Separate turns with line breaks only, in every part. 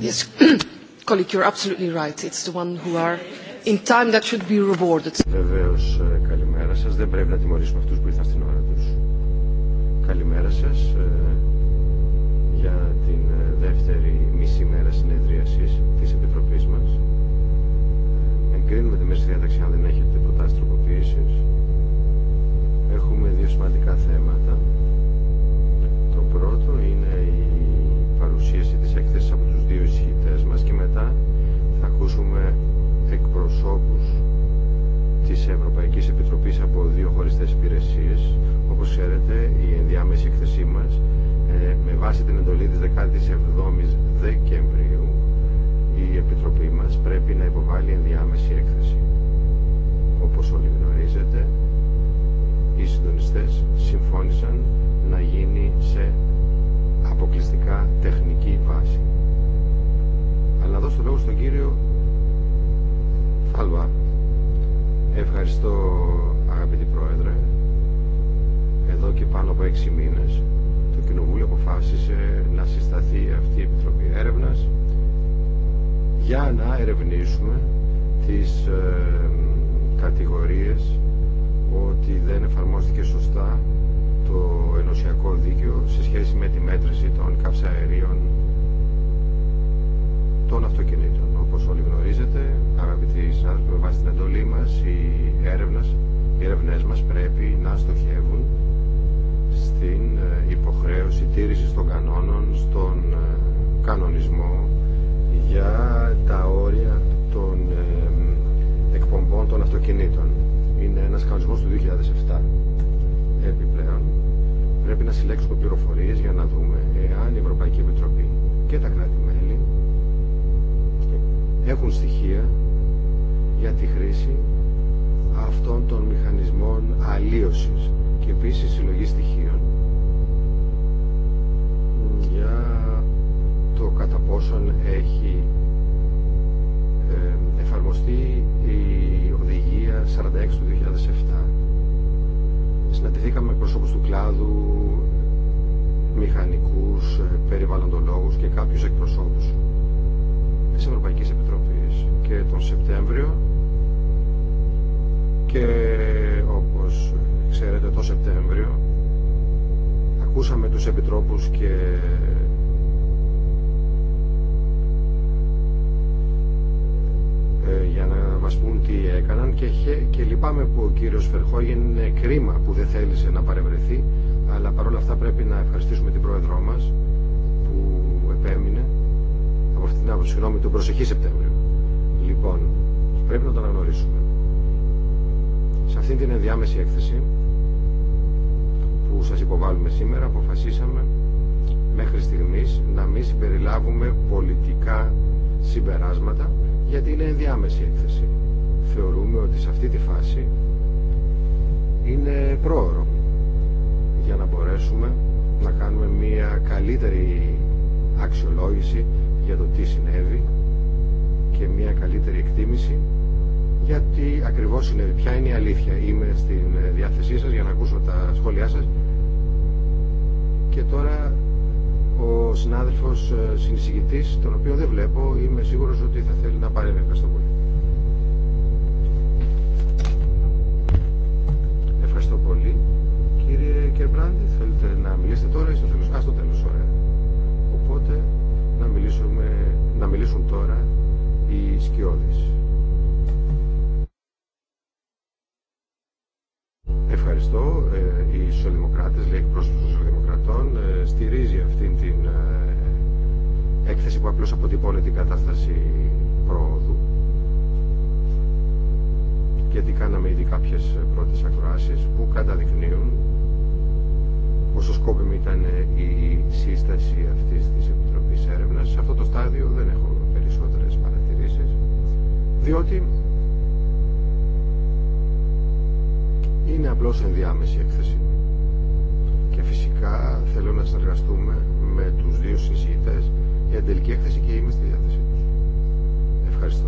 Yes, you're absolutely right. It's the one who are in time that should be rewarded. Βεβαίως, ε, καλημέρα σας. Δεν πρέπει να τιμωρήσουμε αυτούς που ήρθαν στην ώρα τους. Καλημέρα σας ε, για την ε, δεύτερη μισή μέρα συνεδρίασης της Επιτροπής μας. Εγκρίνουμε τη μέση διάταξη αν δεν έχετε προτάσεις τροποποίησης. Έχουμε δύο σημαντικά θέματα. Το πρώτο είναι η παρουσίαση της έκθεσης από τους δύο μας και μετά θα ακούσουμε εκπροσώπους της Ευρωπαϊκής Επιτροπής από δύο χωριστές υπηρεσίες. Όπως ξέρετε, η ενδιάμεση εκθεσή μας ε, με βάση την εντολή της 17ης Δεκεμβρίου η Επιτροπή μας πρέπει να υποβάλει ενδιάμεση έκθεση. Όπως όλοι γνωρίζετε, οι συντονιστές συμφώνησαν να γίνει σε αποκλειστικά τεχνική βάση να δώσω το λόγο στον κύριο Φάλβα. Ευχαριστώ αγαπητή Πρόεδρε. Εδώ και πάνω από έξι μήνες το Κοινοβούλιο αποφάσισε να συσταθεί αυτή η Επιτροπή Έρευνας για να ερευνήσουμε τις ε, κατηγορίες ότι δεν εφαρμόστηκε σωστά το ενωσιακό δίκαιο σε σχέση με τη μέτρηση των καυσαερίων των αυτοκινήτων. Όπως όλοι γνωρίζετε, αγαπητοί συνάδελφοι, με βάση την εντολή μας, οι έρευνες, οι έρευνες μας πρέπει να στοχεύουν στην ε, υποχρέωση τήρησης των κανόνων, στον ε, κανονισμό για τα όρια των ε, εκπομπών των αυτοκινήτων. Είναι ένας κανονισμός του 2007. Επιπλέον, πρέπει να συλλέξουμε πληροφορίες για να δούμε εάν η Ευρωπαϊκή Επιτροπή και τα κράτη έχουν στοιχεία για τη χρήση αυτών των μηχανισμών αλλίωσης και επίσης συλλογή στοιχείων για το κατά πόσον έχει ε, εφαρμοστεί η οδηγία 46 του 2007. Συναντηθήκαμε με πρόσωπους του κλάδου, μηχανικούς, ε, περιβαλλοντολόγους και κάποιους εκπροσώπους της Ευρωπαϊκής και τον Σεπτέμβριο και όπως ξέρετε το Σεπτέμβριο ακούσαμε τους επιτρόπους και ε, για να μας πούν τι έκαναν και, και λυπάμαι που ο κύριος Φερχόγεν είναι κρίμα που δεν θέλησε να παρευρεθεί αλλά παρόλα αυτά πρέπει να ευχαριστήσουμε την πρόεδρό μας που επέμεινε από αυτήν την άποψη, συγγνώμη, τον προσεχή Σεπτέμβριο. Λοιπόν, Πρέπει να το αναγνωρίσουμε. Σε αυτήν την ενδιάμεση έκθεση που σας υποβάλλουμε σήμερα αποφασίσαμε μέχρι στιγμής να μην συμπεριλάβουμε πολιτικά συμπεράσματα γιατί είναι ενδιάμεση έκθεση. Θεωρούμε ότι σε αυτή τη φάση είναι πρόωρο για να μπορέσουμε να κάνουμε μια καλύτερη αξιολόγηση για το τι συνέβη και μια καλύτερη εκτίμηση γιατί ακριβώς είναι Ποια είναι η αλήθεια. Είμαι στην ε, διάθεσή σας για να ακούσω τα σχόλιά σας. Και τώρα ο συνάδελφος ε, συνεισηγητής, τον οποίο δεν βλέπω, είμαι σίγουρος ότι θα θέλει να παρέμβει. Ευχαριστώ πολύ. Ευχαριστώ πολύ. Κύριε Κερμπράντη, θέλετε να μιλήσετε τώρα ή στο τέλος. Α, στο τέλος, ωραία. Οπότε να, μιλήσουμε, να μιλήσουν τώρα Ευχαριστώ. Ε, οι σοσιαλδημοκράτες, λέει εκπρόσωπος των σοσιαλδημοκρατών, ε, στηρίζει αυτήν την ε, έκθεση που απλώς αποτυπώνει την κατάσταση πρόοδου γιατί κάναμε ήδη κάποιες πρώτες ακροάσεις που καταδεικνύουν πόσο σκόπιμη ήταν η σύσταση αυτής της Επιτροπής Έρευνας. Σε αυτό το στάδιο δεν έχω περισσότερα διότι είναι απλώς ενδιάμεση έκθεση και φυσικά θέλω να συνεργαστούμε με τους δύο συζητητές για την τελική έκθεση και είμαι στη διάθεσή τους. Ευχαριστώ.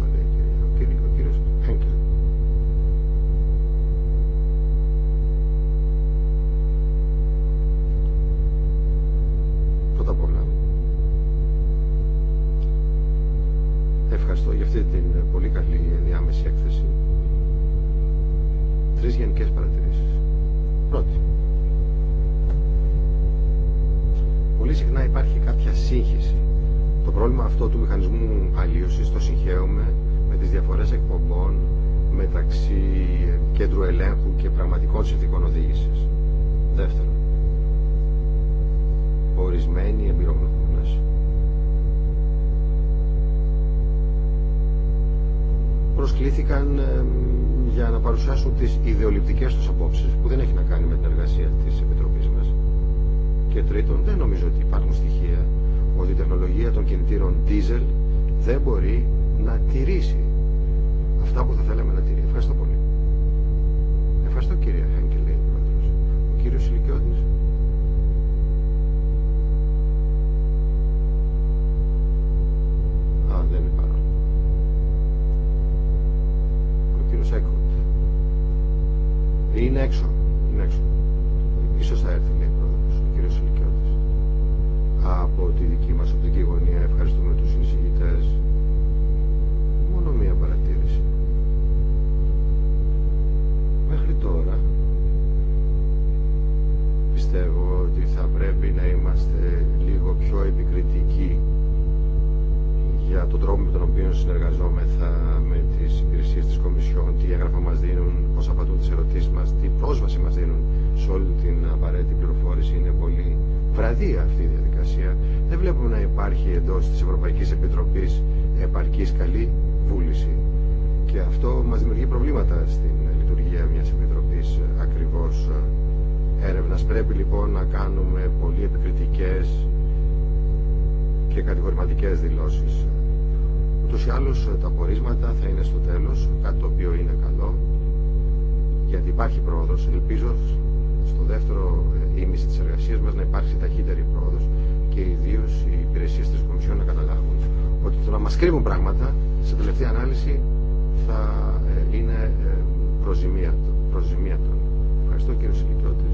αυτό του μηχανισμού αλλίωσης το συγχαίουμε με τις διαφορές εκπομπών μεταξύ κέντρου ελέγχου και πραγματικών συνθήκων οδήγηση. Δεύτερον, ορισμένοι εμπειρογνωμόνες προσκλήθηκαν για να παρουσιάσουν τις ιδεολειπτικές τους απόψεις που δεν έχει να κάνει με την εργασία της Επιτροπής μας. Και τρίτον, δεν νομίζω ότι υπάρχουν στοιχεία ότι η τεχνολογία των κινητήρων diesel δεν μπορεί να τηρήσει αυτά που θα θέλαμε να τηρήσει. Ευχαριστώ πολύ. Ευχαριστώ κύριε Χένκελ, ο κύριος Ηλικιώτης. Α, δεν είναι παρόν. Ο κύριος Έκχοντ. Είναι έξω. Είναι έξω. Ίσως θα έρθει, λέει ο ο κύριος Ηλικιώτης από τη δική μας οπτική γωνία. Ευχαριστούμε τους συζητητές Μόνο μία παρατήρηση. Μέχρι τώρα πιστεύω ότι θα πρέπει να είμαστε λίγο πιο επικριτικοί για τον τρόπο με τον οποίο συνεργαζόμεθα με τις υπηρεσίες της Κομισιόν, τι έγραφα μας δίνουν, πώς απαντούν τις ερωτήσεις μας, τι πρόσβαση μας δίνουν σε όλη την απαραίτητη πληροφόρηση. Είναι πολύ βραδία αυτή η διαδικασία δεν βλέπουμε να υπάρχει εντό τη Ευρωπαϊκή Επιτροπή επαρκής καλή βούληση. Και αυτό μας δημιουργεί προβλήματα στην λειτουργία μια επιτροπή ακριβώς ε, έρευνα. Πρέπει λοιπόν να κάνουμε πολύ επικριτικές και κατηγορηματικές δηλώσεις. Ούτω ή άλλω ε, τα πορίσματα θα είναι στο τέλος, κάτι το οποίο είναι καλό, γιατί υπάρχει πρόοδο. Ελπίζω στο δεύτερο ε, ήμιση της εργασίας μας να υπάρξει ταχύτερη πρόοδο και ιδίω οι υπηρεσίε τη Κομισιόν να καταλάβουν ότι το να μα κρύβουν πράγματα σε τελευταία ανάλυση θα ε, είναι προζημία, ε, προζημία Ευχαριστώ κύριε Συγκητώτη.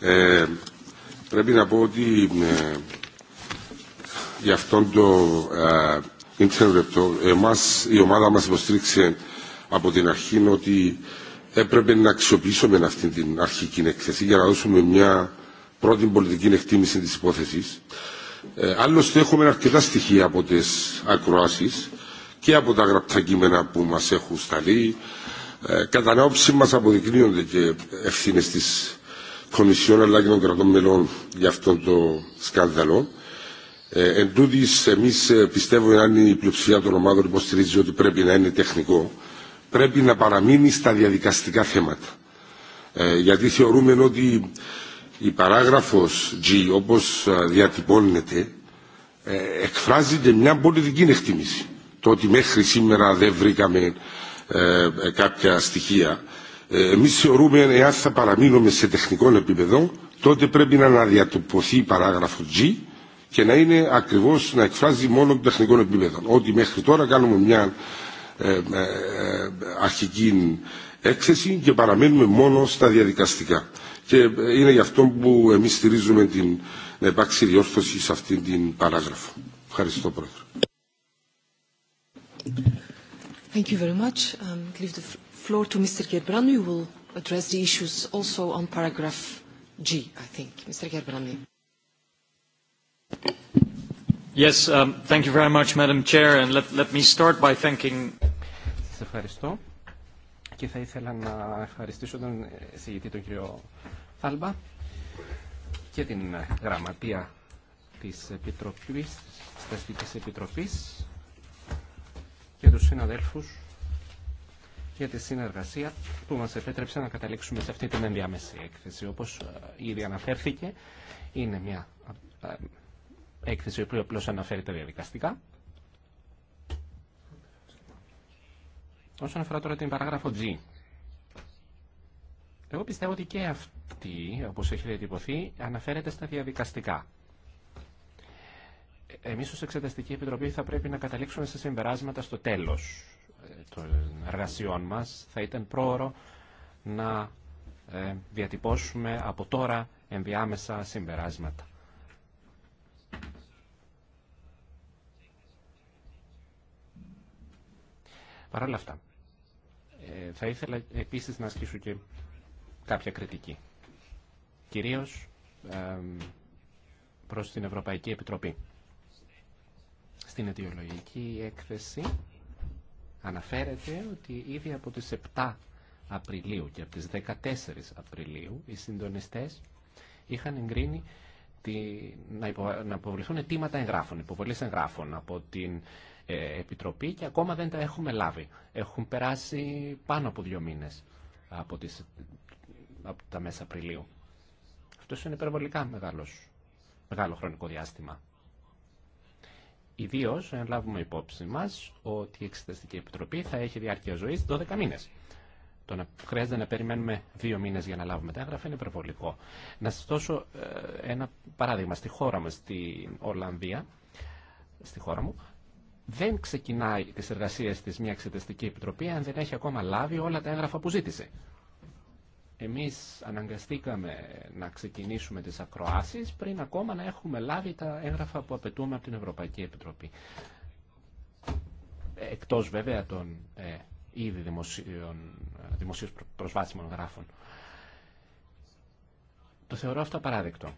Ε, πρέπει να πω ότι ε, για αυτόν το ε, η ομάδα μας υποστήριξε από την αρχή ότι έπρεπε να αξιοποιήσουμε αυτή την αρχική έκθεση για να δώσουμε μια πρώτη πολιτική εκτίμηση της υπόθεσης. Ε, άλλωστε έχουμε αρκετά στοιχεία από τις ακροάσεις και από τα γραπτά κείμενα που μας έχουν σταλεί. Ε, κατά άποψή μας αποδεικνύονται και ευθύνες της Κομισιόν αλλά και των κρατών μελών για αυτό το σκάνδαλο. Ε, εν τούτης, εμείς ε, πιστεύω, αν η πλειοψηφία των ομάδων υποστηρίζει ότι πρέπει να είναι τεχνικό, πρέπει να παραμείνει στα διαδικαστικά θέματα. Ε, γιατί θεωρούμε ότι η παράγραφος G, όπως διατυπώνεται, ε, εκφράζει και μια πολιτική εκτίμηση. Το ότι μέχρι σήμερα δεν βρήκαμε κάποια στοιχεία. Εμείς θεωρούμε, εάν θα παραμείνουμε σε τεχνικό επίπεδο, τότε πρέπει να αναδιατυπωθεί η παράγραφο G και να είναι ακριβώς να εκφράζει μόνο των τεχνικών επίπεδων. Ότι μέχρι τώρα κάνουμε μια ε, ε, ε, αρχική έκθεση και παραμένουμε μόνο στα διαδικαστικά. Και ε, είναι γι' αυτό που εμείς στηρίζουμε την, να υπάρξει διόρθωση σε αυτήν την παράγραφο. Ευχαριστώ Πρόεδρε. Thank you very much. Um, the floor to Mr. Gerbrandi, who will address the issues also on paragraph G,
I think. Mr. Gerbrandi. Yes, um, thank you very Madam and let, me start ευχαριστώ και θα ήθελα να ευχαριστήσω τον συγητή τον κύριο Θάλμπα και την γραμματεία της Επιτροπής, της Επιτροπής και τους συναδέλφους για τη συνεργασία που μας επέτρεψε να καταλήξουμε σε αυτή την ενδιάμεση έκθεση. Όπως ήδη αναφέρθηκε, είναι μια έκθεση, η οποία απλώ αναφέρεται διαδικαστικά. Όσον αφορά τώρα την παράγραφο G, εγώ πιστεύω ότι και αυτή, όπω έχει διατυπωθεί, αναφέρεται στα διαδικαστικά. Εμείς ω Εξεταστική Επιτροπή θα πρέπει να καταλήξουμε σε συμπεράσματα στο τέλος ε, των εργασιών μα. Θα ήταν πρόωρο να ε, διατυπώσουμε από τώρα ενδιάμεσα συμπεράσματα. Παρ' όλα αυτά, ε, θα ήθελα επίσης να ασκήσω και κάποια κριτική. Κυρίως προς την Ευρωπαϊκή Επιτροπή. Στην αιτιολογική έκθεση αναφέρεται ότι ήδη από τις 7 Απριλίου και από τις 14 Απριλίου οι συντονιστές είχαν εγκρίνει τη, να, υποβληθούν αιτήματα εγγράφων, υποβολής εγγράφων από την ε, επιτροπή και ακόμα δεν τα έχουμε λάβει. Έχουν περάσει πάνω από δύο μήνες από, τις, από τα μέσα Απριλίου. Αυτό είναι υπερβολικά μεγάλος, μεγάλο χρονικό διάστημα. Ιδίω αν λάβουμε υπόψη μα ότι η Εξεταστική Επιτροπή θα έχει διάρκεια ζωή 12 μήνε. Το να χρειάζεται να περιμένουμε δύο μήνε για να λάβουμε τα έγγραφα είναι υπερβολικό. Να σα δώσω ε, ένα παράδειγμα. Στη χώρα μου, στην Ολλανδία, στη χώρα μου, δεν ξεκινάει τις εργασίες της μια εξεταστική επιτροπή αν δεν έχει ακόμα λάβει όλα τα έγγραφα που ζήτησε. Εμείς αναγκαστήκαμε να ξεκινήσουμε τις ακροάσεις πριν ακόμα να έχουμε λάβει τα έγγραφα που απαιτούμε από την Ευρωπαϊκή Επιτροπή. Εκτός βέβαια των ε, ήδη δημοσίων, δημοσίων προσβάσιμων γράφων. Το θεωρώ αυτό παράδεκτο.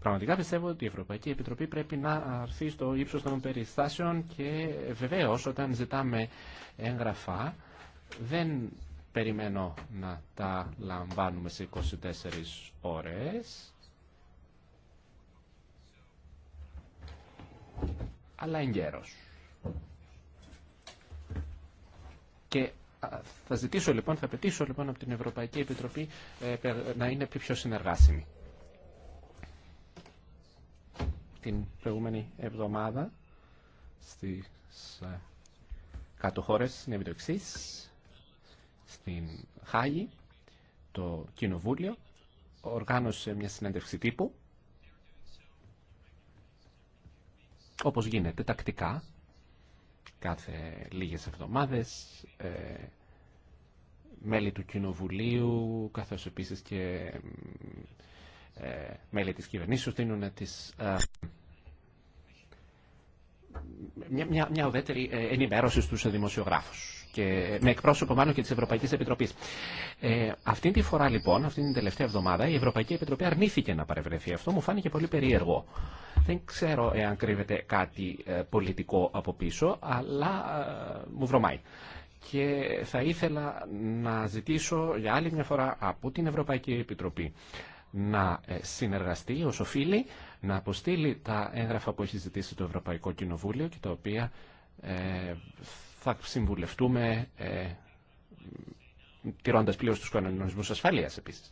Πραγματικά πιστεύω ότι η Ευρωπαϊκή Επιτροπή πρέπει να αρθεί στο ύψος των περιστάσεων και βεβαίως όταν ζητάμε έγγραφα δεν περιμένω να τα λαμβάνουμε σε 24 ώρες. αλλά εγκαίρος. Και θα ζητήσω λοιπόν, θα πετήσω λοιπόν από την Ευρωπαϊκή Επιτροπή ε, να είναι πιο συνεργάσιμη την προηγούμενη εβδομάδα στις ε, κάτω χώρες στην Χάγη το Κοινοβούλιο οργάνωσε μια συνέντευξη τύπου όπως γίνεται τακτικά κάθε λίγες εβδομάδες ε, μέλη του Κοινοβουλίου καθώς επίσης και ε, μέλη της κυβερνήσεως δίνουν τις, ε, μια, μια, μια ουδέτερη ε, ενημέρωση στους δημοσιογράφους και με εκπρόσωπο μάλλον και της Ευρωπαϊκής Επιτροπής. Ε, αυτή τη φορά λοιπόν, αυτή την τελευταία εβδομάδα, η Ευρωπαϊκή Επιτροπή αρνήθηκε να παρευρεθεί. Αυτό μου φάνηκε πολύ περίεργο. Δεν ξέρω εάν κρύβεται κάτι πολιτικό από πίσω, αλλά μου βρωμάει. Και θα ήθελα να ζητήσω για άλλη μια φορά από την Ευρωπαϊκή Επιτροπή να ε, συνεργαστεί ως οφείλει, να αποστείλει τα έγγραφα που έχει ζητήσει το Ευρωπαϊκό Κοινοβούλιο και τα οποία ε, θα συμβουλευτούμε ε, τηρώντας πλήρως τους κανονισμούς ασφαλείας επίσης.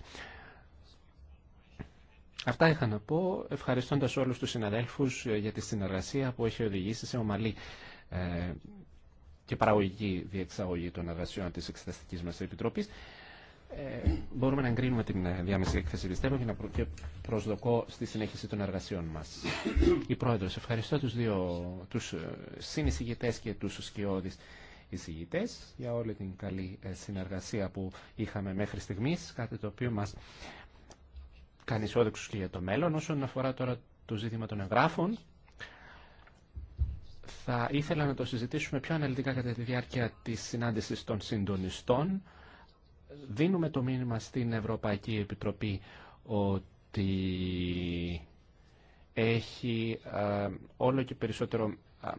Αυτά είχα να πω, ευχαριστώντας όλους τους συναδέλφους ε, για τη συνεργασία που έχει οδηγήσει σε ομαλή και παραγωγική διεξαγωγή των εργασιών της Εξεταστικής μας Επιτροπής. Ε, μπορούμε να εγκρίνουμε την ε, διάμεση έκθεση πιστεύω και να προ, προσδοκώ στη συνέχιση των εργασιών μας. Η Πρόεδρος, ευχαριστώ τους δύο τους ε, συνεισηγητές και τους σκιώδεις εισηγητές για όλη την καλή συνεργασία που είχαμε μέχρι στιγμής, κάτι το οποίο μας κάνει ισόδεξους και για το μέλλον. Όσον αφορά τώρα το ζήτημα των εγγράφων, θα ήθελα να το συζητήσουμε πιο αναλυτικά κατά τη διάρκεια της συνάντησης των συντονιστών δίνουμε το μήνυμα στην Ευρωπαϊκή Επιτροπή ότι έχει ε, όλο και περισσότερο α, ε,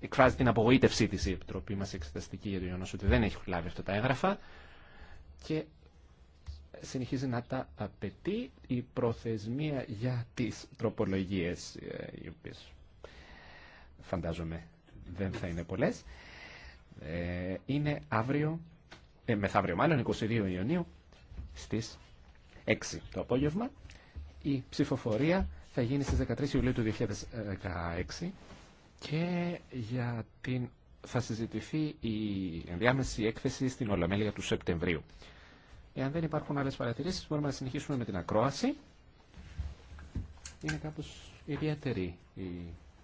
εκφράζει την απογοήτευσή της η Επιτροπή μας εξεταστική για το γεγονό ότι δεν έχει λάβει αυτά τα έγγραφα και συνεχίζει να τα απαιτεί η προθεσμία για τις τροπολογίες ε, οι οποίες φαντάζομαι δεν θα είναι πολλές είναι αύριο ε, μεθαύριο μάλλον, 22 Ιουνίου, στις 6 το απόγευμα. Η ψηφοφορία θα γίνει στις 13 Ιουλίου του 2016 και για την... θα συζητηθεί η ενδιάμεση έκθεση στην Ολομέλεια του Σεπτεμβρίου. Εάν δεν υπάρχουν άλλες παρατηρήσεις μπορούμε να συνεχίσουμε με την ακρόαση. Είναι κάπως ιδιαίτερη η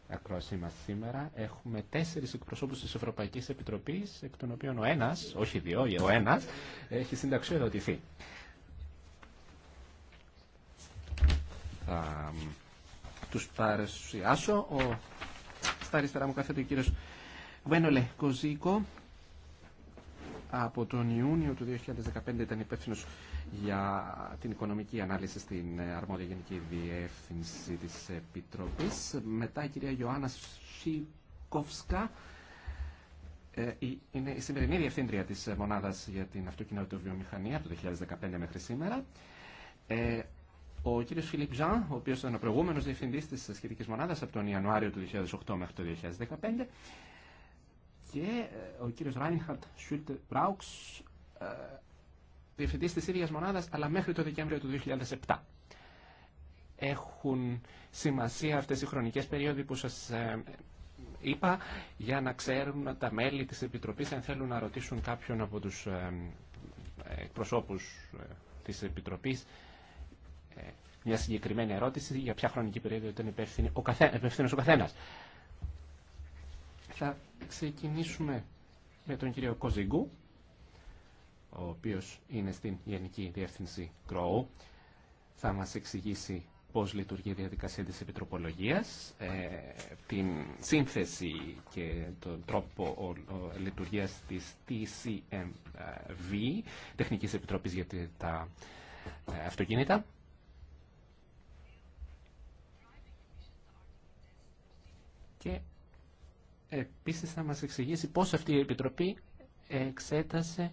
ακρόασή μα σήμερα. Έχουμε τέσσερις εκπροσώπους της Ευρωπαϊκής Επιτροπής, εκ των οποίων ο ένας, όχι δύο, ο ένας, έχει συνταξιοδοτηθεί. Θα του παρουσιάσω. Ο... Στα αριστερά μου κάθεται ο κύριος Βένολε Κοζίκο. Από τον Ιούνιο του 2015 ήταν υπεύθυνο για την οικονομική ανάλυση στην ε, αρμόδια γενική διεύθυνση της Επιτροπής. Μετά η κυρία Ιωάννα Σικόφσκα, ε, είναι η σημερινή διευθύντρια της μονάδας για την αυτοκινητοβιομηχανία από το 2015 μέχρι σήμερα. Ε, ο κύριος Φιλιπ Ζαν, ο οποίος ήταν ο προηγούμενος διευθυντής της σχετικής μονάδας από τον Ιανουάριο του 2008 μέχρι το 2015 και ο κύριος Ράινχαρτ Σούλτε Μπράουξ Διευθυντή τη ίδια μονάδα, αλλά μέχρι το Δεκέμβριο του 2007. Έχουν σημασία αυτές οι χρονικές περίοδοι που σας ε, είπα για να ξέρουν τα μέλη της Επιτροπής αν θέλουν να ρωτήσουν κάποιον από τους ε, εκπροσώπους ε, της Επιτροπής μια συγκεκριμένη ερώτηση για ποια χρονική περίοδο ήταν υπεύθυνο ο, καθένα. καθένας. Θα ξεκινήσουμε με τον κύριο Κοζιγκού ο οποίος είναι στην Γενική Διεύθυνση Grow, θα μας εξηγήσει πώς λειτουργεί η διαδικασία της επιτροπολογίας, ε, την σύνθεση και τον τρόπο λειτουργίας της TCMV, Τεχνικής Επιτροπής για τα ε, Αυτοκίνητα. Και επίσης θα μας εξηγήσει πώς αυτή η Επιτροπή εξέτασε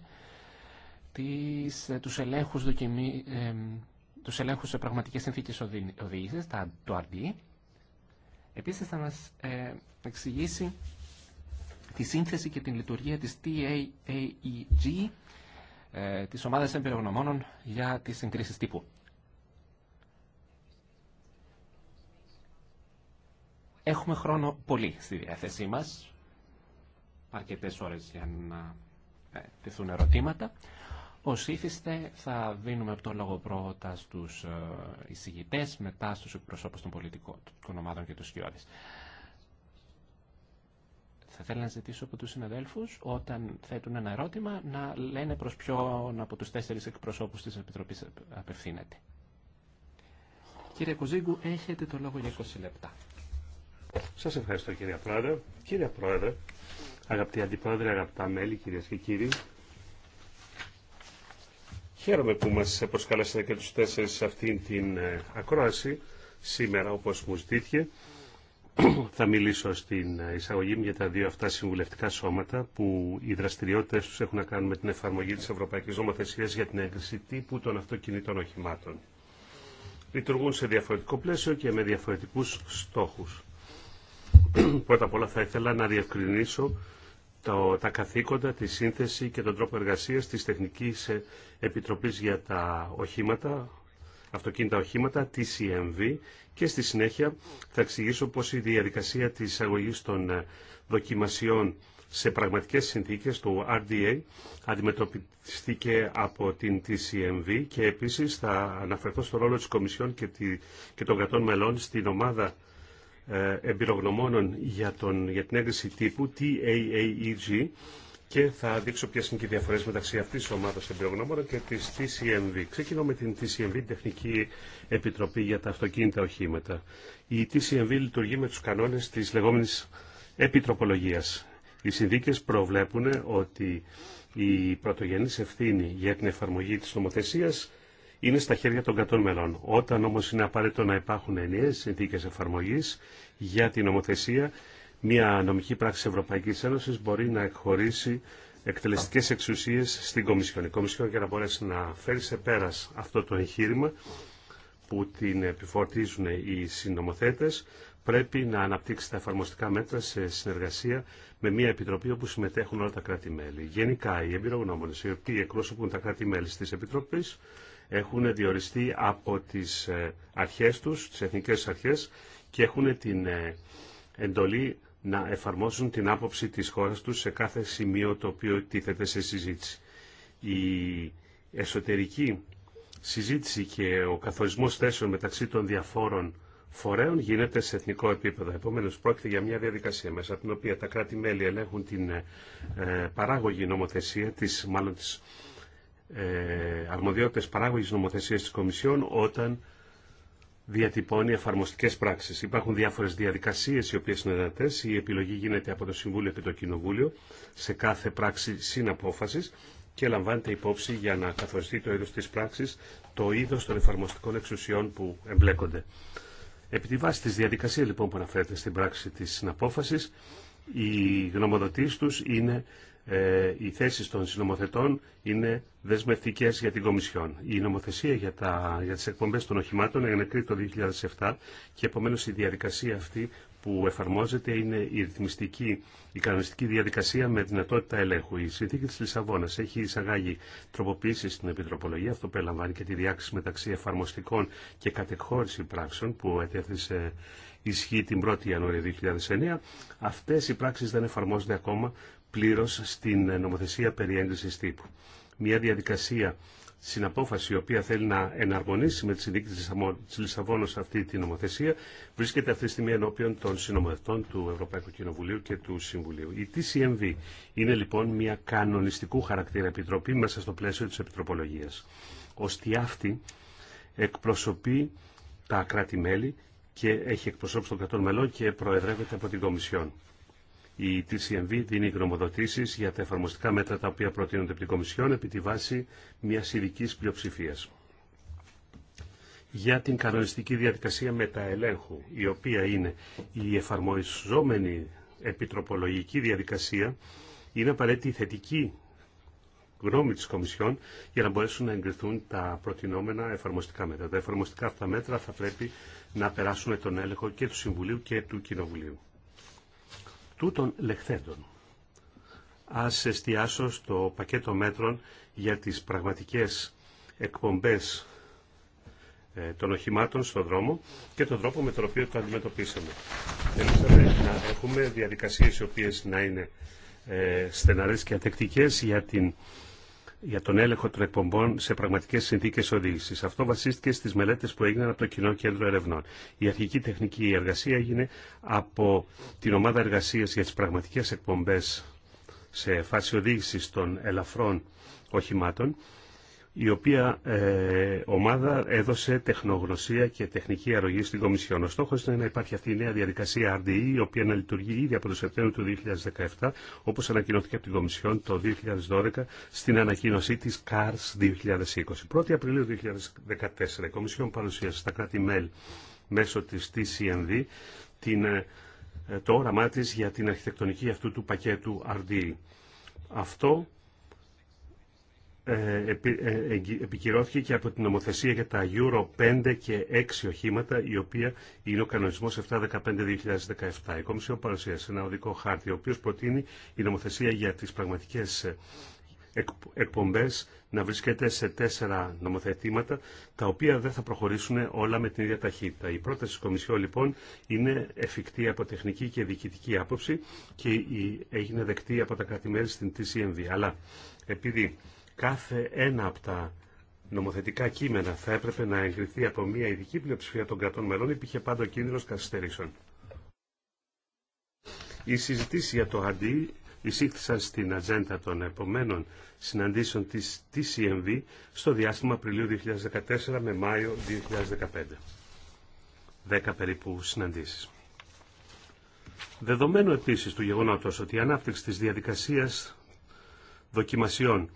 τις, ε, τους ελέγχους δοκιμή, ε, τους ελέγχους σε πραγματικές συνθήκες οδήγησης, τα, το RD. Επίσης θα μας ε, εξηγήσει τη σύνθεση και την λειτουργία της TAAEG, ε, της Ομάδας Εμπειρογνωμόνων για τις Συγκρίσεις Τύπου. Έχουμε χρόνο πολύ στη διάθεσή μας, αρκετές ώρες για να ε, τεθούν ερωτήματα. Ω ήθιστε θα δίνουμε από το λόγο πρώτα στους ε, εισηγητέ, μετά στου εκπροσώπους των πολιτικών των ομάδων και του Σκιώδη. Θα ήθελα να ζητήσω από του συναδέλφου, όταν θέτουν ένα ερώτημα να λένε προ ποιον από του τέσσερι
εκπροσώπου τη Επιτροπής απευθύνεται.
Κύριε Κουζίγκου, έχετε το λόγο για 20 λεπτά.
Σα ευχαριστώ κύριε Πρόεδρε. Κύριε Πρόεδρε, αγαπητοί αντιπρόεδροι, αγαπητά μέλη, κυρίε και κύριοι, Χαίρομαι που μας προσκαλέσατε και τους τέσσερις σε αυτήν την ε, ακρόαση σήμερα όπως μου ζητήθηκε. Θα μιλήσω στην ε, εισαγωγή μου για τα δύο αυτά συμβουλευτικά σώματα που οι δραστηριότητε του έχουν να κάνουν με την εφαρμογή τη Ευρωπαϊκή Νομοθεσία για την έγκριση τύπου των αυτοκινήτων οχημάτων. Λειτουργούν σε διαφορετικό πλαίσιο και με διαφορετικού στόχου. Πρώτα απ' όλα θα ήθελα να διευκρινίσω τα καθήκοντα, τη σύνθεση και τον τρόπο εργασίας της Τεχνικής Επιτροπής για τα οχήματα, αυτοκίνητα οχήματα, TCMV, και στη συνέχεια θα εξηγήσω πώς η διαδικασία της αγωγής των ε, δοκιμασιών σε πραγματικές συνθήκες του RDA αντιμετωπιστήκε από την TCMV και επίσης θα αναφερθώ στο ρόλο της Κομισιόν και, και των κρατών μελών στην ομάδα ε, εμπειρογνωμόνων για, τον, για την έγκριση τύπου TAAEG και θα δείξω ποιε είναι και οι διαφορέ μεταξύ αυτή τη ομάδα εμπειρογνωμόνων και τη TCMV. Ξεκινώ με την TCMV, την Τεχνική Επιτροπή για τα Αυτοκίνητα Οχήματα. Η TCMV λειτουργεί με του κανόνε τη λεγόμενη επιτροπολογία. Οι συνδίκες προβλέπουν ότι η πρωτογενή ευθύνη για την εφαρμογή τη νομοθεσία είναι στα χέρια των κρατών μελών. Όταν όμω είναι απαραίτητο να υπάρχουν ενιαίε συνθήκε εφαρμογή για την νομοθεσία, μια νομική πράξη Ευρωπαϊκή Ένωση μπορεί να εκχωρήσει εκτελεστικέ εξουσίε στην Κομισιόν. Η Κομισιόν για να μπορέσει να φέρει σε πέρα αυτό το εγχείρημα που την επιφορτίζουν οι συνομοθέτε, πρέπει να αναπτύξει τα εφαρμοστικά μέτρα σε συνεργασία με μια επιτροπή όπου συμμετέχουν όλα τα κράτη-μέλη. Γενικά, οι εμπειρογνώμονε, οι οποίοι εκπρόσωπουν τα κράτη-μέλη τη Επιτροπή, έχουν διοριστεί από τις ε, αρχές τους, τις εθνικές αρχές και έχουν την ε, εντολή να εφαρμόσουν την άποψη της χώρας τους σε κάθε σημείο το οποίο τίθεται σε συζήτηση. Η εσωτερική συζήτηση και ο καθορισμός θέσεων μεταξύ των διαφόρων φορέων γίνεται σε εθνικό επίπεδο. Επομένω, πρόκειται για μια διαδικασία μέσα από την οποία τα κράτη-μέλη ελέγχουν την ε, παράγωγη νομοθεσία, της, μάλλον της, ε, αρμοδιότητες παράγωγης νομοθεσία της Κομισιόν όταν διατυπώνει εφαρμοστικές πράξεις. Υπάρχουν διάφορες διαδικασίες οι οποίες είναι δυνατέ, Η επιλογή γίνεται από το Συμβούλιο και το Κοινοβούλιο σε κάθε πράξη συναπόφασης και λαμβάνεται υπόψη για να καθοριστεί το είδος της πράξης, το είδος των εφαρμοστικών εξουσιών που εμπλέκονται. Επί τη βάση της διαδικασίας λοιπόν που αναφέρεται στην πράξη της συναπόφασης, οι γνωμοδοτήσεις του είναι ε, οι θέσει των συνομοθετών είναι δεσμευτικέ για την Κομισιόν. Η νομοθεσία για, τα, για τι εκπομπέ των οχημάτων έγινε το 2007 και επομένω η διαδικασία αυτή που εφαρμόζεται είναι η ρυθμιστική, η κανονιστική διαδικασία με δυνατότητα ελέγχου. Η συνθήκη τη Λισαβόνα έχει εισαγάγει τροποποίηση στην Επιτροπολογία, αυτό ελαμβάνει και τη διάκριση μεταξύ εφαρμοστικών και κατεχώρηση πράξεων που ετέθησε ισχύει την 1η Ιανουαρίου 2009. Αυτές οι πράξεις δεν εφαρμόζονται ακόμα Πλήρω στην ε, νομοθεσία περί έγκριση τύπου. Μια διαδικασία συναπόφαση η οποία θέλει να εναρμονίσει με τη συνδίκη τη Λισαβόνα αυτή τη νομοθεσία βρίσκεται αυτή τη στιγμή ενώπιον των συνομοθετών του Ευρωπαϊκού Κοινοβουλίου και του Συμβουλίου. Η TCMV είναι λοιπόν μια κανονιστικού χαρακτήρα επιτροπή μέσα στο πλαίσιο της επιτροπολογίας. Ώστε αυτή εκπροσωπεί τα κράτη-μέλη και έχει εκπροσώπηση των κρατών μελών και προεδρεύεται από την Κομισιόν. Η TCMV δίνει γνωμοδοτήσεις για τα εφαρμοστικά μέτρα τα οποία προτείνονται από την Κομισιόν επί τη βάση μιας ειδικής πλειοψηφίας. Για την κανονιστική διαδικασία μεταελέγχου, η οποία είναι η εφαρμοζόμενη επιτροπολογική διαδικασία, είναι απαραίτητη η θετική γνώμη της Κομισιόν για να μπορέσουν να εγκριθούν τα προτινόμενα εφαρμοστικά μέτρα. Τα εφαρμοστικά αυτά μέτρα θα πρέπει να περάσουν τον έλεγχο και του Συμβουλίου και του Κοινοβουλίου. Τούτων λεχθέντων. Ας εστιάσω στο πακέτο μέτρων για τις πραγματικές εκπομπές ε, των οχημάτων στον δρόμο και τον τρόπο με τον οποίο το αντιμετωπίσαμε. Θέλουμε να έχουμε διαδικασίες οι οποίες να είναι ε, στεναρές και ατεκτικές για την για τον έλεγχο των εκπομπών σε πραγματικές συνθήκε οδήγηση. Αυτό βασίστηκε στις μελέτες που έγιναν από το Κοινό Κέντρο Ερευνών. Η αρχική τεχνική εργασία έγινε από την Ομάδα Εργασίας για τις Πραγματικές εκπομπέ σε φάση οδήγησης των ελαφρών οχημάτων η οποία ε, ομάδα έδωσε τεχνογνωσία και τεχνική αρρωγή στην Κομισιόν. Ο στόχο είναι να υπάρχει αυτή η νέα διαδικασία RDE, η οποία να λειτουργεί ήδη από το Σεπτέμβριο του 2017, όπω ανακοινώθηκε από την Κομισιόν το 2012 στην ανακοίνωσή τη CARS 2020. 1η Απριλίου 2014 η Κομισιόν παρουσίασε στα κράτη-μέλη μέσω τη TCMD την, ε, το όραμά τη για την αρχιτεκτονική αυτού του πακέτου RDE. Αυτό ε, ε, επικυρώθηκε και από την νομοθεσία για τα Euro 5 και 6 οχήματα, η οποία είναι ο κανονισμός 715-2017. Η Κομισιόν παρουσίασε ένα οδικό χάρτη, ο οποίος προτείνει η νομοθεσία για τις πραγματικές ε, εκπομπές να βρίσκεται σε τέσσερα νομοθετήματα, τα οποία δεν θα προχωρήσουν όλα με την ίδια ταχύτητα. Η πρόταση της Κομισιόν λοιπόν είναι εφικτή από τεχνική και διοικητική άποψη και έγινε δεκτή από τα κρατημέρια στην TCMV. Αλλά επειδή κάθε ένα από τα νομοθετικά κείμενα θα έπρεπε να εγκριθεί από μια ειδική πλειοψηφία των κρατών μελών, υπήρχε πάντα ο κίνδυνος καθυστερήσεων. Οι συζητήσει για το αντί εισήχθησαν στην ατζέντα των επομένων συναντήσεων της TCMV στο διάστημα Απριλίου 2014 με Μάιο 2015. Δέκα περίπου συναντήσεις. Δεδομένου επίσης του γεγονότος ότι η ανάπτυξη της διαδικασίας δοκιμασιών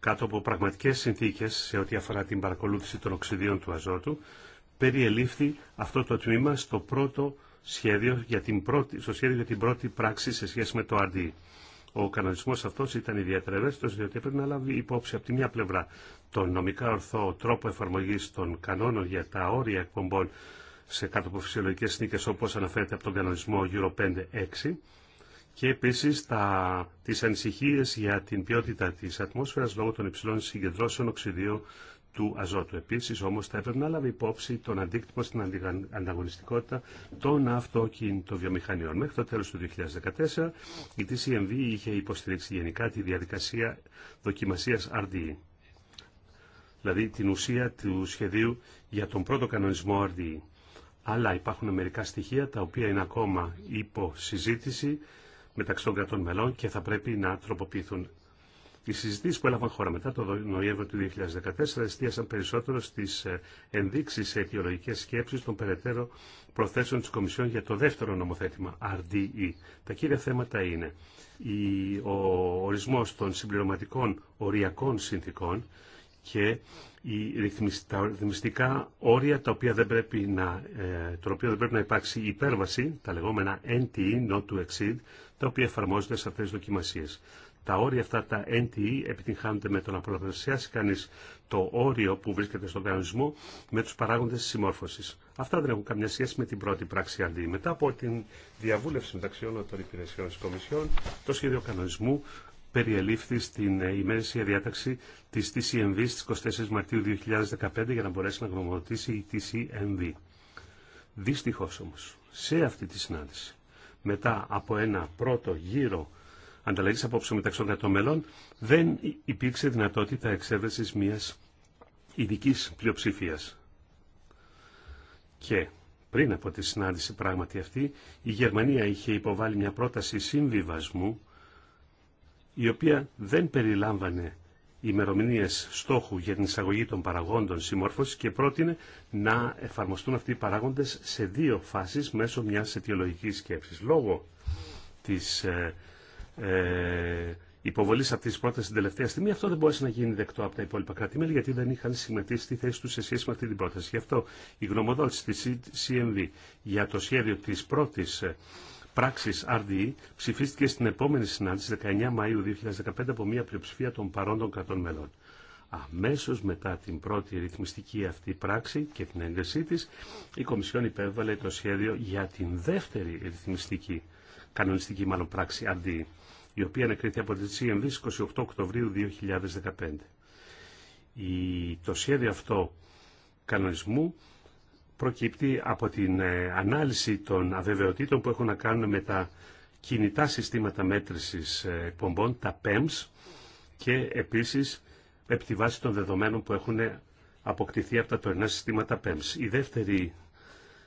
κάτω από πραγματικές συνθήκες σε ό,τι αφορά την παρακολούθηση των οξυδίων του αζότου, περιελήφθη αυτό το τμήμα στο πρώτο σχέδιο για την πρώτη, στο σχέδιο για την πρώτη πράξη σε σχέση με το ΑΝΤΙ. Ο κανονισμό αυτό ήταν ιδιαίτερα ευαίσθητο, διότι έπρεπε να λάβει υπόψη από τη μια πλευρά τον νομικά ορθό τρόπο εφαρμογή των κανόνων για τα όρια εκπομπών σε κάτω από φυσιολογικέ συνθήκες όπω αναφέρεται από τον κανονισμό Euro 5-6 και επίσης τα, τις ανησυχίες για την ποιότητα της ατμόσφαιρας λόγω των υψηλών συγκεντρώσεων οξυδίου του αζότου. Επίσης όμως θα έπρεπε να λάβει υπόψη τον αντίκτυπο στην ανταγωνιστικότητα των αυτοκινητοβιομηχανιών. Μέχρι το τέλος του 2014 η TCMV είχε υποστηρίξει γενικά τη διαδικασία δοκιμασίας RDE δηλαδή την ουσία του σχεδίου για τον πρώτο κανονισμό RDE. Αλλά υπάρχουν μερικά στοιχεία τα οποία είναι ακόμα υπό συζήτηση μεταξύ των κρατών μελών και θα πρέπει να τροποποιηθούν. Οι συζητήσει που έλαβαν χώρα μετά το Νοέμβριο του 2014 εστίασαν περισσότερο στι ε, ενδείξει σε αιτιολογικέ σκέψει των περαιτέρω προθέσεων τη Κομισιόν για το δεύτερο νομοθέτημα, RDE. Τα κύρια θέματα είναι ο ορισμό των συμπληρωματικών οριακών συνθήκων και τα ρυθμιστικά όρια τα οποία δεν πρέπει να, ε, το οποίο δεν πρέπει να υπάρξει υπέρβαση, τα λεγόμενα NTE, not to exceed, τα οποία εφαρμόζονται σε αυτές τις δοκιμασίες. Τα όρια αυτά, τα NTE, επιτυγχάνονται με το να πολλαπλασιάσει κανεί το όριο που βρίσκεται στον κανονισμό με τους παράγοντες της συμμόρφωσης. Αυτά δεν έχουν καμιά σχέση με την πρώτη πράξη αντί. Μετά από την διαβούλευση μεταξύ όλων των υπηρεσιών της Κομισιόν, το σχέδιο κανονισμού περιελήφθη στην ε, ημέρησια διάταξη της TCMV στις 24 Μαρτίου 2015 για να μπορέσει να γνωμοδοτήσει η TCMV. Δυστυχώ όμω, σε αυτή τη συνάντηση, μετά από ένα πρώτο γύρο ανταλλαγής απόψεων μεταξύ των μελών, δεν υπήρξε δυνατότητα εξέβρεση μιας ειδική πλειοψηφία. Και πριν από τη συνάντηση πράγματι αυτή, η Γερμανία είχε υποβάλει μια πρόταση συμβιβασμού η οποία δεν περιλάμβανε ημερομηνίε στόχου για την εισαγωγή των παραγόντων συμμόρφωση και πρότεινε να εφαρμοστούν αυτοί οι παράγοντε σε δύο φάσει μέσω μια αιτιολογική σκέψη. Λόγω τη ε, ε, υποβολή αυτή τη πρόταση την τελευταία στιγμή, αυτό δεν μπορούσε να γίνει δεκτό από τα υπόλοιπα κράτη-μέλη γιατί δεν είχαν συμμετεί στη θέση του σε σχέση με αυτή την πρόταση. Γι' αυτό η γνωμοδότηση τη CMV για το σχέδιο τη πρώτη ε, πράξης RDE ψηφίστηκε στην επόμενη συνάντηση 19 Μαΐου 2015 από μια πλειοψηφία των παρόντων κρατών μελών. Αμέσως μετά την πρώτη ρυθμιστική αυτή πράξη και την έγκρισή της, η Κομισιόν υπέβαλε το σχέδιο για την δεύτερη ρυθμιστική, κανονιστική μάλλον πράξη RDE, η οποία ανακρίθηκε από τη CMV 28 Οκτωβρίου 2015. Η, το σχέδιο αυτό κανονισμού προκύπτει από την ε, ανάλυση των αβεβαιοτήτων που έχουν να κάνουν με τα κινητά συστήματα μέτρησης ε, εκπομπών, τα PEMS, και επίσης επί τη βάση των δεδομένων που έχουν αποκτηθεί από τα τωρινά συστήματα PEMS. Η δεύτερη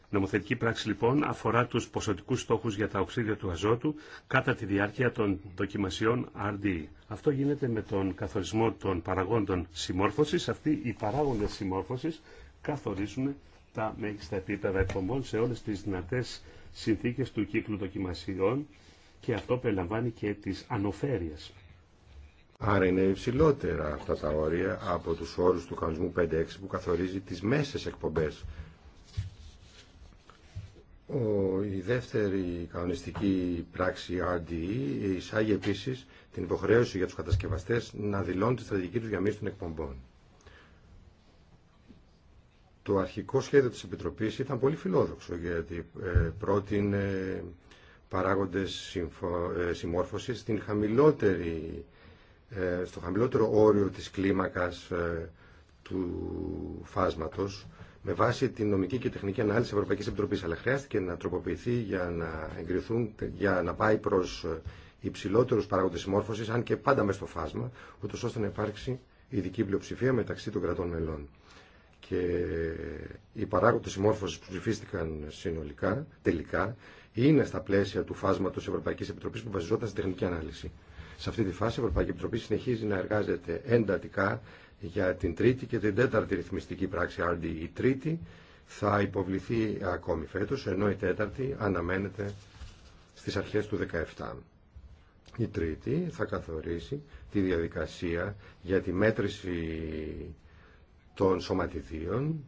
νομοθετική πράξη λοιπόν αφορά τους ποσοτικούς στόχους για τα οξύδια του αζότου κατά τη διάρκεια των δοκιμασιών RDE. Αυτό γίνεται με τον καθορισμό των παραγόντων συμμόρφωσης. Αυτοί οι παράγοντες συμμόρφωσης καθορίζουν τα μέγιστα επίπεδα εκπομπών σε όλες τις δυνατές συνθήκες του κύκλου δοκιμασιών και αυτό περιλαμβάνει και τις ανοφέρειες.
Άρα είναι υψηλότερα αυτά τα όρια από τους όρους του κανονισμού 5-6 που καθορίζει τις μέσες εκπομπές. Ο, η δεύτερη κανονιστική πράξη RDE εισάγει επίσης την υποχρέωση για τους κατασκευαστές να δηλώνουν τη στρατηγική του για των εκπομπών. Το αρχικό σχέδιο της Επιτροπής ήταν πολύ φιλόδοξο γιατί ε, πρότεινε παράγοντες ε, συμμόρφωσης στην χαμηλότερη, ε, στο χαμηλότερο όριο της κλίμακας του φάσματος με βάση την νομική και τεχνική ανάλυση της Ευρωπαϊκής Επιτροπής αλλά χρειάστηκε να τροποποιηθεί για να εγκριθούν, για να πάει προς υψηλότερους παράγοντες συμμόρφωσης αν και πάντα μέσα στο φάσμα ούτως ώστε να υπάρξει ειδική πλειοψηφία μεταξύ των κρατών μελών και οι παράγοντες συμμόρφωσης που ψηφίστηκαν συνολικά, τελικά, είναι στα πλαίσια του φάσματος Ευρωπαϊκής Επιτροπής που βασιζόταν στην τεχνική ανάλυση. Σε αυτή τη φάση η Ευρωπαϊκή Επιτροπή συνεχίζει να εργάζεται εντατικά για την τρίτη και την τέταρτη ρυθμιστική πράξη RD. E η τρίτη θα υποβληθεί ακόμη φέτος, ενώ η τέταρτη αναμένεται στις αρχές του 2017. Η τρίτη θα καθορίσει τη διαδικασία για τη μέτρηση των σωματιδίων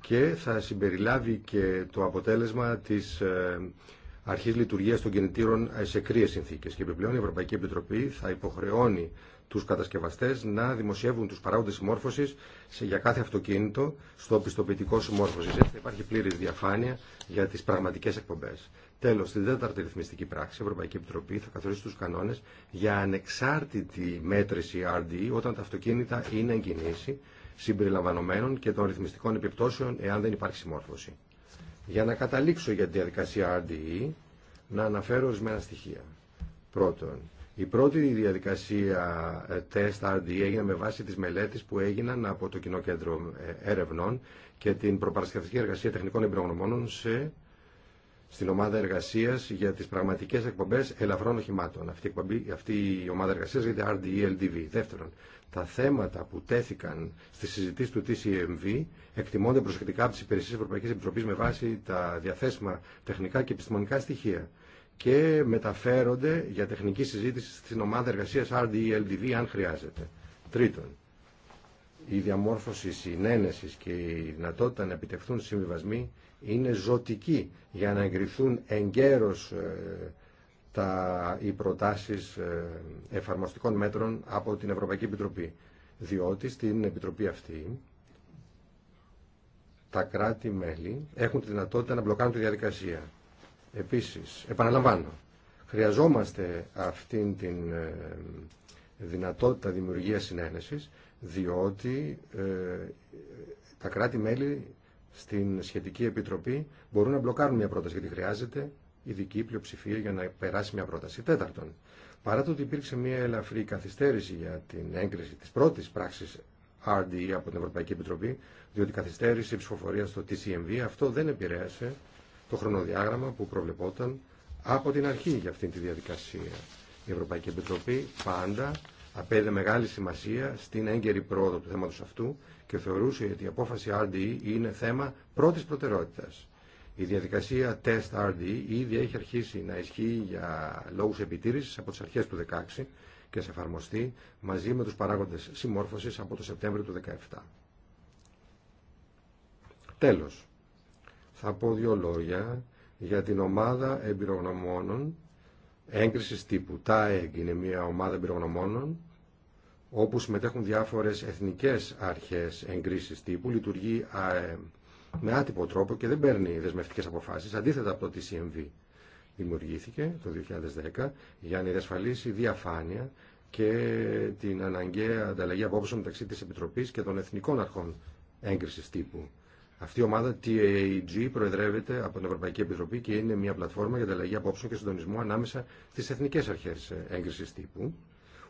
και θα συμπεριλάβει και το αποτέλεσμα της ε, αρχής λειτουργίας των κινητήρων σε κρύες συνθήκες. Και επιπλέον η Ευρωπαϊκή Επιτροπή θα υποχρεώνει τους κατασκευαστές να δημοσιεύουν τους παράγοντες συμμόρφωσης για κάθε αυτοκίνητο στο πιστοποιητικό συμμόρφωσης. Έτσι θα υπάρχει πλήρης διαφάνεια για τις πραγματικές εκπομπές. Τέλος, στην τέταρτη ρυθμιστική πράξη, η Ευρωπαϊκή Επιτροπή θα καθορίσει τους κανόνες για ανεξάρτητη μέτρηση RD όταν τα αυτοκίνητα είναι εγκινήσει συμπεριλαμβανομένων και των ρυθμιστικών επιπτώσεων εάν δεν υπάρχει συμμόρφωση. Για να καταλήξω για τη διαδικασία RDE, να αναφέρω ορισμένα στοιχεία. Πρώτον, η πρώτη διαδικασία τεστ RDE έγινε με βάση τις μελέτες που έγιναν από το Κοινό Κέντρο Έρευνων ε, και την προπαρασκευαστική εργασία τεχνικών εμπειρογνωμόνων σε στην ομάδα εργασία για τι πραγματικέ εκπομπέ ελαφρών οχημάτων. Αυτή, η ομάδα εργασία λέγεται RDELDV. Δεύτερον, τα θέματα που τέθηκαν στη συζητήσει του TCMV εκτιμώνται προσεκτικά από τι υπηρεσίε Ευρωπαϊκή Επιτροπή με βάση τα διαθέσιμα τεχνικά και επιστημονικά στοιχεία και μεταφέρονται για τεχνική συζήτηση στην ομάδα εργασία RDELDV αν χρειάζεται. Τρίτον, η διαμόρφωση συνένεση και η δυνατότητα να επιτευχθούν συμβιβασμοί είναι ζωτική για να εγκριθούν εγκαίρως ε, τα, οι προτάσεις ε, εφαρμοστικών μέτρων από την Ευρωπαϊκή Επιτροπή. Διότι στην Επιτροπή αυτή τα κράτη-μέλη έχουν τη δυνατότητα να μπλοκάνουν τη διαδικασία. Επίσης, επαναλαμβάνω, χρειαζόμαστε αυτήν την ε, δυνατότητα δημιουργίας συνένεσης, διότι τα κράτη-μέλη στην σχετική επιτροπή μπορούν να μπλοκάρουν μια πρόταση γιατί χρειάζεται ειδική πλειοψηφία για να περάσει μια πρόταση. Τέταρτον, παρά το ότι υπήρξε μια ελαφρή καθυστέρηση για την έγκριση της πρώτης πράξης RDE από την Ευρωπαϊκή Επιτροπή, διότι καθυστέρησε η ψηφοφορία στο TCMV, αυτό δεν επηρέασε το χρονοδιάγραμμα που προβλεπόταν από την αρχή για αυτή τη διαδικασία. Η Ευρωπαϊκή Επιτροπή πάντα απέδε μεγάλη σημασία στην έγκαιρη πρόοδο του θέματος αυτού και θεωρούσε ότι η απόφαση RDE είναι θέμα πρώτης προτεραιότητας. Η διαδικασία Test RDE ήδη έχει αρχίσει να ισχύει για λόγους επιτήρησης από τις αρχές του 2016 και σε εφαρμοστεί μαζί με τους παράγοντες συμμόρφωσης από το Σεπτέμβριο του 2017. Τέλος, θα πω δύο λόγια για την ομάδα εμπειρογνωμόνων έγκρισης τύπου. ΤΑΕΚ είναι μια ομάδα εμπειρογνωμόνων όπου συμμετέχουν διάφορες εθνικές αρχές εγκρίσης τύπου, λειτουργεί ε, με άτυπο τρόπο και δεν παίρνει δεσμευτικές αποφάσεις, αντίθετα από το TCMV. Δημιουργήθηκε το 2010 για να διασφαλίσει διαφάνεια και την αναγκαία ανταλλαγή απόψεων μεταξύ της Επιτροπής και των Εθνικών Αρχών Έγκρισης Τύπου. Αυτή η ομάδα TAG προεδρεύεται από την Ευρωπαϊκή Επιτροπή και είναι μια πλατφόρμα για ανταλλαγή απόψεων και συντονισμό ανάμεσα στι εθνικέ αρχέ ε, έγκριση τύπου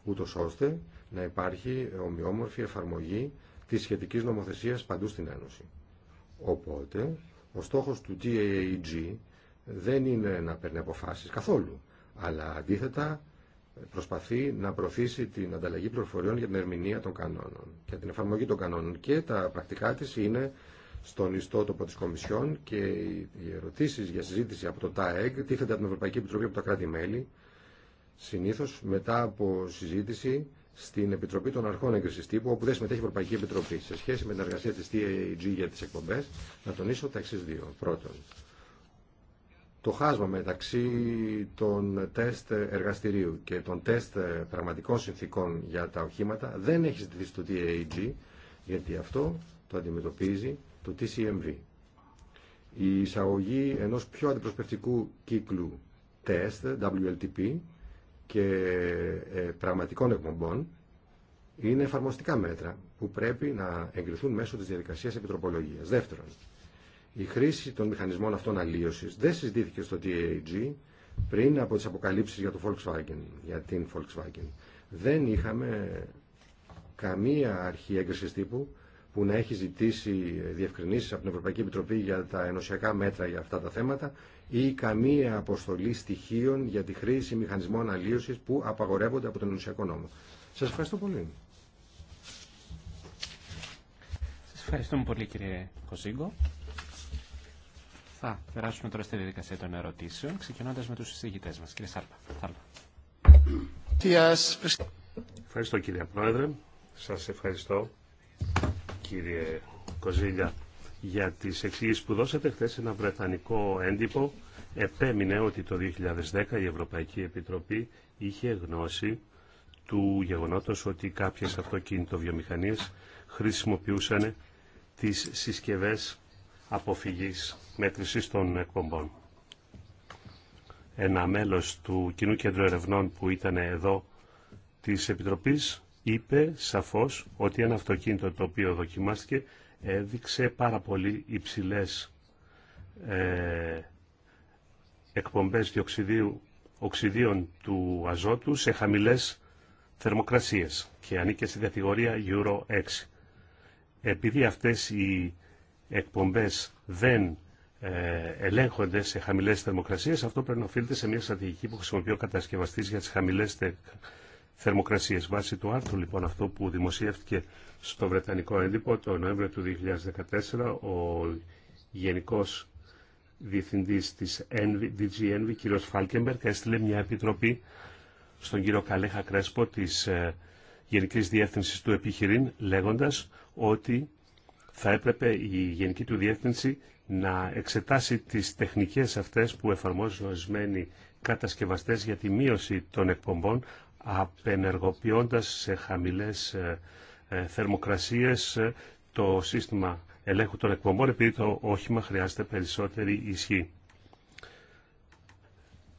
ούτω ώστε να υπάρχει ομοιόμορφη εφαρμογή τη σχετική νομοθεσία παντού στην Ένωση. Οπότε, ο στόχο του GAAG δεν είναι να παίρνει αποφάσει καθόλου, αλλά αντίθετα προσπαθεί να προωθήσει την ανταλλαγή πληροφοριών για την ερμηνεία των κανόνων και την εφαρμογή των κανόνων και τα πρακτικά τη είναι στον ιστότοπο τη Κομισιόν και οι ερωτήσει για συζήτηση από το ΤΑΕΚ τίθενται από την Ευρωπαϊκή Επιτροπή από τα κράτη-μέλη συνήθως μετά από συζήτηση στην Επιτροπή των Αρχών Έγκριση Τύπου, όπου δεν συμμετέχει η Ευρωπαϊκή Επιτροπή. Σε σχέση με την εργασία της TAG για τις εκπομπές να τονίσω τα εξή δύο. Πρώτον, το χάσμα μεταξύ των τεστ εργαστηρίου και των τεστ πραγματικών συνθήκων για τα οχήματα δεν έχει ζητηθεί στο TAG, γιατί αυτό το αντιμετωπίζει το TCMV. Η εισαγωγή ενός πιο αντιπροσπευτικού κύκλου τεστ, WLTP, και ε, πραγματικών εκπομπών είναι εφαρμοστικά μέτρα που πρέπει να εγκριθούν μέσω της διαδικασίας επιτροπολογίας. Δεύτερον, η χρήση των μηχανισμών αυτών αλλίωσης δεν συζητήθηκε στο TAG πριν από τις αποκαλύψεις για το Volkswagen, για την Volkswagen. Δεν είχαμε καμία αρχή έγκρισης τύπου που να έχει ζητήσει διευκρινήσεις από την Ευρωπαϊκή Επιτροπή για τα ενωσιακά μέτρα για αυτά τα θέματα ή καμία αποστολή στοιχείων για τη χρήση μηχανισμών αλλίωσης που
απαγορεύονται από τον ενωσιακό νόμο. Σας ευχαριστώ πολύ. Σας ευχαριστούμε πολύ κύριε Κοζίγκο. Θα περάσουμε τώρα στη διαδικασία των ερωτήσεων, ξεκινώντας με τους συζητητές μας. Κύριε Σάρπα. Σάλπα.
Ευχαριστώ κύριε Πρόεδρε. Σας ευχαριστώ κύριε Κοζίλια για τις εξηγήσεις που δώσατε. Χθες ένα βρετανικό έντυπο επέμεινε ότι το 2010 η Ευρωπαϊκή Επιτροπή είχε γνώση του γεγονότος ότι κάποιες βιομηχανίες χρησιμοποιούσαν τις συσκευές αποφυγής μέτρησης των εκπομπών. Ένα μέλος του Κοινού Κέντρου Ερευνών που ήταν εδώ της Επιτροπής είπε σαφώς ότι ένα αυτοκίνητο το οποίο δοκιμάστηκε έδειξε πάρα πολύ υψηλές ε, εκπομπές διοξιδίου, οξυδίων του αζότου σε χαμηλές θερμοκρασίες και ανήκε στην κατηγορία Euro 6. Επειδή αυτές οι εκπομπές δεν ε, ελέγχονται σε χαμηλές θερμοκρασίες, αυτό πρέπει να οφείλεται σε μια στρατηγική που χρησιμοποιεί ο κατασκευαστής για τις χαμηλές θερμοκρασίες θερμοκρασίες. Βάσει του άρθρου λοιπόν αυτό που δημοσιεύτηκε στο Βρετανικό έντυπο το Νοέμβριο του 2014 ο Γενικός Διευθυντής της Envy, DG Envy, κ. Φάλκεμπερκ, έστειλε μια επιτροπή στον κύριο Καλέχα Κρέσπο της ε, Γενικής Διεύθυνσης του Επιχειρήν λέγοντας ότι θα έπρεπε η Γενική του Διεύθυνση να εξετάσει τις τεχνικές αυτές που εφαρμόζουν ορισμένοι κατασκευαστές για τη μείωση των εκπομπών απενεργοποιώντας σε χαμηλές ε, ε, θερμοκρασίες ε, το σύστημα ελέγχου των εκπομπών επειδή το όχημα χρειάζεται περισσότερη ισχύ.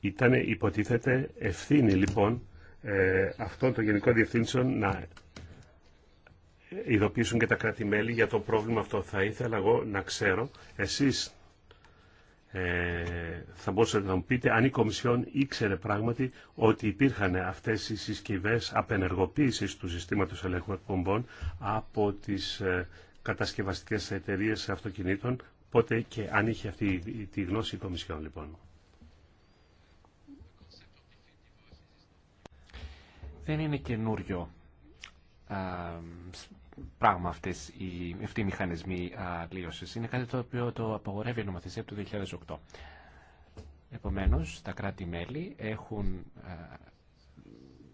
Ήταν υποτίθεται ευθύνη λοιπόν ε, αυτών των Γενικών Διευθύνσεων να ειδοποιήσουν και τα κράτη-μέλη για το πρόβλημα αυτό. Θα ήθελα εγώ να ξέρω εσείς ε, θα μπορούσατε να μου πείτε αν η Κομισιόν ήξερε πράγματι ότι υπήρχαν αυτές οι συσκευές απενεργοποίησης του συστήματος ελέγχου εκπομπών από τις ε, κατασκευαστικές εταιρείες αυτοκινήτων, πότε και αν είχε αυτή τη γνώση η Κομισιόν λοιπόν.
Δεν είναι καινούριο πράγμα αυτές οι, αυτοί οι μηχανισμοί Είναι κάτι το οποίο το απαγορεύει η νομοθεσία από 2008. Επομένως, τα κράτη-μέλη έχουν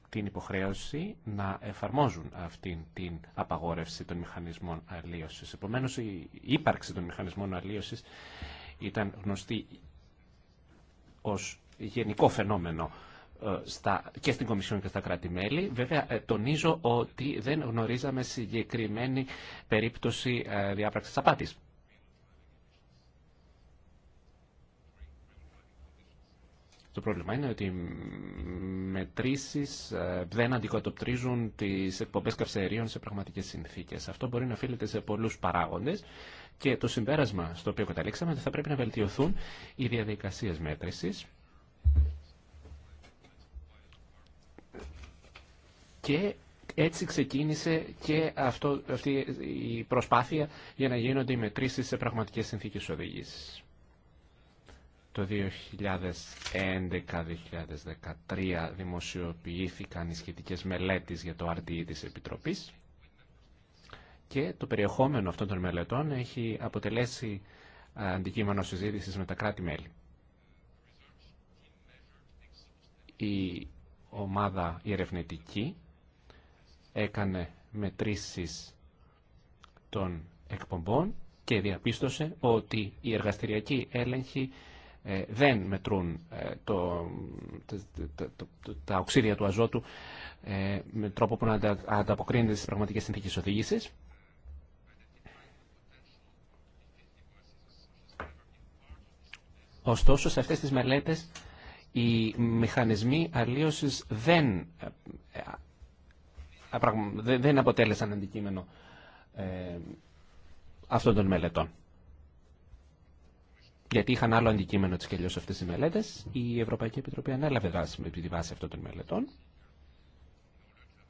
την υποχρέωση να εφαρμόζουν αυτή την απαγόρευση των μηχανισμών αλλίωσης. Επομένως, η ύπαρξη των μηχανισμών αλλίωσης ήταν γνωστή ως γενικό φαινόμενο ε, στα, και στην Κομισιόν και στα κράτη-μέλη. Βέβαια, ε, τονίζω ότι δεν γνωρίζαμε συγκεκριμένη περίπτωση ε, διάπραξης απάτης. Το πρόβλημα είναι ότι οι μετρήσει δεν αντικατοπτρίζουν τις εκπομπές καυσερίων σε πραγματικές συνθήκες. Αυτό μπορεί να οφείλεται σε πολλούς παράγοντες και το συμπέρασμα στο οποίο καταλήξαμε ότι θα πρέπει να βελτιωθούν οι διαδικασίες μέτρησης και έτσι ξεκίνησε και αυτό, αυτή η προσπάθεια για να γίνονται οι μετρήσεις σε πραγματικές συνθήκες οδηγίες. Το 2011-2013 δημοσιοποιήθηκαν οι σχετικές μελέτες για το RDE της Επιτροπής και το περιεχόμενο αυτών των μελετών έχει αποτελέσει αντικείμενο συζήτησης με τα κράτη-μέλη. Η ομάδα ερευνητική έκανε μετρήσεις των εκπομπών και διαπίστωσε ότι οι εργαστηριακοί έλεγχοι ε, δεν μετρούν ε, το, τα οξύδια του αζότου ε, με τρόπο που να ανταποκρίνεται στις πραγματικές συνθήκες οδήγησης. Ωστόσο, σε αυτές τις μελέτες οι μηχανισμοί αλλίωσης δεν δεν αποτέλεσαν αντικείμενο ε, αυτών των μελετών. Γιατί είχαν άλλο αντικείμενο τις και αυτές οι μελέτες, η Ευρωπαϊκή Επιτροπή ανέλαβε δράση με τη βάση αυτών των μελετών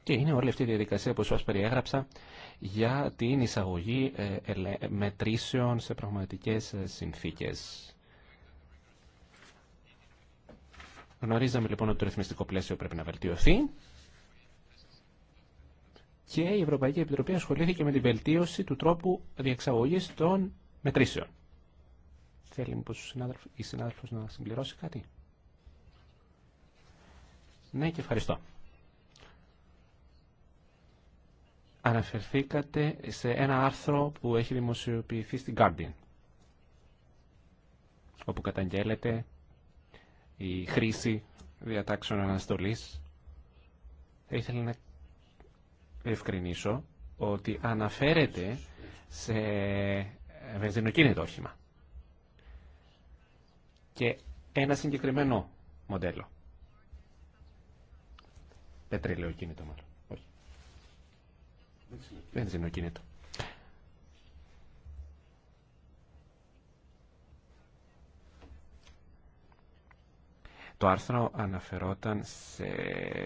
και είναι όλη αυτή η διαδικασία που σας περιέγραψα για την εισαγωγή ε, μετρήσεων σε πραγματικές ε, συνθήκες. Γνωρίζαμε λοιπόν ότι το ρυθμιστικό πλαίσιο πρέπει να βελτιωθεί και η Ευρωπαϊκή Επιτροπή ασχολήθηκε με την βελτίωση του τρόπου διεξαγωγής των μετρήσεων. Θέλει μήπως η συνάδελφος να συμπληρώσει κάτι. Ναι και ευχαριστώ. Αναφερθήκατε σε ένα άρθρο που έχει δημοσιοποιηθεί στην Guardian όπου καταγγέλλεται η χρήση διατάξεων αναστολής. Θα ήθελα να ευκρινίσω ότι αναφέρεται σε βενζινοκίνητο όχημα και ένα συγκεκριμένο μοντέλο. Πετρελαιοκίνητο μάλλον. Όχι. Βενζινοκίνητο. Το άρθρο αναφερόταν σε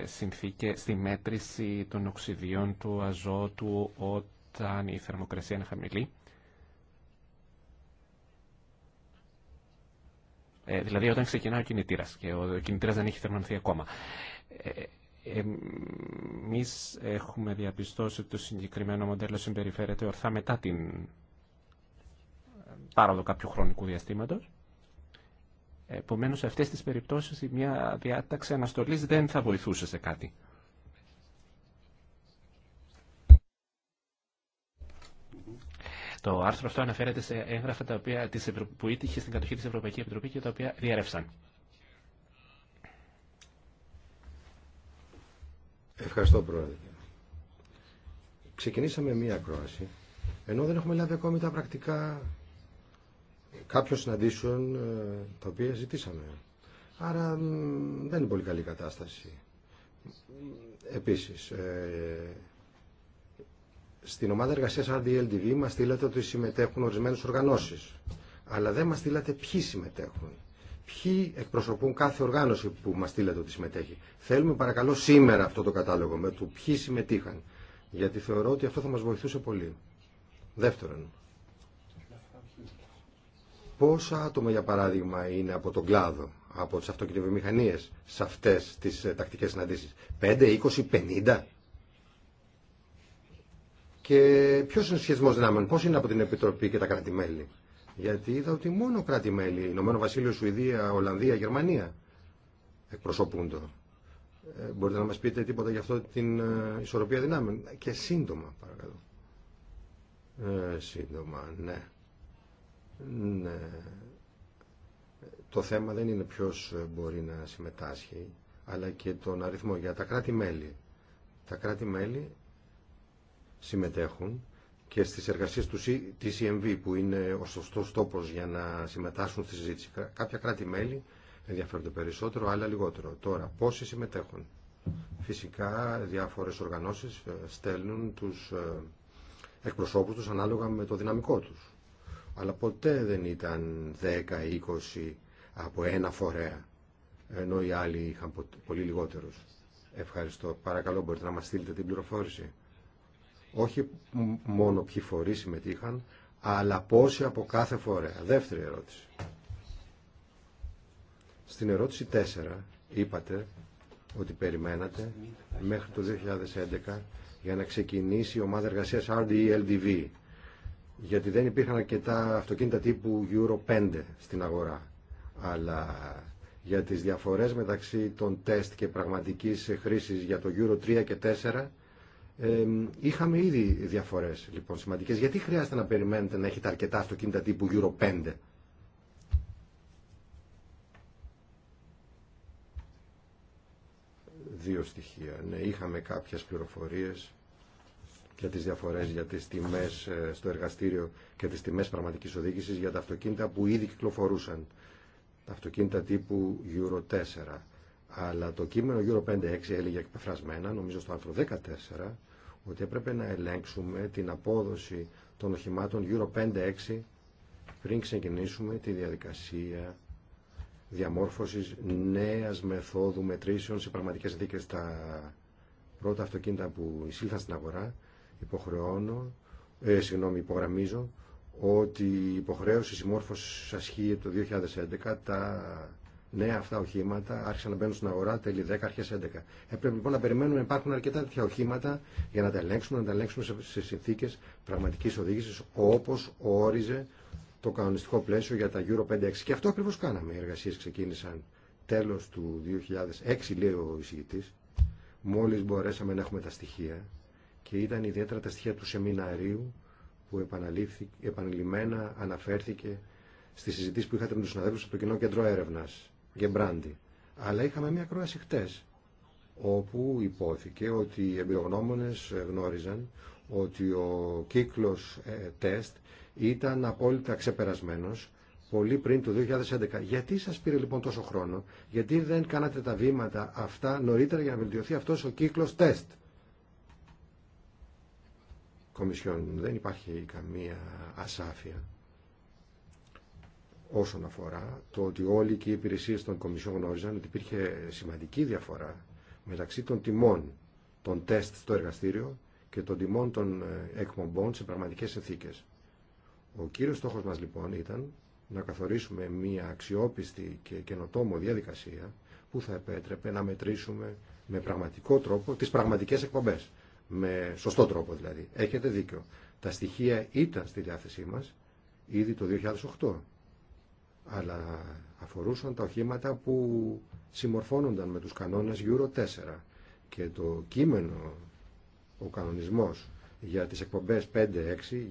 συνθήκε στη μέτρηση των οξυδίων του αζότου όταν η θερμοκρασία είναι χαμηλή. Ε, δηλαδή όταν ξεκινά ο κινητήρας και ο κινητήρας δεν έχει θερμανθεί ακόμα. Ε, έχουμε διαπιστώσει ότι το συγκεκριμένο μοντέλο συμπεριφέρεται ορθά μετά την πάροδο κάποιου χρονικού διαστήματος. Επομένω, σε αυτές τις περιπτώσεις μια διάταξη αναστολή δεν θα βοηθούσε σε κάτι. Το άρθρο αυτό αναφέρεται σε έγγραφα τα οποία που ήτυχε στην κατοχή της Ευρωπαϊκής Επιτροπής και τα οποία διέρευσαν.
Ευχαριστώ, Πρόεδρε. Ξεκινήσαμε μία ακρόαση, ενώ δεν έχουμε λάβει ακόμη τα πρακτικά κάποιων συναντήσεων ε, τα οποία ζητήσαμε. Άρα δεν είναι πολύ καλή κατάσταση. Επίσης, ε, στην ομάδα εργασίας RDLTV μας στείλατε ότι συμμετέχουν ορισμένες οργανώσεις. Αλλά δεν μας στείλατε ποιοι συμμετέχουν. Ποιοι εκπροσωπούν κάθε οργάνωση που μας στείλατε ότι συμμετέχει. Θέλουμε παρακαλώ σήμερα αυτό το κατάλογο με του ποιοι συμμετείχαν. Γιατί θεωρώ ότι αυτό θα μας βοηθούσε πολύ. Δεύτερον, Πόσα άτομα, για παράδειγμα, είναι από τον κλάδο, από τι αυτοκινητοβιομηχανίε, σε αυτές τις ε, τακτικέ συναντήσει, 5, 20, 50. Και ποιο είναι ο σχεσμό δυνάμεων, πώς είναι από την Επιτροπή και τα κράτη-μέλη. Γιατί είδα ότι μόνο κράτη-μέλη, Ηνωμένο Βασίλειο, Σουηδία, Ολλανδία, Γερμανία, εκπροσωπούν το. Ε, μπορείτε να μα πείτε τίποτα για αυτό την ε, ισορροπία δυνάμεων. Και σύντομα, παρακαλώ. Ε, σύντομα, ναι. Ναι. Το θέμα δεν είναι ποιος ε, μπορεί να συμμετάσχει, αλλά και τον αριθμό για τα κράτη-μέλη. Τα κράτη-μέλη συμμετέχουν και στις εργασίες του CMV e που είναι ο σωστός τόπος για να συμμετάσχουν στη συζήτηση. Κάποια κράτη-μέλη ενδιαφέρονται περισσότερο, άλλα λιγότερο. Τώρα, πόσοι συμμετέχουν. Φυσικά, διάφορες οργανώσεις ε, στέλνουν τους ε, εκπροσώπους τους ανάλογα με το δυναμικό τους αλλά ποτέ δεν ήταν 10-20 από ένα φορέα, ενώ οι άλλοι είχαν πολύ λιγότερους. Ευχαριστώ. Παρακαλώ μπορείτε να μας στείλετε την πληροφόρηση. Όχι μόνο ποιοι φορείς συμμετείχαν, αλλά πόσοι από κάθε φορέα. Δεύτερη ερώτηση. Στην ερώτηση 4 είπατε ότι περιμένατε μέχρι το 2011 για να ξεκινήσει η ομάδα εργασίας RDE-LDV γιατί δεν υπήρχαν αρκετά αυτοκίνητα τύπου Euro 5 στην αγορά. Αλλά για τις διαφορές μεταξύ των τεστ και πραγματικής χρήσης για το Euro 3 και 4 ε, είχαμε ήδη διαφορές λοιπόν σημαντικές. Γιατί χρειάζεται να περιμένετε να έχετε αρκετά αυτοκίνητα τύπου Euro 5 Δύο στοιχεία. Ναι, είχαμε κάποιες πληροφορίες για τις διαφορές, για τις τιμές ε, στο εργαστήριο και τις τιμές πραγματικής οδήγησης για τα αυτοκίνητα που ήδη κυκλοφορούσαν. Τα αυτοκίνητα τύπου Euro 4. Αλλά το κείμενο Euro 5-6 έλεγε εκπεφρασμένα, νομίζω στο άρθρο 14, ότι έπρεπε να ελέγξουμε την απόδοση των οχημάτων Euro 5-6 πριν ξεκινήσουμε τη διαδικασία διαμόρφωσης νέας μεθόδου μετρήσεων σε πραγματικές συνθήκες. Τα πρώτα αυτοκίνητα που εισήλθαν στην αγορά υποχρεώνω, ε, συγγνώμη, υπογραμμίζω ότι η υποχρέωση συμμόρφωση ασχεί το 2011 τα νέα αυτά οχήματα άρχισαν να μπαίνουν στην αγορά τέλη 10 αρχές 11. Έπρεπε λοιπόν να περιμένουμε να υπάρχουν αρκετά τέτοια οχήματα για να τα ελέγξουμε, να τα σε συνθήκε πραγματική οδήγηση, όπω όριζε το κανονιστικό πλαίσιο για τα Euro 5-6. Και αυτό ακριβώ κάναμε. Οι εργασίε ξεκίνησαν τέλο του 2006, λέει ο εισηγητή. μόλι μπορέσαμε να έχουμε τα στοιχεία και ήταν ιδιαίτερα τα στοιχεία του σεμιναρίου που επανειλημμένα αναφέρθηκε στι συζητήσει που είχατε με του συναδέλφους από το Κοινό Κέντρο Έρευνας, Γεμπράντι. Αλλά είχαμε μια κρόαση χτε, όπου υπόθηκε ότι οι εμπειρογνώμονε γνώριζαν ότι ο κύκλο ε, τεστ ήταν απόλυτα ξεπερασμένο πολύ πριν το 2011. Γιατί σα πήρε λοιπόν τόσο χρόνο, γιατί δεν κάνατε τα βήματα αυτά νωρίτερα για να βελτιωθεί αυτό ο κύκλο τεστ. Κομισιόν. Δεν υπάρχει καμία ασάφεια όσον αφορά το ότι όλοι και οι υπηρεσίε των Κομισιών γνώριζαν ότι υπήρχε σημαντική διαφορά μεταξύ των τιμών των τεστ στο εργαστήριο και των τιμών των ε, εκπομπών σε πραγματικέ συνθήκε. Ο κύριος στόχος μας λοιπόν ήταν να καθορίσουμε μια αξιόπιστη και καινοτόμο διαδικασία που θα επέτρεπε να μετρήσουμε με πραγματικό τρόπο τις πραγματικές εκπομπές με σωστό τρόπο δηλαδή. Έχετε δίκιο. Τα στοιχεία ήταν στη διάθεσή μας ήδη το 2008, αλλά αφορούσαν τα οχήματα που συμμορφώνονταν με τους κανόνες Euro 4 και το κείμενο, ο κανονισμός για τις εκπομπές 5-6,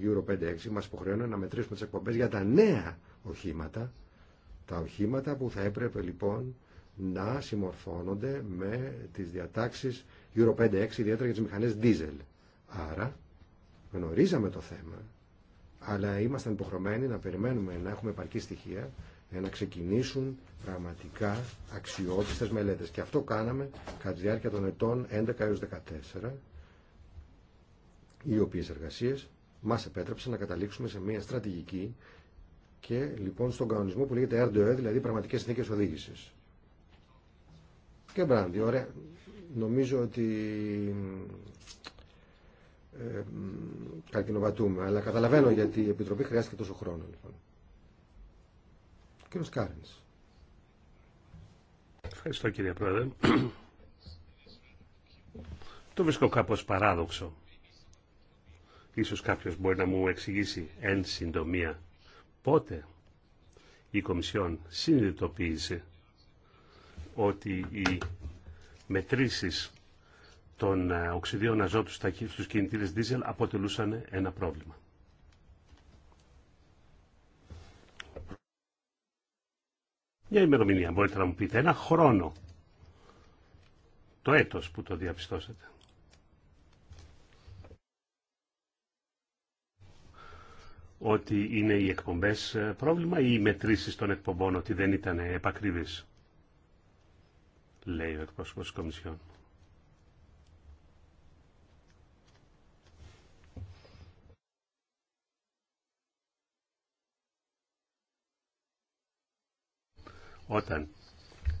Euro 5-6, μας υποχρεώνει να μετρήσουμε τις εκπομπές για τα νέα οχήματα, τα οχήματα που θα έπρεπε λοιπόν να συμμορφώνονται με τις διατάξεις Euro 5-6, ιδιαίτερα για τις μηχανές diesel. Άρα γνωρίζαμε το θέμα, αλλά ήμασταν υποχρεωμένοι να περιμένουμε να έχουμε επαρκή στοιχεία για να ξεκινήσουν πραγματικά αξιότιστες μελέτες. Και αυτό κάναμε κατά τη διάρκεια των ετών 11 έως 14, οι οποίες εργασίες μας επέτρεψαν να καταλήξουμε σε μια στρατηγική και λοιπόν στον κανονισμό που λέγεται RDOE, ε, δηλαδή πραγματικές συνθήκες οδήγησης. Και Μπράντι, ωραία. Νομίζω ότι ε, καρκινοβατούμε, αλλά καταλαβαίνω γιατί η Επιτροπή χρειάστηκε τόσο χρόνο. Λοιπόν. Κύριος Κάρινς.
Ευχαριστώ κύριε Πρόεδρε. Το βρίσκω κάπως παράδοξο. Ίσως κάποιος μπορεί να μου εξηγήσει εν συντομία πότε η Κομισιόν συνειδητοποίησε ότι οι μετρήσεις των ε, οξυδίων αζότου στους κινητήρες δίζελ αποτελούσαν ένα πρόβλημα. Μια ημερομηνία μπορείτε να μου πείτε, ένα χρόνο, το έτος που το διαπιστώσατε. Ότι είναι οι εκπομπές ε, πρόβλημα ή οι μετρήσεις των εκπομπών ότι δεν ήταν επακριβείς λέει ο εκπρόσωπος της Κομισιόν. Όταν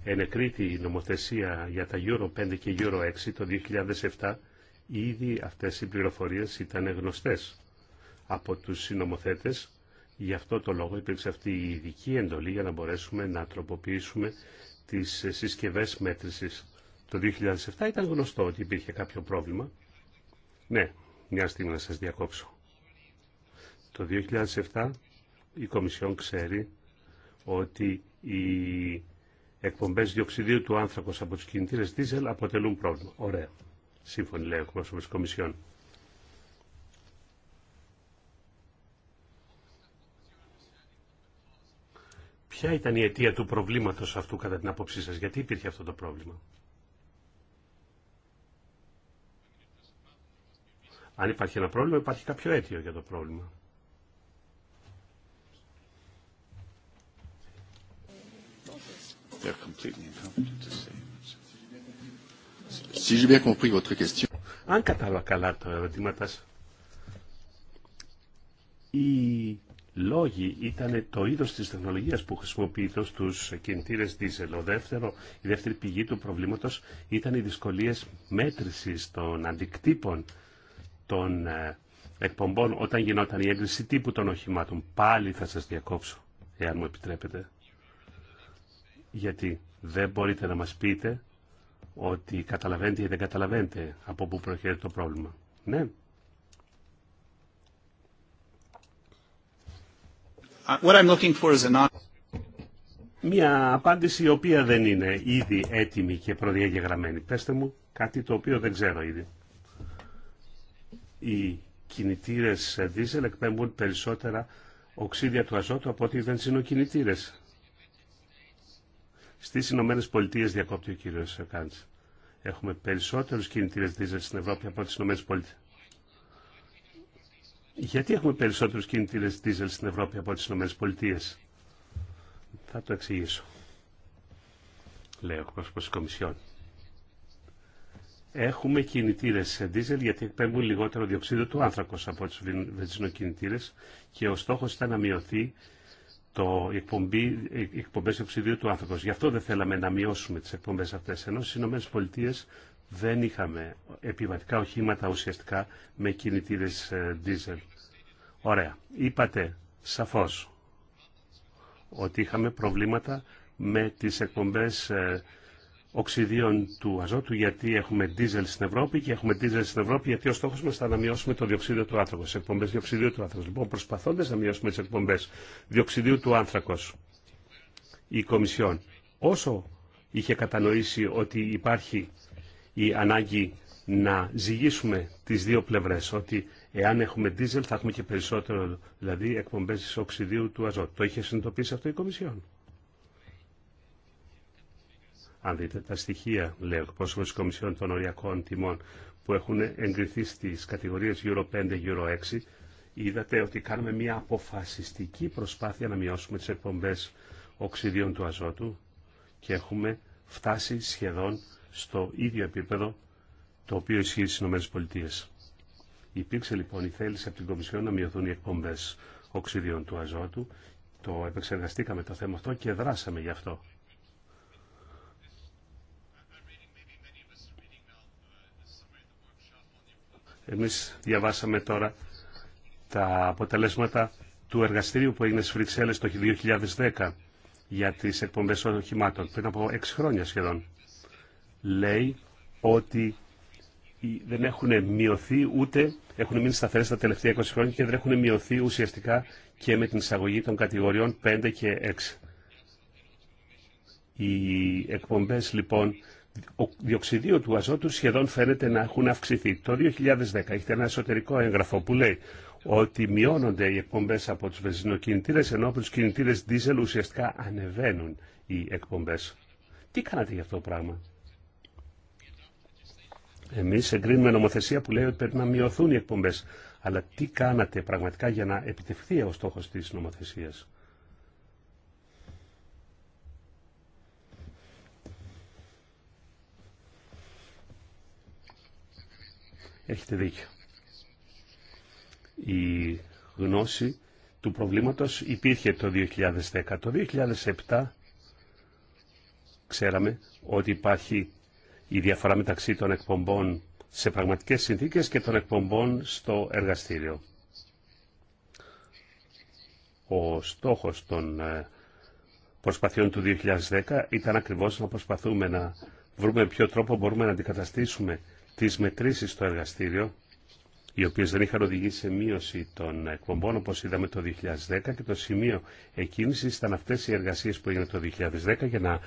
ενεκρίτη η νομοθεσία για τα Euro 5 και Euro 6 το 2007, ήδη αυτές οι πληροφορίες ήταν γνωστές από τους συνομοθέτες. Γι' αυτό το λόγο υπήρξε αυτή η ειδική εντολή για να μπορέσουμε να τροποποιήσουμε τις ε, συσκευές μέτρησης. Το 2007 ήταν γνωστό ότι υπήρχε κάποιο πρόβλημα. Ναι, μια στιγμή να σας διακόψω. Το 2007 η Κομισιόν ξέρει ότι οι εκπομπές διοξιδίου του άνθρακος από τους κινητήρες δίζελ αποτελούν πρόβλημα. Ωραία. Σύμφωνοι λέει ο εκπρόσωπος της Κομισιόν. Ποια ήταν η αιτία του προβλήματος αυτού κατά την άποψή σας, γιατί υπήρχε αυτό το πρόβλημα. Αν υπάρχει ένα πρόβλημα, υπάρχει κάποιο αίτιο για το πρόβλημα. Αν κατάλαβα καλά το ερωτήματα, η λόγοι ήταν το είδο τη τεχνολογία που χρησιμοποιείται στου κινητήρε δίζελ. Ο δεύτερο, η δεύτερη πηγή του προβλήματο ήταν οι δυσκολίε μέτρηση των αντικτύπων των ε, εκπομπών όταν γινόταν η έγκριση τύπου των οχημάτων. Πάλι θα σα διακόψω, εάν μου επιτρέπετε. Γιατί δεν μπορείτε να μας πείτε ότι καταλαβαίνετε ή δεν καταλαβαίνετε από πού το πρόβλημα. Ναι, Uh, what I'm looking for is Μια απάντηση η οποία δεν είναι ήδη έτοιμη και προδιαγεγραμμένη. Πέστε μου κάτι το οποίο δεν ξέρω ήδη. Οι κινητήρες δίζελ εκπέμπουν περισσότερα οξύδια του αζότου από ό,τι δεν συνοκινητήρες. Στις Ηνωμένες Πολιτείες διακόπτει ο κύριος Κάντς. Έχουμε περισσότερους κινητήρες δίζελ στην Ευρώπη από τις Ηνωμένες Πολιτείες. Γιατί έχουμε περισσότερους κινητήρες δίζελ στην Ευρώπη από τις ΗΠΑ. Θα το εξηγήσω. Λέω, ο εκπρόσωπος της Κομισιόν. Έχουμε κινητήρες σε δίζελ γιατί εκπέμπουν λιγότερο διοξείδιο του άνθρακο από του βενζινοκινητήρες και ο στόχος ήταν να μειωθεί το εκπομπή, εκπομπές διοξίδιου του άνθρακος. Γι' αυτό δεν θέλαμε να μειώσουμε τις εκπομπές αυτές. Ενώ στις Ηνωμένες δεν είχαμε επιβατικά οχήματα ουσιαστικά με κινητήρες ε, diesel. Ωραία. Είπατε σαφώς ότι είχαμε προβλήματα με τις εκπομπές ε, οξυδίων του αζότου γιατί έχουμε diesel στην Ευρώπη και έχουμε diesel στην Ευρώπη γιατί ο στόχος μας ήταν να μειώσουμε το διοξίδιο του άνθρακος, εκπομπές διοξιδίου του άνθρακος. Λοιπόν, προσπαθώντας να μειώσουμε τις εκπομπές διοξιδίου του άνθρακος, η Κομισιόν, όσο είχε κατανοήσει ότι υπάρχει η ανάγκη να ζυγίσουμε τις δύο πλευρές, ότι εάν έχουμε δίζελ θα έχουμε και περισσότερο, δηλαδή εκπομπές οξυδίου του αζώτου. Το είχε συνειδητοποιήσει αυτό η Κομισιόν. Αν δείτε τα στοιχεία, λέω, ο εκπρόσωπο τη Κομισιόν των Οριακών Τιμών, που έχουν εγκριθεί στι κατηγορίε Euro 5, Euro 6, είδατε ότι κάνουμε μια αποφασιστική προσπάθεια να μειώσουμε τι εκπομπέ οξυδίων του αζότου και έχουμε φτάσει σχεδόν στο ίδιο επίπεδο το οποίο ισχύει στι ΗΠΑ. Υπήρξε λοιπόν η θέληση από την Κομισιόν να μειωθούν οι εκπομπέ οξυδιών του αζότου. Το επεξεργαστήκαμε το θέμα αυτό και δράσαμε γι' αυτό. Εμείς διαβάσαμε τώρα τα αποτελέσματα του εργαστηρίου που έγινε στις το 2010 για τις εκπομπές οχημάτων, πριν από έξι χρόνια σχεδόν λέει ότι δεν έχουν μειωθεί ούτε έχουν μείνει σταθερές τα τελευταία 20 χρόνια και δεν έχουν μειωθεί ουσιαστικά και με την εισαγωγή των κατηγοριών 5 και 6. Οι εκπομπές λοιπόν διοξιδίου του αζότου σχεδόν φαίνεται να έχουν αυξηθεί. Το 2010 έχετε ένα εσωτερικό έγγραφο που λέει ότι μειώνονται οι εκπομπές από τους βενζινοκινητήρες ενώ από τους κινητήρες δίζελ ουσιαστικά ανεβαίνουν οι εκπομπές. Τι κάνατε για αυτό το πράγμα. Εμεί εγκρίνουμε νομοθεσία που λέει ότι πρέπει να μειωθούν οι εκπομπέ, Αλλά τι κάνατε πραγματικά για να επιτευχθεί ο στόχο της νομοθεσίας. Έχετε δίκιο. Η γνώση του προβλήματος υπήρχε το 2010. Το 2007 ξέραμε ότι υπάρχει η διαφορά μεταξύ των εκπομπών σε πραγματικές συνθήκες και των εκπομπών στο εργαστήριο. Ο στόχος των ε, προσπαθειών του 2010 ήταν ακριβώς να προσπαθούμε να βρούμε ποιο τρόπο μπορούμε να αντικαταστήσουμε τις μετρήσεις στο εργαστήριο, οι οποίες δεν είχαν οδηγήσει σε μείωση των εκπομπών όπως είδαμε το 2010 και το σημείο εκκίνησης ήταν αυτές οι εργασίες που έγιναν το 2010 για να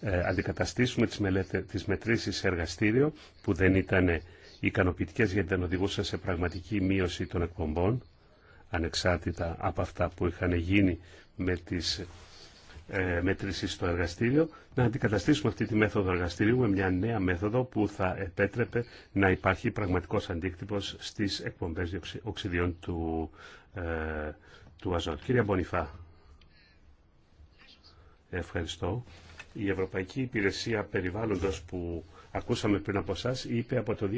ε, αντικαταστήσουμε τις, μελέτε, τις μετρήσεις σε εργαστήριο που δεν ήταν ικανοποιητικές γιατί δεν οδηγούσαν σε πραγματική μείωση των εκπομπών ανεξάρτητα από αυτά που είχαν γίνει με τις ε, μετρήσεις στο εργαστήριο, να αντικαταστήσουμε αυτή τη μέθοδο εργαστηρίου με μια νέα μέθοδο που θα επέτρεπε να υπάρχει πραγματικός αντίκτυπος στις εκπομπές οξυδιών του, ε, του αζότ. Κύριε Μπονιφά, ευχαριστώ. Η Ευρωπαϊκή Υπηρεσία Περιβάλλοντος που ακούσαμε πριν από εσά είπε από το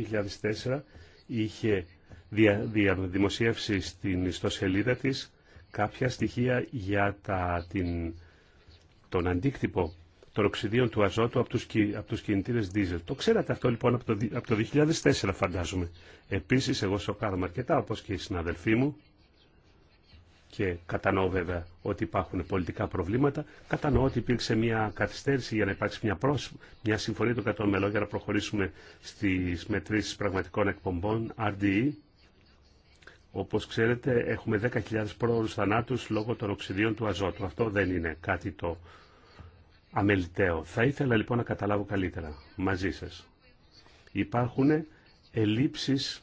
2004 είχε δια, δημοσιεύσει στην ιστοσελίδα της κάποια στοιχεία για τα, την, τον αντίκτυπο των οξυδίων του αζότου από τους, από τους κινητήρες δίζελ. Το ξέρατε αυτό λοιπόν από το, από το 2004 φαντάζομαι. Επίσης εγώ σοκάρομαι αρκετά όπως και οι συναδελφοί μου και κατανοώ βέβαια ότι υπάρχουν πολιτικά προβλήματα. Κατανοώ ότι υπήρξε μια καθυστέρηση για να υπάρξει μια, προσ... μια συμφωνία των κατών μελών για να προχωρήσουμε στις μετρήσεις πραγματικών εκπομπών RDE. Όπως ξέρετε έχουμε 10.000 πρόωρους θανάτους λόγω των οξυδίων του αζότου. Αυτό δεν είναι κάτι το αμεληταίο. Θα ήθελα λοιπόν να καταλάβω καλύτερα μαζί σας. Υπάρχουν ελλείψεις,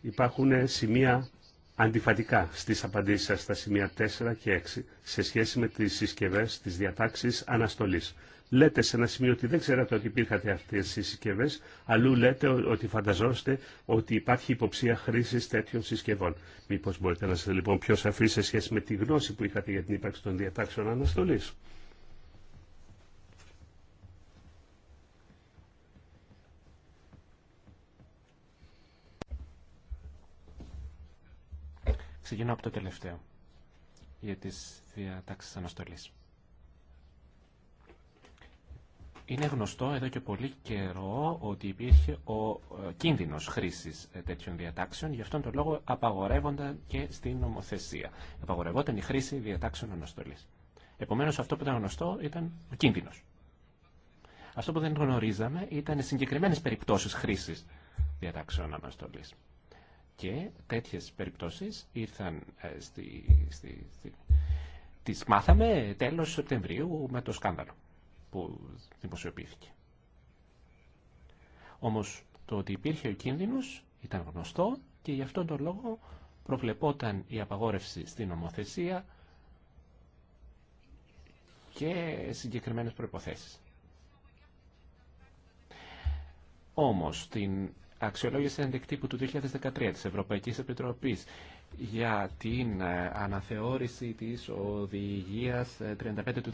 υπάρχουν σημεία αντιφατικά στις απαντήσεις σας στα σημεία 4 και 6 σε σχέση με τις συσκευές της διατάξης αναστολής. Λέτε σε ένα σημείο ότι δεν ξέρατε ότι υπήρχατε αυτές οι συσκευές, αλλού λέτε ότι φανταζόστε ότι υπάρχει υποψία χρήσης τέτοιων συσκευών. Μήπως μπορείτε να είστε λοιπόν πιο σαφείς σε σχέση με τη γνώση που είχατε για την ύπαρξη των διατάξεων αναστολής.
Ξεκινώ από το τελευταίο για τις διατάξεις αναστολής. Είναι γνωστό εδώ και πολύ καιρό ότι υπήρχε ο ε, κίνδυνος χρήσης ε, τέτοιων διατάξεων, γι' αυτόν τον λόγο απαγορεύονταν και στην νομοθεσία. Απαγορευόταν η χρήση διατάξεων αναστολής. Επομένως αυτό που ήταν γνωστό ήταν ο κίνδυνος. Αυτό που δεν γνωρίζαμε ήταν οι συγκεκριμένες περιπτώσεις χρήσης διατάξεων αναστολής. Και τέτοιες περιπτώσεις ήρθαν ε, στη, στη, τις μάθαμε τέλος Σεπτεμβρίου με το σκάνδαλο που δημοσιοποιήθηκε. Όμως το ότι υπήρχε ο κίνδυνος ήταν γνωστό και γι' αυτόν τον λόγο προβλεπόταν η απαγόρευση στην ομοθεσία και συγκεκριμένες προϋποθέσεις. Όμως την αξιολόγηση ενδεικτύπου του 2013 της Ευρωπαϊκής Επιτροπής για την ε, αναθεώρηση της οδηγίας 35 ε, του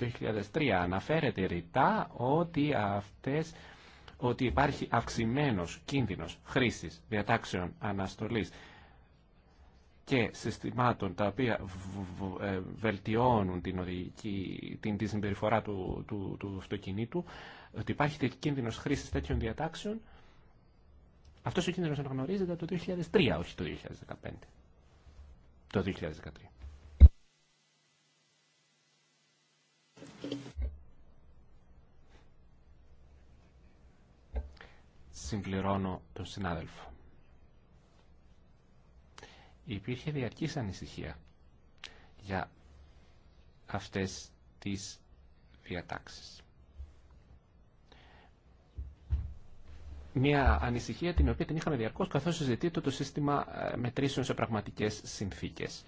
2003 αναφέρεται ρητά ότι, αυτές, ότι υπάρχει αυξημένος κίνδυνος χρήσης διατάξεων αναστολής και συστημάτων τα οποία ε, βελτιώνουν την, οδηγική, την, τη συμπεριφορά του, του, του αυτοκινήτου, ότι υπάρχει κίνδυνος χρήσης τέτοιων διατάξεων αυτός ο κίνδυνος αναγνωρίζεται το 2003, όχι το 2015. Το 2013. Συμπληρώνω τον συνάδελφο. Υπήρχε διαρκής ανησυχία για αυτές τις διατάξεις. μια ανησυχία την οποία την είχαμε διαρκώς καθώς συζητείται το σύστημα ε, μετρήσεων σε πραγματικές συνθήκες.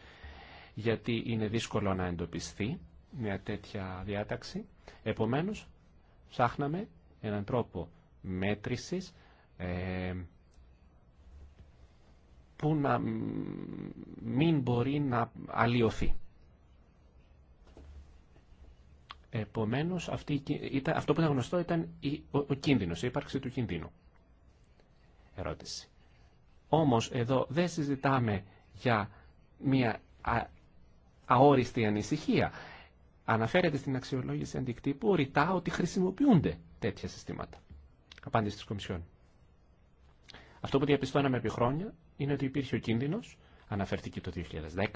Γιατί είναι δύσκολο να εντοπιστεί μια τέτοια διάταξη. Επομένως, ψάχναμε έναν τρόπο μέτρησης ε, που να μην μπορεί να αλλοιωθεί. Επομένως, αυτή, αυτό που ήταν γνωστό ήταν ο, ο κίνδυνος, η ύπαρξη του κινδύνου ερώτηση. Όμως εδώ δεν συζητάμε για μια αόριστη ανησυχία. Αναφέρεται στην αξιολόγηση αντικτύπου ρητά ότι χρησιμοποιούνται τέτοια συστήματα. Απάντηση της Κομισιόν. Αυτό που διαπιστώναμε επί χρόνια είναι ότι υπήρχε ο κίνδυνος, αναφέρθηκε το 2010,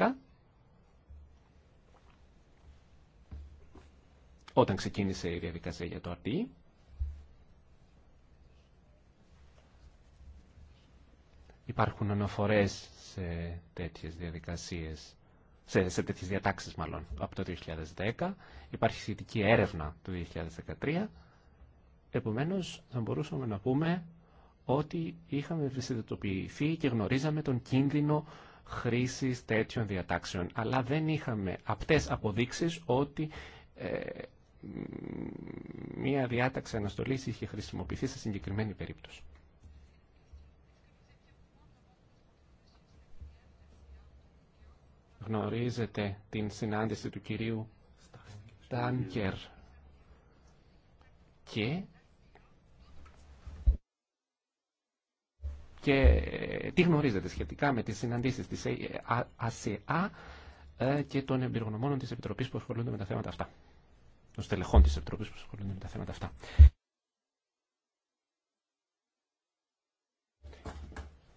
όταν ξεκίνησε η διαδικασία για το RTE, Υπάρχουν αναφορές σε τέτοιες διαδικασίες, σε, σε τέτοιες διατάξεις μάλλον, από το 2010. Υπάρχει σχετική έρευνα του 2013. Επομένως, θα μπορούσαμε να πούμε ότι είχαμε ευαισθητοποιηθεί και γνωρίζαμε τον κίνδυνο χρήσης τέτοιων διατάξεων. Αλλά δεν είχαμε απτές αποδείξεις ότι ε, μία διάταξη αναστολής είχε χρησιμοποιηθεί σε συγκεκριμένη περίπτωση. γνωρίζετε την συνάντηση του κυρίου Τάνκερ και και ε, τι γνωρίζετε σχετικά με τις συναντήσεις της ΑΣΕΑ ε, και των εμπειρογνωμόνων της Επιτροπής που ασχολούνται με τα θέματα αυτά. Των στελεχών της Επιτροπής που ασχολούνται με τα θέματα αυτά.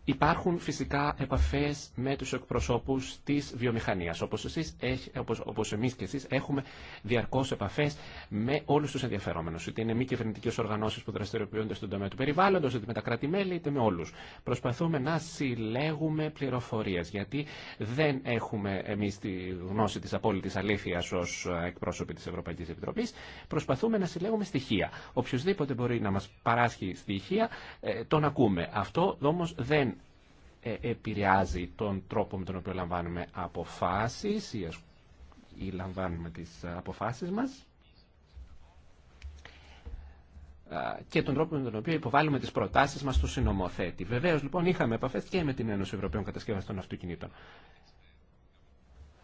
Υπάρχουν φυσικά επαφές με τους εκπροσώπους της βιομηχανίας. Όπως, εμεί εμείς και εσείς έχουμε διαρκώς επαφές με όλους τους ενδιαφερόμενους. Είτε είναι μη κυβερνητικές οργανώσεις που δραστηριοποιούνται στον τομέα του περιβάλλοντος, είτε με τα κράτη-μέλη, είτε με όλους. Προσπαθούμε να συλλέγουμε πληροφορίες, γιατί δεν έχουμε εμείς τη γνώση της απόλυτης αλήθειας ως εκπρόσωποι της Ευρωπαϊκής Επιτροπής. Προσπαθούμε να συλλέγουμε στοιχεία. Οποιοδήποτε μπορεί να μας παράσχει στοιχεία, ε, τον ακούμε. Αυτό όμως δεν ε, επηρεάζει τον τρόπο με τον οποίο λαμβάνουμε αποφάσεις ή, λαμβάνουμε τις ε, αποφάσεις μας και τον τρόπο με τον οποίο υποβάλλουμε τις προτάσεις μας στο συνομοθέτη. Βεβαίως λοιπόν είχαμε επαφές και με την Ένωση Ευρωπαίων Κατασκευαστών Αυτοκινήτων.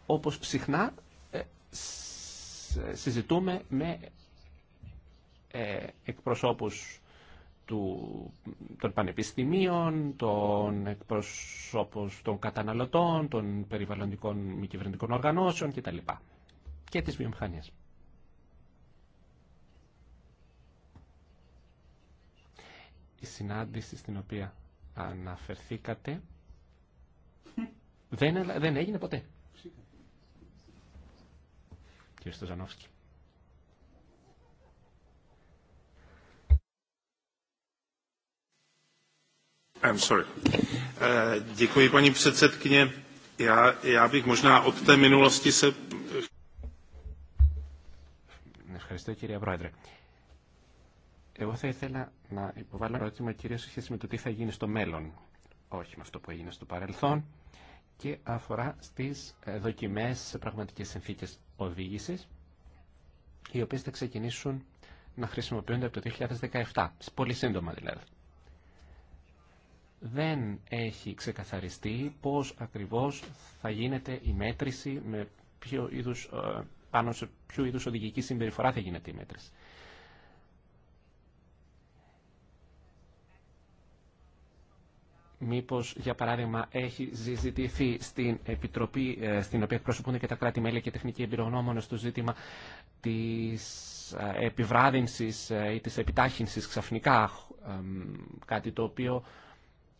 Όπως συχνά ε, συζητούμε με εκπροσώπους του, των πανεπιστημίων, των εκπροσώπων των καταναλωτών, των περιβαλλοντικών μη κυβερνητικών οργανώσεων κτλ. Και τη βιομηχανία. Η συνάντηση στην οποία αναφερθήκατε δεν, δεν έγινε ποτέ. Κύριε Στοζανόφσκι. I'm sorry. Ευχαριστώ, κυρία Πρόεδρε. Εγώ θα ήθελα να υποβάλω ένα ερώτημα κυρίως σε με το τι θα γίνει στο μέλλον, όχι με αυτό που έγινε στο παρελθόν, και αφορά στις ε, δοκιμές σε πραγματικές συνθήκες οδήγησης, οι οποίες θα ξεκινήσουν να χρησιμοποιούνται από το 2017, πολύ σύντομα δηλαδή δεν έχει ξεκαθαριστεί πώς ακριβώς θα γίνεται η μέτρηση, με ποιο είδους, ε, πάνω σε ποιο είδους οδηγική συμπεριφορά θα γίνεται η μέτρηση. Μήπως, για παράδειγμα, έχει συζητηθεί στην Επιτροπή, ε, στην οποία εκπροσωπούνται και τα κράτη-μέλη και τεχνικοί εμπειρογνώμονες στο ζήτημα της ε, επιβράδυνσης ή της επιτάχυνσης ξαφνικά, κάτι το οποίο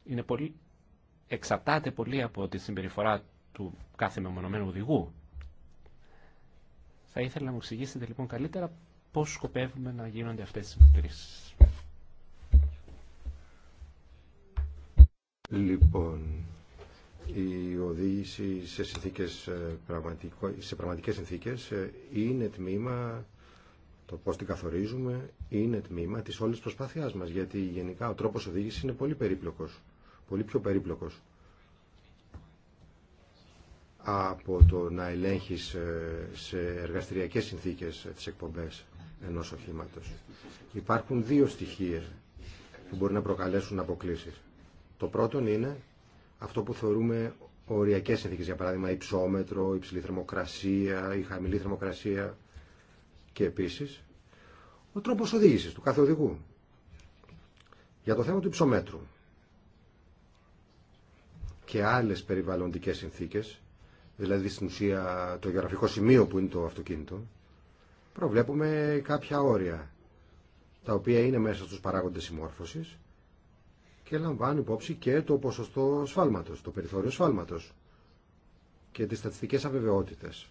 είναι πολύ, εξαρτάται πολύ από τη συμπεριφορά του κάθε μεμονωμένου οδηγού. Θα ήθελα να μου εξηγήσετε λοιπόν καλύτερα πώς σκοπεύουμε να γίνονται αυτές τις μετρήσεις.
Λοιπόν, η οδήγηση σε, συνθήκες, ε, σε πραγματικές συνθήκες ε, είναι τμήμα, το πώς την καθορίζουμε, είναι τμήμα της όλης προσπάθειάς μας, γιατί γενικά ο τρόπος οδήγησης είναι πολύ περίπλοκος πολύ πιο περίπλοκος από το να ελέγχεις ε, σε εργαστηριακές συνθήκες ε, τις εκπομπές ενός οχήματος. Υπάρχουν δύο στοιχεία που μπορεί να προκαλέσουν αποκλήσεις. Το πρώτο είναι αυτό που θεωρούμε οριακές συνθήκες, για παράδειγμα υψόμετρο, υψηλή θερμοκρασία ή χαμηλή θερμοκρασία και επίσης ο τρόπος οδήγησης του κάθε οδηγού. Για το θέμα του υψομέτρου, και άλλες περιβαλλοντικές συνθήκες, δηλαδή στην ουσία το γεωγραφικό σημείο που είναι το αυτοκίνητο, προβλέπουμε κάποια όρια, τα οποία είναι μέσα στους παράγοντες συμμόρφωσης και λαμβάνουν υπόψη και το ποσοστό σφάλματος, το περιθώριο σφάλματος και τις στατιστικές αβεβαιότητες.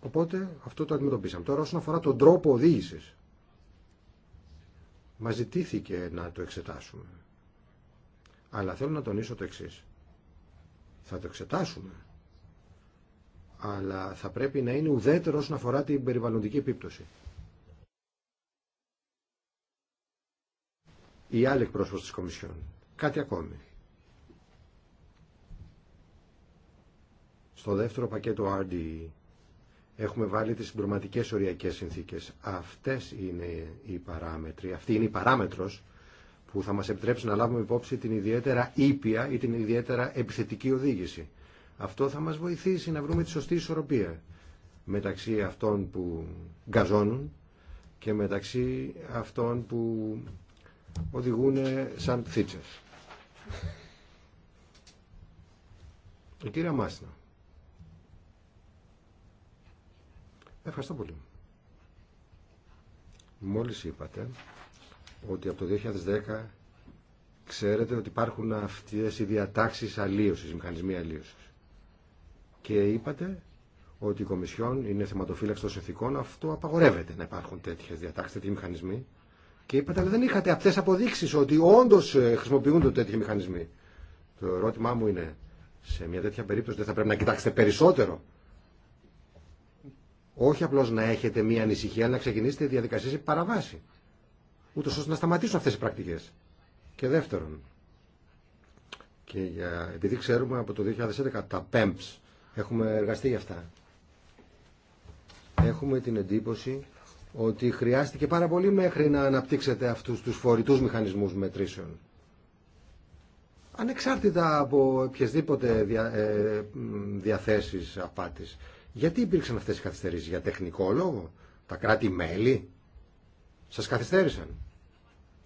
Οπότε αυτό το αντιμετωπίσαμε. Τώρα όσον αφορά τον τρόπο οδήγησης, μας ζητήθηκε να το εξετάσουμε. Αλλά θέλω να τονίσω το εξής. Θα το εξετάσουμε. Αλλά θα πρέπει να είναι ουδέτερο όσον αφορά την περιβαλλοντική επίπτωση. Η άλλη εκπρόσωπος της Κομισιόν. Κάτι ακόμη. Στο δεύτερο πακέτο RDE έχουμε βάλει τις συμπληρωματικές οριακές συνθήκες. Αυτές είναι οι παράμετροι, αυτή είναι η παράμετρος που θα μας επιτρέψει να λάβουμε υπόψη την ιδιαίτερα ήπια ή την ιδιαίτερα επιθετική οδήγηση. Αυτό θα μας βοηθήσει να βρούμε τη σωστή ισορροπία μεταξύ αυτών που γκαζώνουν και μεταξύ αυτών που οδηγούν σαν θίτσες. Η κυρία Μάσνα. Ευχαριστώ πολύ. Μόλις είπατε ότι από το 2010 ξέρετε ότι υπάρχουν αυτές οι διατάξεις αλλίωσης, μηχανισμοί αλλίωσης. Και είπατε ότι η Κομισιόν είναι θεματοφύλαξη των συνθηκών, αυτό απαγορεύεται να υπάρχουν τέτοιε διατάξει, τέτοιοι μηχανισμοί. Και είπατε, αλλά δεν είχατε αυτέ αποδείξει ότι όντω ε, χρησιμοποιούνται τέτοιοι μηχανισμοί. Το ερώτημά μου είναι, σε μια τέτοια περίπτωση δεν θα πρέπει να κοιτάξετε περισσότερο. Όχι απλώ να έχετε μια ανησυχία, αλλά να ξεκινήσετε διαδικασίε παραβάση ούτως ώστε να σταματήσουν αυτές οι πρακτικές. Και δεύτερον, και για, επειδή ξέρουμε από το 2011 τα PEMPS, έχουμε εργαστεί για αυτά, έχουμε την εντύπωση ότι χρειάστηκε πάρα πολύ μέχρι να αναπτύξετε αυτούς τους φορητούς μηχανισμούς μετρήσεων. Ανεξάρτητα από οποιασδήποτε δια, ε, διαθέσεις απάτης. Γιατί υπήρξαν αυτές οι καθυστερήσεις, για τεχνικό λόγο, τα κράτη-μέλη σας καθυστέρησαν.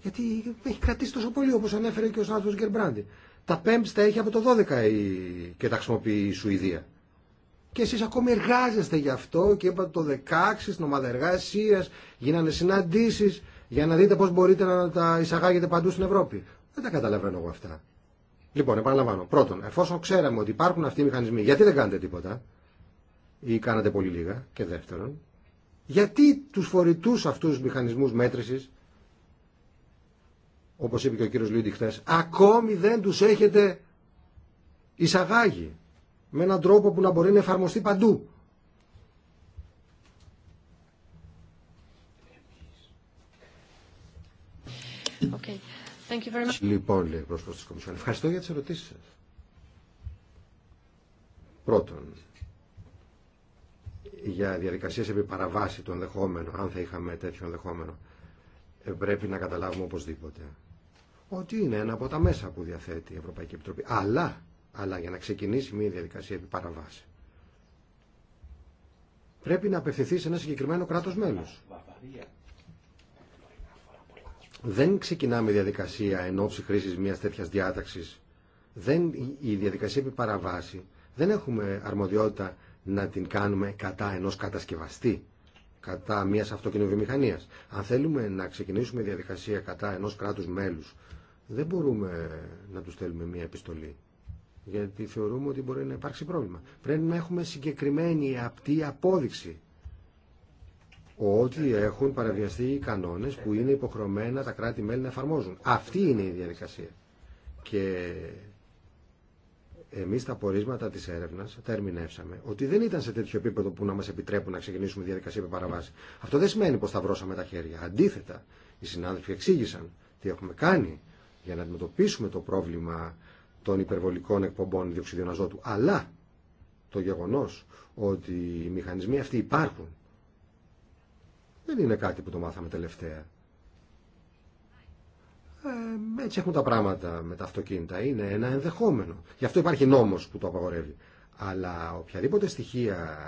Γιατί έχει κρατήσει τόσο πολύ όπως ανέφερε και ο συνάδελφος Γκερμπράντι. Τα πέμπτη τα έχει από το 12 και τα χρησιμοποιεί η Σουηδία. Και εσείς ακόμη εργάζεστε γι' αυτό και είπατε το 16 στην ομάδα εργασία, γίνανε συναντήσεις για να δείτε πώς μπορείτε να τα εισαγάγετε παντού στην Ευρώπη. Δεν τα καταλαβαίνω εγώ αυτά. Λοιπόν, επαναλαμβάνω. Πρώτον, εφόσον ξέραμε ότι υπάρχουν αυτοί οι μηχανισμοί, γιατί δεν κάνετε τίποτα ή κάνατε πολύ λίγα. Και δεύτερον, γιατί τους φορητούς αυτούς τους μηχανισμούς μέτρησης όπως είπε και ο κύριος Λιούντι ακόμη δεν τους έχετε εισαγάγει με έναν τρόπο που να μπορεί να εφαρμοστεί παντού. Λοιπόν, λέει της Κομισιόν, ευχαριστώ για τις ερωτήσεις σας. Πρώτον, για διαδικασίες επί παραβάση των ενδεχόμενου αν θα είχαμε τέτοιο ενδεχόμενο, ε, πρέπει να καταλάβουμε οπωσδήποτε ότι είναι ένα από τα μέσα που διαθέτει η Ευρωπαϊκή Επιτροπή. Αλλά, αλλά για να ξεκινήσει μια διαδικασία επί παραβάση, πρέπει να απευθυνθεί σε ένα συγκεκριμένο κράτο μέλο. Δεν ξεκινάμε διαδικασία εν ώψη χρήση μιας τέτοιας διάταξης. η διαδικασία επί παραβάση δεν έχουμε αρμοδιότητα να την κάνουμε κατά ενό κατασκευαστή κατά μιας αυτοκινητοβιομηχανία. Αν θέλουμε να ξεκινήσουμε διαδικασία κατά ενός κράτους μέλους δεν μπορούμε να του στέλνουμε μία επιστολή. Γιατί θεωρούμε ότι μπορεί να υπάρξει πρόβλημα. Πρέπει να έχουμε συγκεκριμένη απτή απόδειξη ότι έχουν παραβιαστεί οι κανόνε που είναι υποχρεωμένα τα κράτη-μέλη να εφαρμόζουν. Αυτή είναι η διαδικασία. Και εμεί τα πορίσματα τη έρευνα τα ερμηνεύσαμε ότι δεν ήταν σε τέτοιο επίπεδο που να μα επιτρέπουν να ξεκινήσουμε διαδικασία με παραβάση. Αυτό δεν σημαίνει πω τα βρώσαμε τα χέρια. Αντίθετα, οι συνάδελφοι εξήγησαν τι έχουμε κάνει για να αντιμετωπίσουμε το πρόβλημα των υπερβολικών εκπομπών διοξιδίων αζότου. Αλλά το γεγονός ότι οι μηχανισμοί αυτοί υπάρχουν δεν είναι κάτι που το μάθαμε τελευταία. Ε, έτσι έχουν τα πράγματα με τα αυτοκίνητα. Είναι ένα ενδεχόμενο. Γι' αυτό υπάρχει νόμος που το απαγορεύει. Αλλά οποιαδήποτε στοιχεία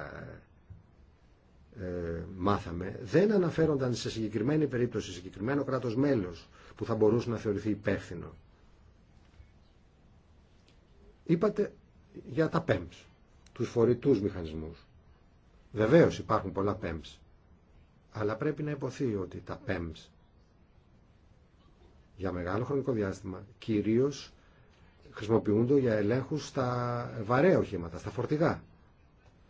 ε, μάθαμε δεν αναφέρονταν σε συγκεκριμένη περίπτωση, σε συγκεκριμένο κράτος μέλος που θα μπορούσε να θεωρηθεί υπεύθυνο. Είπατε για τα PEMS, τους φορητούς μηχανισμούς. Βεβαίως υπάρχουν πολλά PEMS, αλλά πρέπει να υποθεί ότι τα PEMS για μεγάλο χρονικό διάστημα κυρίως χρησιμοποιούνται για ελέγχους στα βαρέα οχήματα, στα φορτηγά.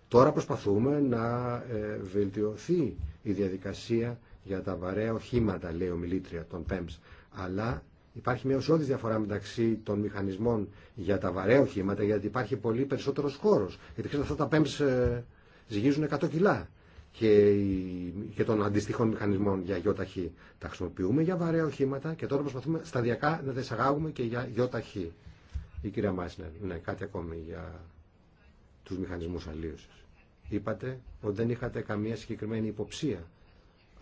Τώρα προσπαθούμε να ε, βελτιωθεί η διαδικασία για τα βαρέα οχήματα, λέει ο Μιλήτρια, των ΠΕΜΣ. Αλλά υπάρχει μια ουσιώδη διαφορά μεταξύ των μηχανισμών για τα βαρέα οχήματα, γιατί υπάρχει πολύ περισσότερο χώρο. Γιατί ξέρετε, αυτά τα ΠΕΜΣ ζυγίζουν 100 κιλά και, και των αντιστοιχών μηχανισμών για ΙΟΤΑΧΗ. Τα χρησιμοποιούμε για βαρέα οχήματα και τώρα προσπαθούμε σταδιακά να τα εισαγάγουμε και για ΙΟΤΑΧΗ. Η κυρία Μάσνερ, ναι, κάτι ακόμη για του μηχανισμού αλλίωσης. Είπατε ότι δεν είχατε καμία συγκεκριμένη υποψία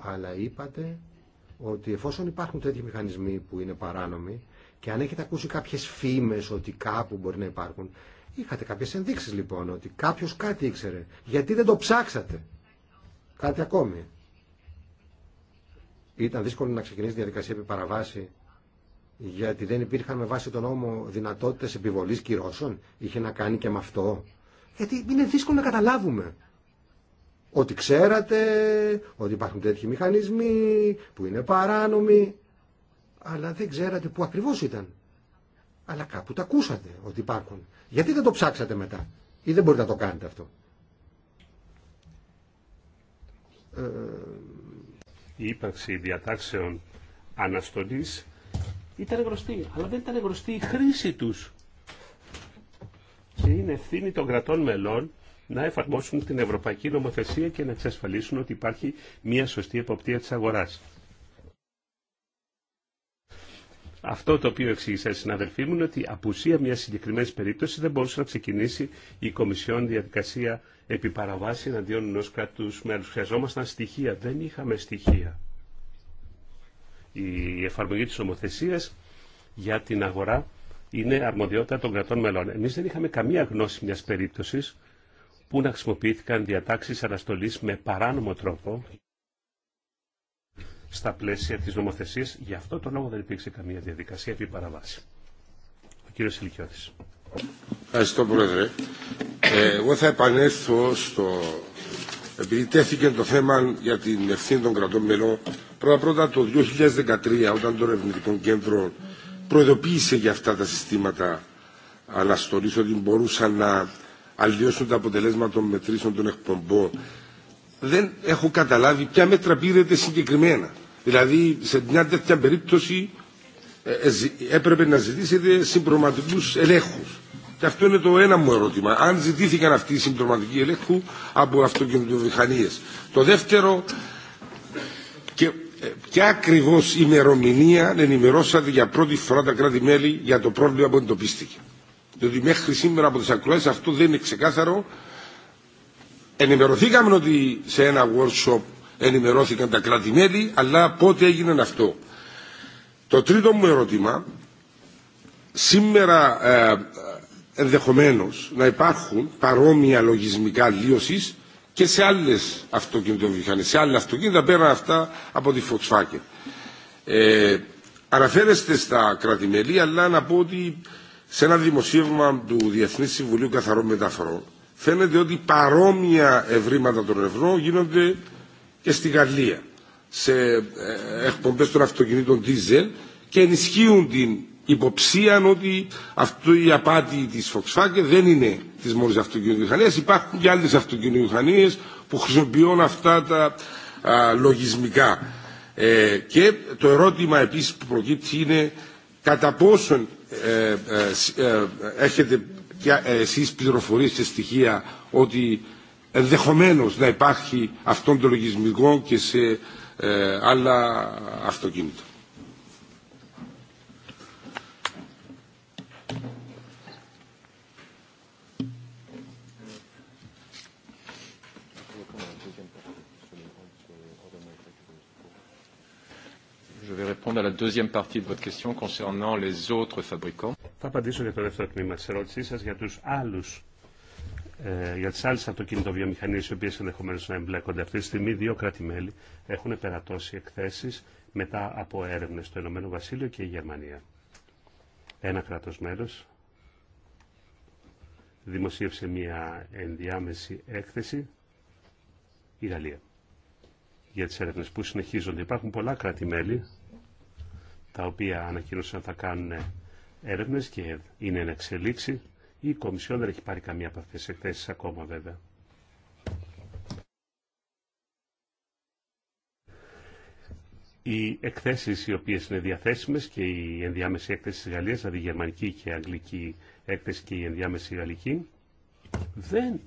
αλλά είπατε ότι εφόσον υπάρχουν τέτοιοι μηχανισμοί που είναι παράνομοι και αν έχετε ακούσει κάποιες φήμες ότι κάπου μπορεί να υπάρχουν, είχατε κάποιες ενδείξεις λοιπόν ότι κάποιος κάτι ήξερε. Γιατί δεν το ψάξατε. Κάτι ακόμη. Ήταν δύσκολο να ξεκινήσει διαδικασία επί παραβάση γιατί δεν υπήρχαν με βάση τον νόμο δυνατότητες επιβολής κυρώσεων. Είχε να κάνει και με αυτό. Γιατί είναι δύσκολο να καταλάβουμε ότι ξέρατε ότι υπάρχουν τέτοιοι μηχανισμοί που είναι παράνομοι, αλλά δεν ξέρατε που ακριβώς ήταν. Αλλά κάπου τα ακούσατε ότι υπάρχουν. Γιατί δεν το ψάξατε μετά ή δεν μπορείτε να το κάνετε αυτό.
Η ύπαρξη διατάξεων αναστολής ήταν γνωστή, αλλά δεν ήταν γνωστή η χρήση τους. Και είναι ευθύνη των κρατών μελών να εφαρμόσουν την ευρωπαϊκή νομοθεσία και να εξασφαλίσουν ότι υπάρχει μια σωστή εποπτεία της αγοράς. Αυτό το οποίο εξήγησα συναδελφοί μου είναι ότι απουσία μια συγκεκριμένη περίπτωση δεν μπορούσε να ξεκινήσει η Κομισιόν διαδικασία επιπαραβάση εναντίον ενό κράτου μέλου. Χρειαζόμασταν στοιχεία. Δεν είχαμε στοιχεία. Η εφαρμογή τη νομοθεσία για την αγορά είναι αρμοδιότητα των κρατών μελών. Εμεί δεν είχαμε καμία γνώση μια περίπτωση που να χρησιμοποιήθηκαν διατάξεις αναστολής με παράνομο τρόπο στα πλαίσια της νομοθεσίας. Γι' αυτό το λόγο δεν υπήρξε καμία διαδικασία επί παραβάση. Ο κύριος Ηλικιώτης.
Ευχαριστώ Πρόεδρε. Ε, εγώ θα επανέλθω στο... Επειδή τέθηκε το θέμα για την ευθύνη των κρατών μελών, πρώτα πρώτα το 2013 όταν το Ερευνητικό Κέντρο προειδοποίησε για αυτά τα συστήματα αναστολής ότι μπορούσαν να αλλιώσουν τα αποτελέσματα των μετρήσεων των εκπομπών. Δεν έχω καταλάβει ποια μέτρα πήρετε συγκεκριμένα. Δηλαδή, σε μια τέτοια περίπτωση ε, ε, έπρεπε να ζητήσετε συμπροματικούς ελέγχους. Και αυτό είναι το ένα μου ερώτημα. Αν ζητήθηκαν αυτοί οι συμπροματικοί ελέγχου από αυτοκινητοβιχανίες. Το δεύτερο, και ε, ποια ακριβώ ημερομηνία ενημερώσατε για πρώτη φορά τα κράτη-μέλη για το πρόβλημα που εντοπίστηκε διότι δηλαδή, μέχρι σήμερα από τις ακροές αυτό δεν είναι ξεκάθαρο. Ενημερωθήκαμε ότι σε ένα workshop ενημερώθηκαν τα κράτη-μέλη, αλλά πότε έγινε αυτό. Το τρίτο μου ερώτημα, σήμερα ε, ενδεχομένως να υπάρχουν παρόμοια λογισμικά λύωσης και σε άλλες αυτοκινητοβιομηχανίες, σε άλλα αυτοκίνητα πέρα αυτά από τη Volkswagen. Ε, αναφέρεστε στα κρατημέλη, αλλά να πω ότι σε ένα δημοσίευμα του Διεθνή Συμβουλίου Καθαρών Μεταφορών φαίνεται ότι παρόμοια ευρήματα των ευρώ γίνονται και στη Γαλλία σε ε, εκπομπές των αυτοκινήτων diesel και ενισχύουν την υποψία ότι αυτή η απάτη της Volkswagen δεν είναι της μόνης αυτοκινητομηχανία. Υπάρχουν και άλλες αυτοκινητομηχανίε που χρησιμοποιούν αυτά τα λογισμικά. Ε, και το ερώτημα επίσης που προκύπτει είναι κατά πόσον ε, ε, ε, έχετε εσείς πληροφορίες και στοιχεία ότι ενδεχομένως να υπάρχει αυτόν τον λογισμικό και σε άλλα αυτοκίνητα.
vais répondre à la deuxième partie de votre question concernant les autres fabricants. Θα απαντήσω για το δεύτερο τμήμα της ερώτησής σας για τους άλλους ε, για τις άλλες αυτοκινητοβιομηχανίες οι οποίες ενδεχομένως να εμπλέκονται. Αυτή τη στιγμή δύο κράτη-μέλη έχουν περατώσει εκθέσεις μετά από έρευνες στο Ηνωμένο Βασίλειο και η Γερμανία. Ένα κράτος μέλος δημοσίευσε μια ενδιάμεση έκθεση η Γαλλία για τις έρευνες που συνεχίζονται. Υπάρχουν πολλά κράτη-μέλη τα οποία ανακοίνωσαν θα κάνουν έρευνε και είναι εν εξελίξη. Η Κομισιόν δεν έχει πάρει καμία από αυτέ τι εκθέσει ακόμα βέβαια. Οι εκθέσει, οι οποίε είναι διαθέσιμες και η ενδιάμεση έκθεση τη Γαλλία, δηλαδή η γερμανική και η αγγλική έκθεση και η ενδιάμεση γαλλική, δεν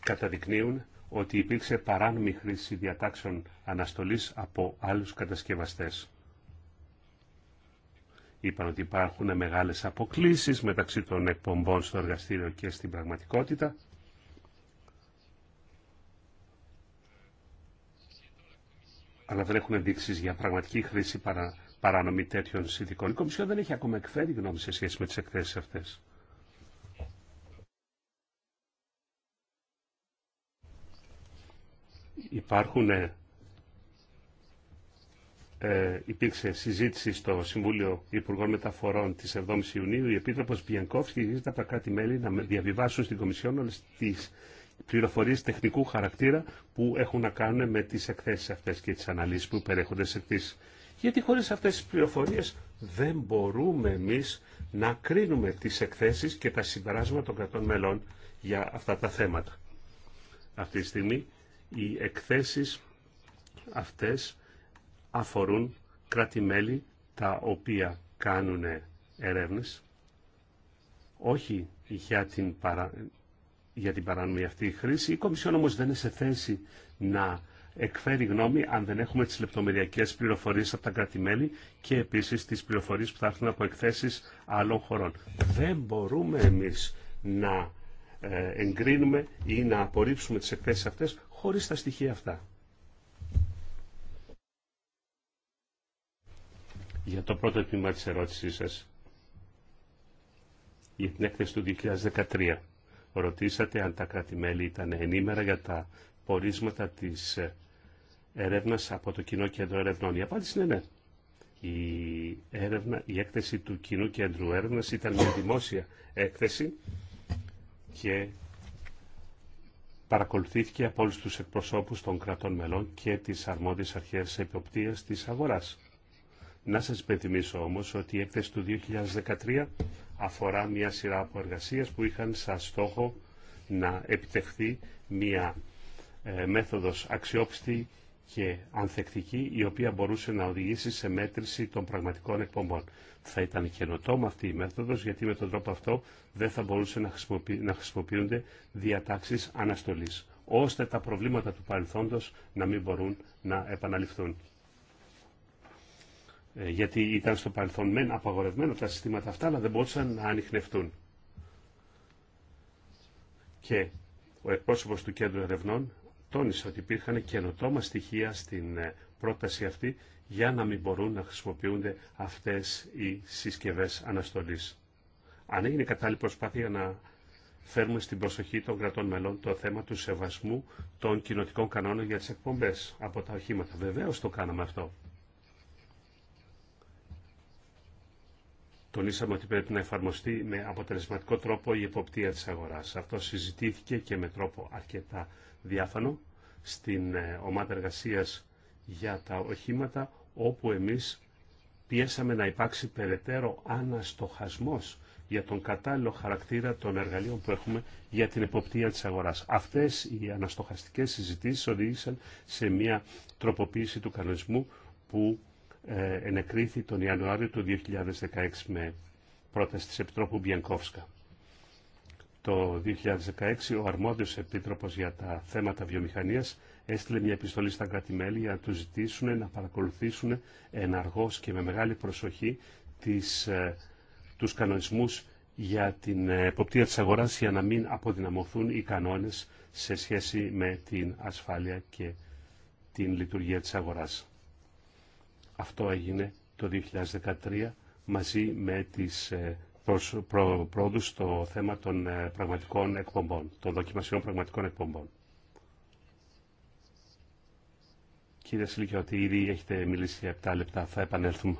καταδεικνύουν ότι υπήρξε παράνομη χρήση διατάξεων αναστολής από άλλους κατασκευαστές. Είπαν ότι υπάρχουν μεγάλες αποκλίσεις μεταξύ των εκπομπών στο εργαστήριο και στην πραγματικότητα. Αλλά δεν έχουν ενδείξεις για πραγματική χρήση παρα, παράνομη τέτοιων συνδικών. Η Κομισιόν δεν έχει ακόμα εκφέρει γνώμη σε σχέση με τις εκθέσεις αυτές. υπάρχουν, ε, ε, υπήρξε συζήτηση στο Συμβούλιο Υπουργών Μεταφορών της 7 η Ιουνίου. Η Επίτροπος Βιενκόφη ζήτησε από τα κράτη-μέλη να διαβιβάσουν στην Κομισιόν όλες τις πληροφορίες τεχνικού χαρακτήρα που έχουν να κάνουν με τις εκθέσεις αυτές και τις αναλύσεις που περιέχονται σε αυτές. Γιατί χωρίς αυτές τις πληροφορίες δεν μπορούμε εμείς να κρίνουμε τις εκθέσεις και τα συμπεράσματα των κρατών μελών για αυτά τα θέματα. Αυτή τη στιγμή οι εκθέσεις αυτές αφορούν τα οποία κάνουν ερεύνες, όχι για την, για την παράνομη αυτή η χρήση. Η Κομισιόν όμως δεν είναι σε θέση να εκφέρει γνώμη αν δεν έχουμε τις λεπτομεριακές πληροφορίες από τα κρατη και επίσης τις πληροφορίες που θα έρθουν από εκθέσεις άλλων χωρών. Δεν μπορούμε εμείς να ε, εγκρίνουμε ή να απορρίψουμε τις εκθέσεις αυτές χωρίς τα στοιχεία αυτά. Για το πρώτο τμήμα της ερώτησής σας, για την έκθεση του 2013, ρωτήσατε αν τα κράτη-μέλη ήταν ενήμερα για τα πορίσματα της έρευνας από το Κοινό Κέντρο Ερευνών. Η απάντηση είναι ναι. Η, έρευνα, η έκθεση του Κοινού Κέντρου Έρευνας ήταν μια δημόσια έκθεση και παρακολουθήθηκε από όλους τους εκπροσώπους των κρατών μελών και τις αρμόδιες αρχές επιοπτείας της αγοράς. Να σας υπενθυμίσω όμως ότι η έκθεση του 2013 αφορά μια σειρά από εργασίες που είχαν σαν στόχο να επιτευχθεί μια ε, μέθοδος αξιόπιστη και ανθεκτική η οποία μπορούσε να οδηγήσει σε μέτρηση των πραγματικών εκπομπών. Θα ήταν καινοτόμα αυτή η μέθοδος γιατί με τον τρόπο αυτό δεν θα μπορούσε να χρησιμοποιούνται διατάξεις αναστολής ώστε τα προβλήματα του παρελθόντος να μην μπορούν να επαναληφθούν. Ε, γιατί ήταν στο παρελθόν μεν τα συστήματα αυτά αλλά δεν μπορούσαν να ανοιχνευτούν. Και ο εκπρόσωπος του Κέντρου Ερευνών τόνισε ότι υπήρχαν καινοτόμα στοιχεία στην ε, πρόταση αυτή για να μην μπορούν να χρησιμοποιούνται αυτές οι συσκευές αναστολής. Αν έγινε κατάλληλη προσπάθεια να φέρουμε στην προσοχή των κρατών μελών το θέμα του σεβασμού των κοινοτικών κανόνων για τις εκπομπές από τα οχήματα. Βεβαίως το κάναμε αυτό. Τονίσαμε ότι πρέπει να εφαρμοστεί με αποτελεσματικό τρόπο η εποπτεία της αγοράς. Αυτό συζητήθηκε και με τρόπο αρκετά διάφανο στην ε, ομάδα εργασίας για τα οχήματα, όπου εμείς πιέσαμε να υπάρξει περαιτέρω αναστοχασμός για τον κατάλληλο χαρακτήρα των εργαλείων που έχουμε για την εποπτεία της αγοράς. Αυτές οι αναστοχαστικές συζητήσεις οδήγησαν σε μια τροποποίηση του κανονισμού που ε, ενεκρίθη τον Ιανουάριο του 2016 με πρόταση της Επιτρόπου Μπιανκόφσκα. Το 2016 ο αρμόδιος επίτροπος για τα θέματα βιομηχανίας έστειλε μια επιστολή στα κρατη για να τους ζητήσουν να παρακολουθήσουν εναργώς και με μεγάλη προσοχή τις, ε, τους κανονισμούς για την ε, εποπτεία της αγοράς για να μην αποδυναμωθούν οι κανόνες σε σχέση με την ασφάλεια και την λειτουργία της αγοράς. Αυτό έγινε το 2013 μαζί με τις ε, Προ πρόοδου στο θέμα των ε, πραγματικών εκπομπών, των δοκιμασιών πραγματικών εκπομπών. Κύριε Σιλικιώτη ήδη έχετε μιλήσει για 7 λεπτά, θα επανέλθουμε.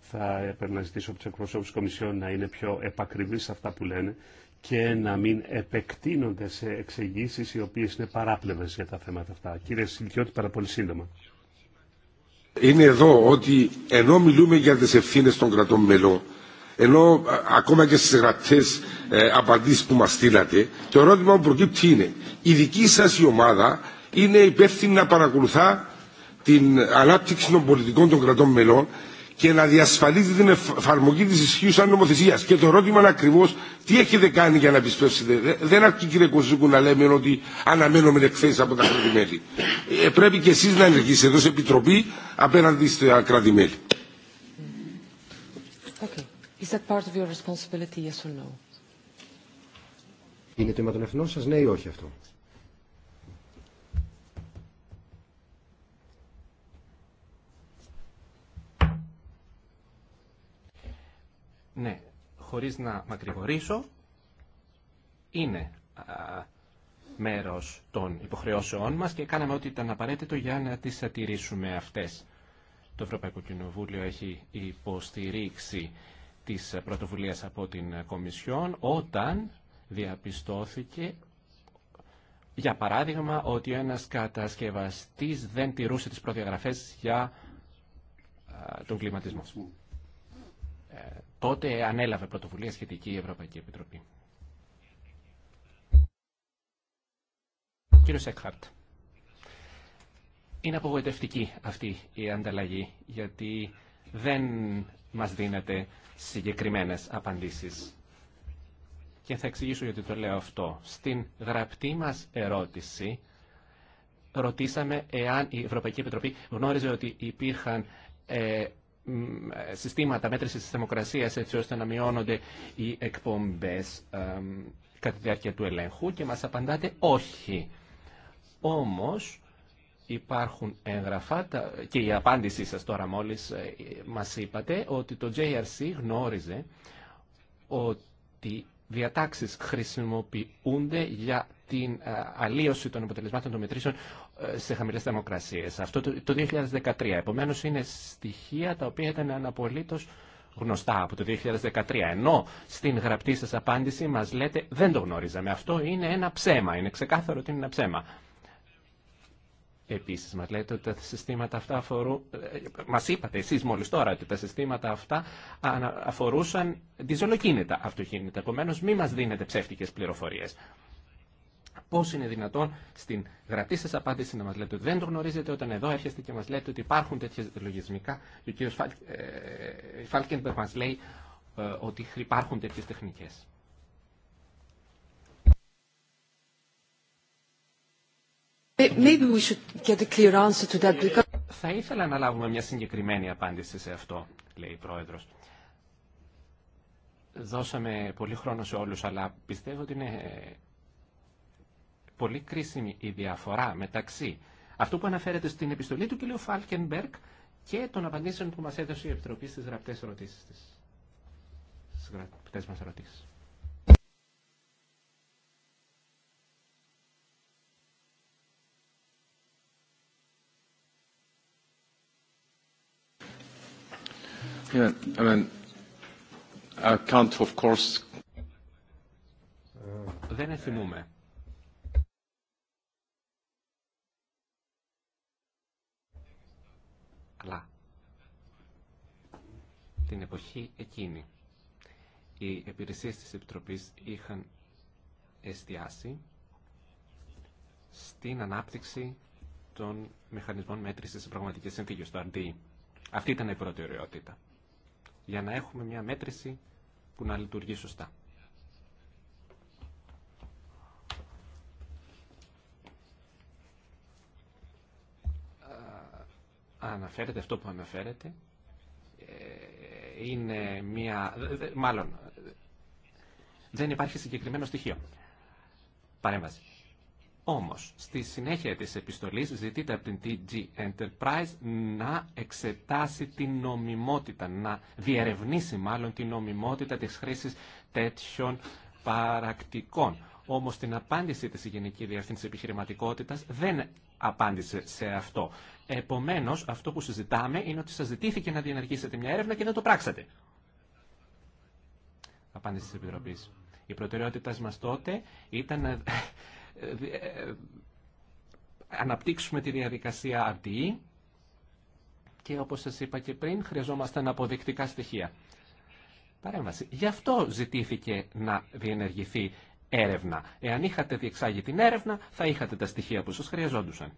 Θα έπρεπε να ζητήσω από του εκπροσώπου τη Κομισιόν να είναι πιο επακριβεί σε αυτά που λένε και να μην επεκτείνονται σε εξηγήσει οι οποίε είναι παράπλευρε για τα θέματα αυτά. Κύριε Σιλικιώτη, πάρα πολύ σύντομα
είναι εδώ ότι ενώ μιλούμε για τις ευθύνε των κρατών μελών, ενώ ακόμα και στις γραπτές ε, απαντήσεις που μας στείλατε, το ερώτημα που προκύπτει είναι η δική σας η ομάδα είναι υπεύθυνη να παρακολουθά την ανάπτυξη των πολιτικών των κρατών μελών και να διασφαλίζει την εφαρμογή τη σαν νομοθεσία. Και το ερώτημα είναι ακριβώ τι έχετε κάνει για να επισπεύσετε. Δεν αρκεί κύριε Κοζούκου να λέμε ότι αναμένουμε εκθέσει από τα κρατη Ε, πρέπει και εσεί να ενεργήσετε σε επιτροπή απέναντι στα κρατη Okay. Είναι το θέμα των εθνών σας, ναι ή όχι
αυτό.
Ναι, χωρίς να μακρηγορήσω, είναι α, μέρος των υποχρεώσεών μας και κάναμε ό,τι ήταν απαραίτητο για να τις ατηρήσουμε αυτές. Το Ευρωπαϊκό Κοινοβούλιο έχει υποστηρίξει της πρωτοβουλίες από την Κομισιόν όταν διαπιστώθηκε για παράδειγμα ότι ένας κατασκευαστής δεν τηρούσε τις προδιαγραφές για τον κλιματισμό. Ε, τότε ανέλαβε πρωτοβουλία σχετική η Ευρωπαϊκή Επιτροπή. Κύριο Σέκχαρτ, είναι απογοητευτική αυτή η ανταλλαγή, γιατί δεν μας δίνεται συγκεκριμένες απαντήσεις. Και θα εξηγήσω γιατί το λέω αυτό. Στην γραπτή μας ερώτηση, ρωτήσαμε εάν η Ευρωπαϊκή Επιτροπή γνώριζε ότι υπήρχαν ε, συστήματα μέτρησης της θερμοκρασία έτσι ώστε να μειώνονται οι εκπομπές κατά τη διάρκεια του ελέγχου και μας απαντάτε όχι. Όμως υπάρχουν έγγραφα και η απάντησή σας τώρα μόλις ε, μας είπατε ότι το JRC γνώριζε ότι διατάξεις χρησιμοποιούνται για την ε, αλλίωση των αποτελεσμάτων των μετρήσεων σε χαμηλέ θερμοκρασίε. Αυτό το 2013. Επομένω είναι στοιχεία τα οποία ήταν αναπολύτω γνωστά από το 2013. Ενώ στην γραπτή σα απάντηση μας λέτε δεν το γνώριζαμε. Αυτό είναι ένα ψέμα. Είναι ξεκάθαρο ότι είναι ένα ψέμα. Επίσης μας λέτε ότι τα συστήματα αυτά αφορούν, ε, Μα είπατε εσεί μόλι τώρα ότι τα συστήματα αυτά αφορούσαν διζολοκίνητα αυτοκίνητα. Επομένω, μην μα δίνετε ψεύτικε πληροφορίε. Πώ είναι δυνατόν στην γραπτή σα απάντηση να μα λέτε ότι δεν το γνωρίζετε, όταν εδώ έρχεστε και μα λέτε ότι υπάρχουν τέτοια λογισμικά. Και ο κ. Ε, Φάλκενμπερ μα λέει ε, ότι υπάρχουν τέτοιε τεχνικέ. Θα ήθελα να λάβουμε μια συγκεκριμένη απάντηση σε αυτό, λέει η Πρόεδρος. Δώσαμε πολύ χρόνο σε όλους, αλλά πιστεύω ότι είναι πολύ κρίσιμη η διαφορά μεταξύ αυτού που αναφέρεται στην επιστολή του κ. Φάλκενμπεργκ και των απαντήσεων που μας έδωσε η Επιτροπή στις γραπτές ερωτήσεις της. Στις γραπτές μας ερωτήσεις. Δεν εθιμούμε αλλά την εποχή εκείνη οι υπηρεσίες της Επιτροπής είχαν εστιάσει στην ανάπτυξη των μηχανισμών μέτρησης της πραγματικής συνθήκης, το RDE. Αυτή ήταν η πρώτη οριότητα. Για να έχουμε μια μέτρηση που να λειτουργεί σωστά. αναφέρεται, αυτό που αναφέρεται, ε, είναι μία... Μάλλον, δεν υπάρχει συγκεκριμένο στοιχείο. Παρέμβαση. Όμως, στη συνέχεια της επιστολής ζητείται από την TG Enterprise να εξετάσει την νομιμότητα, να διερευνήσει μάλλον την νομιμότητα της χρήσης τέτοιων παρακτικών. Όμως, την απάντηση της Γενική Διεύθυνση Επιχειρηματικότητας δεν απάντησε σε αυτό. Επομένως, αυτό που συζητάμε είναι ότι σας ζητήθηκε να διενεργήσετε μια έρευνα και να το πράξατε. Απάντηση τη Επιτροπή. Η προτεραιότητά μας τότε ήταν να ε, ε, αναπτύξουμε τη διαδικασία αυτή e και όπως σας είπα και πριν χρειαζόμασταν αποδεικτικά στοιχεία. Παρέμβαση. Γι' αυτό ζητήθηκε να διενεργηθεί έρευνα. Εάν είχατε διεξάγει την έρευνα, θα είχατε τα στοιχεία που σας χρειαζόντουσαν.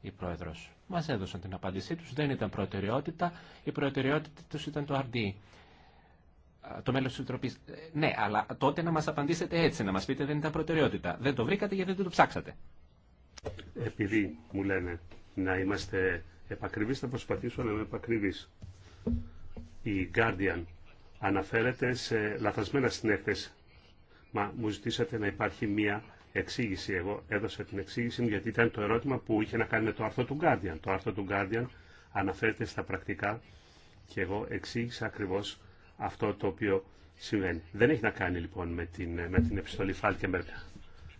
Η πρόεδρος μας έδωσαν την απάντησή τους, δεν ήταν προτεραιότητα, η προτεραιότητα τους ήταν το RD. Το μέλος της Επιτροπής, ε, ναι, αλλά τότε να μας απαντήσετε έτσι, να μας πείτε δεν ήταν προτεραιότητα. Δεν το βρήκατε γιατί δεν το ψάξατε.
Επειδή μου λένε να είμαστε επακριβείς, θα προσπαθήσω να είμαι επακριβής. Η Guardian αναφέρεται σε λαθασμένα συνέχεια Μα μου ζητήσατε να υπάρχει μία εξήγηση. Εγώ έδωσα την εξήγηση μου γιατί ήταν το ερώτημα που είχε να κάνει με το άρθρο του Guardian. Το άρθρο του Guardian αναφέρεται στα πρακτικά και εγώ εξήγησα ακριβώς αυτό το οποίο συμβαίνει. Δεν έχει να κάνει λοιπόν με την, με την επιστολή Φάλκεμπεργκ.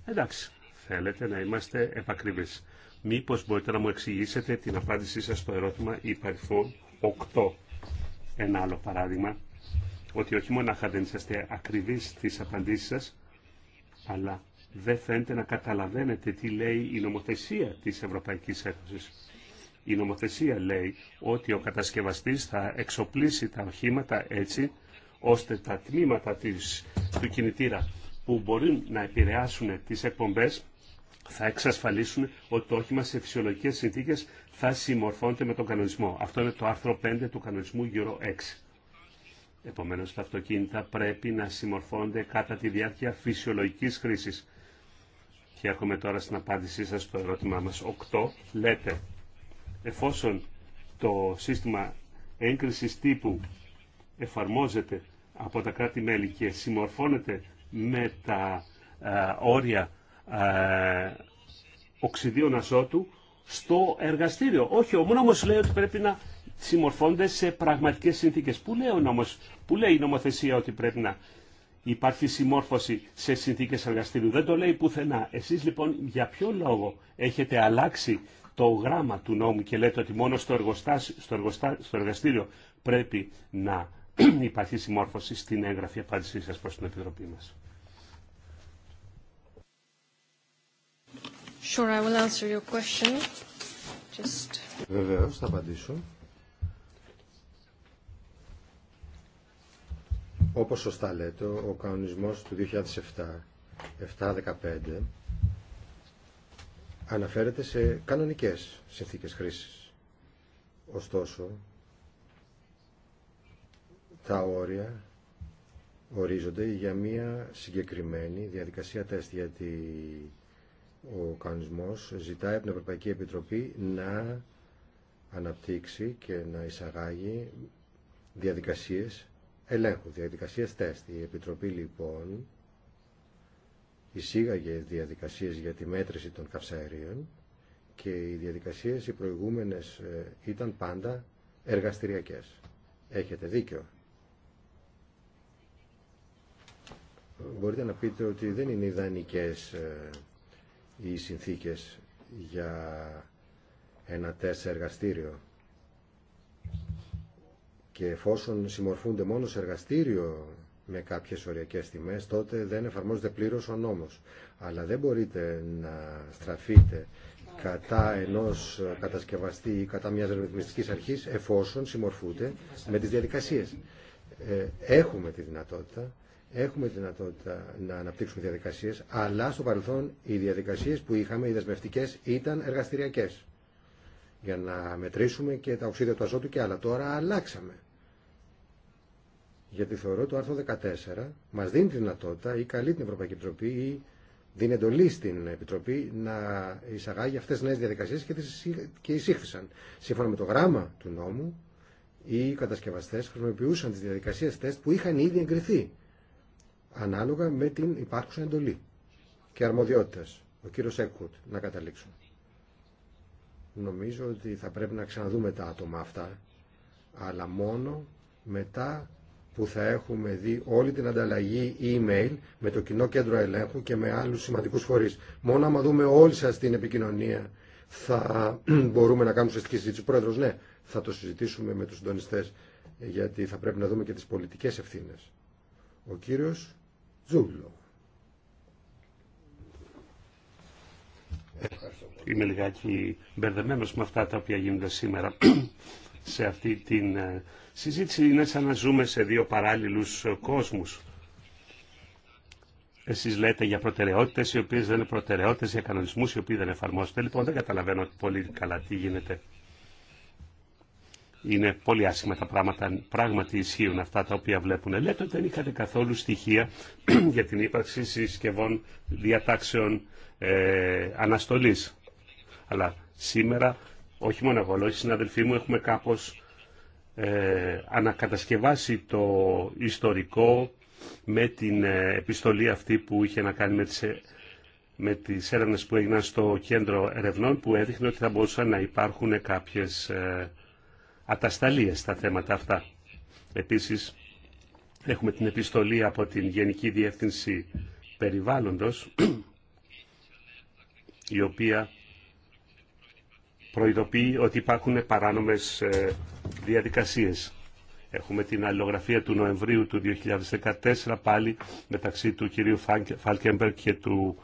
Εντάξει, θέλετε να είμαστε επακριβείς. Μήπως μπορείτε να μου εξηγήσετε την απάντησή σας στο ερώτημα υπαριθμό 8. Ένα άλλο παράδειγμα ότι όχι μόνο δεν είσαστε ακριβείς στις απαντήσεις σας, αλλά δεν φαίνεται να καταλαβαίνετε τι λέει η νομοθεσία της Ευρωπαϊκής Ένωσης. Η νομοθεσία λέει ότι ο κατασκευαστής θα εξοπλίσει τα οχήματα έτσι, ώστε τα τμήματα της, του κινητήρα που μπορούν να επηρεάσουν τις εκπομπές θα εξασφαλίσουν ότι το όχημα σε φυσιολογικές συνθήκες θα συμμορφώνεται με τον κανονισμό. Αυτό είναι το άρθρο 5 του κανονισμού γύρω 6. Επομένως τα αυτοκίνητα πρέπει να συμμορφώνονται κατά τη διάρκεια φυσιολογικής χρήσης. Και έρχομαι τώρα στην απάντησή σας στο ερώτημά μας 8. Λέτε, εφόσον το σύστημα έγκρισης τύπου εφαρμόζεται από τα κράτη-μέλη και συμμορφώνεται με τα ε, όρια α, ε, οξυδίων αζότου στο εργαστήριο. Όχι, ο μόνος λέει ότι πρέπει να συμμορφώνται σε πραγματικές συνθήκες. Που λέει, νόμος που λέει η νομοθεσία ότι πρέπει να υπάρχει συμμόρφωση σε συνθήκες εργαστήριου. Δεν το λέει πουθενά. Εσείς λοιπόν για ποιο λόγο έχετε αλλάξει το γράμμα του νόμου και λέτε ότι μόνο στο, εργοστάσιο, στο, εργοστάσιο, στο εργαστήριο πρέπει να υπάρχει συμμόρφωση στην έγγραφη απάντησή σας προς την Επιτροπή μας.
Sure, I answer your question. Just...
Βεβαίως, θα απαντήσω. Όπως σωστά λέτε, ο κανονισμός του 2007 7-15 αναφέρεται σε κανονικές συνθήκες χρήσης. Ωστόσο, τα όρια ορίζονται για μια συγκεκριμένη διαδικασία τεστ, γιατί ο κανονισμός ζητάει από την Ευρωπαϊκή Επιτροπή να αναπτύξει και να εισαγάγει διαδικασίες ελέγχου, διαδικασίες τεστ. Η Επιτροπή λοιπόν εισήγαγε διαδικασίες για τη μέτρηση των καυσαερίων και οι διαδικασίες οι προηγούμενες ε, ήταν πάντα εργαστηριακές. Έχετε δίκιο. Μπορείτε να πείτε ότι δεν είναι ιδανικές ε, οι συνθήκες για ένα τεστ εργαστήριο και εφόσον συμμορφούνται μόνο σε εργαστήριο με κάποιες οριακές τιμές, τότε δεν εφαρμόζεται πλήρως ο νόμο. Αλλά δεν μπορείτε να στραφείτε κατά ενός κατασκευαστή ή κατά μιας ρυθμιστικής αρχής, εφόσον συμμορφούνται με τις διαδικασίες. Ε, έχουμε τη δυνατότητα, έχουμε τη δυνατότητα να αναπτύξουμε διαδικασίε, αλλά στο παρελθόν οι διαδικασίε που είχαμε, οι δεσμευτικέ, ήταν εργαστηριακές για να μετρήσουμε και τα οξύδια του αζότου και άλλα. Τώρα αλλάξαμε γιατί θεωρώ το άρθρο 14 μας δίνει τη δυνατότητα ή καλεί την Ευρωπαϊκή Επιτροπή ή δίνει εντολή στην Επιτροπή να εισαγάγει αυτές τις νέες διαδικασίες και, τις, και εισήχθησαν. Σύμφωνα με το γράμμα του νόμου, οι κατασκευαστές χρησιμοποιούσαν τις διαδικασίες τεστ που είχαν ήδη εγκριθεί, ανάλογα με την υπάρχουσα εντολή και αρμοδιότητες. Ο κύριος Έκουτ, να καταλήξω. Νομίζω ότι θα πρέπει να ξαναδούμε τα άτομα αυτά, αλλά μόνο μετά που θα έχουμε δει όλη την ανταλλαγή email με το κοινό κέντρο ελέγχου και με άλλους σημαντικούς φορείς. Μόνο άμα δούμε όλοι σας την επικοινωνία θα μπορούμε να κάνουμε ουσιαστική συζήτηση. Πρόεδρος, ναι, θα το συζητήσουμε με τους συντονιστές γιατί θα πρέπει να δούμε και τις πολιτικές ευθύνες. Ο κύριος
Τζούλο. Είμαι λιγάκι μπερδεμένος με αυτά τα οποία γίνονται σήμερα σε αυτή την ε, συζήτηση είναι σαν να ζούμε σε δύο παράλληλους κόσμους. Εσείς λέτε για προτεραιότητες οι οποίες δεν είναι προτεραιότητες, για κανονισμούς οι οποίοι δεν εφαρμόζονται. Λοιπόν, δεν καταλαβαίνω πολύ καλά τι γίνεται. Είναι πολύ άσχημα τα πράγματα. Πράγματι ισχύουν αυτά τα οποία βλέπουν. Ε, λέτε ότι δεν είχατε καθόλου στοιχεία για την ύπαρξη συσκευών διατάξεων ε, αναστολής. Αλλά σήμερα, όχι μόνο εγώ, όχι συναδελφοί μου έχουμε κάπως ε, ανακατασκευάσει το ιστορικό με την ε, επιστολή αυτή που είχε να κάνει με τις, ε, με έρευνες που έγιναν στο κέντρο ερευνών που έδειχνε ότι θα μπορούσαν να υπάρχουν κάποιες ε, ατασταλίες στα θέματα αυτά. Επίσης, έχουμε την επιστολή από την Γενική Διεύθυνση Περιβάλλοντος η οποία προειδοποιεί ότι υπάρχουν παράνομες ε, διαδικασίες. Έχουμε την αλληλογραφία του Νοεμβρίου του 2014 πάλι μεταξύ του κυρίου Φάλκεμπερ και του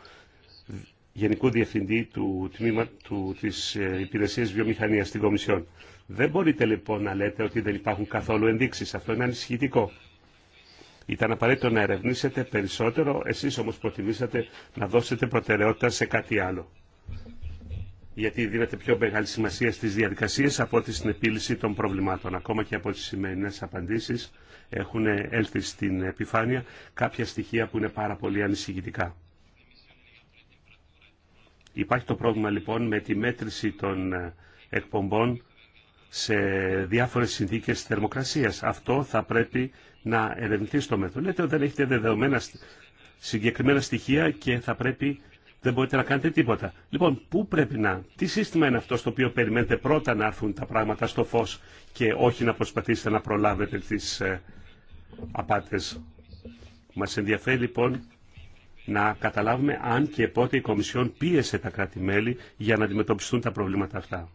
Γενικού Διευθυντή του, τμήμα, του, της ε, Υπηρεσίας Βιομηχανίας στην Κομισιόν. Δεν μπορείτε λοιπόν να λέτε ότι δεν υπάρχουν καθόλου ενδείξεις. Αυτό είναι ανησυχητικό. Ήταν απαραίτητο να ερευνήσετε περισσότερο, εσείς όμως προτιμήσατε να δώσετε προτεραιότητα σε κάτι άλλο γιατί δίνεται πιο μεγάλη σημασία στις διαδικασίες από ότι στην επίλυση των προβλημάτων. Ακόμα και από τις σημερινέ απαντήσεις έχουν έλθει στην επιφάνεια κάποια στοιχεία που είναι πάρα πολύ ανησυχητικά. Υπάρχει το πρόβλημα λοιπόν με τη μέτρηση των ε, εκπομπών σε διάφορες συνθήκες θερμοκρασίας. Αυτό θα πρέπει να ερευνηθεί στο μέτρο. Λέτε ότι δεν έχετε δεδομένα συγκεκριμένα στοιχεία και θα πρέπει δεν μπορείτε να κάνετε τίποτα. Λοιπόν, πού πρέπει να, τι σύστημα είναι αυτό στο οποίο περιμένετε πρώτα να έρθουν τα πράγματα στο φως και όχι να προσπαθήσετε να προλάβετε τις ε, απάτες. Μας ενδιαφέρει λοιπόν να καταλάβουμε αν και πότε η Κομισιόν πίεσε τα κράτη-μέλη για να αντιμετωπιστούν τα προβλήματα αυτά.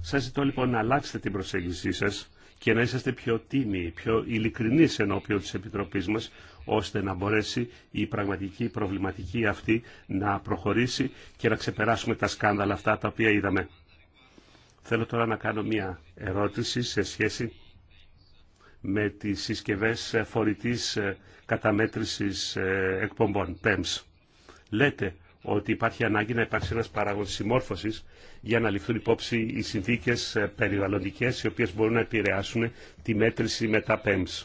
Σας ζητώ λοιπόν να αλλάξετε την προσέγγισή σας και να είσαστε πιο τίμοι, πιο ειλικρινείς ενώπιον της Επιτροπής μας, ώστε να μπορέσει η πραγματική προβληματική αυτή να προχωρήσει και να ξεπεράσουμε τα σκάνδαλα αυτά τα οποία είδαμε. Θέλω τώρα να κάνω μια ερώτηση σε σχέση με τις συσκευές φορητής ε, καταμέτρησης ε, εκπομπών, PEMS. Λέτε ότι υπάρχει ανάγκη να υπάρξει ένας παράγον συμμόρφωσης για να ληφθούν υπόψη οι συνθήκες ε, περιβαλλοντικές οι οποίες μπορούν να επηρεάσουν τη μέτρηση με τα PEMS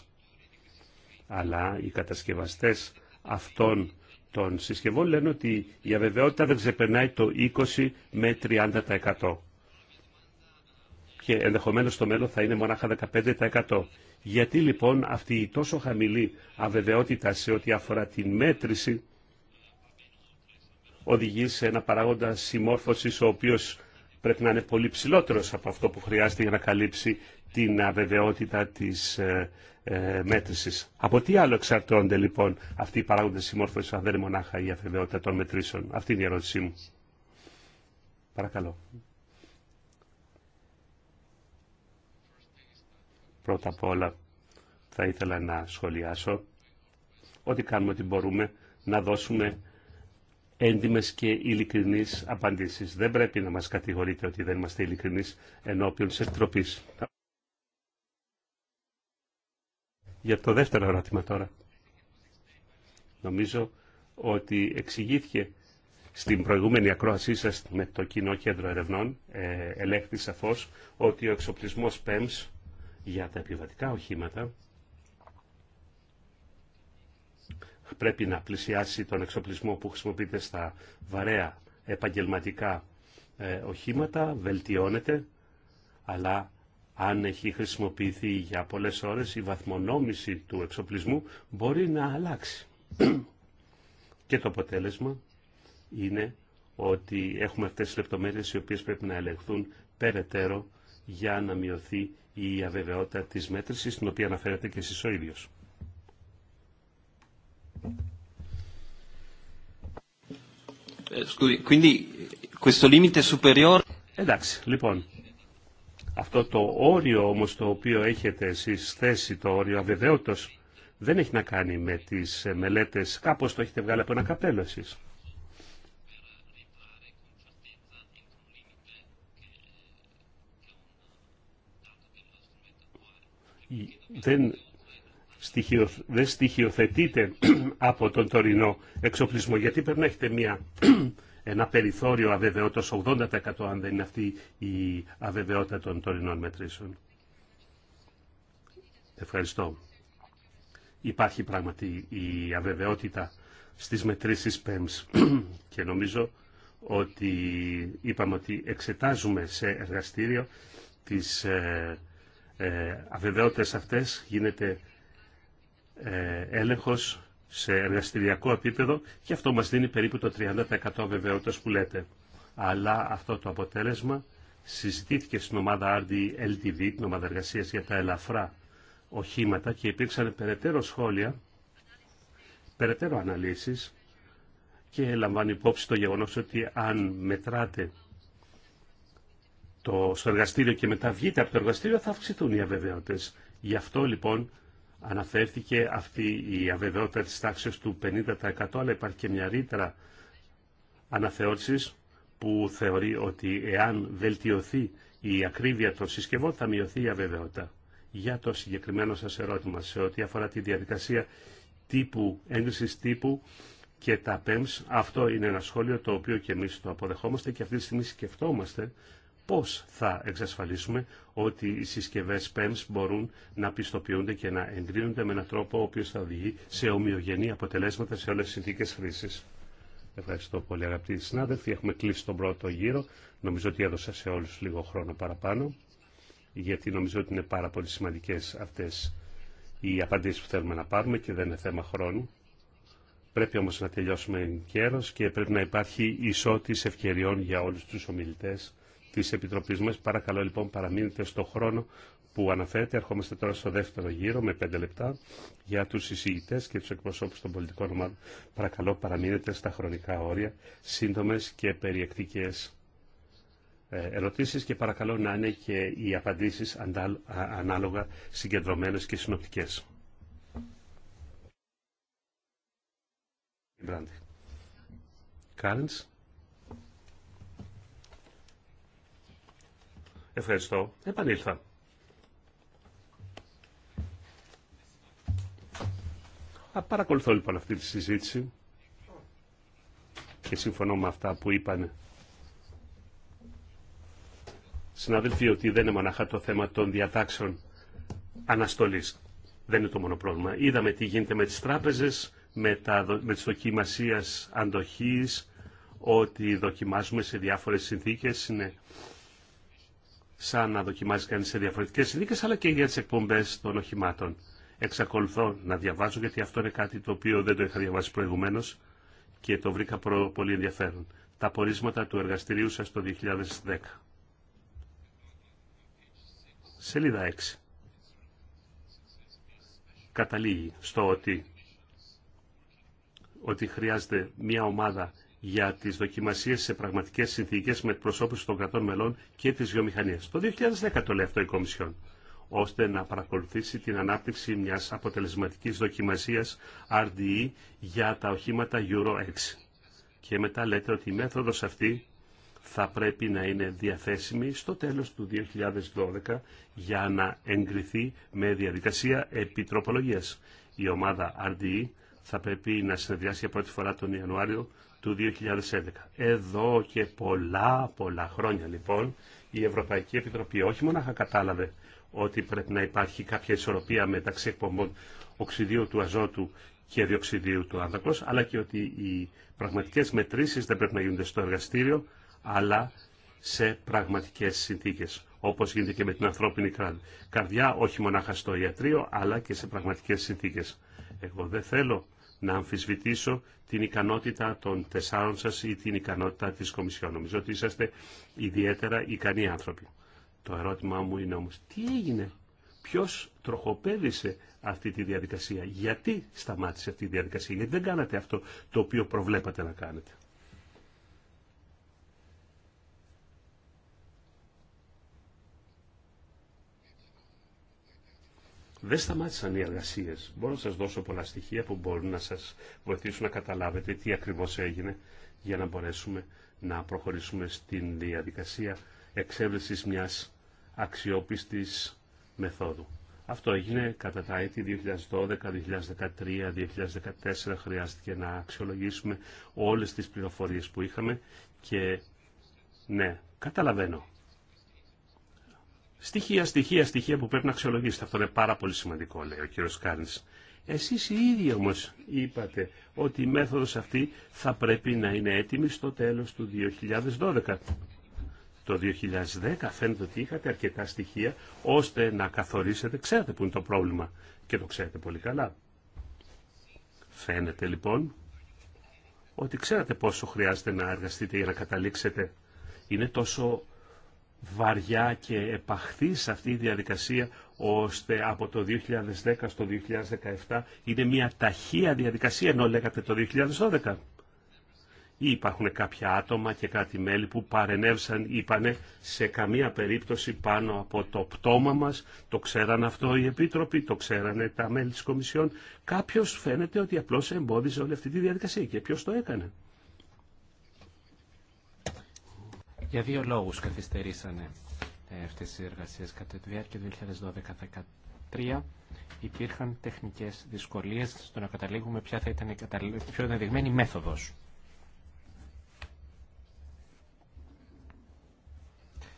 αλλά οι κατασκευαστές αυτών των συσκευών λένε ότι η αβεβαιότητα δεν ξεπερνάει το 20 με 30% και ενδεχομένως στο μέλλον θα είναι μονάχα 15%. Γιατί λοιπόν αυτή η τόσο χαμηλή αβεβαιότητα σε ό,τι αφορά την μέτρηση οδηγεί σε ένα παράγοντα συμμόρφωσης ο οποίος πρέπει να είναι πολύ ψηλότερο από αυτό που χρειάζεται για να καλύψει την αβεβαιότητα της ε, ε μέτρησης. Από τι άλλο εξαρτώνται λοιπόν αυτοί οι παράγοντες συμμόρφωσης, αν δεν είναι μονάχα η αβεβαιότητα των μετρήσεων. Αυτή είναι η ερώτησή μου. Παρακαλώ. Πρώτα απ' όλα θα ήθελα να σχολιάσω ότι κάνουμε ό,τι μπορούμε να δώσουμε έντιμες και ειλικρινείς απαντήσεις. Δεν πρέπει να μας κατηγορείτε ότι δεν είμαστε ειλικρινείς ενώπιον της εκτροπής. Για το δεύτερο ερώτημα τώρα. Νομίζω ότι εξηγήθηκε στην προηγούμενη ακρόασή σας με το Κοινό Κέντρο Ερευνών, ε, ελέγχθη σαφώς ότι ο εξοπλισμός PEMS για τα επιβατικά οχήματα πρέπει να πλησιάσει τον εξοπλισμό που χρησιμοποιείται στα βαρέα επαγγελματικά ε, οχήματα, βελτιώνεται, αλλά αν έχει χρησιμοποιηθεί για πολλές ώρες η βαθμονόμηση του εξοπλισμού μπορεί να αλλάξει. Και το αποτέλεσμα είναι ότι έχουμε αυτές τις λεπτομέρειες οι οποίες πρέπει να ελεγχθούν περαιτέρω για να μειωθεί η αβεβαιότητα της μέτρησης, την οποία αναφέρεται και εσείς ο ίδιος. Ε, Εντάξει, λοιπόν, αυτό το όριο όμως το οποίο έχετε εσείς θέσει, το όριο αβεβαιότητος, δεν έχει να κάνει με τις ε, μελέτες, κάπως το έχετε βγάλει από ένα καπέλο εσείς. Δεν στοιχειο, δεν στοιχειοθετείται από τον τωρινό εξοπλισμό. Γιατί πρέπει να έχετε μια, ένα περιθώριο αβεβαιότητας 80% αν δεν είναι αυτή η αβεβαιότητα των τωρινών μετρήσεων. Ευχαριστώ. Υπάρχει πράγματι η αβεβαιότητα στις μετρήσεις ΠΕΜΣ και νομίζω ότι είπαμε ότι εξετάζουμε σε εργαστήριο τις ε, ε αβεβαιότητες αυτές γίνεται ε, έλεγχος σε εργαστηριακό επίπεδο και αυτό μας δίνει περίπου το 30% βεβαιότητας που λέτε. Αλλά αυτό το αποτέλεσμα συζητήθηκε στην ομάδα RDLTV, την ομάδα εργασία για τα ελαφρά οχήματα και υπήρξαν περαιτέρω σχόλια, περαιτέρω αναλύσεις και λαμβάνει υπόψη το γεγονός ότι αν μετράτε το, στο εργαστήριο και μετά βγείτε από το εργαστήριο θα αυξηθούν οι αβεβαιότητες. Γι' αυτό λοιπόν αναφέρθηκε αυτή η αβεβαιότητα της τάξης του 50% αλλά υπάρχει και μια ρήτρα αναθεώρησης που θεωρεί ότι εάν βελτιωθεί η ακρίβεια των συσκευών θα μειωθεί η αβεβαιότητα. Για το συγκεκριμένο σας ερώτημα σε ό,τι αφορά τη διαδικασία τύπου, έγκρισης τύπου και τα PEMS, αυτό είναι ένα σχόλιο το οποίο και εμείς το αποδεχόμαστε και αυτή τη στιγμή σκεφτόμαστε πώς θα εξασφαλίσουμε ότι οι συσκευές PEMS μπορούν να πιστοποιούνται και να εγκρίνονται με έναν τρόπο ο οποίος θα οδηγεί σε ομοιογενή αποτελέσματα σε όλες τις συνθήκες χρήσης. Ευχαριστώ πολύ αγαπητοί συνάδελφοι. Έχουμε κλείσει τον πρώτο γύρο. Νομίζω ότι έδωσα σε όλους λίγο χρόνο παραπάνω, γιατί νομίζω ότι είναι πάρα πολύ σημαντικές αυτές οι απαντήσεις που θέλουμε να πάρουμε και δεν είναι θέμα χρόνου. Πρέπει όμως να τελειώσουμε καιρός και πρέπει να υπάρχει ισότης ευκαιριών για όλους τους ομιλητές τη Επιτροπή μα. Παρακαλώ λοιπόν παραμείνετε στο χρόνο που αναφέρεται. Ερχόμαστε τώρα στο δεύτερο γύρο με πέντε λεπτά για τους εισηγητέ και του εκπροσώπους των πολιτικών ομάδων. Παρακαλώ παραμείνετε στα χρονικά όρια, σύντομε και περιεκτικές ε, ερωτήσεις και παρακαλώ να είναι και οι απαντήσεις ανάλογα συγκεντρωμένες και συνοπτικές. Ευχαριστώ. Επανήλθα. Παρακολουθώ λοιπόν αυτή τη συζήτηση και συμφωνώ με αυτά που είπαν συναδελφοί ότι δεν είναι μονάχα το θέμα των διατάξεων αναστολής. Δεν είναι το μόνο πρόβλημα. Είδαμε τι γίνεται με τις τράπεζες, με, τα, με τις δοκιμασίες αντοχής, ότι δοκιμάζουμε σε διάφορες συνθήκες. Είναι σαν να δοκιμάζει κανείς σε διαφορετικές συνθήκες, αλλά και για τις εκπομπές των οχημάτων. Εξακολουθώ να διαβάζω, γιατί αυτό είναι κάτι το οποίο δεν το είχα διαβάσει προηγουμένως και το βρήκα πολύ ενδιαφέρον. Τα πορίσματα του εργαστηρίου σας το 2010. Σελίδα 6. Καταλήγει στο ότι, ότι χρειάζεται μια ομάδα για τις δοκιμασίες σε πραγματικές συνθήκες με προσώπους των κρατών μελών και της βιομηχανία. Το 2010 το λέει αυτό η Κομισιόν, ώστε να παρακολουθήσει την ανάπτυξη μιας αποτελεσματικής δοκιμασίας RDE για τα οχήματα Euro 6. Και μετά λέτε ότι η μέθοδος αυτή θα πρέπει να είναι διαθέσιμη στο τέλος του 2012 για να εγκριθεί με διαδικασία επιτροπολογίας. Η ομάδα RDE θα πρέπει να συνεδριάσει για πρώτη φορά τον Ιανουάριο του 2011. Εδώ και πολλά πολλά χρόνια λοιπόν η Ευρωπαϊκή Επιτροπή όχι μόνο κατάλαβε ότι πρέπει να υπάρχει κάποια ισορροπία μεταξύ εκπομπών οξυδίου του αζότου και διοξυδίου του άνθρακος, αλλά και ότι οι πραγματικές μετρήσεις δεν πρέπει να γίνονται στο εργαστήριο, αλλά σε πραγματικές συνθήκες, όπως γίνεται και με την ανθρώπινη καρδιά, όχι μονάχα στο ιατρείο, αλλά και σε πραγματικές συνθήκες. Εγώ δεν θέλω να αμφισβητήσω την ικανότητα των τεσσάρων σας ή την ικανότητα της Κομισιόν. Νομίζω ότι είσαστε ιδιαίτερα ικανοί άνθρωποι. Το ερώτημά μου είναι όμως τι έγινε, ποιος τροχοπέδησε αυτή τη διαδικασία, γιατί σταμάτησε αυτή η διαδικασία, γιατί δεν κάνατε αυτό το οποίο προβλέπατε να κάνετε. δεν σταμάτησαν οι εργασίε. Μπορώ να σα δώσω πολλά στοιχεία που μπορούν να σα βοηθήσουν να καταλάβετε τι ακριβώ έγινε για να μπορέσουμε να προχωρήσουμε στην διαδικασία εξέβρεση μιας αξιόπιστης μεθόδου. Αυτό έγινε κατά τα έτη 2012, 2013, 2014. Χρειάστηκε να αξιολογήσουμε όλες τις πληροφορίες που είχαμε και ναι, καταλαβαίνω Στοιχεία, στοιχεία, στοιχεία που πρέπει να αξιολογήσετε. Αυτό είναι πάρα πολύ σημαντικό, λέει ο κύριο Κάρνη. Εσείς οι ίδιοι όμως είπατε ότι η μέθοδος αυτή θα πρέπει να είναι έτοιμη στο τέλος του 2012. Το 2010 φαίνεται ότι είχατε αρκετά στοιχεία ώστε να καθορίσετε, ξέρετε που είναι το πρόβλημα και το ξέρετε πολύ καλά. Φαίνεται λοιπόν ότι ξέρετε πόσο χρειάζεται να εργαστείτε για να καταλήξετε. Είναι τόσο βαριά και επαχθή σε αυτή η διαδικασία ώστε από το 2010 στο 2017 είναι μια ταχεία διαδικασία ενώ λέγατε το 2012 ή υπάρχουν κάποια άτομα και κάτι μέλη που παρενέβησαν, είπανε, σε καμία περίπτωση πάνω από το πτώμα μας, το ξέραν αυτό οι επίτροποι, το ξέρανε τα μέλη της Κομισιόν. Κάποιος φαίνεται ότι απλώς εμπόδιζε όλη αυτή τη διαδικασία και ποιος το έκανε.
Για δύο λόγους καθυστερήσανε ε, αυτές οι εργασίε Κατά τη διάρκεια του 2012-2013 υπήρχαν τεχνικές δυσκολίες στο να καταλήγουμε ποια θα ήταν η πιο ενδεδειγμένη μέθοδος.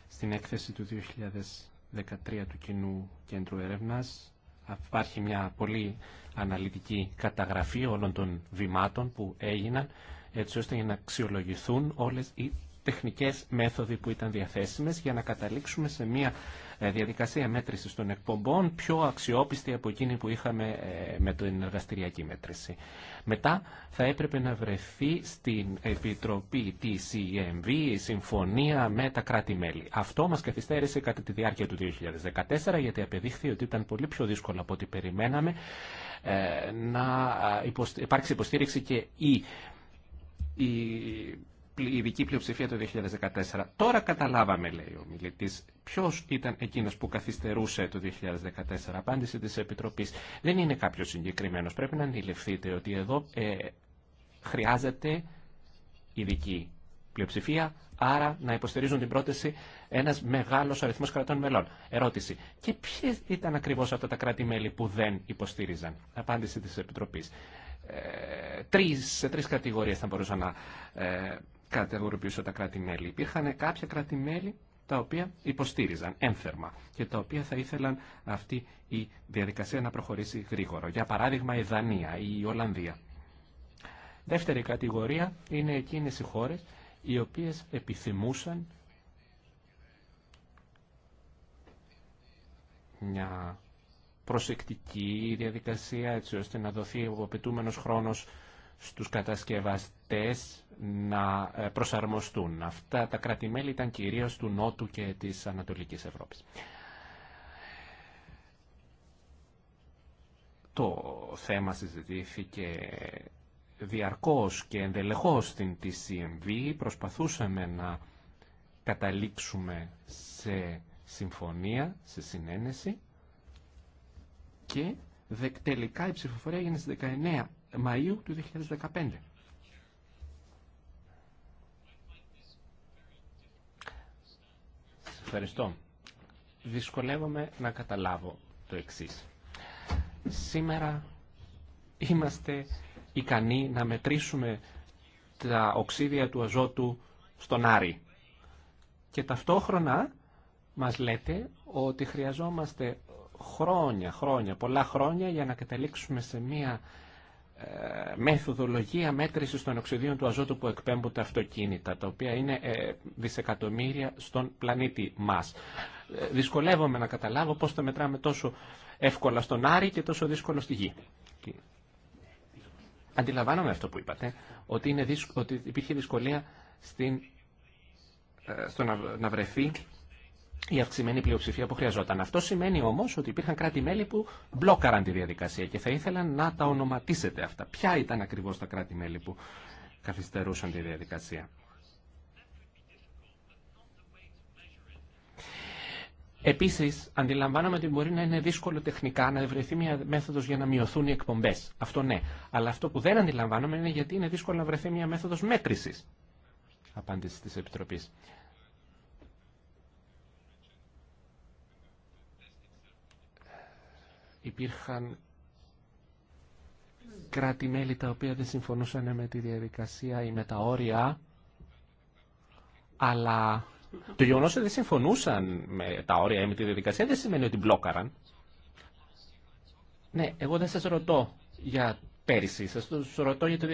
Στην έκθεση του 2013 του Κοινού Κέντρου Έρευνα υπάρχει μια πολύ αναλυτική καταγραφή όλων των βημάτων που έγιναν έτσι ώστε να αξιολογηθούν όλες οι τεχνικές μέθοδοι που ήταν διαθέσιμες για να καταλήξουμε σε μια ε, διαδικασία μέτρησης των εκπομπών πιο αξιόπιστη από εκείνη που είχαμε ε, με την εργαστηριακή μέτρηση. Μετά θα έπρεπε να βρεθεί στην Επιτροπή TCMV η συμφωνία με τα κράτη-μέλη. Αυτό μας καθυστέρησε κατά τη διάρκεια του 2014 γιατί απεδείχθη ότι ήταν πολύ πιο δύσκολο από ό,τι περιμέναμε ε, να υπάρξει υποστήριξη και η η η ειδική πλειοψηφία το 2014. Τώρα καταλάβαμε, λέει ο μιλητή, ποιο ήταν εκείνο που καθυστερούσε το 2014. Απάντηση τη Επιτροπή. Δεν είναι κάποιο συγκεκριμένο. Πρέπει να αντιληφθείτε ότι εδώ ε, χρειάζεται ειδική πλειοψηφία, άρα να υποστηρίζουν την πρόταση ένα μεγάλο αριθμό κρατών μελών. Ερώτηση. Και ποιε ήταν ακριβώ αυτά τα κράτη-μέλη που δεν υποστήριζαν. Απάντηση τη Επιτροπή. Ε, τρεις, σε τρεις κατηγορίες θα μπορούσα να ε, τα κράτη-μέλη. Υπήρχαν κάποια κράτη-μέλη τα οποία υποστήριζαν ένθερμα και τα οποία θα ήθελαν αυτή η διαδικασία να προχωρήσει γρήγορα. Για παράδειγμα η Δανία ή η Ολλανδία. Δεύτερη κατηγορία είναι εκείνες οι χώρες οι οποίες επιθυμούσαν μια προσεκτική διαδικασία έτσι ώστε να δοθεί ο απαιτούμενος χρόνος στους κατασκευαστές να ε, προσαρμοστούν. Αυτά τα κρατημέλη ήταν κυρίως του Νότου και της Ανατολικής Ευρώπης. Το θέμα συζητήθηκε διαρκώς και ενδελεχώς στην TCMV. Προσπαθούσαμε να καταλήξουμε σε συμφωνία, σε συνένεση και τελικά η ψηφοφορία έγινε στις 19 Μαΐου του 2015. ευχαριστώ. Δυσκολεύομαι να καταλάβω το εξής. Σήμερα είμαστε ικανοί να μετρήσουμε τα οξύδια του αζότου στον Άρη. Και ταυτόχρονα μας λέτε ότι χρειαζόμαστε χρόνια, χρόνια, πολλά χρόνια για να καταλήξουμε σε μία ε, μεθοδολογία μέτρησης των οξυδίων του αζότου που εκπέμπουν τα αυτοκίνητα, τα οποία είναι ε, δισεκατομμύρια στον πλανήτη μας. Ε, δυσκολεύομαι να καταλάβω πώς τα μετράμε τόσο εύκολα στον Άρη και τόσο δύσκολο στη Γη. Αντιλαμβάνομαι αυτό που είπατε, ότι, είναι ότι υπήρχε δυσκολία στην, στο να βρεθεί η αυξημένη πλειοψηφία που χρειαζόταν. Αυτό σημαίνει όμω ότι υπήρχαν κράτη-μέλη που μπλόκαραν τη διαδικασία και θα ήθελα να τα ονοματίσετε αυτά. Ποια ήταν ακριβώ τα κράτη-μέλη που καθυστερούσαν τη διαδικασία. Επίση, αντιλαμβάνομαι ότι μπορεί να είναι δύσκολο τεχνικά να βρεθεί μια μέθοδο για να μειωθούν οι εκπομπέ. Αυτό ναι. Αλλά αυτό που δεν αντιλαμβάνομαι είναι γιατί είναι δύσκολο να βρεθεί μια μέθοδο μέτρηση. Απάντηση τη Επιτροπή. υπήρχαν κράτη-μέλη τα οποία δεν συμφωνούσαν με τη διαδικασία ή με τα όρια, αλλά το γεγονό ότι δεν συμφωνούσαν με τα όρια ή με τη διαδικασία δεν σημαίνει ότι μπλόκαραν. Ναι, εγώ δεν σας ρωτώ για πέρυσι, σας ρωτώ για το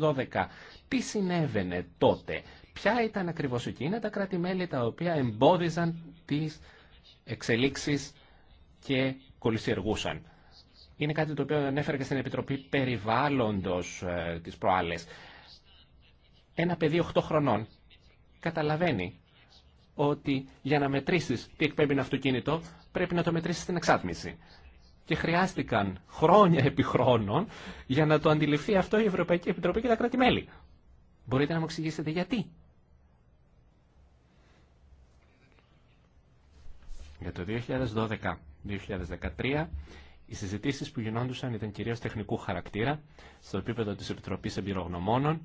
2011-2012. Τι συνέβαινε τότε, ποια ήταν ακριβώς εκείνα τα κράτη-μέλη τα οποία εμπόδιζαν τις εξελίξεις και κολλησιεργούσαν. Είναι κάτι το οποίο ανέφερα και στην Επιτροπή Περιβάλλοντος ε, της προάλλες. Ένα παιδί 8 χρονών καταλαβαίνει ότι για να μετρήσεις τι εκπέμπει ένα αυτοκίνητο πρέπει να το μετρήσεις στην εξάτμιση. Και χρειάστηκαν χρόνια επί χρόνων για να το αντιληφθεί αυτό η Ευρωπαϊκή Επιτροπή και τα κράτη-μέλη. Μπορείτε να μου εξηγήσετε γιατί. Για το 2012-2013 οι συζητήσει που γινόντουσαν ήταν κυρίω τεχνικού χαρακτήρα στο επίπεδο τη Επιτροπή Εμπειρογνωμόνων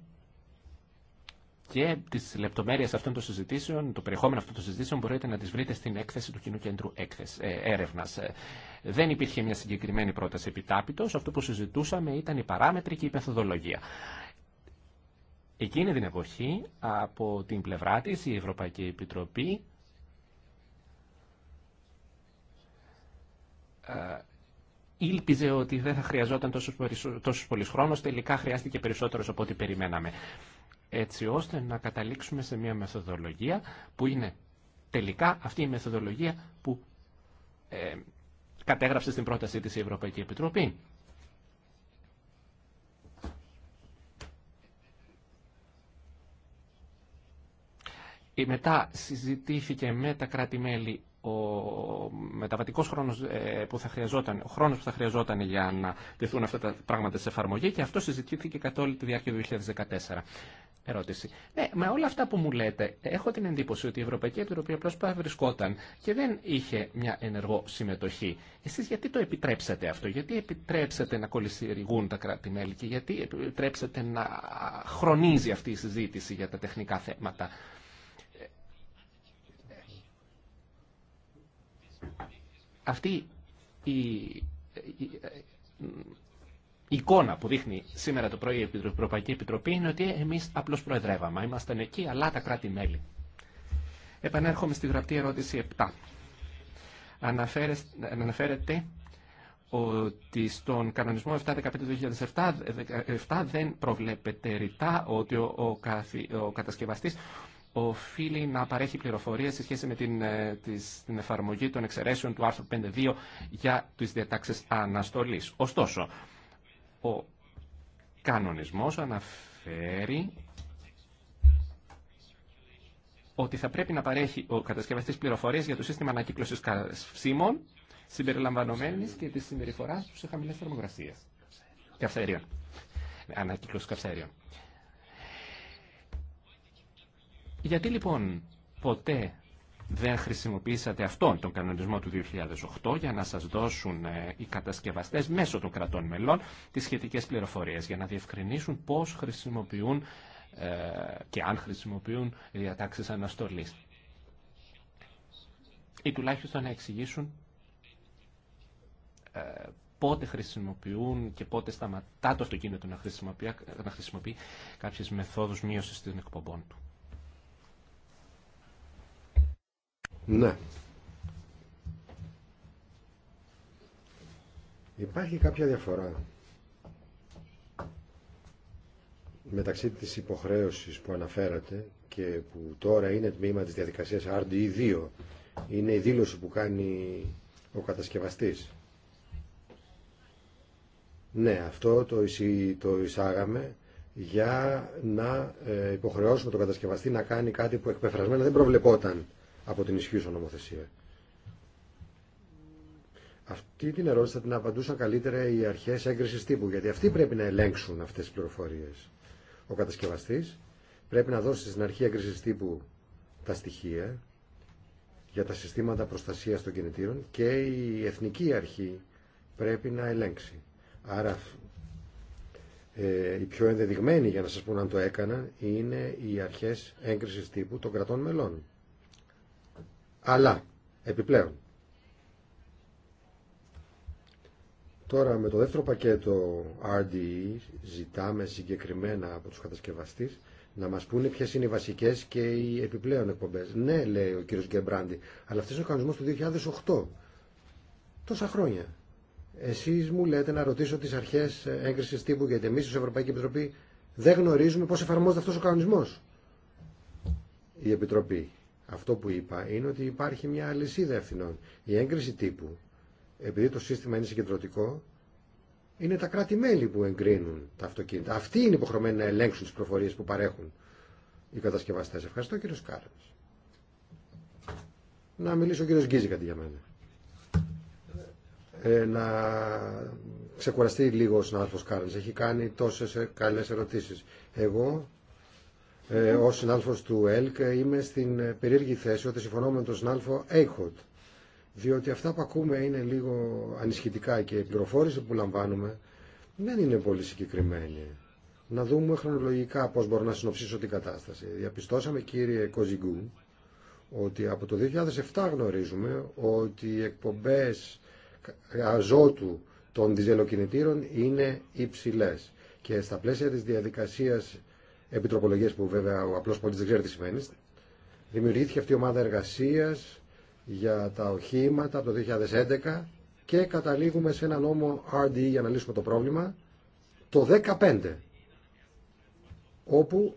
και τι λεπτομέρειε αυτών των συζητήσεων, το περιεχόμενο αυτών των συζητήσεων μπορείτε να τι βρείτε στην έκθεση του Κοινού Κέντρου ε, Έρευνα. Ε, δεν υπήρχε μια συγκεκριμένη πρόταση επιτάπητο. Αυτό που συζητούσαμε ήταν η παράμετροι και η μεθοδολογία. Εκείνη την εποχή, από την πλευρά της η Ευρωπαϊκή Επιτροπή Ε, ήλπιζε ότι δεν θα χρειαζόταν τόσο πολύ χρόνο, τελικά χρειάστηκε περισσότερο από ό,τι περιμέναμε. Έτσι ώστε να καταλήξουμε σε μια μεθοδολογία που είναι τελικά αυτή η μεθοδολογία που ε, κατέγραψε στην πρότασή της η Ευρωπαϊκή Επιτροπή. Ε, μετά συζητήθηκε με τα κράτη-μέλη ο μεταβατικός χρόνος ε, που θα χρειαζόταν, ο χρόνο που θα χρειαζόταν για να τεθούν αυτά τα πράγματα σε εφαρμογή και αυτό συζητήθηκε κατόπιν όλη τη διάρκεια του 2014. Ερώτηση. Ναι, με όλα αυτά που μου λέτε, έχω την εντύπωση ότι η Ευρωπαϊκή Επιτροπή απλώ βρισκόταν και δεν είχε μια ενεργό συμμετοχή. Εσεί γιατί το επιτρέψατε αυτό, γιατί επιτρέψατε να κολλησιεργούν τα κράτη-μέλη και γιατί επιτρέψατε να χρονίζει αυτή η συζήτηση για τα τεχνικά θέματα. Αυτή η εικόνα που δείχνει σήμερα το πρωί η Ευρωπαϊκή Επιτροπή είναι ότι εμείς απλώς προεδρεύαμε. Είμαστε εκεί, αλλά τα κράτη-μέλη. Επανέρχομαι στη γραπτή ερώτηση 7. Αναφέρεται ότι στον κανονισμο 7.15.2007 δεν προβλέπεται ρητά ότι ο, ο, ο κατασκευαστής οφείλει να παρέχει πληροφορίες σε σχέση με την, ε, της, την εφαρμογή των εξαιρέσεων του άρθρου 5.2 για τις διατάξεις αναστολής. Ωστόσο, ο κανονισμός αναφέρει ότι θα πρέπει να παρέχει ο κατασκευαστής πληροφορίες για το σύστημα ανακύκλωσης καυσίμων συμπεριλαμβανομένης και της συμπεριφοράς του σε χαμηλές θερμοκρασίες. Καυσαερίων. Ανακύκλωση Γιατί λοιπόν ποτέ δεν χρησιμοποίησατε αυτόν τον κανονισμό του 2008 για να σας δώσουν ε, οι κατασκευαστές μέσω των κρατών μελών τις σχετικές πληροφορίες για να διευκρινίσουν πώς χρησιμοποιούν ε, και αν χρησιμοποιούν διατάξεις αναστολής. Ή τουλάχιστον να εξηγήσουν ε, πότε χρησιμοποιούν και πότε σταματά το αυτοκίνητο να χρησιμοποιεί, να χρησιμοποιεί κάποιες μεθόδους μείωσης των εκπομπών του.
Ναι.
Υπάρχει κάποια διαφορά μεταξύ της υποχρέωσης που αναφέρατε και που τώρα είναι τμήμα της διαδικασίας RDE2 είναι η δήλωση που κάνει ο κατασκευαστής. Ναι, αυτό το, το εισάγαμε για να ε, υποχρεώσουμε τον κατασκευαστή να κάνει κάτι που εκπεφρασμένα δεν προβλεπόταν από την ισχύουσα νομοθεσία. Αυτή την ερώτηση θα την απαντούσαν καλύτερα οι αρχές έγκρισης τύπου, γιατί αυτοί πρέπει να ελέγξουν αυτές τις πληροφορίες. Ο κατασκευαστής πρέπει να δώσει στην αρχή έγκρισης τύπου τα στοιχεία για τα συστήματα προστασίας των κινητήρων και η εθνική αρχή πρέπει να ελέγξει. Άρα ε, οι πιο ενδεδειγμένοι για να σα πω αν το έκανα, είναι οι αρχέ έγκρισης τύπου των κρατών μελών. Αλλά, επιπλέον, Τώρα με το δεύτερο πακέτο RDE ζητάμε συγκεκριμένα από τους κατασκευαστείς να μας πούνε ποιες είναι οι βασικές και οι επιπλέον εκπομπές. Ναι, λέει ο κύριος Γκέμπραντι, αλλά αυτές είναι ο κανονισμός του 2008. Τόσα χρόνια. Εσείς μου λέτε να ρωτήσω τις αρχές έγκρισης τύπου, γιατί εμείς ως Ευρωπαϊκή Επιτροπή δεν γνωρίζουμε πώς εφαρμόζεται αυτός ο κανονισμός. Η Επιτροπή αυτό που είπα είναι ότι υπάρχει μια αλυσίδα ευθυνών. Η έγκριση τύπου, επειδή το σύστημα είναι συγκεντρωτικό, είναι τα κράτη-μέλη που εγκρίνουν τα αυτοκίνητα. Αυτοί είναι υποχρεωμένοι να ελέγξουν τι προφορίε που παρέχουν οι κατασκευαστέ. Ευχαριστώ κύριο Κάρεν. Να μιλήσω ο κύριο Γκίζη κάτι για μένα. Ε, να ξεκουραστεί λίγο ο συνάδελφο Κάρεν. Έχει κάνει τόσε καλέ ερωτήσει. Εγώ ε, ω του ΕΛΚ ε, είμαι στην ε, περίεργη θέση ότι συμφωνώ με τον συνάλφο Έιχοτ Διότι αυτά που ακούμε είναι λίγο ανισχυτικά και η πληροφόρηση που λαμβάνουμε δεν είναι πολύ συγκεκριμένη. Να δούμε χρονολογικά πώ μπορώ να συνοψίσω την κατάσταση. Διαπιστώσαμε, κύριε Κοζιγκού, ότι από το 2007 γνωρίζουμε ότι οι εκπομπέ αζότου των διζελοκινητήρων είναι υψηλέ. Και στα πλαίσια της διαδικασίας επιτροπολογίες που βέβαια ο απλός πολίτης δεν ξέρει τι σημαίνει. Δημιουργήθηκε αυτή η ομάδα εργασίας για τα οχήματα από το 2011 και καταλήγουμε σε ένα νόμο RDE για να λύσουμε το πρόβλημα το 2015 όπου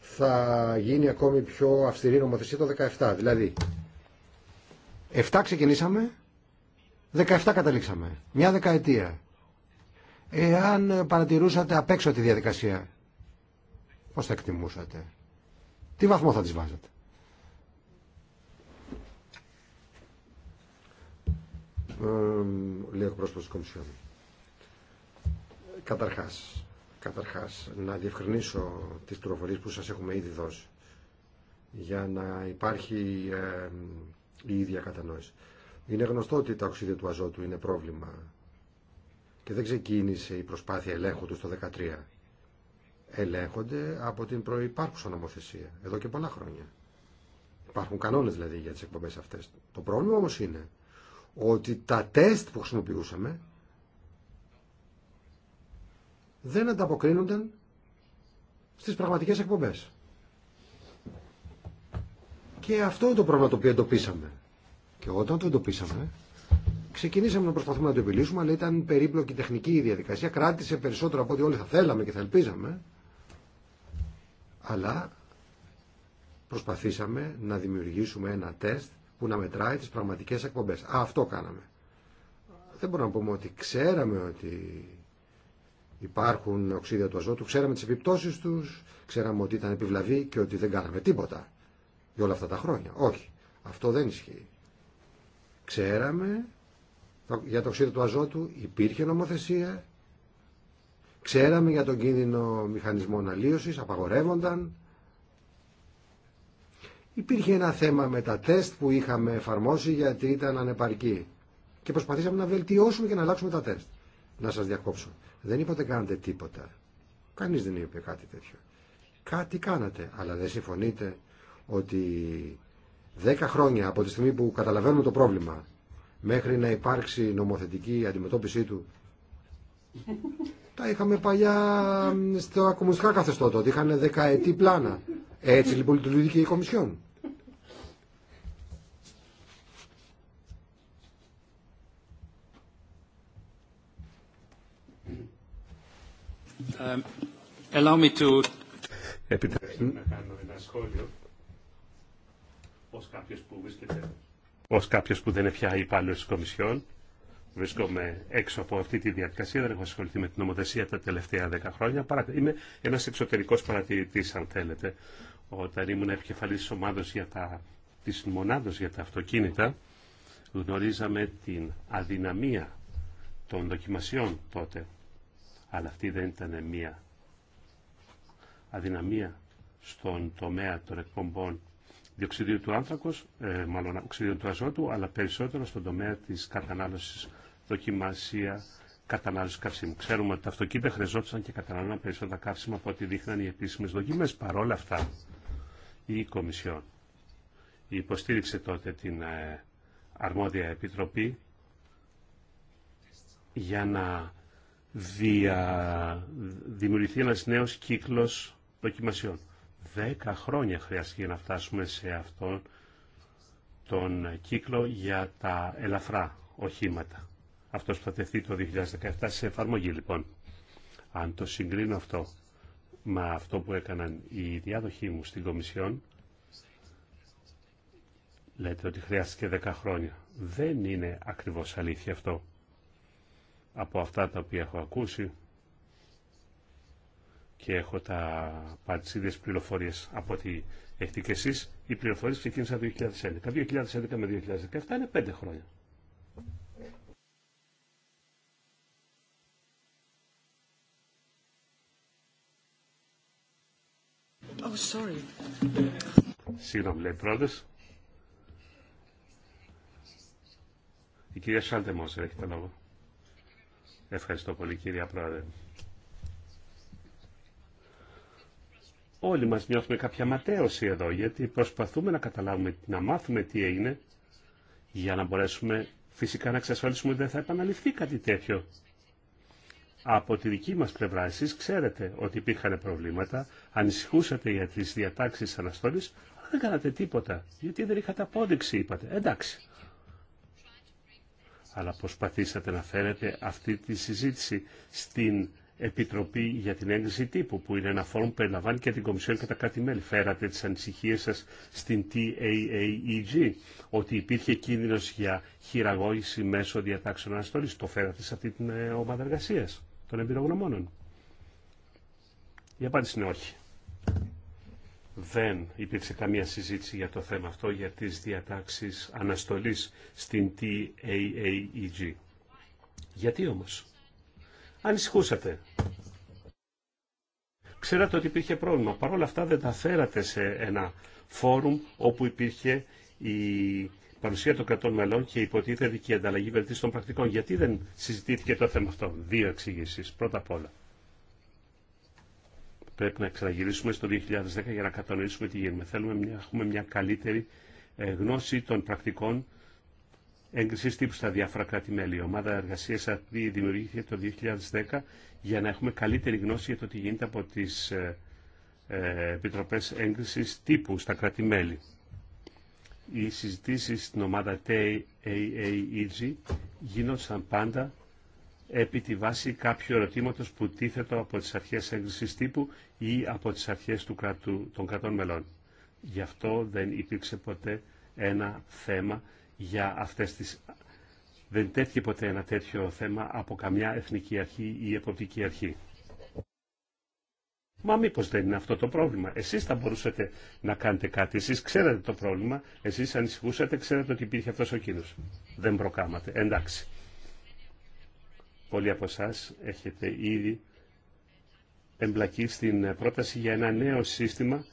θα γίνει ακόμη πιο αυστηρή νομοθεσία το 17. Δηλαδή, 7 ξεκινήσαμε, 17 καταλήξαμε. Μια δεκαετία. Εάν παρατηρούσατε απ' έξω τη διαδικασία, Πώς θα εκτιμούσατε. Τι βαθμό θα τις βάζετε. Ε, λέει ο πρόσωπος Κομισιόν. Καταρχάς, καταρχάς, να διευκρινίσω τις πληροφορίες που σας έχουμε ήδη δώσει για να υπάρχει η ίδια κατανόηση. Είναι γνωστό ότι τα οξύδια του αζότου είναι πρόβλημα και δεν ξεκίνησε η προσπάθεια ελέγχου του στο 2013 ελέγχονται από την προϋπάρχουσα νομοθεσία, εδώ και πολλά χρόνια. Υπάρχουν κανόνες δηλαδή για τις εκπομπές αυτές. Το πρόβλημα όμως είναι ότι τα τεστ που χρησιμοποιούσαμε δεν ανταποκρίνονταν στις πραγματικές εκπομπές. Και αυτό είναι το πρόβλημα το οποίο εντοπίσαμε. Και όταν το εντοπίσαμε, ξεκινήσαμε να προσπαθούμε να το επιλύσουμε, αλλά ήταν περίπλοκη τεχνική η διαδικασία, κράτησε περισσότερο από ό,τι όλοι θα θέλαμε και θα ελπίζαμε αλλά προσπαθήσαμε να δημιουργήσουμε ένα τεστ που να μετράει τις πραγματικές εκπομπές. αυτό κάναμε. Δεν μπορούμε να πούμε ότι ξέραμε ότι υπάρχουν οξύδια του αζότου, ξέραμε τις επιπτώσεις τους, ξέραμε ότι ήταν επιβλαβή και ότι δεν κάναμε τίποτα για όλα αυτά τα χρόνια. Όχι, αυτό δεν ισχύει. Ξέραμε για το οξύδιο του αζότου, υπήρχε νομοθεσία, Ξέραμε για τον κίνδυνο μηχανισμών αλλίωσης, απαγορεύονταν. Υπήρχε ένα θέμα με τα τεστ που είχαμε εφαρμόσει γιατί ήταν ανεπαρκή. Και προσπαθήσαμε να βελτιώσουμε και να αλλάξουμε τα τεστ. Να σας διακόψω. Δεν είπατε κάνετε τίποτα. Κανείς δεν είπε κάτι τέτοιο. Κάτι κάνατε, αλλά δεν συμφωνείτε ότι 10 χρόνια από τη στιγμή που καταλαβαίνουμε το πρόβλημα μέχρι να υπάρξει νομοθετική αντιμετώπιση του τα είχαμε παλιά στα κομμουνιστικά καθεστώτα, ότι είχαν δεκαετή πλάνα. Έτσι λοιπόν λειτουργεί και η Κομισιόν.
Um, allow to... Επιτρέψτε να κάνω ένα σχόλιο ως κάποιος που βρίσκεται ως κάποιος που δεν είναι πια υπάλληλος της Κομισιόν βρίσκομαι έξω από αυτή τη διαδικασία, δεν έχω ασχοληθεί με την νομοθεσία τα τελευταία δέκα χρόνια. Είμαι ένας εξωτερικός παρατηρητής, αν θέλετε. Όταν ήμουν επικεφαλής της ομάδος για τα, μονάδος για τα αυτοκίνητα, γνωρίζαμε την αδυναμία των δοκιμασιών τότε. Αλλά αυτή δεν ήταν μία αδυναμία στον τομέα των εκπομπών διοξιδίου του άνθρακος, ε, μάλλον οξυδίου του αζότου, αλλά περισσότερο στον τομέα της κατανάλωσης δοκιμασία κατανάλωση καυσίμου. Ξέρουμε ότι τα αυτοκίνητα χρειαζόταν και κατανάλωναν περισσότερα καύσιμα από ό,τι δείχναν οι επίσημε δοκιμέ. Παρόλα αυτά, η Κομισιόν υποστήριξε τότε την ε, αρμόδια επιτροπή για να δια... δημιουργηθεί ένας νέος κύκλος δοκιμασιών. Δέκα χρόνια χρειάστηκε να φτάσουμε σε αυτόν τον κύκλο για τα ελαφρά οχήματα αυτό που θα τεθεί το 2017 σε εφαρμογή λοιπόν. Αν το συγκρίνω αυτό με αυτό που έκαναν οι διάδοχοί μου στην Κομισιόν, λέτε ότι χρειάστηκε 10 χρόνια. Δεν είναι ακριβώς αλήθεια αυτό. Από αυτά τα οποία έχω ακούσει και έχω τα παρτισίδιες πληροφορίες από ό,τι έχετε και εσείς, οι πληροφορίες ξεκίνησαν το 2011. 2011 με 2017 είναι 5 χρόνια. Oh, sorry. Συγγνώμη, λέει Η κυρία Σάλτε έχει το λόγο. Ευχαριστώ πολύ κυρία Πρόεδρε. Όλοι μας νιώθουμε κάποια ματέωση εδώ, γιατί προσπαθούμε να καταλάβουμε, να μάθουμε τι έγινε, για να μπορέσουμε φυσικά να εξασφαλίσουμε ότι δεν θα επαναληφθεί κάτι τέτοιο. Από τη δική μας πλευρά εσείς ξέρετε ότι υπήρχαν προβλήματα, ανησυχούσατε για τις διατάξεις αναστόλης, αλλά δεν κάνατε τίποτα, γιατί δεν είχατε απόδειξη, είπατε. Εντάξει. Αλλά προσπαθήσατε να φέρετε αυτή τη συζήτηση στην Επιτροπή για την Έγκριση Τύπου, που είναι ένα φόρουμ που περιλαμβάνει και την Κομισιόν και τα μελη Φέρατε τις ανησυχίες σας στην TAAEG, ότι υπήρχε κίνδυνος για χειραγώγηση μέσω διατάξεων αναστολή. Το φέρατε σε αυτή την ε, ομάδα εργασία των εμπειρογνωμόνων. Η απάντηση είναι όχι. Δεν υπήρξε καμία συζήτηση για το θέμα αυτό, για τις διατάξεις αναστολής στην TAAEG. Γιατί όμως. Ανησυχούσατε. Ξέρατε ότι υπήρχε πρόβλημα. Παρ' όλα αυτά δεν τα φέρατε σε ένα φόρουμ όπου υπήρχε η παρουσία των κρατών μελών και υποτίθεται και η ανταλλαγή βελτίστων πρακτικών. Γιατί δεν συζητήθηκε το θέμα αυτό. Δύο εξηγήσει. Πρώτα απ' όλα. Πρέπει να ξαναγυρίσουμε στο 2010 για να κατανοήσουμε τι γίνεται. Θέλουμε να έχουμε μια καλύτερη ε, γνώση των πρακτικών έγκρισης τύπου στα διάφορα κράτη-μέλη. Η ομάδα εργασίας αυτή δημιουργήθηκε το 2010 για να έχουμε καλύτερη γνώση για το τι γίνεται από τις ε, ε, επιτροπές έγκρισης τύπου στα κράτη-μέλη οι συζητήσεις στην ομάδα TAAEG γίνονταν πάντα επί τη βάση κάποιου ερωτήματο που τίθετο από τις αρχές έγκριση τύπου ή από τις αρχές του κρατού, των κρατών μελών. Γι' αυτό δεν υπήρξε ποτέ ένα θέμα για αυτές τις... Δεν τέτοιε ποτέ ένα τέτοιο θέμα από καμιά εθνική αρχή ή εποπτική αρχή. Μα μήπως δεν είναι αυτό το πρόβλημα. εσείς θα μπορούσατε να κάνετε κάτι. εσείς ξέρατε το πρόβλημα. εσείς ανησυχούσατε, ξέρατε ότι υπήρχε αυτός ο κίνδυνο. Δεν προκάματε. Εντάξει. Πολλοί από εσά έχετε ήδη εμπλακεί στην πρόταση για ένα νέο σύστημα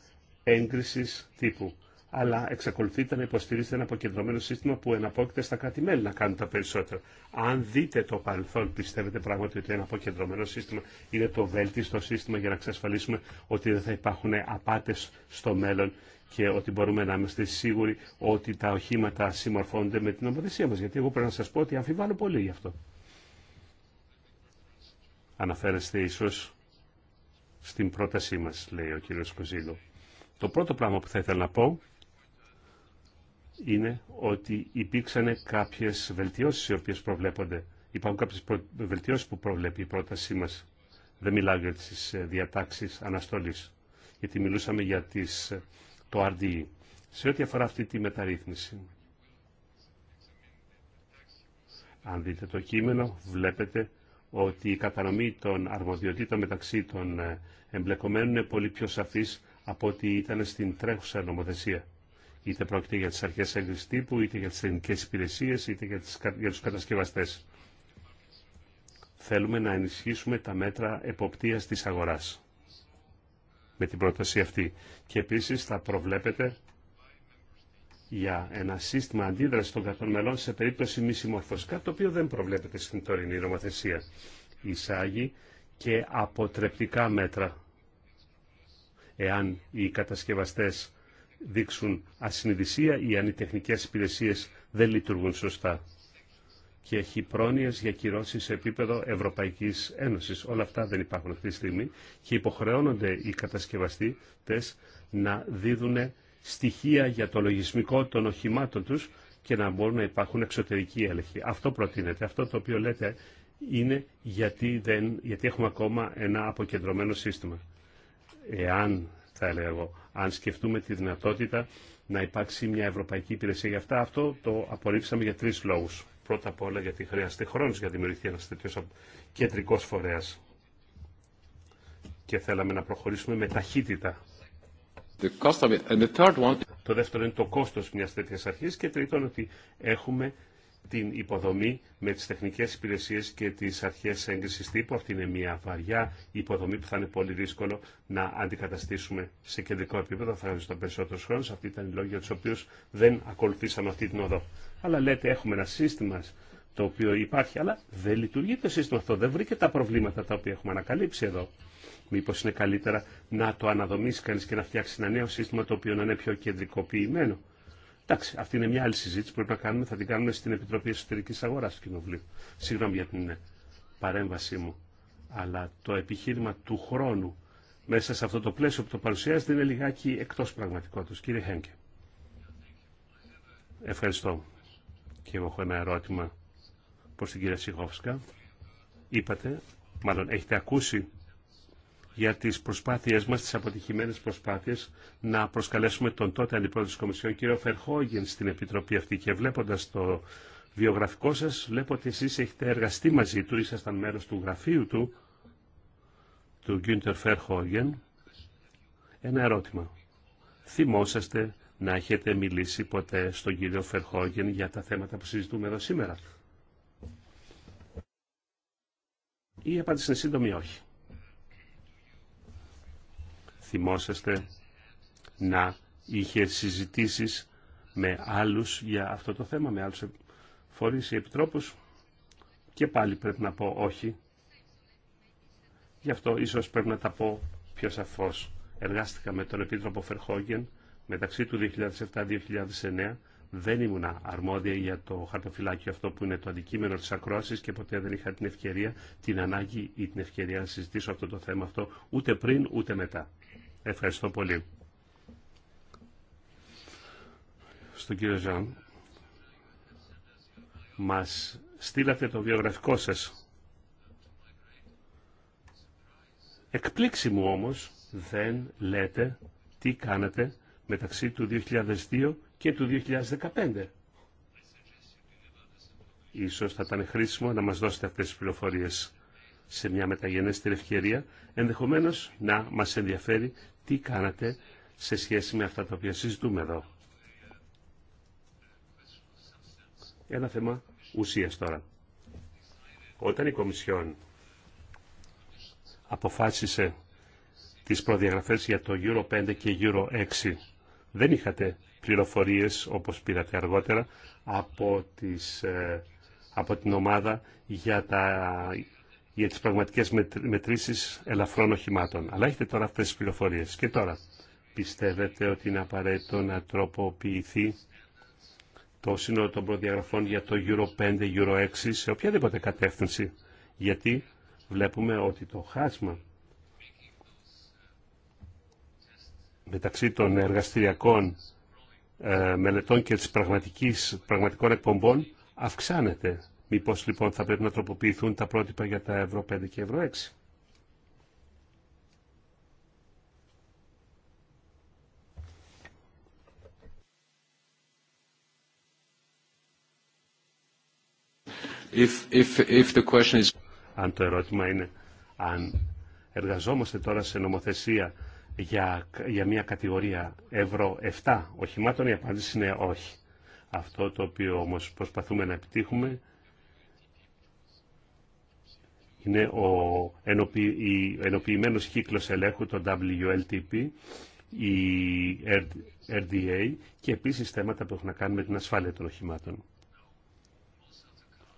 έγκρισης τύπου αλλά εξακολουθείτε να υποστηρίζετε ένα αποκεντρωμένο σύστημα που εναπόκειται στα κράτη-μέλη να κάνουν τα περισσότερα. Αν δείτε το παρελθόν, πιστεύετε πράγματι ότι ένα αποκεντρωμένο σύστημα είναι το βέλτιστο σύστημα για να εξασφαλίσουμε ότι δεν θα υπάρχουν απάτε στο μέλλον και ότι μπορούμε να είμαστε σίγουροι ότι τα οχήματα συμμορφώνονται με την ομοθεσία μα. Γιατί εγώ πρέπει να σα πω ότι αμφιβάλλω πολύ γι' αυτό. Αναφέρεστε ίσω στην πρότασή μα, λέει ο κ. Κοζίλο. Το πρώτο πράγμα που θα ήθελα να πω είναι ότι υπήρξαν κάποιε βελτιώσει οι οποίε προβλέπονται. Υπάρχουν κάποιες βελτιώσει που προβλέπει η πρότασή μα. Δεν μιλάω για τι ε, διατάξεις αναστολής, γιατί μιλούσαμε για τις, ε, το RDE. Σε ό,τι αφορά αυτή τη μεταρρύθμιση, αν δείτε το κείμενο, βλέπετε ότι η κατανομή των αρμοδιοτήτων μεταξύ των ε, εμπλεκομένων είναι πολύ πιο σαφής από ό,τι ήταν στην τρέχουσα νομοθεσία είτε πρόκειται για τις αρχές έγκρισης τύπου, είτε για τις ελληνικές υπηρεσίες, είτε για, τις, για τους κατασκευαστές. Θέλουμε να ενισχύσουμε τα μέτρα εποπτείας της αγοράς με την πρόταση αυτή. Και επίσης θα προβλέπετε για ένα σύστημα αντίδραση των κρατών μελών σε περίπτωση μη συμμόρφωση, κάτι το οποίο δεν προβλέπεται στην τωρινή νομοθεσία. Εισάγει και αποτρεπτικά μέτρα. Εάν οι κατασκευαστές δείξουν ασυνειδησία ή αν οι τεχνικές υπηρεσίες δεν λειτουργούν σωστά και έχει πρόνοιες για κυρώσεις σε επίπεδο Ευρωπαϊκής Ένωσης. Όλα αυτά δεν υπάρχουν αυτή τη στιγμή και υποχρεώνονται οι κατασκευαστές να δίδουν στοιχεία για το λογισμικό των οχημάτων τους και να μπορούν να υπάρχουν εξωτερικοί έλεγχοι. Αυτό προτείνεται. Αυτό το οποίο λέτε είναι γιατί, δεν, γιατί έχουμε ακόμα ένα αποκεντρωμένο σύστημα. Εάν, θα έλεγα εγώ, αν σκεφτούμε τη δυνατότητα να υπάρξει μια ευρωπαϊκή υπηρεσία για αυτά. Αυτό το απορρίψαμε για τρεις λόγους. Πρώτα απ' όλα γιατί χρειάζεται χρόνο για να δημιουργηθεί ένα τέτοιο κεντρικό φορέας. Και θέλαμε να προχωρήσουμε με ταχύτητα. The cost And the third one... Το δεύτερο είναι το κόστο μιας τέτοια αρχή και τρίτον ότι έχουμε την υποδομή με τις τεχνικές υπηρεσίες και τις αρχές έγκρισης τύπου. Αυτή είναι μια βαριά υποδομή που θα είναι πολύ δύσκολο να αντικαταστήσουμε σε κεντρικό επίπεδο. Θα χρειαζόταν περισσότερο χρόνο. Αυτή ήταν η λόγια του οποίου δεν ακολουθήσαμε αυτή την οδό. Αλλά λέτε έχουμε ένα σύστημα το οποίο υπάρχει, αλλά δεν λειτουργεί το σύστημα αυτό. Δεν βρήκε τα προβλήματα τα οποία έχουμε ανακαλύψει εδώ. Μήπω είναι καλύτερα να το αναδομήσει κανεί και να φτιάξει ένα νέο σύστημα το οποίο να είναι πιο κεντρικοποιημένο. Εντάξει, αυτή είναι μια άλλη συζήτηση που πρέπει να κάνουμε. Θα την κάνουμε στην Επιτροπή Εσωτερική Αγορά του Κοινοβουλίου. Συγγνώμη για την ε, παρέμβασή μου. Αλλά το επιχείρημα του χρόνου μέσα σε αυτό το πλαίσιο που το παρουσιάζεται είναι λιγάκι εκτό πραγματικότητα. Κύριε Χένκε. Ευχαριστώ. Και εγώ έχω ένα ερώτημα προ την κυρία Σιγόφσκα. Είπατε, μάλλον έχετε ακούσει για τις προσπάθειές μας, τις αποτυχημένες προσπάθειες, να προσκαλέσουμε τον τότε Αντιπρόεδρο της Κομισιόν, κύριο Φερχόγεν, στην Επιτροπή αυτή. Και βλέποντας το βιογραφικό σας, βλέπω ότι εσείς έχετε εργαστεί μαζί του, ήσασταν μέρος του γραφείου του, του Γκίντερ Φερχόγεν. Ένα ερώτημα. Θυμόσαστε να έχετε μιλήσει ποτέ στον κύριο Φερχόγεν για τα θέματα που συζητούμε εδώ σήμερα. Η απάντηση είναι σύντομη όχι θυμόσαστε να είχε συζητήσεις με άλλους για αυτό το θέμα, με άλλους φορείς ή επιτρόπους και πάλι πρέπει να πω όχι. Γι' αυτό ίσως πρέπει να τα πω πιο σαφώς. Εργάστηκα με τον Επίτροπο Φερχόγγεν μεταξύ του 2007-2009. Δεν ήμουνα αρμόδια για το χαρτοφυλάκιο αυτό που είναι το αντικείμενο της ακρόασης και ποτέ δεν είχα την ευκαιρία, την ανάγκη ή την ευκαιρία να συζητήσω αυτό το θέμα αυτό ούτε πριν ούτε μετά. Ευχαριστώ πολύ. Στον κύριο Ζαν, μας στείλατε το βιογραφικό σας. Εκπλήξη μου όμως δεν λέτε τι κάνατε μεταξύ του 2002 και του 2015. Ίσως θα ήταν χρήσιμο να μας δώσετε αυτές τις πληροφορίες σε μια μεταγενέστερη ευκαιρία, ενδεχομένως να μας ενδιαφέρει τι κάνατε σε σχέση με αυτά τα οποία συζητούμε εδώ. Ένα θέμα ουσίας τώρα. Όταν η Κομισιόν αποφάσισε τις προδιαγραφές για το Euro 5 και Euro 6, δεν είχατε πληροφορίες όπως πήρατε αργότερα από, τις, ε, από την ομάδα για τα για τις πραγματικές μετρήσεις ελαφρών οχημάτων. Αλλά έχετε τώρα αυτές τις πληροφορίες. Και τώρα, πιστεύετε ότι είναι απαραίτητο να τροποποιηθεί το σύνολο των προδιαγραφών για το Euro 5, Euro 6, σε οποιαδήποτε κατεύθυνση. Γιατί βλέπουμε ότι το χάσμα μεταξύ των εργαστηριακών ε, μελετών και της πραγματικής, πραγματικών εκπομπών αυξάνεται. Μήπω λοιπόν θα πρέπει να τροποποιηθούν τα πρότυπα για τα ευρώ 5 και ευρώ 6. Αν το ερώτημα είναι αν εργαζόμαστε τώρα σε νομοθεσία για, για μια κατηγορία ευρώ 7 οχημάτων, η απάντηση είναι όχι. Αυτό το οποίο όμως προσπαθούμε να επιτύχουμε είναι ο ενοποιημένος κύκλος ελέγχου, το WLTP, η RDA και επίσης θέματα που έχουν να κάνουν με την ασφάλεια των οχημάτων.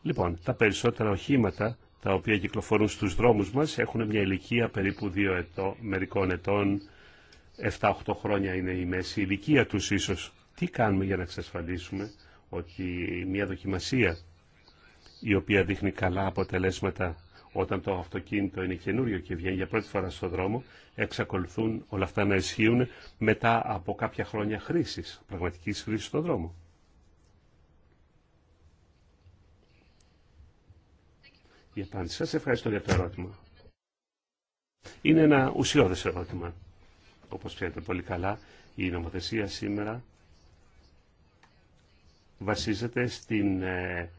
Λοιπόν, τα περισσότερα οχήματα τα οποία κυκλοφορούν στους δρόμους μας έχουν μια ηλικία περίπου 2 ετών, μερικών ετών, 7-8 χρόνια είναι η μέση ηλικία τους ίσως. Τι κάνουμε για να εξασφαλίσουμε ότι μια δοκιμασία η οποία δείχνει καλά αποτελέσματα όταν το αυτοκίνητο είναι καινούριο και βγαίνει για πρώτη φορά στον δρόμο, εξακολουθούν όλα αυτά να ισχύουν μετά από κάποια χρόνια χρήσης, πραγματικής χρήση στον δρόμο. Η απάντηση σας ευχαριστώ για το ερώτημα. Είναι ένα ουσιώδες ερώτημα. Όπως ξέρετε πολύ καλά, η νομοθεσία σήμερα βασίζεται στην ε,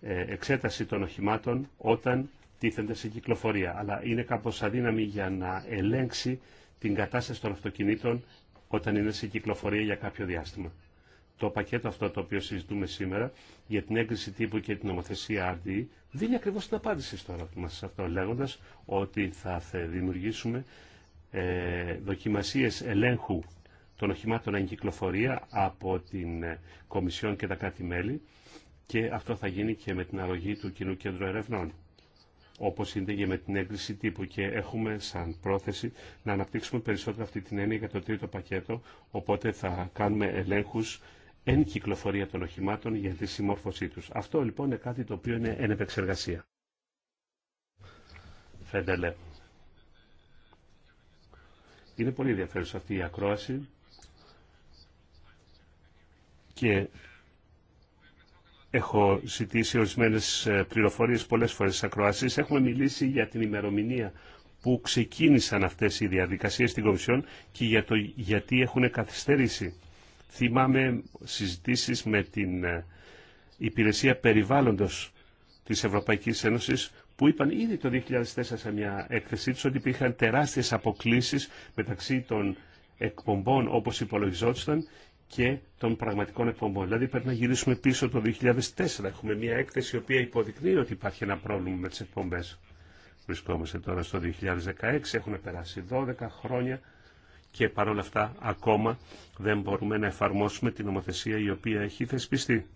ε, εξέταση των οχημάτων όταν τίθενται σε κυκλοφορία, αλλά είναι κάπως αδύναμη για να ελέγξει την κατάσταση των αυτοκινήτων όταν είναι σε κυκλοφορία για κάποιο διάστημα. Το πακέτο αυτό το οποίο συζητούμε σήμερα για την έγκριση τύπου και την νομοθεσία RDE δίνει ακριβώς την απάντηση στο ερώτημα σας αυτό λέγοντας ότι θα δημιουργήσουμε ε, δοκιμασίες ελέγχου των οχημάτων εν κυκλοφορία από την ε, Κομισιόν και τα κράτη-μέλη και αυτό θα γίνει και με την αρρωγή του Κοινού Κέντρου Ερευνών. Όπω είναι και με την έγκριση τύπου και έχουμε σαν πρόθεση να αναπτύξουμε περισσότερο αυτή την έννοια για το τρίτο πακέτο, οπότε θα κάνουμε ελέγχου εν κυκλοφορία των οχημάτων για τη συμμόρφωσή τους. Αυτό λοιπόν είναι κάτι το οποίο είναι εν επεξεργασία. Φέντελε. Είναι πολύ ενδιαφέρουσα αυτή η ακρόαση και Έχω ζητήσει ορισμένε πληροφορίε πολλέ φορέ στι ακροάσει. Έχουμε μιλήσει για την ημερομηνία που ξεκίνησαν αυτέ οι διαδικασίε στην Κομισιόν και για το γιατί έχουν καθυστερήσει. Θυμάμαι συζητήσει με την ε, Υπηρεσία Περιβάλλοντο τη Ευρωπαϊκή Ένωση που είπαν ήδη το 2004 σε μια έκθεσή του ότι υπήρχαν τεράστιε αποκλήσει μεταξύ των εκπομπών όπως υπολογιζόταν και των πραγματικών εκπομπών. Δηλαδή πρέπει να γυρίσουμε πίσω το 2004. Έχουμε μια έκθεση η οποία υποδεικνύει ότι υπάρχει ένα πρόβλημα με τις εκπομπές. Βρισκόμαστε τώρα στο 2016, έχουν περάσει 12 χρόνια και παρόλα αυτά ακόμα δεν μπορούμε να εφαρμόσουμε την νομοθεσία η οποία έχει θεσπιστεί.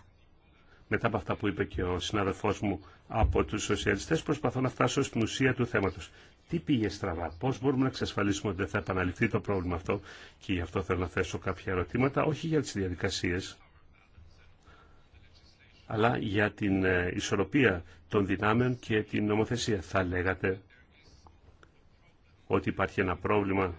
Μετά από αυτά που είπε και ο συνάδελφός μου από τους σοσιαλιστές προσπαθώ να φτάσω στην ουσία του θέματος. Τι πήγε στραβά, πώ μπορούμε να εξασφαλίσουμε ότι δεν θα επαναληφθεί το πρόβλημα αυτό και γι' αυτό θέλω να θέσω κάποια ερωτήματα, όχι για τι διαδικασίε, αλλά για την ε, ισορροπία των δυνάμεων και την νομοθεσία. Θα λέγατε ότι υπάρχει ένα πρόβλημα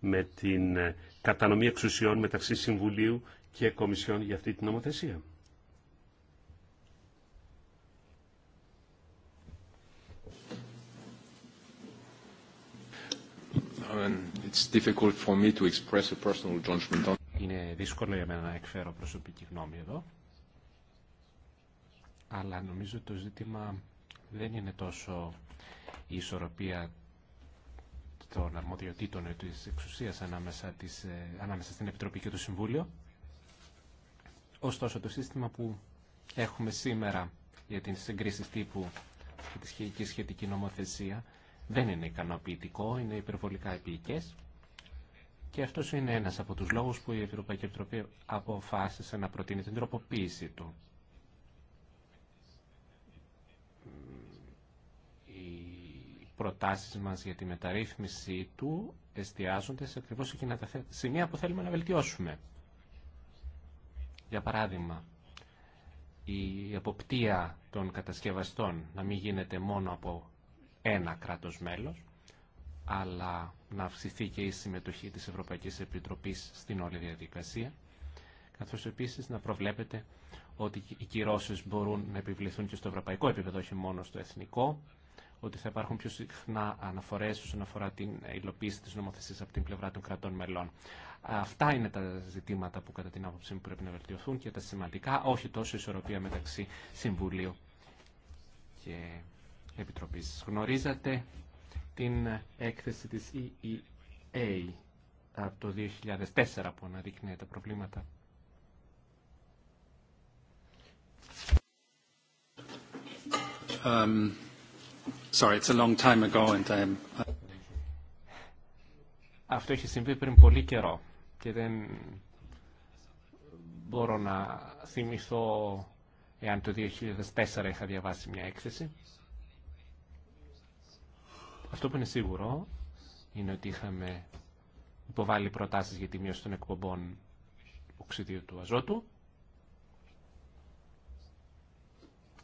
με την ε, κατανομή εξουσιών μεταξύ Συμβουλίου και Κομισιών για αυτή την νομοθεσία.
Είναι δύσκολο για μένα να εκφέρω προσωπική γνώμη εδώ. Αλλά νομίζω το ζήτημα δεν είναι τόσο η ισορροπία των αρμοδιοτήτων ή της εξουσίας ανάμεσα, της, ε, ανάμεσα στην Επιτροπή και το Συμβούλιο. Ωστόσο, το σύστημα που έχουμε σήμερα για την συγκρίση τύπου και τη σχετική νομοθεσία δεν είναι ικανοποιητικό, είναι υπερβολικά επίκες και αυτό είναι ένας από τους λόγους που η Ευρωπαϊκή Επιτροπή αποφάσισε να προτείνει την τροποποίηση του. Οι προτάσεις μας για τη μεταρρύθμιση του εστιάζονται σε ακριβώς εκείνα τα σημεία που θέλουμε να βελτιώσουμε. Για παράδειγμα, η αποπτία των κατασκευαστών να μην γίνεται μόνο από ένα κράτος μέλος, αλλά να αυξηθεί και η συμμετοχή της Ευρωπαϊκής Επιτροπής στην όλη διαδικασία, καθώς επίσης να προβλέπεται ότι οι κυρώσεις μπορούν να επιβληθούν και στο ευρωπαϊκό επίπεδο, όχι μόνο στο εθνικό, ότι θα υπάρχουν πιο συχνά αναφορέ όσον αφορά την υλοποίηση τη νομοθεσία από την πλευρά των κρατών μελών. Αυτά είναι τα ζητήματα που κατά την άποψή μου πρέπει να βελτιωθούν και τα σημαντικά, όχι τόσο ισορροπία μεταξύ Συμβουλίου και Επιτροπής. Γνωρίζατε την έκθεση της EEA από το 2004 που αναδείκνυε τα προβλήματα. Um, sorry, it's a long time ago and I'm... Um, Αυτό έχει συμβεί πριν πολύ καιρό και δεν μπορώ να θυμηθώ εάν το 2004 είχα διαβάσει μια έκθεση. Αυτό που είναι σίγουρο είναι ότι είχαμε υποβάλει προτάσεις για τη μείωση των εκπομπών οξυδίου του αζότου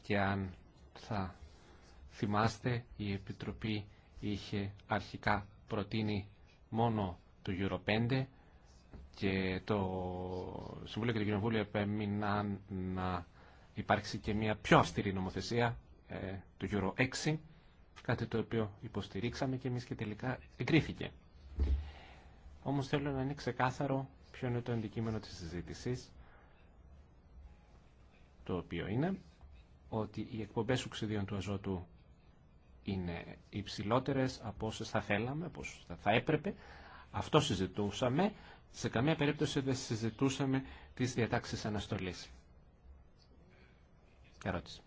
και αν θα θυμάστε η Επιτροπή είχε αρχικά προτείνει μόνο το Euro 5 και το Συμβούλιο και το Κοινοβούλιο επέμειναν να υπάρξει και μια πιο αυστηρή νομοθεσία, ε, το Euro 6 κάτι το οποίο υποστηρίξαμε και εμείς και τελικά εγκρίθηκε. Όμως θέλω να είναι ξεκάθαρο ποιο είναι το αντικείμενο της συζήτησης, το οποίο είναι ότι οι εκπομπές οξυδίων του αζότου είναι υψηλότερες από όσες θα θέλαμε, από θα έπρεπε. Αυτό συζητούσαμε. Σε καμία περίπτωση δεν συζητούσαμε τις διατάξεις αναστολής. Ερώτηση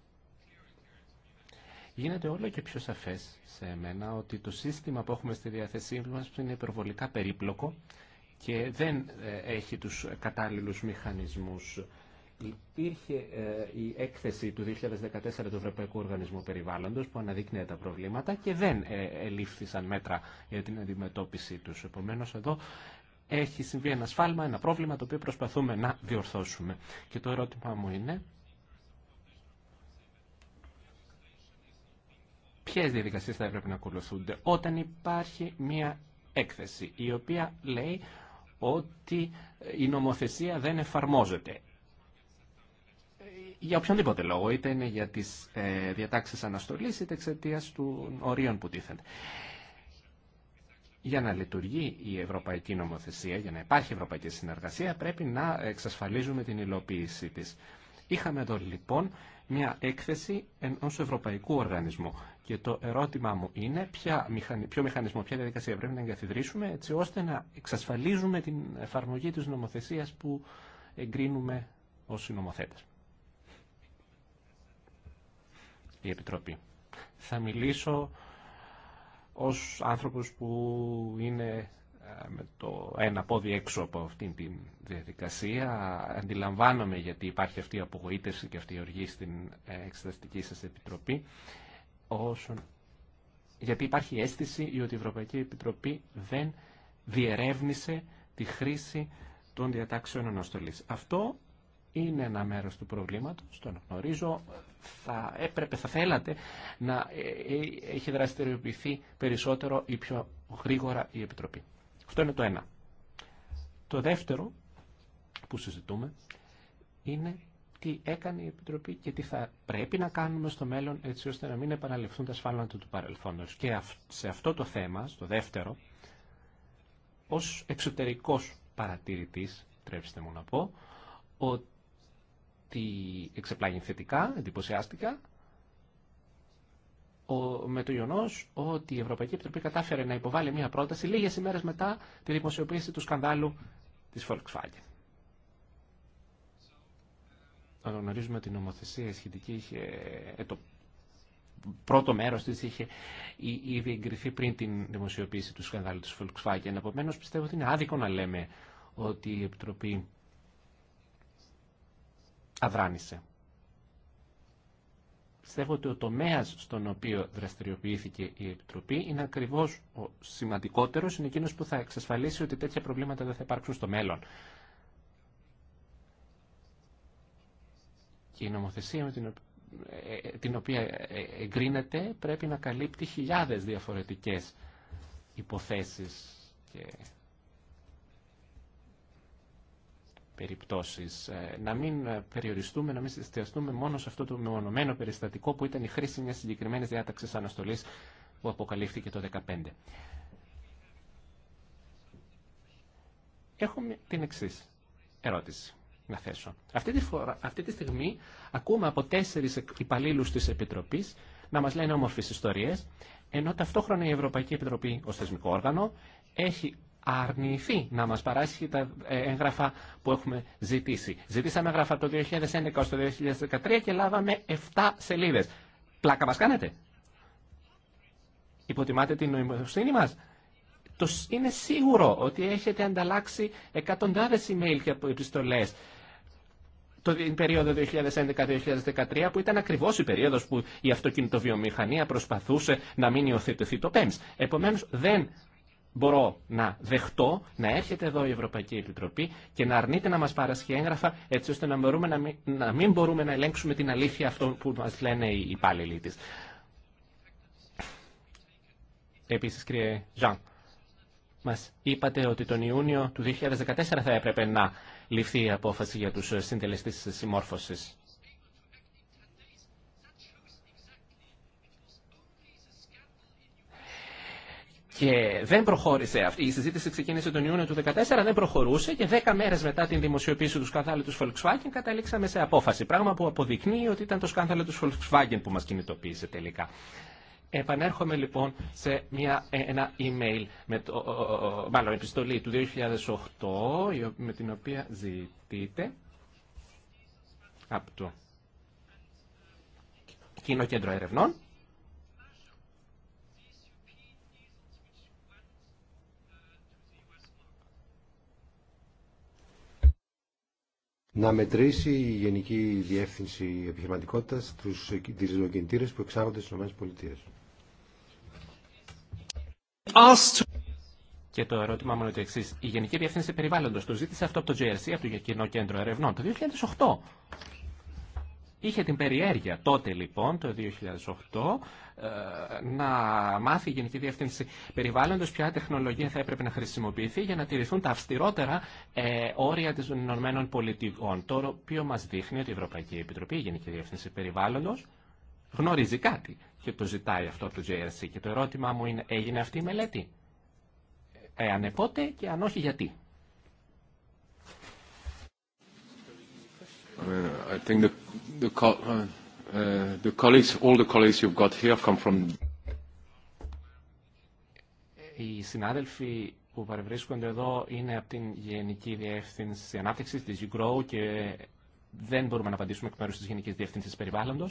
γίνεται όλο και πιο σαφές σε εμένα ότι το σύστημα που έχουμε στη διάθεσή μας είναι υπερβολικά περίπλοκο και δεν ε, έχει τους κατάλληλους μηχανισμούς. Υπήρχε ε, η έκθεση του 2014 του Ευρωπαϊκού Οργανισμού Περιβάλλοντος που αναδείκνυε τα προβλήματα και δεν ε, ελήφθησαν μέτρα για την αντιμετώπιση τους. Επομένως εδώ έχει συμβεί ένα σφάλμα, ένα πρόβλημα το οποίο προσπαθούμε να διορθώσουμε. Και το ερώτημα μου είναι Ποιε διαδικασίε θα έπρεπε να ακολουθούνται όταν υπάρχει μία έκθεση η οποία λέει ότι η νομοθεσία δεν εφαρμόζεται. Για οποιονδήποτε λόγο, είτε είναι για τις ε, διατάξεις αναστολής, είτε εξαιτία των ορίων που τίθενται. Για να λειτουργεί η ευρωπαϊκή νομοθεσία, για να υπάρχει ευρωπαϊκή συνεργασία, πρέπει να εξασφαλίζουμε την υλοποίησή της. Είχαμε εδώ λοιπόν μια έκθεση ενός ευρωπαϊκού οργανισμού. Και το ερώτημά μου είναι ποιο μηχανισμό, ποια διαδικασία πρέπει να εγκαθιδρύσουμε έτσι ώστε να εξασφαλίζουμε την εφαρμογή της νομοθεσίας που εγκρίνουμε ως συνομοθέτες. Η Επιτροπή. Θα μιλήσω ως άνθρωπος που είναι ε, με το ένα πόδι έξω από αυτήν την διαδικασία. Αντιλαμβάνομαι γιατί υπάρχει αυτή η απογοήτευση και αυτή η οργή στην ε, εξεταστική σας επιτροπή. Όσον... Γιατί υπάρχει αίσθηση ότι η Ευρωπαϊκή Επιτροπή δεν διερεύνησε τη χρήση των διατάξεων αναστολής. Αυτό είναι ένα μέρος του προβλήματος, Το γνωρίζω, θα έπρεπε, θα θέλατε να ε, έχει δραστηριοποιηθεί περισσότερο ή πιο γρήγορα η Επιτροπή. Αυτό είναι το ένα. Το δεύτερο που συζητούμε είναι τι έκανε η Επιτροπή και τι θα πρέπει να κάνουμε στο μέλλον έτσι ώστε να μην επαναληφθούν τα σφάλματα του παρελθόντος. Και σε αυτό το θέμα, στο δεύτερο, ως εξωτερικός παρατηρητής, τρέψτε μου να πω, ότι εξεπλάγει θετικά, εντυπωσιάστηκα, με το γεγονό ότι η Ευρωπαϊκή Επιτροπή κατάφερε να υποβάλει μια πρόταση λίγες ημέρε μετά τη δημοσιοποίηση του σκανδάλου της Volkswagen. γνωρίζουμε ότι η νομοθεσία σχετική είχε, ε, το πρώτο μέρος της είχε ήδη εγκριθεί πριν την δημοσιοποίηση του σκανδάλου της Volkswagen. Επομένω πιστεύω ότι είναι άδικο να λέμε ότι η Επιτροπή αδράνησε. Πιστεύω ότι ο τομέας στον οποίο δραστηριοποιήθηκε η Επιτροπή είναι ακριβώς ο σημαντικότερος, είναι εκείνο που θα εξασφαλίσει ότι τέτοια προβλήματα δεν θα υπάρξουν στο μέλλον. Και η νομοθεσία με την, ε, ε, την οποία ε, εγκρίνεται πρέπει να καλύπτει χιλιάδες διαφορετικές υποθέσεις και περιπτώσεις. Ε, να μην ε, περιοριστούμε, να μην εστιαστούμε μόνο σε αυτό το μεμονωμένο περιστατικό που ήταν η χρήση μιας συγκεκριμένης διάταξης αναστολής που αποκαλύφθηκε το 2015. Έχουμε την εξή ερώτηση να θέσω. Αυτή τη, φορά, αυτή τη στιγμή ακούμε από τέσσερις υπαλλήλους της Επιτροπής να μας λένε όμορφες ιστορίες, ενώ ταυτόχρονα η Ευρωπαϊκή Επιτροπή ως θεσμικό όργανο έχει αρνηθεί να μας παράσχει τα ε, έγγραφα που έχουμε ζητήσει. Ζητήσαμε έγγραφα από το 2011 ως το 2013 και λάβαμε 7 σελίδες. Πλάκα μας κάνετε. Υποτιμάτε την νοημοσύνη μας. Το είναι σίγουρο ότι έχετε ανταλλάξει εκατοντάδες email και επιστολές την περίοδο 2011-2013 που ήταν ακριβώς η περίοδος που η αυτοκινητοβιομηχανία προσπαθούσε να μην υιοθετηθεί το PEMS. Επομένως δεν μπορώ να δεχτώ να έρχεται εδώ η Ευρωπαϊκή Επιτροπή και να αρνείται να μας παρασχεί έγγραφα έτσι ώστε να, μπορούμε να, μην, να μπορούμε να ελέγξουμε την αλήθεια αυτών που μας λένε οι υπάλληλοι της. Επίσης, κύριε Ζαν, μας είπατε ότι τον Ιούνιο του 2014 θα έπρεπε να ληφθεί η απόφαση για τους συντελεστές συμμόρφωσης. Και δεν προχώρησε αυτή. Η συζήτηση ξεκίνησε τον Ιούνιο του 2014, δεν προχωρούσε και 10 μέρε μετά την δημοσιοποίηση του σκανδάλου του Volkswagen καταλήξαμε σε απόφαση. Πράγμα που αποδεικνύει ότι ήταν το σκάνδαλο του Volkswagen που μα κινητοποίησε τελικά. Επανέρχομαι λοιπόν σε μια, ε, ένα email, με το, μάλλον επιστολή του 2008, με την οποία ζητείτε από το Κοινό Κέντρο Ερευνών
να μετρήσει η Γενική Διεύθυνση επιχειρηματικότητα τους διζηλοκινητήρες που εξάγονται στις ΗΠΑ.
Και το ερώτημά μου είναι το εξή. Η Γενική Διευθύνση Περιβάλλοντο το ζήτησε αυτό από το JRC, από το Κοινό Κέντρο Ερευνών, το 2008. Είχε την περιέργεια τότε λοιπόν, το 2008, ε, να μάθει η Γενική Διεύθυνση Περιβάλλοντος ποια τεχνολογία θα έπρεπε να χρησιμοποιηθεί για να τηρηθούν τα αυστηρότερα ε, όρια των Ηνωμένων Πολιτικών. Το οποίο μας δείχνει ότι η Ευρωπαϊκή Επιτροπή, η Γενική Διεύθυνση Περιβάλλοντος, γνωρίζει κάτι και το ζητάει αυτό το JRC. Και το ερώτημά μου είναι, έγινε αυτή η μελέτη. Εάν πότε και αν όχι γιατί. I Οι συνάδελφοι που παρευρίσκονται εδώ είναι από την Γενική Διεύθυνση ανάπτυξη, τη UGROW και δεν μπορούμε να απαντήσουμε εκ μέρου τη γενική Διεύθυνση περιβάλλοντο.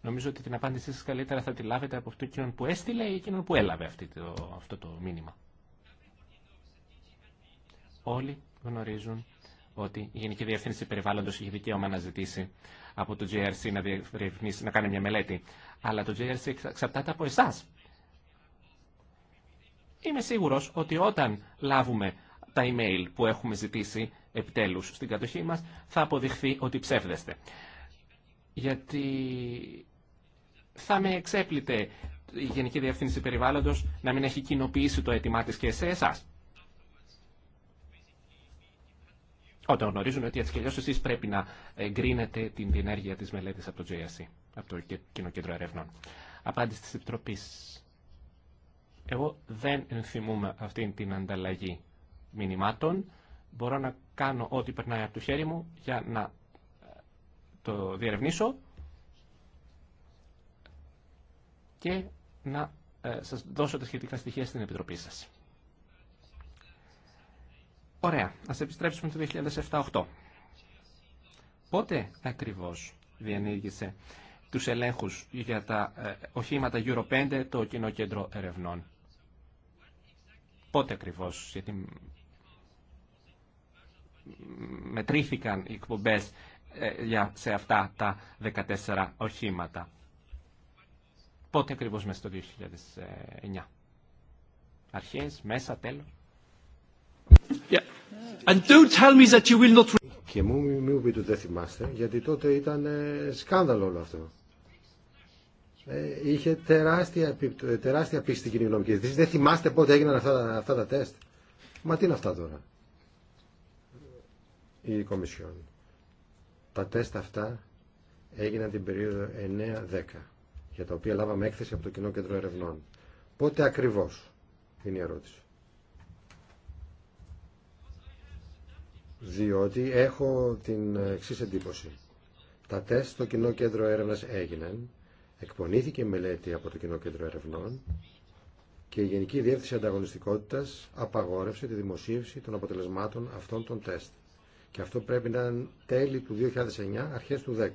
Νομίζω ότι την απάντησή σα καλύτερα θα τη λάβετε από αυτό εκείνον που έστειλε ή εκείνον που έλαβε αυτή το, αυτό το μήνυμα. Όλοι γνωρίζουν ότι η Γενική Διεύθυνση Περιβάλλοντος είχε δικαίωμα να ζητήσει από το JRC να, να κάνει μια μελέτη. Αλλά το JRC εξαρτάται από εσά. Είμαι σίγουρος ότι όταν λάβουμε τα email που έχουμε ζητήσει επιτέλους στην κατοχή μας, θα αποδειχθεί ότι ψεύδεστε. Γιατί θα με εξέπλητε η Γενική Διεύθυνση Περιβάλλοντος να μην έχει κοινοποιήσει το αίτημά της και σε εσάς. όταν γνωρίζουν ότι έτσι και αλλιώς εσείς πρέπει να εγκρίνετε την διενέργεια της μελέτης από το JSC, από το Κοινοκέντρο Ερευνών. Απάντηση της Επιτροπής. Εγώ δεν ενθυμούμαι αυτή την ανταλλαγή μηνυμάτων. Μπορώ να κάνω ό,τι περνάει από το χέρι μου για να ε, το διερευνήσω και να ε, σας δώσω τα σχετικά στοιχεία στην Επιτροπή σας. Ωραία, ας επιστρέψουμε το 2007-2008. Πότε ακριβώς διενήργησε τους ελέγχους για τα ε, οχήματα Euro 5 το Κοινό Κέντρο Ερευνών. Πότε ακριβώς, γιατί μετρήθηκαν οι εκπομπές ε, σε αυτά τα 14 οχήματα. Πότε ακριβώς μέσα στο 2009. Αρχές, μέσα, τέλος. And
Και μου μην πείτε ότι δεν θυμάστε, γιατί τότε ήταν ε, σκάνδαλο όλο αυτό. Ε, είχε τεράστια, ε, τεράστια πίστη στην κοινή Δεν θυμάστε πότε έγιναν αυτά, αυτά τα τεστ. Μα τι είναι αυτά τώρα. Η Κομισιόν. Τα τεστ αυτά έγιναν την περίοδο 9-10, για τα οποία λάβαμε έκθεση από το Κοινό Κέντρο Ερευνών. Πότε ακριβώς, είναι η ερώτηση. διότι έχω την εξή εντύπωση. Τα τεστ στο Κοινό Κέντρο Έρευνας έγιναν, εκπονήθηκε η μελέτη από το Κοινό Κέντρο Ερευνών και η Γενική Διεύθυνση Ανταγωνιστικότητας απαγόρευσε τη δημοσίευση των αποτελεσμάτων αυτών των τεστ. Και αυτό πρέπει να είναι τέλη του 2009, αρχές του 2010.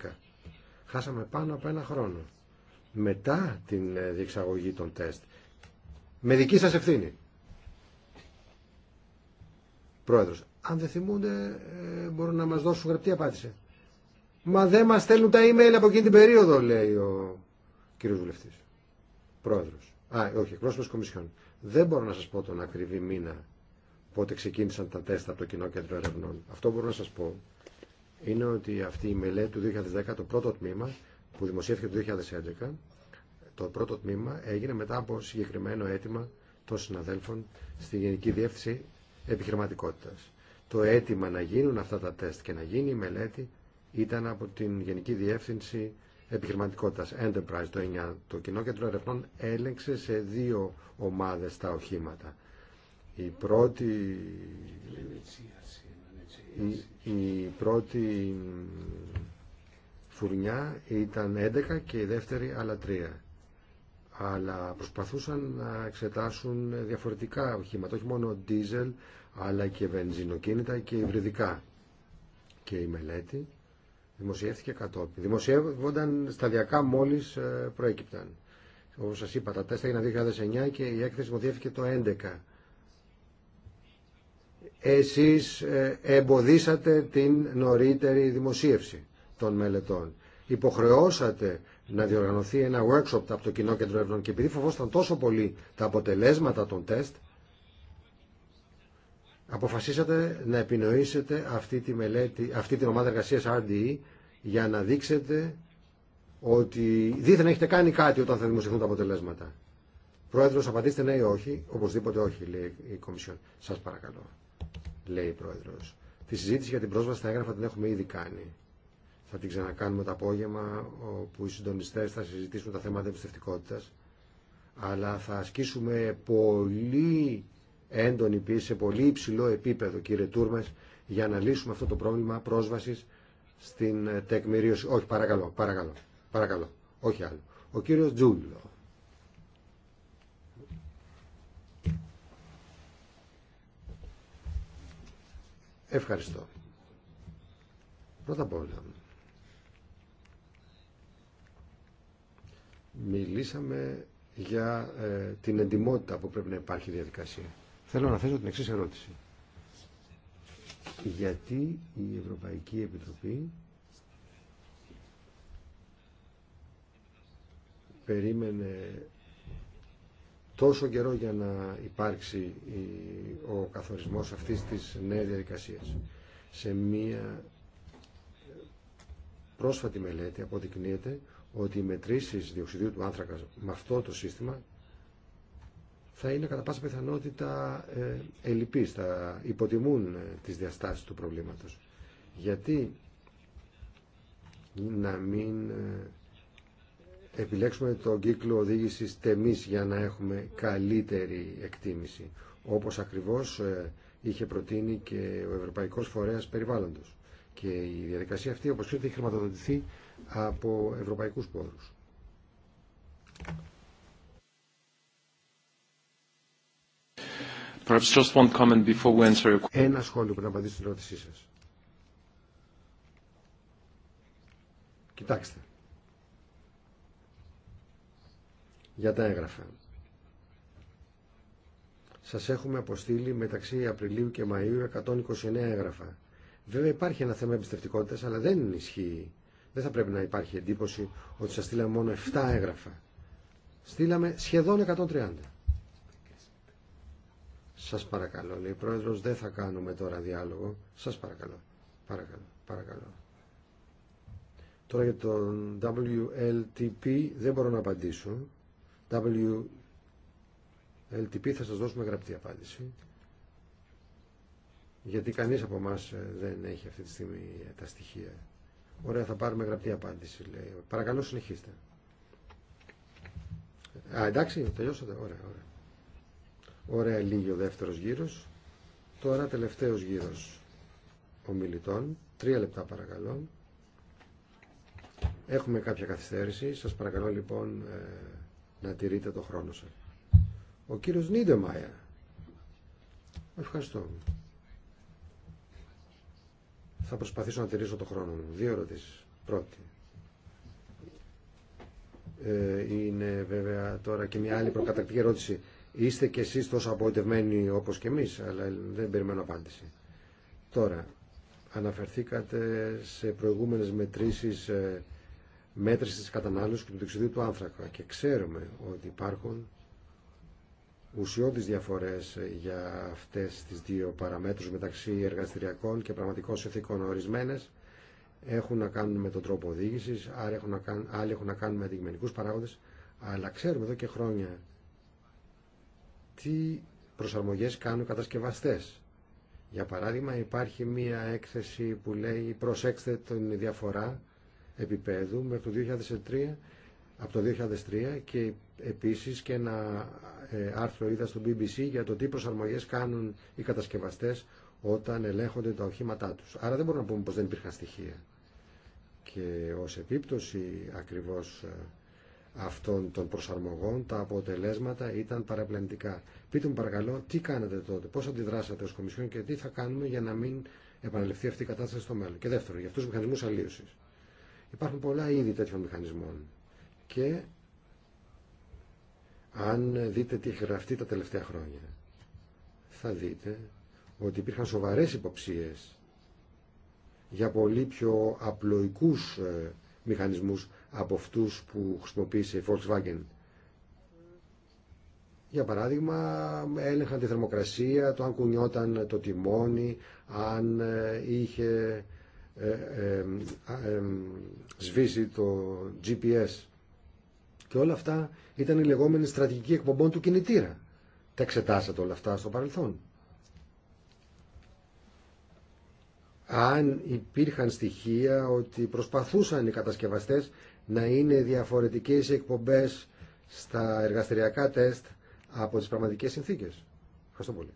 Χάσαμε πάνω από ένα χρόνο μετά την ε, διεξαγωγή των τεστ. Με δική σας ευθύνη. Πρόεδρος, αν δεν θυμούνται ε, μπορούν να μας δώσουν γραπτή απάντηση. Μα δεν μας στέλνουν τα email από εκείνη την περίοδο λέει ο κύριος βουλευτής. Πρόεδρος. Α, όχι, εκπρόσωπος Κομισιόν. Δεν μπορώ να σας πω τον ακριβή μήνα πότε ξεκίνησαν τα τεστ από το Κοινό Κέντρο Ερευνών. Αυτό μπορώ να σας πω είναι ότι αυτή η μελέτη του 2010, το πρώτο τμήμα που δημοσιεύθηκε το 2011, το πρώτο τμήμα έγινε μετά από συγκεκριμένο αίτημα των συναδέλφων στη Γενική Διεύθυνση επιχειρηματικότητα το αίτημα να γίνουν αυτά τα τεστ και να γίνει η μελέτη ήταν από την Γενική Διεύθυνση Επιχειρηματικότητας Enterprise το 9. Το κοινό κέντρο ερευνών έλεγξε σε δύο ομάδες τα οχήματα. Η πρώτη, η, η πρώτη φουρνιά ήταν 11 και η δεύτερη άλλα 3 αλλά προσπαθούσαν να εξετάσουν διαφορετικά οχήματα, όχι μόνο diesel, αλλά και βενζινοκίνητα και υβριδικά. Και η μελέτη δημοσιεύθηκε κατόπιν. Δημοσιεύονταν σταδιακά μόλις ε, προέκυπταν. Όπως σας είπα, τα τεστ έγιναν 2009 και η έκθεση δημοσιεύθηκε το 2011. Εσείς ε, εμποδίσατε την νωρίτερη δημοσίευση των μελετών. Υποχρεώσατε να διοργανωθεί ένα workshop από το Κοινό Κέντρο Ερευνών και επειδή φοβόσταν τόσο πολύ τα αποτελέσματα των τεστ, αποφασίσατε να επινοήσετε αυτή, τη μελέτη, αυτή την ομάδα εργασίας RDE για να δείξετε ότι δίθεν έχετε κάνει κάτι όταν θα δημοσιευθούν τα αποτελέσματα. Πρόεδρος, απαντήστε ναι ή όχι. Οπωσδήποτε όχι, λέει η Κομισιόν. Σας παρακαλώ, λέει η Πρόεδρος. Τη συζήτηση για την πρόσβαση στα έγγραφα την έχουμε ήδη κάνει. Θα την ξανακάνουμε το απόγευμα, όπου οι συντονιστέ θα συζητήσουν τα θέματα εμπιστευτικότητα. Αλλά θα ασκήσουμε πολύ έντονη πίεση σε πολύ υψηλό επίπεδο, κύριε Τούρμες, για να λύσουμε αυτό το πρόβλημα πρόσβασης στην ε, τεκμηρίωση. Όχι, παρακαλώ, παρακαλώ, παρακαλώ, όχι άλλο. Ο κύριος Τζούλο. Ευχαριστώ. Πρώτα απ' όλα, μιλήσαμε για ε, την εντιμότητα που πρέπει να υπάρχει διαδικασία. Θέλω να θέσω την εξή ερώτηση. Γιατί η Ευρωπαϊκή Επιτροπή περίμενε τόσο καιρό για να υπάρξει ο καθορισμός αυτής της νέας διαδικασίας. Σε μία πρόσφατη μελέτη αποδεικνύεται ότι οι μετρήσεις διοξιδίου του άνθρακα με αυτό το σύστημα θα είναι κατά πάσα πιθανότητα ε, ελλειπείς, θα υποτιμούν ε, τις διαστάσεις του προβλήματος. Γιατί να μην ε, επιλέξουμε τον κύκλο οδήγησης τεμής για να έχουμε καλύτερη εκτίμηση, όπως ακριβώς είχε προτείνει και ο Ευρωπαϊκός Φορέας Περιβάλλοντος. Και η διαδικασία αυτή, όπως ξέρετε, έχει χρηματοδοτηθεί από ευρωπαϊκούς πόρους. Ένα σχόλιο πριν απαντήσω στην ερώτησή σα. Κοιτάξτε. Για τα έγγραφα. Σας έχουμε αποστείλει μεταξύ Απριλίου και Μαΐου 129 έγγραφα. Βέβαια υπάρχει ένα θέμα εμπιστευτικότητα, αλλά δεν ισχύει. Δεν θα πρέπει να υπάρχει εντύπωση ότι σας στείλαμε μόνο 7 έγγραφα. Στείλαμε σχεδόν 130. Σας παρακαλώ, λέει ο Πρόεδρος, δεν θα κάνουμε τώρα διάλογο. Σας παρακαλώ, παρακαλώ, παρακαλώ. Τώρα για τον WLTP δεν μπορώ να απαντήσω. WLTP θα σας δώσουμε γραπτή απάντηση. Γιατί κανείς από εμά ε, δεν έχει αυτή τη στιγμή ε, τα στοιχεία. Ωραία, θα πάρουμε γραπτή απάντηση, λέει. Παρακαλώ, συνεχίστε. Α, εντάξει, τελειώσατε. Ωραία, ωραία. Ωραία, λίγη ο δεύτερος γύρος. Τώρα τελευταίος γύρος ομιλητών. Τρία λεπτά παρακαλώ. Έχουμε κάποια καθυστέρηση. Σας παρακαλώ λοιπόν ε, να τηρείτε το χρόνο σας. Ο κύριος Νίντεμάια. Ευχαριστώ. Θα προσπαθήσω να τηρήσω το χρόνο μου. Δύο ερωτήσει. Πρώτη. Ε, είναι βέβαια τώρα και μια άλλη προκατακτική ερώτηση. Είστε κι εσείς τόσο απογοητευμένοι όπως και εμείς, αλλά δεν περιμένω απάντηση. Τώρα, αναφερθήκατε σε προηγούμενες μετρήσεις ε, μέτρηση της κατανάλωσης και του δεξιδίου του άνθρακα και ξέρουμε ότι υπάρχουν ουσιώδεις διαφορές για αυτές τις δύο παραμέτρους μεταξύ εργαστηριακών και πραγματικών συνθήκων ορισμένες έχουν να κάνουν με τον τρόπο οδήγηση, άλλοι έχουν να κάνουν με αντικειμενικού παράγοντε, αλλά ξέρουμε εδώ και χρόνια τι προσαρμογές κάνουν οι κατασκευαστές. Για παράδειγμα υπάρχει μία έκθεση που λέει προσέξτε την διαφορά επίπεδου με το 2003, από το 2003 και επίσης και ένα ε, άρθρο είδα στο BBC για το τι προσαρμογές κάνουν οι κατασκευαστές όταν ελέγχονται τα οχήματά τους. Άρα δεν μπορούμε να πούμε πως δεν υπήρχαν στοιχεία. Και ως επίπτωση ακριβώς ε, αυτών των προσαρμογών τα αποτελέσματα ήταν παραπλανητικά. Πείτε μου παρακαλώ τι κάνατε τότε, πώς αντιδράσατε ω Κομισιόν και τι θα κάνουμε για να μην επαναληφθεί αυτή η κατάσταση στο μέλλον. Και δεύτερον, για αυτού τους μηχανισμούς αλλίωσης. Υπάρχουν πολλά είδη τέτοιων μηχανισμών και αν δείτε τι έχει γραφτεί τα τελευταία χρόνια θα δείτε ότι υπήρχαν σοβαρέ υποψίε για πολύ πιο απλοϊκούς ε, μηχανισμούς από αυτούς που χρησιμοποίησε η Volkswagen. Για παράδειγμα, έλεγχαν τη θερμοκρασία, το αν κουνιόταν το τιμόνι, αν ε, είχε ε, ε, ε, σβήσει το GPS. Και όλα αυτά ήταν η λεγόμενη στρατηγική εκπομπών του κινητήρα. Τα εξετάσατε όλα αυτά στο παρελθόν. Αν υπήρχαν στοιχεία ότι προσπαθούσαν οι κατασκευαστές να είναι διαφορετικές οι εκπομπές στα εργαστηριακά τεστ από τις πραγματικές συνθήκες.
Ευχαριστώ πολύ.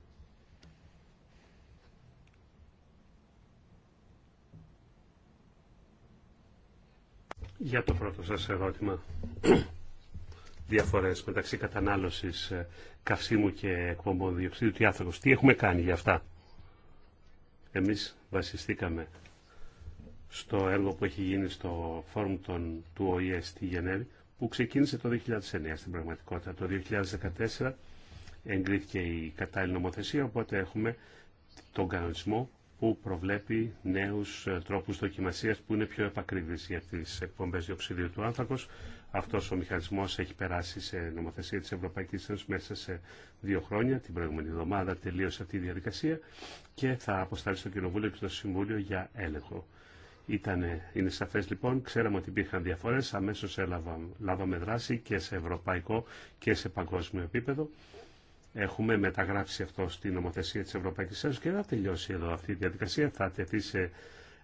Για το πρώτο σας ερώτημα, διαφορές μεταξύ κατανάλωσης ε, καυσίμου και εκπομπών διοξιδίου Τι έχουμε κάνει για αυτά. Εμείς βασιστήκαμε στο έργο που έχει γίνει στο φόρουμ των, του ΟΗΕ στη Γενέβη, που ξεκίνησε το 2009 στην πραγματικότητα. Το 2014 εγκρίθηκε η κατάλληλη νομοθεσία, οπότε έχουμε τον κανονισμό που προβλέπει νέους ε, τρόπους δοκιμασίας που είναι πιο επακριβείς για τις εκπομπές διοξιδίου του Άνθρακο. Αυτός ο μηχανισμός έχει περάσει σε νομοθεσία της Ευρωπαϊκής Ένωσης μέσα σε δύο χρόνια. Την προηγούμενη εβδομάδα τελείωσε αυτή η διαδικασία και θα αποσταλεί στο Κοινοβούλιο και στο Συμβούλιο για έλεγχο είναι σαφέ λοιπόν, ξέραμε ότι υπήρχαν διαφορέ, αμέσω λάβαμε δράση και σε ευρωπαϊκό και σε παγκόσμιο επίπεδο. Έχουμε μεταγράψει αυτό στην νομοθεσία τη Ευρωπαϊκή Ένωση και θα τελειώσει εδώ αυτή η διαδικασία, θα τεθεί σε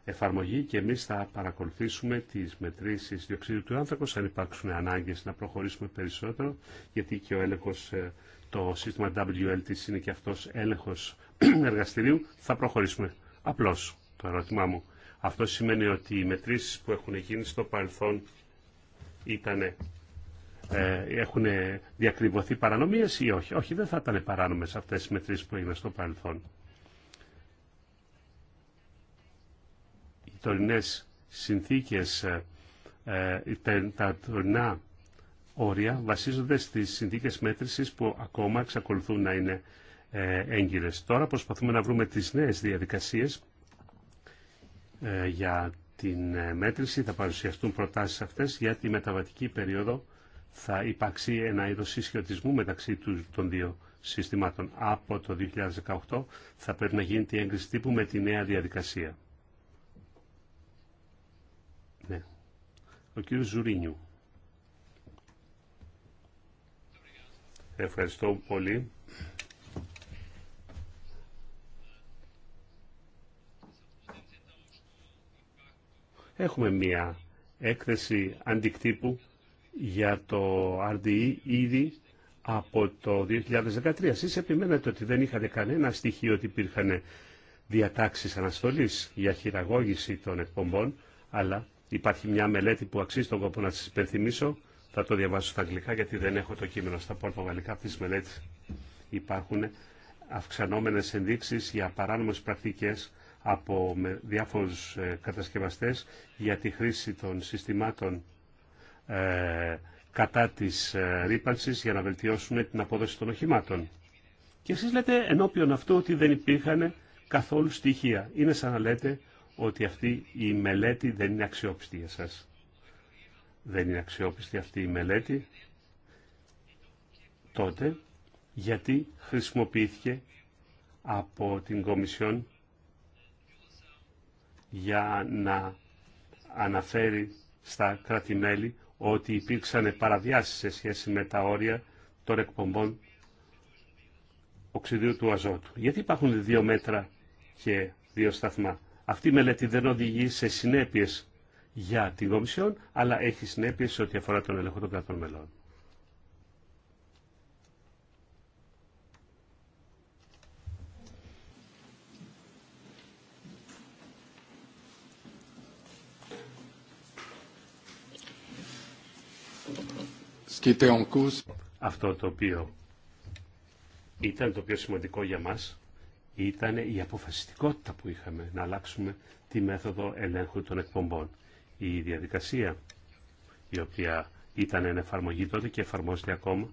εφαρμογή και εμεί θα παρακολουθήσουμε τι μετρήσει διοξιδίου του άνθρακο. αν υπάρξουν ανάγκε να προχωρήσουμε περισσότερο, γιατί και ο έλεγχος, ε, το σύστημα WLT είναι και αυτό έλεγχο εργαστηρίου, θα προχωρήσουμε. απλώ το ερώτημά μου. Αυτό σημαίνει ότι οι μετρήσεις που έχουν γίνει στο παρελθόν ήτανε, ε, έχουν διακριβωθεί παρανομίες ή όχι. Όχι, δεν θα ήταν παράνομες αυτές οι μετρήσεις που έγιναν στο παρελθόν. Οι τωρινές συνθήκες, ε, ε τα τωρινά όρια βασίζονται στις συνθήκες μέτρησης που ακόμα εξακολουθούν να είναι ε, έγκυρες. Τώρα προσπαθούμε να βρούμε τις νέες διαδικασίες ε, για την ε, μέτρηση, θα παρουσιαστούν προτάσεις αυτές για τη μεταβατική περίοδο θα υπάρξει ένα είδος ισχυωτισμού μεταξύ των δύο συστημάτων. Από το 2018 θα πρέπει να γίνεται η έγκριση τύπου με τη νέα διαδικασία. Ναι. Ο κύριος Ζουρίνιου. Ευχαριστώ πολύ. Έχουμε μια έκθεση αντικτύπου για το RDE ήδη από το 2013. Εσείς επιμένετε ότι δεν είχατε κανένα στοιχείο ότι υπήρχαν διατάξεις αναστολής για χειραγώγηση των εκπομπών, αλλά υπάρχει μια μελέτη που αξίζει τον κόπο να σας υπενθυμίσω. Θα το διαβάσω στα αγγλικά γιατί δεν έχω το κείμενο στα γαλλικά. αυτής της μελέτης. Υπάρχουν αυξανόμενες ενδείξεις για παράνομες πρακτικές από διάφορους ε, κατασκευαστές για τη χρήση των συστημάτων ε, κατά της ε, ρήπανσης για να βελτιώσουν την απόδοση των οχημάτων. Και εσείς λέτε ενώπιον αυτού ότι δεν υπήρχαν καθόλου στοιχεία. Είναι σαν να λέτε ότι αυτή η μελέτη δεν είναι αξιόπιστη για σας. Δεν είναι αξιόπιστη αυτή η μελέτη. Τότε γιατί χρησιμοποιήθηκε από την Κομισιόν για να αναφέρει στα κρατημέλη ότι υπήρξαν παραδιάσει σε σχέση με τα όρια των εκπομπών οξυδίου του αζότου. Γιατί υπάρχουν δύο μέτρα και δύο σταθμά. Αυτή η μελέτη δεν οδηγεί σε συνέπειες για την Κομισιόν, αλλά έχει συνέπειες ό,τι αφορά τον έλεγχο των κρατών μελών. Αυτό το οποίο ήταν το πιο σημαντικό για μας ήταν η αποφασιστικότητα που είχαμε να αλλάξουμε τη μέθοδο ελέγχου των εκπομπών. Η διαδικασία η οποία ήταν εν εφαρμογή τότε και εφαρμόζεται ακόμα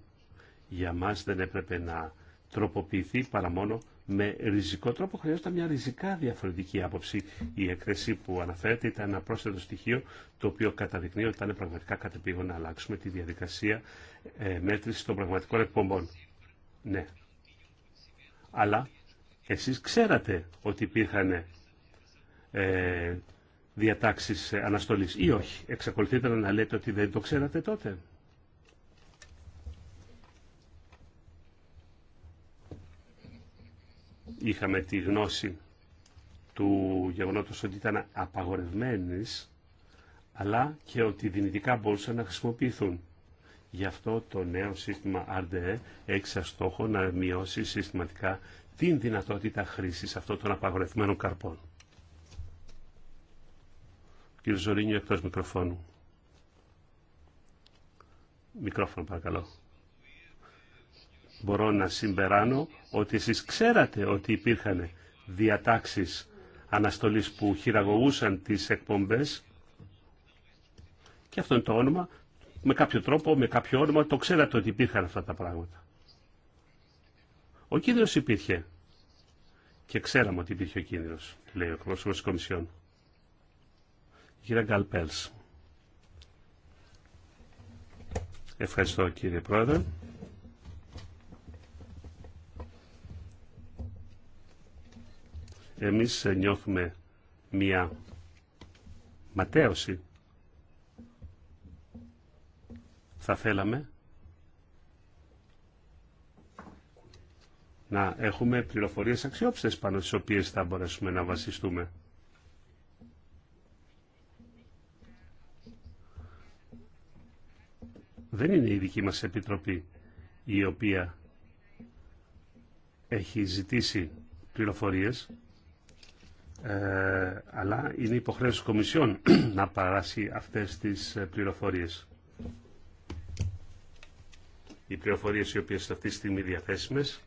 για μας δεν έπρεπε να τροποποιηθεί παρά μόνο με ριζικό τρόπο χρειάζεται μια ριζικά διαφορετική άποψη. Η έκθεση που αναφέρεται ήταν ένα πρόσθετο στοιχείο το οποίο καταδεικνύει ότι ήταν πραγματικά κατεπήγον να αλλάξουμε τη διαδικασία ε, μέτρηση των πραγματικών εκπομπών. Ναι. Αλλά εσείς ξέρατε ότι υπήρχαν ε, διατάξεις αναστολής ή όχι. Εξακολουθείτε να λέτε ότι δεν το ξέρατε τότε. είχαμε τη γνώση του γεγονότος ότι ήταν απαγορευμένες, αλλά και ότι δυνητικά μπορούσαν να χρησιμοποιηθούν. Γι' αυτό το νέο σύστημα RDE έχει σαν στόχο να μειώσει συστηματικά την δυνατότητα χρήσης αυτών των απαγορευμένων καρπών. Κύριε Ζωρίνιο, εκτός μικροφώνου. Μικρόφωνο παρακαλώ μπορώ να συμπεράνω ότι εσείς ξέρατε ότι υπήρχαν διατάξεις αναστολής που χειραγωγούσαν τις εκπομπές και αυτό είναι το όνομα. Με κάποιο τρόπο, με κάποιο όνομα το ξέρατε ότι υπήρχαν αυτά τα πράγματα. Ο κίνδυνος υπήρχε. Και ξέραμε ότι υπήρχε ο κίνδυνος, λέει ο εκπρόσωπος της Κομισιόν. Κύριε Γκαλπέλς. Ευχαριστώ κύριε Πρόεδρε. εμείς νιώθουμε μία ματέωση. Θα θέλαμε να έχουμε πληροφορίες αξιόπιστες πάνω στις οποίες θα μπορέσουμε να βασιστούμε. Δεν είναι η δική μας Επιτροπή η οποία έχει ζητήσει πληροφορίες ε, αλλά είναι υποχρέωση Κομισιόν να παράσει αυτές τις ε, πληροφορίες. Οι πληροφορίες οι οποίες αυτή τη στιγμή διαθέσιμες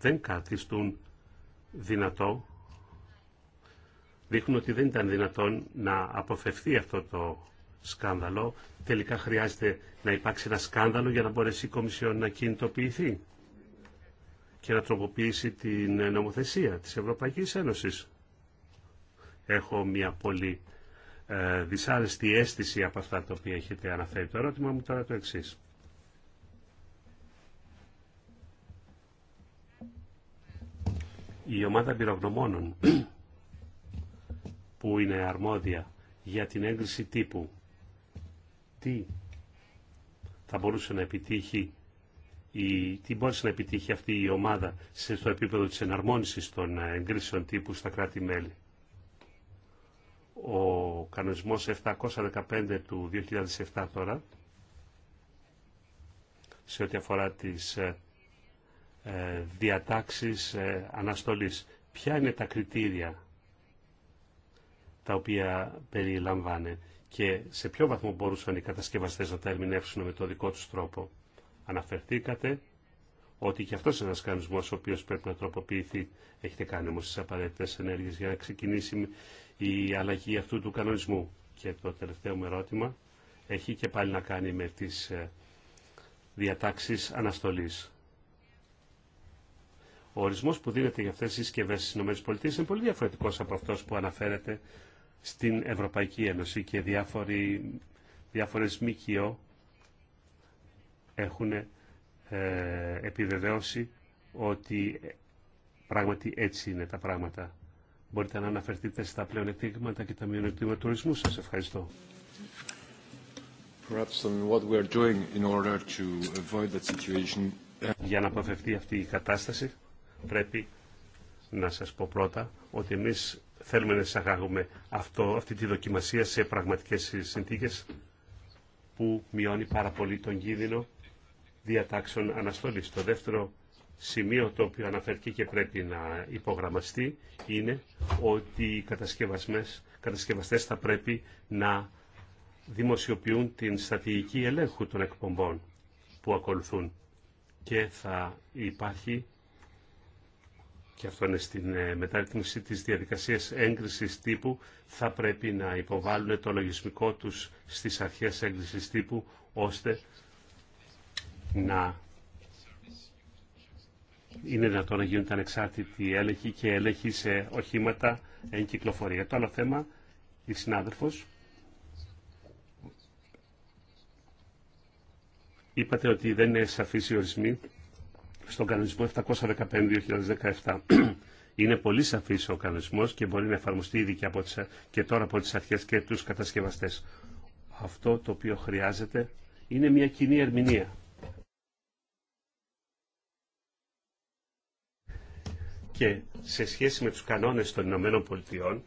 δεν καθιστούν δυνατό, δείχνουν ότι δεν ήταν δυνατόν να αποφευθεί αυτό το σκάνδαλο. Τελικά χρειάζεται να υπάρξει ένα σκάνδαλο για να μπορέσει η Κομισιόν να κινητοποιηθεί και να τροποποιήσει την νομοθεσία της Ευρωπαϊκής Ένωσης. Έχω μια πολύ ε, δυσάρεστη αίσθηση από αυτά τα οποία έχετε αναφέρει. Το ερώτημα μου τώρα το εξής. Η ομάδα πυρογνωμόνων που είναι αρμόδια για την έγκριση τύπου τι θα μπορούσε να επιτύχει η, τι μπόρεσε να επιτύχει αυτή η ομάδα σε στο επίπεδο της εναρμόνισης των ε, εγκρίσεων τύπου στα κράτη-μέλη. Ο κανονισμός 715 του 2007 τώρα, σε ό,τι αφορά τις ε, ε διατάξεις ε, αναστολής. Ποια είναι τα κριτήρια τα οποία περιλαμβάνε και σε ποιο βαθμό μπορούσαν οι κατασκευαστές να τα ερμηνεύσουν με το δικό τους τρόπο. Αναφερθήκατε ότι και αυτός είναι ένας κανονισμός ο οποίος πρέπει να τροποποιηθεί. Έχετε κάνει όμως τις απαραίτητες ενέργειες για να ξεκινήσει η αλλαγή αυτού του κανονισμού. Και το τελευταίο μου ερώτημα έχει και πάλι να κάνει με τις ε, διατάξεις αναστολής. Ο ορισμός που δίνεται για αυτές τις συσκευές στις ΗΠΑ είναι πολύ διαφορετικός από αυτός που αναφέρεται στην Ευρωπαϊκή Ένωση και διάφορε διάφορες ΜΚΟ έχουν ε, επιβεβαιώσει ότι ε, πράγματι έτσι είναι τα πράγματα. Μπορείτε να αναφερθείτε στα πλέον και τα μειονεκτήματα τουρισμού σας. Ευχαριστώ. Για να αποφευθεί αυτή η κατάσταση πρέπει να σας πω πρώτα ότι εμείς θέλουμε να εισαγάγουμε αυτό, αυτή τη δοκιμασία σε πραγματικές συνθήκες που μειώνει πάρα πολύ τον κίνδυνο διατάξεων αναστολής. Το δεύτερο σημείο το οποίο αναφέρθηκε και πρέπει να υπογραμμαστεί είναι ότι οι κατασκευαστές θα πρέπει να δημοσιοποιούν την στρατηγική ελέγχου των εκπομπών που ακολουθούν και θα υπάρχει και αυτό είναι στην ε, μεταρρύθμιση της διαδικασίας έγκρισης τύπου, θα πρέπει να υποβάλουν το λογισμικό τους στις αρχές έγκρισης τύπου, ώστε να είναι δυνατόν να γίνονται ανεξάρτητοι έλεγχοι και έλεγχοι σε οχήματα εν κυκλοφορία. Το άλλο θέμα, η συνάδελφος, είπατε ότι δεν είναι σαφής η ορισμοί στον κανονισμό 715-2017. Είναι πολύ σαφής ο κανονισμός και μπορεί να εφαρμοστεί ήδη και, και τώρα από τις αρχές και τους κατασκευαστές. Αυτό το οποίο χρειάζεται είναι μια κοινή ερμηνεία και σε σχέση με τους κανόνες των Ηνωμένων Πολιτειών,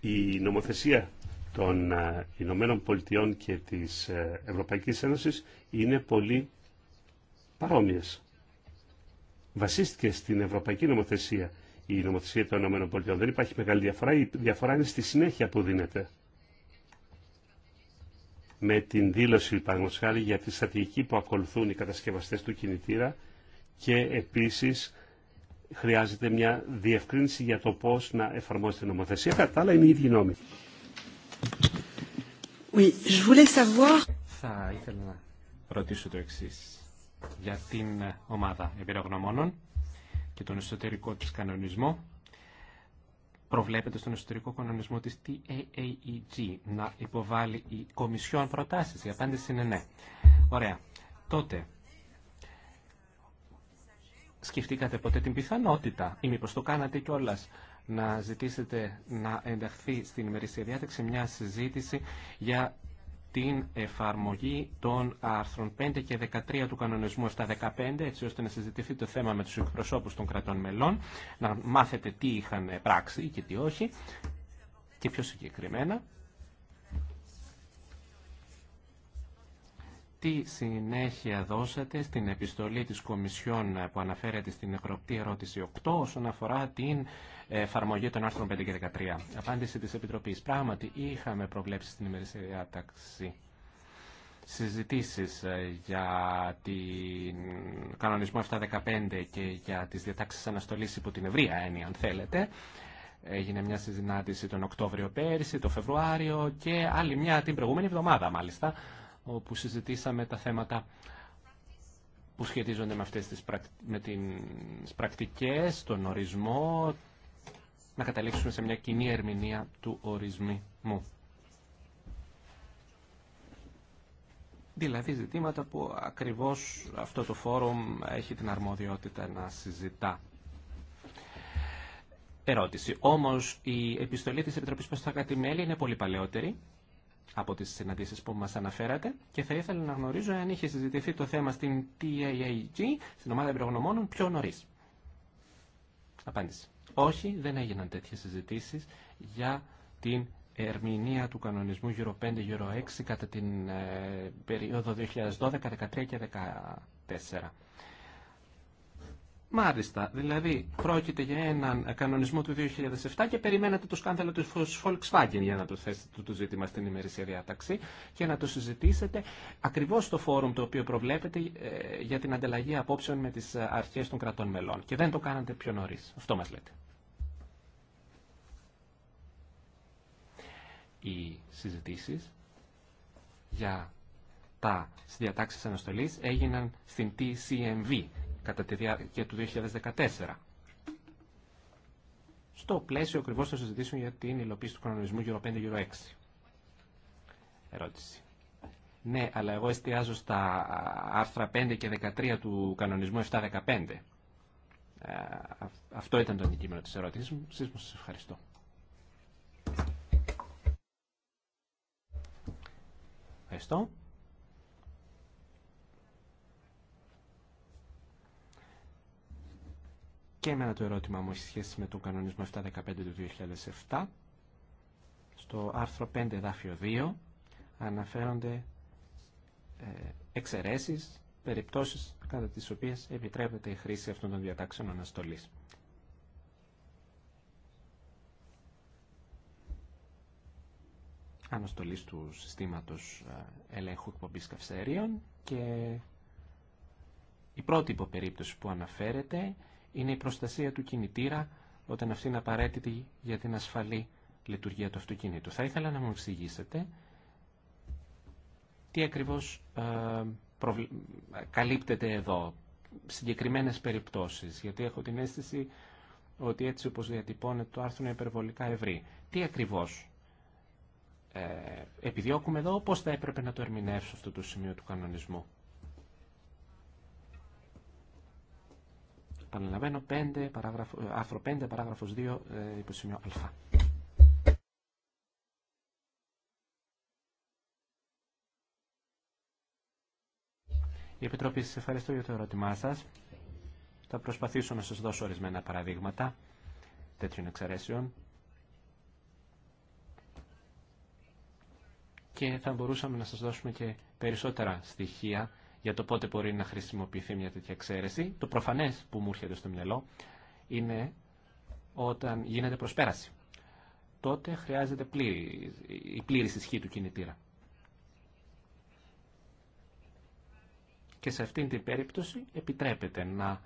η νομοθεσία των ε, Ηνωμένων Πολιτειών και της ε, Ευρωπαϊκής Ένωσης είναι πολύ παρόμοιες. Βασίστηκε στην Ευρωπαϊκή Νομοθεσία η νομοθεσία των Ηνωμένων Πολιτειών. Δεν υπάρχει μεγάλη διαφορά. Η διαφορά είναι στη συνέχεια που δίνεται. Με την δήλωση, παραδείγματος για τη στρατηγική που ακολουθούν οι κατασκευαστές του κινητήρα και επίσης χρειάζεται μια διευκρίνηση για το πώς να εφαρμόσει την νομοθεσία. Κατά άλλα είναι η ίδιοι νόμοι.
Oui, je voulais savoir... Θα ήθελα να ρωτήσω το εξή για την ομάδα εμπειρογνωμόνων και τον εσωτερικό της κανονισμό. Προβλέπεται στον εσωτερικό κανονισμό της TAAEG να υποβάλει η Κομισιόν προτάσεις. Η απάντηση είναι ναι. Ωραία. Τότε, σκεφτήκατε ποτέ την πιθανότητα ή μήπως το κάνατε κιόλα να ζητήσετε να ενταχθεί στην ημερήσια διάταξη μια συζήτηση για την εφαρμογή των άρθρων 5 και 13 του κανονισμού 715, έτσι ώστε να συζητηθεί το θέμα με τους εκπροσώπους των κρατών μελών, να μάθετε τι είχαν πράξει και τι όχι, και πιο συγκεκριμένα, τι συνέχεια δώσατε στην επιστολή της Κομισιόν που αναφέρεται στην νεκροπτή ερώτηση 8 όσον αφορά την εφαρμογή των άρθρων 5 και 13. Απάντηση της Επιτροπής. Πράγματι είχαμε προβλέψει στην ημερησία διάταξη συζητήσεις ε, για την κανονισμό 715 και για τις διατάξεις αναστολής υπό την ευρεία έννοια αν θέλετε. Έγινε μια συζητήση τον Οκτώβριο πέρυσι, το Φεβρουάριο και άλλη μια την προηγούμενη εβδομάδα μάλιστα όπου συζητήσαμε τα θέματα που σχετίζονται με αυτές τις με τις πρακτικές, τον ορισμό, να καταλήξουμε σε μια κοινή ερμηνεία του ορισμού. Δηλαδή ζητήματα που ακριβώς αυτό το φόρουμ έχει την αρμοδιότητα να συζητά. Ερώτηση. Όμως η επιστολή της Επιτροπής προς είναι πολύ παλαιότερη από τις συναντήσεις που μας αναφέρατε και θα ήθελα να γνωρίζω αν είχε συζητηθεί το θέμα στην TAAG, στην ομάδα εμπειρογνωμόνων, πιο νωρί. Απάντηση. Όχι, δεν έγιναν τέτοιες συζητήσεις για την ερμηνεία του κανονισμού γύρω 5, γύρω 6 κατά την ε, περίοδο 2012, 2013 και 2014. Μάλιστα, δηλαδή πρόκειται για έναν κανονισμό του 2007 και περιμένετε το σκάνδαλο του Volkswagen για να το θέσετε το ζήτημα στην ημερήσια διάταξη και να το συζητήσετε ακριβώς στο φόρουμ το οποίο προβλέπετε ε, για την ανταλλαγή απόψεων με τις ε, αρχές των κρατών μελών και δεν το κάνατε πιο νωρίς. Αυτό μας λέτε. Οι συζητήσει για τα διατάξει αναστολής έγιναν στην TCMV κατά τη διάρκεια του 2014. Στο πλαίσιο ακριβώ θα συζητήσουμε για την υλοποίηση του κανονισμού γυρω 5 6. Ερώτηση. Ναι, αλλά εγώ εστιάζω στα άρθρα 5 και 13 του κανονισμού 7 7-15. Ε, αυτό ήταν το αντικείμενο της ερώτησης μου. Σας ευχαριστώ. Ευχαριστώ. και εμένα το ερώτημα μου έχει σχέση με τον κανονισμό 715 του 2007. Στο άρθρο 5 δάφιο 2 αναφέρονται ε, εξαιρέσεις, περιπτώσεις κατά τις οποίες επιτρέπεται η χρήση αυτών των διατάξεων αναστολής. Αναστολής του συστήματος ε, ελέγχου εκπομπής καυσαερίων και η πρώτη περίπτωση που αναφέρεται είναι η προστασία του κινητήρα όταν αυτή είναι απαραίτητη για την ασφαλή λειτουργία του αυτοκίνητου. Θα ήθελα να μου εξηγήσετε τι ακριβώς ε, καλύπτεται εδώ, συγκεκριμένες περιπτώσεις, γιατί έχω την αίσθηση ότι έτσι όπως διατυπώνεται το άρθρο είναι υπερβολικά ευρύ. Τι ακριβώς ε, επιδιώκουμε εδώ, πώς θα έπρεπε να το ερμηνεύσω αυτό το σημείο του κανονισμού. Παναλαμβάνω, άρθρο 5, παράγραφος 2, ε, υποσημείο α. Η Επιτροπή σας ευχαριστώ για το ερώτημά σας. Θα προσπαθήσω να σας δώσω ορισμένα παραδείγματα τέτοιων εξαιρέσεων. Και θα μπορούσαμε να σας δώσουμε και περισσότερα στοιχεία για το πότε μπορεί να χρησιμοποιηθεί μια τέτοια εξαίρεση. Το προφανές που μου έρχεται στο μυαλό είναι όταν γίνεται προσπέραση. Τότε χρειάζεται πλήρη, η πλήρης ισχύ του κινητήρα. Και σε αυτήν την περίπτωση επιτρέπεται να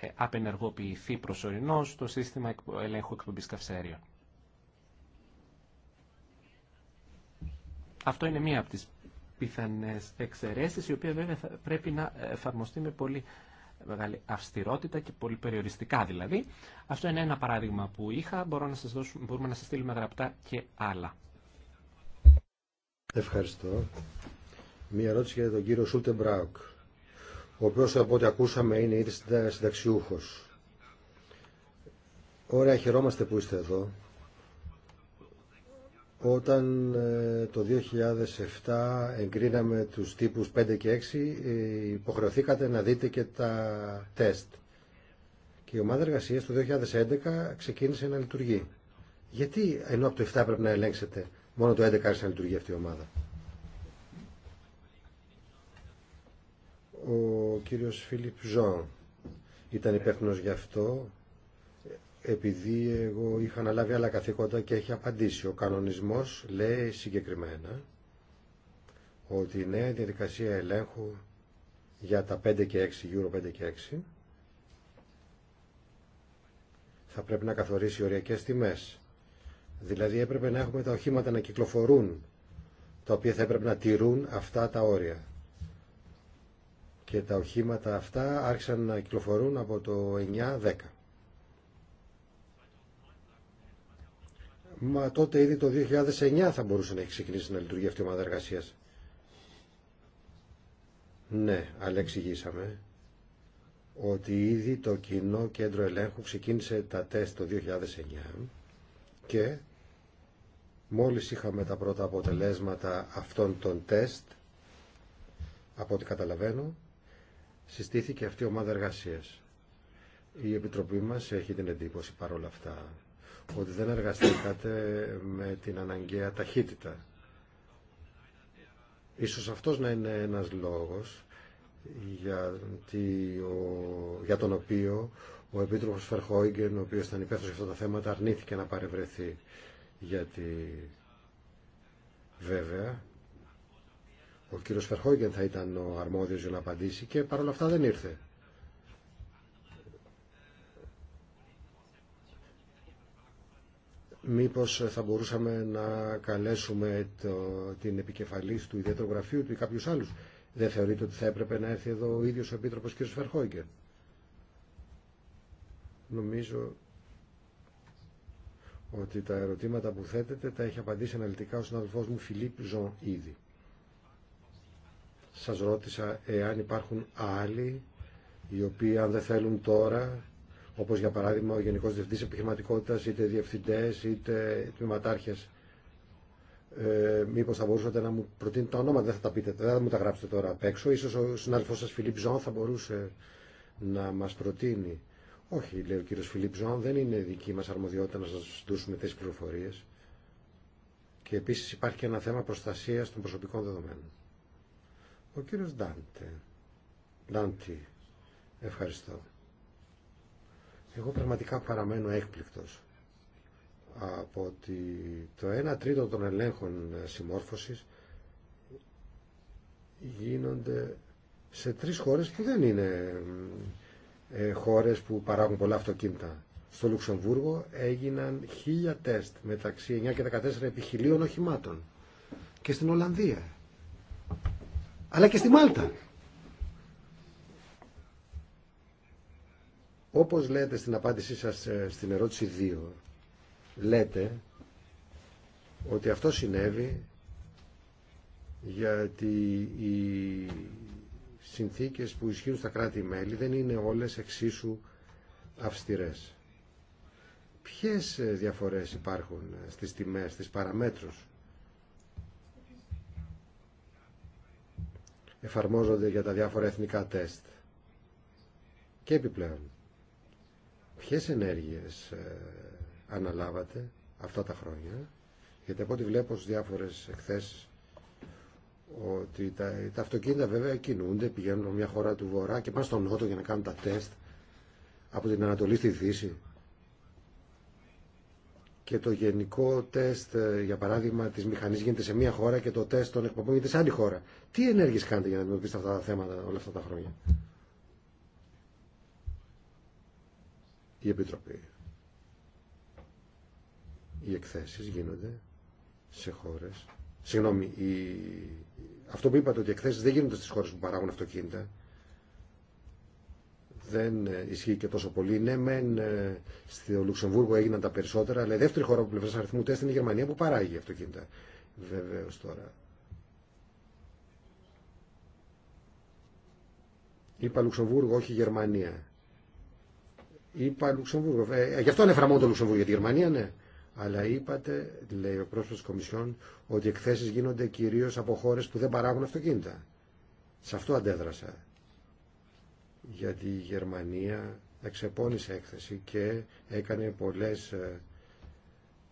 ε, απενεργοποιηθεί προσωρινώς το σύστημα ελέγχου εκπομπής καυσαέριων. Αυτό είναι μία από τις πιθανές εξαιρέσεις, οι οποία βέβαια πρέπει να εφαρμοστεί με πολύ μεγάλη αυστηρότητα και πολύ περιοριστικά δηλαδή. Αυτό είναι ένα παράδειγμα που είχα, Μπορώ να σας δώσουμε, μπορούμε να σας στείλουμε γραπτά και άλλα.
Ευχαριστώ. Μία ερώτηση για τον κύριο Σούλτε Μπράουκ, ο οποίος από ό,τι ακούσαμε είναι ήδη συνταξιούχος. Ωραία, χαιρόμαστε που είστε εδώ. Όταν ε, το 2007 εγκρίναμε τους τύπους 5 και 6, ε, υποχρεωθήκατε να δείτε και τα τεστ. Και η ομάδα εργασία το 2011 ξεκίνησε να λειτουργεί. Γιατί ενώ από το 7 πρέπει να ελέγξετε, μόνο το 11 άρχισε να λειτουργεί αυτή η ομάδα. Ο κύριος Φίλιπ Ζων ήταν υπεύθυνο γι' αυτό επειδή εγώ είχα αναλάβει άλλα καθήκοντα και έχει απαντήσει. Ο κανονισμός λέει συγκεκριμένα ότι η νέα διαδικασία ελέγχου για τα 5 και 6, γύρω 5 και 6, θα πρέπει να καθορίσει οριακές τιμές. Δηλαδή έπρεπε να έχουμε τα οχήματα να κυκλοφορούν, τα οποία θα έπρεπε να τηρούν αυτά τα όρια. Και τα οχήματα αυτά άρχισαν να κυκλοφορούν από το 9-10. Μα τότε ήδη το 2009 θα μπορούσε να έχει ξεκινήσει να λειτουργεί αυτή η ομάδα εργασία. Ναι, αλλά εξηγήσαμε ότι ήδη το κοινό κέντρο ελέγχου ξεκίνησε τα τεστ το 2009 και μόλις είχαμε τα πρώτα αποτελέσματα αυτών των τεστ από ό,τι καταλαβαίνω συστήθηκε αυτή η ομάδα εργασίας. Η Επιτροπή μας έχει την εντύπωση παρόλα αυτά ότι δεν εργαστήκατε με την αναγκαία ταχύτητα. Ίσως αυτός να είναι ένας λόγος γιατί ο, για τον οποίο ο Επίτροπος Φερχόγγεν, ο οποίος ήταν υπεύθυνος για αυτά τα θέματα, αρνήθηκε να παρευρεθεί. Γιατί βέβαια ο κύριος Φερχόγγεν θα ήταν ο αρμόδιος για να απαντήσει και παρόλα αυτά δεν ήρθε. μήπως θα μπορούσαμε να καλέσουμε την επικεφαλής του ιδιαίτερου γραφείου του ή κάποιους άλλους. Δεν θεωρείτε ότι θα έπρεπε να έρθει εδώ ο ίδιος ο Επίτροπος κ. Φερχόγκερ. Νομίζω ότι τα ερωτήματα που θέτετε τα έχει απαντήσει αναλυτικά ο συναδελφός μου Φιλίπ Ζων ήδη. Σας ρώτησα εάν υπάρχουν άλλοι οι οποίοι αν δεν θέλουν τώρα όπως για παράδειγμα ο Γενικός Διευθυντής Επιχειρηματικότητας, είτε διευθυντές, είτε τμήματάρχες. Ε, μήπως θα μπορούσατε να μου προτείνετε τα ονόματα, δεν θα τα πείτε, δεν θα μου τα γράψετε τώρα απ' έξω. Ίσως ο συνάδελφός σας Φιλίπ Ζων θα μπορούσε να μας προτείνει. Όχι, λέει ο κύριος Φιλίπ Ζων, δεν είναι δική μας αρμοδιότητα να σας δώσουμε τέτοιες πληροφορίες. Και επίσης υπάρχει και ένα θέμα προστασίας των προσωπικών δεδομένων. Ο κύριος Ντάντε. Ντάντι. Ευχαριστώ. Εγώ πραγματικά παραμένω έκπληκτος από ότι το 1 τρίτο των ελέγχων συμμόρφωσης γίνονται σε τρεις χώρες που δεν είναι ε, χώρες που παράγουν πολλά αυτοκίνητα. Στο Λουξεμβούργο έγιναν χίλια τεστ μεταξύ 9 και 14 επιχειλίων οχημάτων και στην Ολλανδία αλλά και στη Μάλτα Όπως λέτε στην απάντησή σας ε, στην ερώτηση 2, λέτε ότι αυτό συνέβη γιατί οι συνθήκες που ισχύουν στα κράτη-μέλη δεν είναι όλες εξίσου αυστηρές. Ποιες ε, διαφορές υπάρχουν ε, στις τιμές, στις παραμέτρους. Εφαρμόζονται για τα διάφορα εθνικά τεστ. Και επιπλέον ποιες ενέργειες ε, αναλάβατε αυτά τα χρόνια γιατί από ό,τι βλέπω στις διάφορες εκθέσεις ότι τα, τα αυτοκίνητα βέβαια κινούνται, πηγαίνουν μια χώρα του βορρά και πάνε στον νότο για να κάνουν τα τεστ από την Ανατολή στη Δύση. Και το γενικό τεστ, ε, για παράδειγμα, τη μηχανή γίνεται σε μία χώρα και το τεστ των εκπομπών γίνεται σε άλλη χώρα. Τι ενέργειε κάνετε για να αντιμετωπίσετε αυτά τα θέματα όλα αυτά τα χρόνια. η Επιτροπή. Οι εκθέσεις γίνονται σε χώρες... Συγγνώμη, η... αυτό που είπατε ότι οι εκθέσεις δεν γίνονται στις χώρες που παράγουν αυτοκίνητα δεν ε, ισχύει και τόσο πολύ. Ναι, μεν ε, στο Λουξεμβούργο έγιναν τα περισσότερα, αλλά η δεύτερη χώρα που πλευρά αριθμού τεστ είναι η Γερμανία που παράγει αυτοκίνητα. Βεβαίω τώρα. Είπα Λουξεμβούργο, όχι Γερμανία. Είπα Λουξεμβούργο. Ε, ε, γι' αυτό ανέφερα μόνο το Λουξεμβούργο, για τη Γερμανία, ναι. Αλλά είπατε, λέει ο πρόσωπο τη Κομισιόν, ότι εκθέσει γίνονται κυρίω από χώρε που δεν παράγουν αυτοκίνητα. Σε αυτό αντέδρασα. Γιατί η Γερμανία εξεπώνησε έκθεση και έκανε πολλές, ε,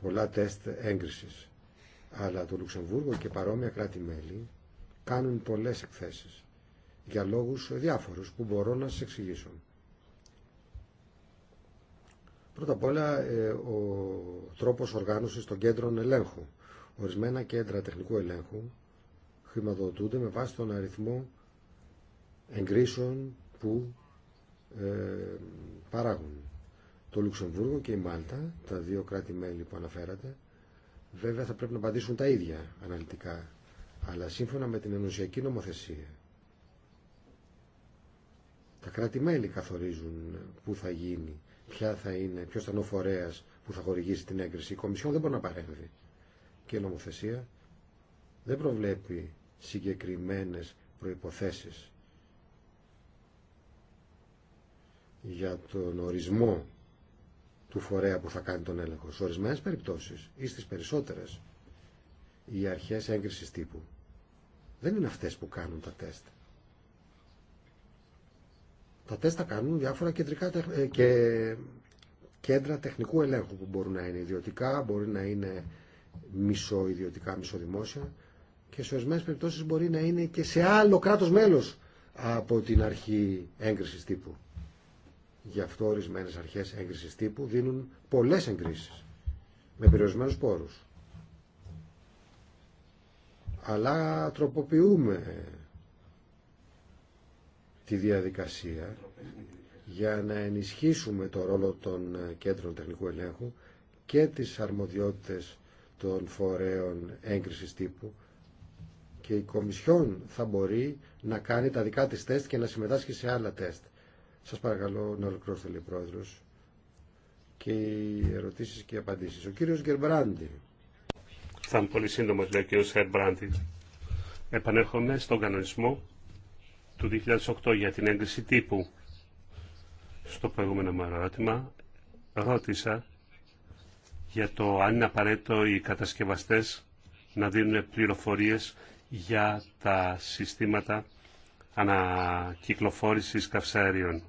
πολλά τεστ έγκρισης. Αλλά το Λουξεμβούργο και παρόμοια κράτη-μέλη κάνουν πολλές εκθέσεις για λόγους διάφορους που μπορώ να σας εξηγήσω. Πρώτα απ' όλα ε, ο τρόπος οργάνωσης των κέντρων ελέγχου. Ορισμένα κέντρα τεχνικού ελέγχου χρηματοδοτούνται με βάση τον αριθμό εγκρίσεων που ε, παράγουν. Το Λουξεμβούργο και η Μάλτα, τα δύο κράτη-μέλη που αναφέρατε, βέβαια θα πρέπει να απαντήσουν τα ίδια αναλυτικά, αλλά σύμφωνα με την ενωσιακή νομοθεσία. Τα κράτη-μέλη καθορίζουν πού θα γίνει ποια θα είναι, ποιος θα είναι ο φορέας που θα χορηγήσει την έγκριση. Η Κομισιόν δεν μπορεί να παρέμβει. Και η νομοθεσία δεν προβλέπει συγκεκριμένες προϋποθέσεις για τον ορισμό του φορέα που θα κάνει τον έλεγχο. Σε ορισμένε περιπτώσεις ή στι περισσότερες οι αρχές έγκρισης τύπου δεν είναι αυτές που κάνουν τα τεστ. Τα τεστ τα κάνουν διάφορα κεντρικά ε, και κέντρα τεχνικού ελέγχου που μπορούν να είναι ιδιωτικά, μπορεί να είναι μισοϊδιωτικά, μισοδημόσια και σε ορισμένε περιπτώσει μπορεί να είναι και σε άλλο κράτο μέλο από την αρχή έγκριση τύπου. Γι' αυτό ορισμένε αρχέ έγκριση τύπου δίνουν πολλέ εγκρίσει με περιορισμένου πόρου. Αλλά τροποποιούμε διαδικασία για να ενισχύσουμε το ρόλο των κέντρων τεχνικού ελέγχου και τις αρμοδιότητες των φορέων έγκρισης τύπου και η Κομισιόν θα μπορεί να κάνει τα δικά της τεστ και να συμμετάσχει σε άλλα τεστ. Σας παρακαλώ να
ολοκληρώσετε λέει Πρόεδρος και οι ερωτήσεις και οι απαντήσεις. Ο κύριος Γερμπράντη. Θα είμαι πολύ σύντομος λέει ο κύριος Γερμπράντη. Επανέρχομαι στον κανονισμό του 2008 για την έγκριση τύπου. Στο προηγούμενο μου ερώτημα ρώτησα για το αν είναι απαραίτητο οι κατασκευαστές να δίνουν πληροφορίες για τα συστήματα ανακυκλοφόρησης καυσαέριων.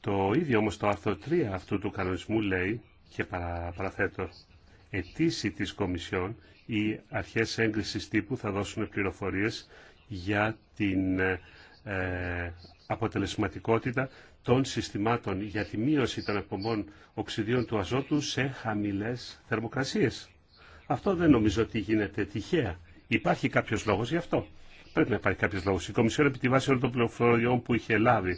Το ίδιο όμως το άρθρο 3 αυτού του κανονισμού λέει και παραθέτω ετήσει της Κομισιόν οι αρχές έγκρισης τύπου θα δώσουν πληροφορίες για την ε, αποτελεσματικότητα των συστημάτων για τη μείωση των εκπομπών οξυδίων του αζότου σε χαμηλές θερμοκρασίες. Αυτό δεν νομίζω ότι γίνεται τυχαία. Υπάρχει κάποιος λόγος γι' αυτό. Πρέπει να υπάρχει κάποιος λόγος. Η Κομισιόν επί τη βάση όλων των πληροφοριών που είχε λάβει,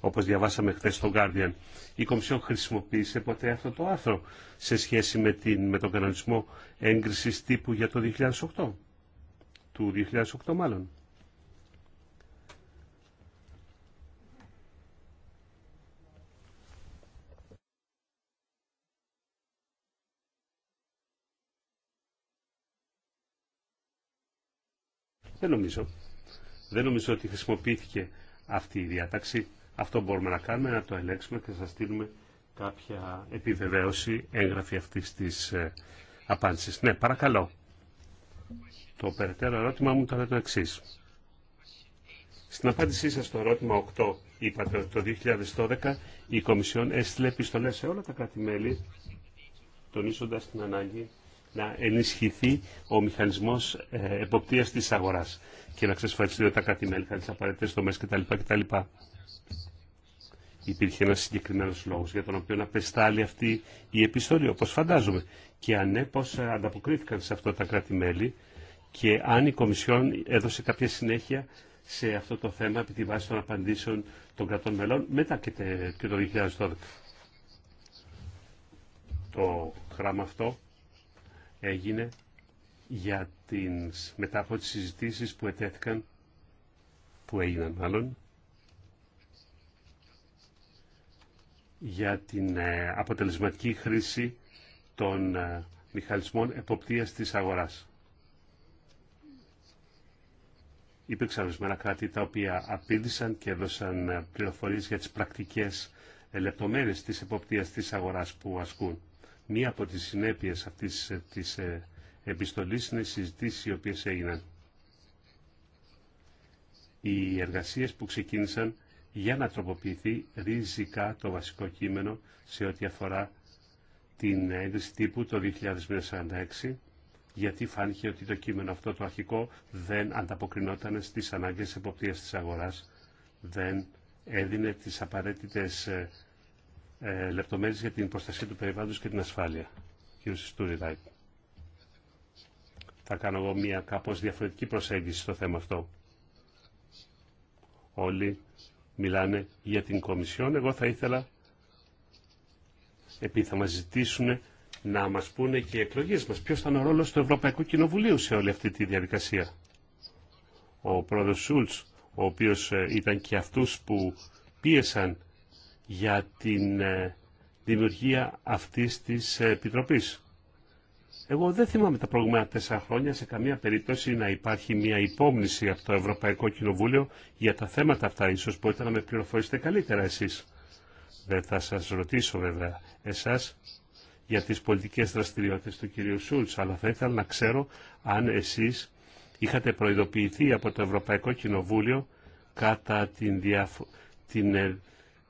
όπως διαβάσαμε χθε στο Guardian, η Κομισιόν χρησιμοποίησε ποτέ αυτό το άρθρο σε σχέση με, την, με τον κανονισμό έγκρισης τύπου για το 2008. Του 2008 μάλλον. Δεν νομίζω. Δεν νομίζω ότι χρησιμοποιήθηκε αυτή η διάταξη. Αυτό μπορούμε να κάνουμε, να το ελέγξουμε και σας στείλουμε κάποια επιβεβαίωση έγγραφη αυτής της ε, απάντηση. Ναι, παρακαλώ. Το περαιτέρω ερώτημα μου ήταν το εξή. Στην απάντησή σας στο ερώτημα 8 είπατε ότι το 2012 η Κομισιόν έστειλε επιστολές σε όλα τα κράτη-μέλη τονίζοντας την ανάγκη να ενισχυθεί ο μηχανισμός ε, εποπτείας της αγοράς και να εξασφαλιστεί ότι τα κράτη-μέλη θα τις απαραίτητες κτλ. κτλ. Υπήρχε ένα συγκεκριμένο λόγο για τον οποίο να απεστάλλει αυτή η επιστολή, όπω φαντάζομαι. Και αν ναι πώ ανταποκρίθηκαν σε αυτό τα κράτη-μέλη και αν η Κομισιόν έδωσε κάποια συνέχεια σε αυτό το θέμα επί τη βάση των απαντήσεων των κρατών μελών μετά και το 2012. Το γράμμα αυτό έγινε για την, μετά από τις συζητήσεις που ετέθηκαν, που έγιναν μάλλον, για την ε, αποτελεσματική χρήση των ε, μηχανισμών εποπτείας της αγοράς. Υπήρξαν ορισμένα κράτη τα οποία απίδησαν και έδωσαν ε, πληροφορίες για τις πρακτικές λεπτομέρειες της εποπτείας της αγοράς που ασκούν. Μία από τις συνέπειες αυτής ε, της ε, επιστολής είναι οι συζητήσεις οι οποίες έγιναν. Οι εργασίες που ξεκίνησαν για να τροποποιηθεί ριζικά το βασικό κείμενο σε ό,τι αφορά την ένδυση τύπου το 2046, γιατί φάνηκε ότι το κείμενο αυτό το αρχικό δεν ανταποκρινόταν στις ανάγκες εποπτείας της αγοράς, δεν έδινε τις απαραίτητες ε, ε, λεπτομέρειες για την προστασία του περιβάλλοντος και την ασφάλεια. Κύριο Στουριδάκη. θα κάνω εγώ μια κάπως διαφορετική προσέγγιση στο θέμα αυτό. Όλοι μιλάνε για την Κομισιόν. Εγώ θα ήθελα, επειδή θα μας ζητήσουν να μας πούνε και οι εκλογές μας, ποιος ήταν ο ρόλος του Ευρωπαϊκού Κοινοβουλίου σε όλη αυτή τη διαδικασία. Ο πρόεδρος Σούλτς, ο οποίος ε, ήταν και αυτούς που πίεσαν για την ε, δημιουργία αυτής της ε, Επιτροπής. Εγώ δεν θυμάμαι τα προηγούμενα τέσσερα χρόνια σε καμία περίπτωση να υπάρχει μια υπόμνηση από το Ευρωπαϊκό Κοινοβούλιο για τα θέματα αυτά. Ίσως μπορείτε να με πληροφορήσετε καλύτερα εσείς. Δεν θα σας ρωτήσω βέβαια εσάς για τις πολιτικές δραστηριότητες του κυρίου Σούλτς, αλλά θα ήθελα να ξέρω αν εσείς είχατε προειδοποιηθεί από το Ευρωπαϊκό Κοινοβούλιο κατά την, την ε,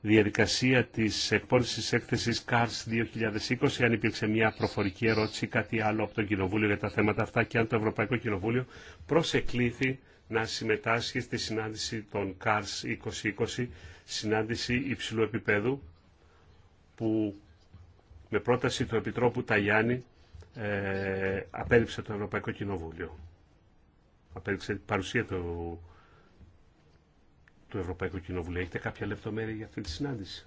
διαδικασία της εκπόνησης έκθεσης CARS 2020, αν υπήρξε μια προφορική ερώτηση ή κάτι άλλο από το Κοινοβούλιο για τα θέματα αυτά και αν το Ευρωπαϊκό Κοινοβούλιο προσεκλήθη να συμμετάσχει στη συνάντηση των CARS 2020, συνάντηση υψηλού επίπεδου, που με πρόταση του Επιτρόπου Ταγιάννη ε, απέριψε το Ευρωπαϊκό Κοινοβούλιο. Απέριψε την παρουσία του του Ευρωπαϊκού Κοινοβουλίου. Έχετε κάποια λεπτομέρεια για αυτή τη συνάντηση.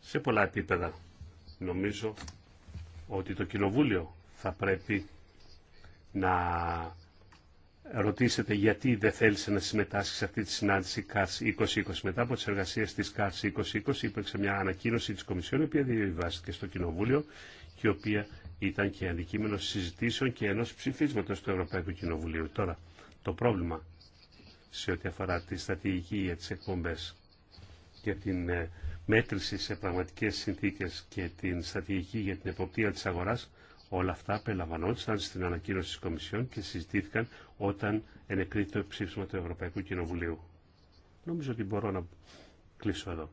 σε πολλά επίπεδα. Νομίζω ότι το Κοινοβούλιο θα πρέπει να ρωτήσετε γιατί δεν θέλησε να συμμετάσχει σε αυτή τη συνάντηση ΚΑΣ 2020. Μετά από τις εργασίες της ΚΑΡΣ 2020 υπήρξε μια ανακοίνωση της Κομισιόν, η οποία διαβιβάστηκε στο Κοινοβούλιο και η οποία ήταν και αντικείμενο συζητήσεων και ενός ψηφίσματος του Ευρωπαϊκού Κοινοβουλίου. Τώρα, το πρόβλημα σε ό,τι αφορά τη στρατηγική για τις εκπομπές και την ε, μέτρηση σε πραγματικές συνθήκες και την στρατηγική για την εποπτεία της αγοράς Όλα αυτά περιλαμβανόντουσαν στην ανακοίνωση της Κομισιόν και συζητήθηκαν όταν ενεκρίθηκε το ψήφισμα του Ευρωπαϊκού Κοινοβουλίου. Νομίζω ότι μπορώ να κλείσω εδώ.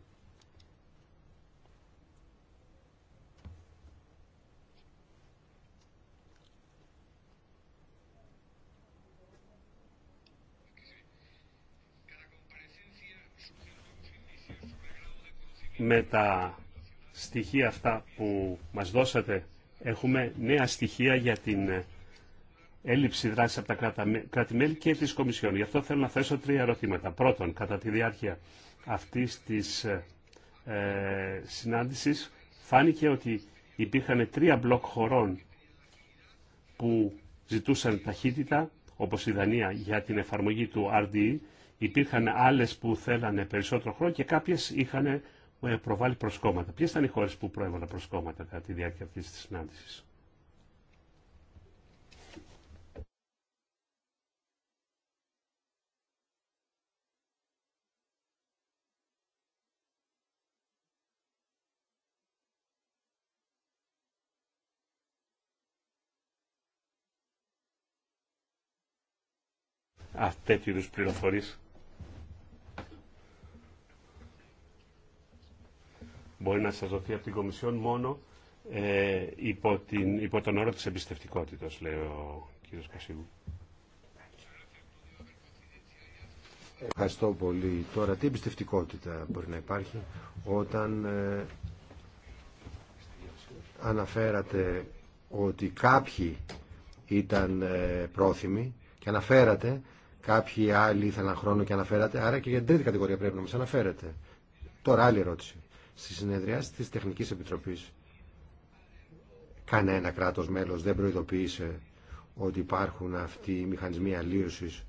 με τα στοιχεία αυτά που μας δώσατε έχουμε νέα στοιχεία για την ε, έλλειψη δράση από τα κράτη-μέλη και της Κομισιόν. Γι' αυτό θέλω να θέσω τρία ερωτήματα. Πρώτον, κατά τη διάρκεια αυτής της ε, ε συνάντησης φάνηκε ότι υπήρχαν τρία μπλοκ χωρών που ζητούσαν ταχύτητα, όπως η Δανία, για την εφαρμογή του RDE. Υπήρχαν άλλες που θέλανε περισσότερο χρόνο και κάποιες είχαν ε, προβάλλει προσκόμματα. Ποιε ήταν οι χώρε που προέβαλαν προσκόμματα κατά τη διάρκεια αυτή τη συνάντησης. Α, τέτοιου είδου πληροφορίε μπορεί να σας δοθεί από την Κομισιόν μόνο ε, υπό, την, τον όρο της εμπιστευτικότητας, λέει ο κ. Κασίγου.
Ευχαριστώ πολύ. Τώρα, τι εμπιστευτικότητα μπορεί να υπάρχει όταν ε, αναφέρατε ότι κάποιοι ήταν ε, πρόθυμοι και αναφέρατε, κάποιοι άλλοι ήθελαν χρόνο και αναφέρατε, άρα και για την τρίτη κατηγορία πρέπει να μας αναφέρετε. Τώρα άλλη ερώτηση. Στη συνεδριάση της Τεχνικής Επιτροπής κανένα κράτος μέλος δεν προειδοποίησε ότι υπάρχουν αυτοί οι μηχανισμοί αλλίωσης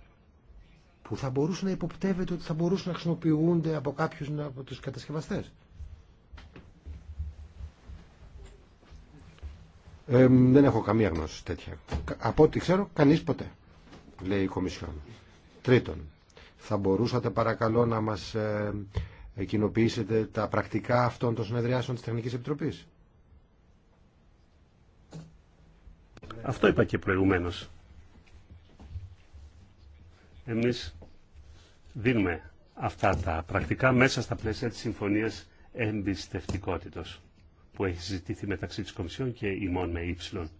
που θα μπορούσε να υποπτεύεται ότι θα μπορούσαν να χρησιμοποιούνται από κάποιους από τους κατασκευαστές. δεν έχω καμία γνώση τέτοια. Από ό,τι ξέρω, κανείς ποτέ, λέει η Κομισιόν. Τρίτον, θα μπορούσατε παρακαλώ να μας ε, κοινοποιήσετε τα πρακτικά αυτών των συνεδριάσεων της Τεχνικής Επιτροπής.
Αυτό είπα και προηγουμένως. Εμείς δίνουμε αυτά τα πρακτικά μέσα στα πλαίσια της Συμφωνίας Εμπιστευτικότητος που έχει συζητήθει μεταξύ της Κομισιόν και ημών με ύψιλον.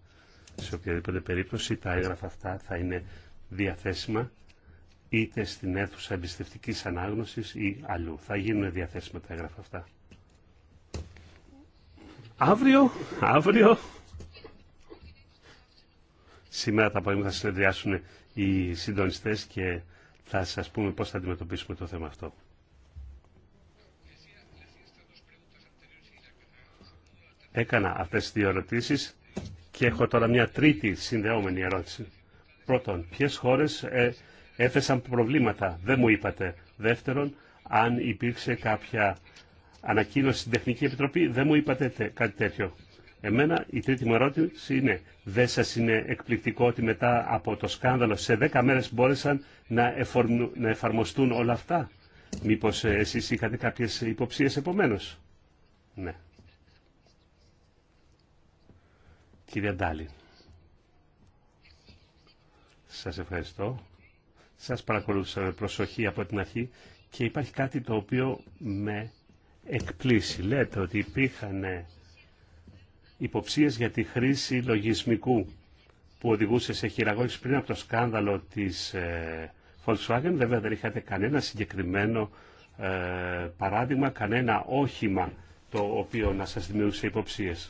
Σε οποιαδήποτε περίπτωση τα έγγραφα αυτά θα είναι διαθέσιμα είτε στην αίθουσα εμπιστευτική ανάγνωσης ή αλλού. Θα γίνουν διαθέσιμα τα έγγραφα αυτά. Αύριο, αύριο, σήμερα τα μου θα συνεδριάσουν οι συντονιστέ και θα σα πούμε πώς θα αντιμετωπίσουμε το θέμα αυτό. Έκανα αυτές τις δύο ερωτήσεις και έχω τώρα μια τρίτη συνδεόμενη ερώτηση. Πρώτον, ποιες χώρες ε, έθεσαν προβλήματα. Δεν μου είπατε. Δεύτερον, αν υπήρξε κάποια ανακοίνωση στην Τεχνική Επιτροπή, δεν μου είπατε κάτι τέτοιο. Εμένα η τρίτη μου ερώτηση είναι, δεν σας είναι εκπληκτικό ότι μετά από το σκάνδαλο σε δέκα μέρες μπόρεσαν να, να εφαρμοστούν όλα αυτά. Μήπως ε, εσείς είχατε κάποιες υποψίες επομένως. Ναι. Κύριε Ντάλη. Σας ευχαριστώ. Σας παρακολούθησα με προσοχή από την αρχή και υπάρχει κάτι το οποίο με εκπλήσει. Λέτε ότι υπήρχαν υποψίες για τη χρήση λογισμικού που οδηγούσε σε χειραγώγηση πριν από το σκάνδαλο της ε, Volkswagen. Βέβαια δεν είχατε κανένα συγκεκριμένο ε, παράδειγμα, κανένα όχημα το οποίο να σας δημιούργησε υποψίες.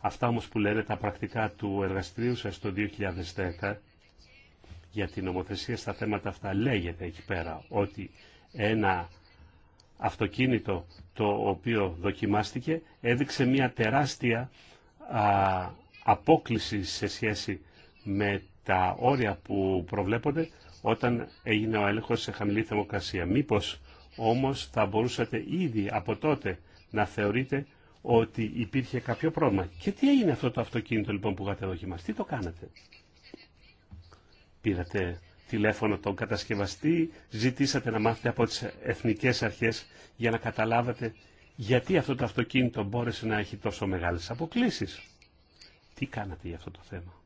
Αυτά όμως που λένε τα πρακτικά του εργαστηρίου σας το 2010 για την νομοθεσία στα θέματα αυτά λέγεται εκεί πέρα ότι ένα αυτοκίνητο το οποίο δοκιμάστηκε έδειξε μια τεράστια α, απόκληση σε σχέση με τα όρια που προβλέπονται όταν έγινε ο έλεγχος σε χαμηλή θερμοκρασία. Μήπως όμως θα μπορούσατε ήδη από τότε να θεωρείτε ότι υπήρχε κάποιο πρόβλημα. Και τι έγινε αυτό το αυτοκίνητο λοιπόν που είχατε δοκιμάσει, τι το κάνατε πήρατε τηλέφωνο τον κατασκευαστή, ζητήσατε να μάθετε από τις εθνικές αρχές για να καταλάβετε γιατί αυτό το αυτοκίνητο μπόρεσε να έχει τόσο μεγάλες αποκλήσεις. Τι κάνατε για αυτό το θέμα.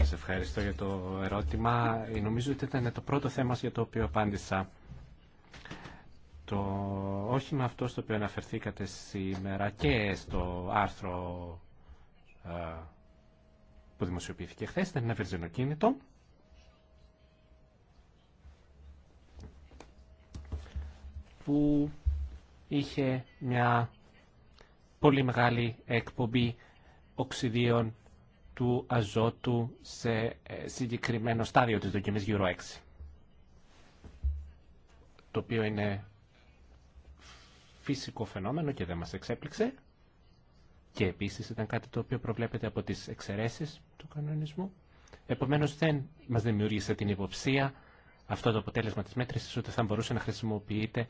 Σας ευχαριστώ για
το ερώτημα. Ε, νομίζω ότι ήταν το πρώτο θέμα για το οποίο απάντησα το με αυτό στο οποίο αναφερθήκατε σήμερα και στο άρθρο ε, που δημοσιοποιήθηκε χθε ήταν ένα βερζινοκίνητο. που είχε μια πολύ μεγάλη εκπομπή οξυδίων του αζότου σε ε, συγκεκριμένο στάδιο της δοκιμής Euro 6 το οποίο είναι φυσικό φαινόμενο και δεν μας εξέπληξε. Και επίσης ήταν κάτι το οποίο προβλέπεται από τις εξαιρέσεις του κανονισμού. Επομένως δεν μας δημιούργησε την υποψία αυτό το αποτέλεσμα της μέτρησης ούτε θα μπορούσε να χρησιμοποιείται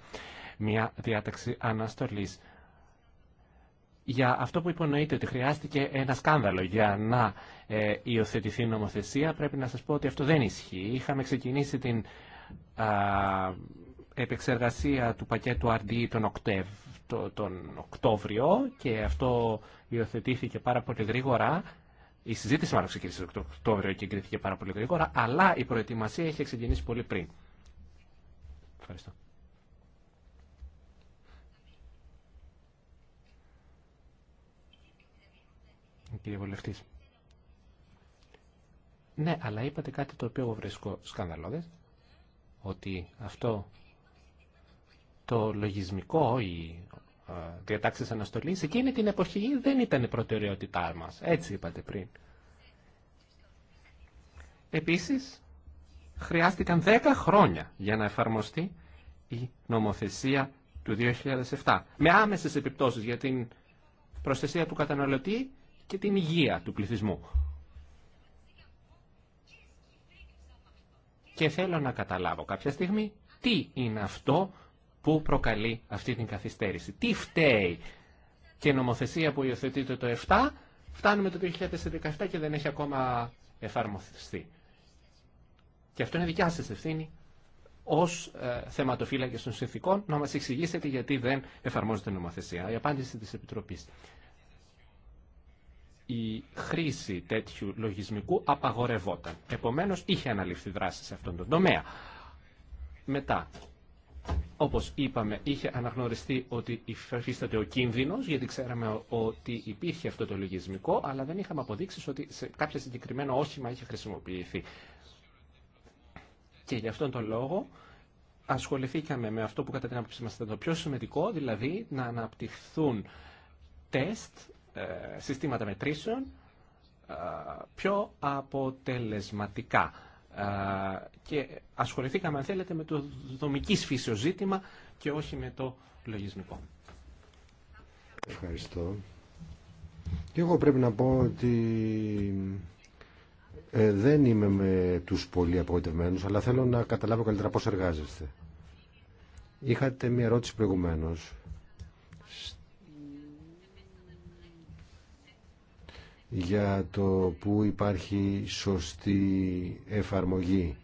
μια διάταξη αναστολής. Για αυτό που υπονοείται ότι χρειάστηκε ένα σκάνδαλο για να ε, υιοθετηθεί νομοθεσία πρέπει να σας πω ότι αυτό δεν ισχύει. Είχαμε ξεκινήσει την α, επεξεργασία του πακέτου RDE τον, Οκτεύ, τον Οκτώβριο και αυτό υιοθετήθηκε πάρα πολύ γρήγορα. Η συζήτηση μάλλον ξεκίνησε τον Οκτώβριο και εγκρίθηκε πάρα πολύ γρήγορα, αλλά η προετοιμασία είχε ξεκινήσει πολύ πριν. Ευχαριστώ. Κύριε Βουλευτής. Ναι, αλλά είπατε κάτι το οποίο εγώ βρίσκω σκανδαλώδες, ότι αυτό το λογισμικό, οι ε, διατάξει αναστολή, εκείνη την εποχή δεν ήταν η προτεραιότητά μα. Έτσι είπατε πριν. Επίση, χρειάστηκαν 10 χρόνια για να εφαρμοστεί η νομοθεσία του 2007, με άμεσες επιπτώσεις για την προστασία του καταναλωτή και την υγεία του πληθυσμού. Και θέλω να καταλάβω κάποια στιγμή τι είναι αυτό που προκαλεί αυτή την καθυστέρηση. Τι φταίει και νομοθεσία που υιοθετείται το 7, φτάνουμε το 2017 και δεν έχει ακόμα εφαρμοστεί. Και αυτό είναι δικιά σας ευθύνη ως ε, θεματοφύλακες των συνθήκων να μας εξηγήσετε γιατί δεν εφαρμόζεται νομοθεσία. Η απάντηση της Επιτροπής. Η χρήση τέτοιου λογισμικού απαγορευόταν. Επομένως είχε αναλυφθεί δράση σε αυτόν τον τομέα. Μετά, όπως είπαμε, είχε αναγνωριστεί ότι υφίσταται ο κίνδυνος, γιατί ξέραμε ότι υπήρχε αυτό το λογισμικό, αλλά δεν είχαμε αποδείξεις ότι σε κάποιο συγκεκριμένο όχημα είχε χρησιμοποιηθεί. Και γι' αυτόν τον λόγο ασχοληθήκαμε με αυτό που κατά την άποψή μας ήταν το πιο σημαντικό, δηλαδή να αναπτυχθούν τεστ, ε, συστήματα μετρήσεων, ε, πιο αποτελεσματικά και ασχοληθήκαμε αν θέλετε με το δομικής φύσεως ζήτημα και όχι με το λογισμικό.
Ευχαριστώ. Και εγώ πρέπει να πω ότι ε, δεν είμαι με τους πολύ απογοητευμένους, αλλά θέλω να καταλάβω καλύτερα πώς εργάζεστε. Είχατε μια ερώτηση προηγουμένως για το που υπάρχει σωστή εφαρμογή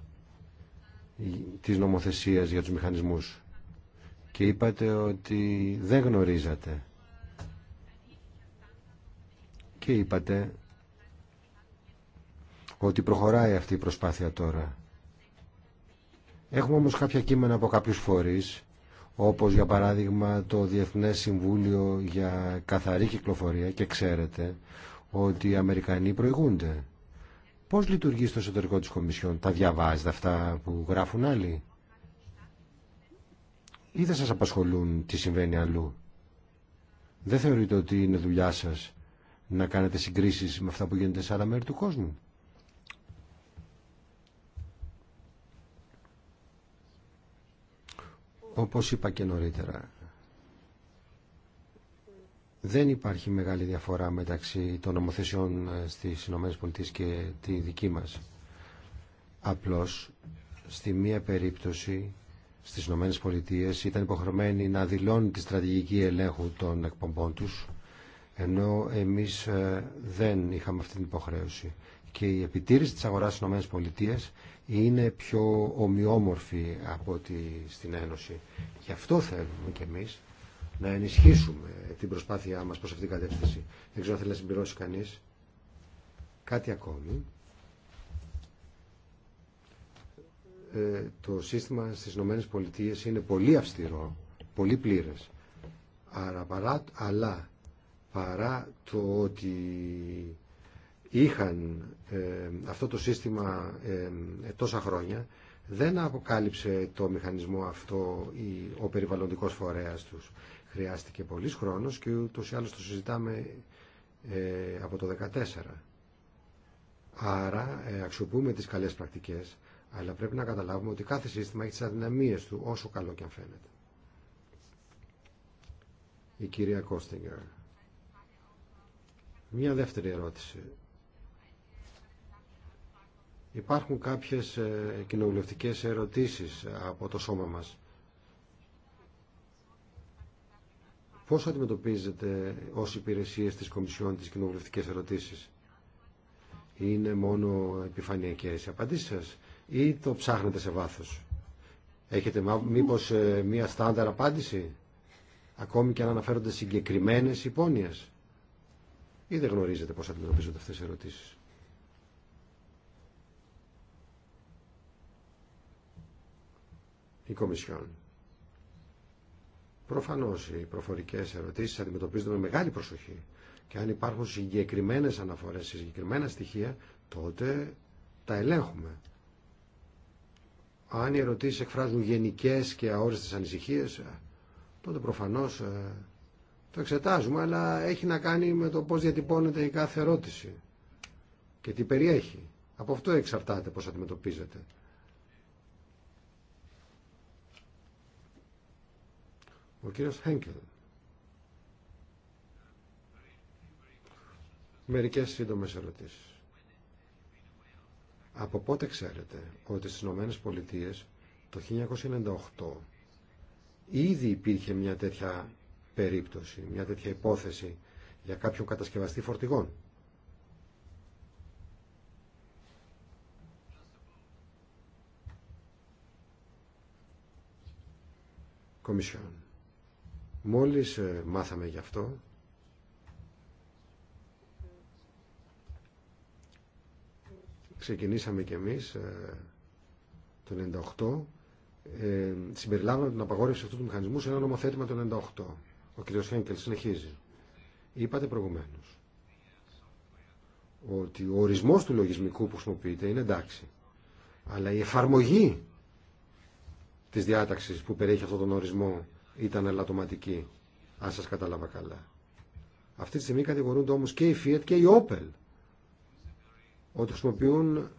της νομοθεσίας για τους μηχανισμούς. Και είπατε ότι δεν γνωρίζατε. Και είπατε ότι προχωράει αυτή η προσπάθεια τώρα. Έχουμε όμως κάποια κείμενα από κάποιους φορείς, όπως για παράδειγμα το Διεθνές Συμβούλιο για Καθαρή Κυκλοφορία και ξέρετε ότι οι Αμερικανοί προηγούνται. Πώς λειτουργεί στο εσωτερικό της Κομισιόν, τα διαβάζετε αυτά που γράφουν άλλοι ή δεν σας απασχολούν τι συμβαίνει αλλού. Δεν θεωρείτε ότι είναι δουλειά σας να κάνετε συγκρίσεις με αυτά που γίνεται σε άλλα μέρη του κόσμου. Όπως είπα και νωρίτερα, δεν υπάρχει μεγάλη διαφορά μεταξύ των νομοθεσιών ε, στις ΗΠΑ και τη δική μας. Απλώς, στη μία περίπτωση, στις ΗΠΑ ήταν υποχρεωμένοι να δηλώνουν τη στρατηγική ελέγχου των εκπομπών τους, ενώ εμείς ε, δεν είχαμε αυτή την υποχρέωση. Και η επιτήρηση της αγοράς στις ΗΠΑ είναι πιο ομοιόμορφη από ότι στην Ένωση. Γι' αυτό θέλουμε κι εμείς να ενισχύσουμε την προσπάθειά μας προς αυτήν την κατεύθυνση. Δεν ξέρω αν θέλει να συμπληρώσει κανείς. Κάτι ακόμη. Ε, το σύστημα στις Ηνωμένες Πολιτείες είναι πολύ αυστηρό, πολύ πλήρες. Άρα, παρά, αλλά παρά το ότι είχαν ε, αυτό το σύστημα ε, ε, τόσα χρόνια, δεν αποκάλυψε το μηχανισμό αυτό ο περιβαλλοντικός φορέας τους. Χρειάστηκε πολύς χρόνος και ούτως ή άλλως το συζητάμε ε, από το 2014. Άρα ε, αξιοποιούμε τις καλές πρακτικές, αλλά πρέπει να καταλάβουμε ότι κάθε σύστημα έχει τις αδυναμίες του, όσο καλό και αν φαίνεται. Η κυρία Κόστιγκερ. Μία δεύτερη ερώτηση. Υπάρχουν κάποιες ε, κοινοβουλευτικές ερωτήσεις από το σώμα μας. Πώς αντιμετωπίζετε ως υπηρεσίες της Κομισιόν τις κοινοβουλευτικές ερωτήσεις. Είναι μόνο επιφανειακές οι απαντήσεις σας ή το ψάχνετε σε βάθος. Έχετε μήπως ε, μία στάνταρ απάντηση ακόμη και αν αναφέρονται συγκεκριμένες υπόνοιες ή δεν γνωρίζετε πώς αντιμετωπίζονται αυτές οι ερωτήσεις. Η Κομισιόν. Προφανώς οι προφορικές ερωτήσεις αντιμετωπίζονται με μεγάλη προσοχή και αν υπάρχουν συγκεκριμένες αναφορές, συγκεκριμένα στοιχεία, τότε τα ελέγχουμε. Αν οι ερωτήσει εκφράζουν γενικέ και αόριστες ανησυχίε, ε, τότε προφανώς ε, το εξετάζουμε, αλλά έχει να κάνει με το πώς διατυπώνεται η κάθε ερώτηση και τι περιέχει. Από αυτό εξαρτάται πώς αντιμετωπίζεται.
Ο κύριος Χένκελ.
Μερικές σύντομες ερωτήσεις. Από πότε ξέρετε ότι στις Ηνωμένες Πολιτείες το 1998 ήδη υπήρχε μια τέτοια περίπτωση, μια τέτοια υπόθεση για κάποιον κατασκευαστή φορτηγών. Κομισιόν. Μόλις ε, μάθαμε γι' αυτό, ξεκινήσαμε κι εμείς το 98, ε, ε συμπεριλάβαμε την απαγόρευση αυτού του μηχανισμού σε ένα νομοθέτημα το 98. Ο κ. Χένκελ συνεχίζει. Είπατε προηγουμένως ότι ο ορισμός του λογισμικού που χρησιμοποιείται είναι εντάξει. Αλλά η εφαρμογή της διάταξης που περιέχει αυτόν τον ορισμό ήταν ελαττωματική, αν σας κατάλαβα καλά. Αυτή τη στιγμή κατηγορούνται όμως και η Fiat και η Opel ότι χρησιμοποιούν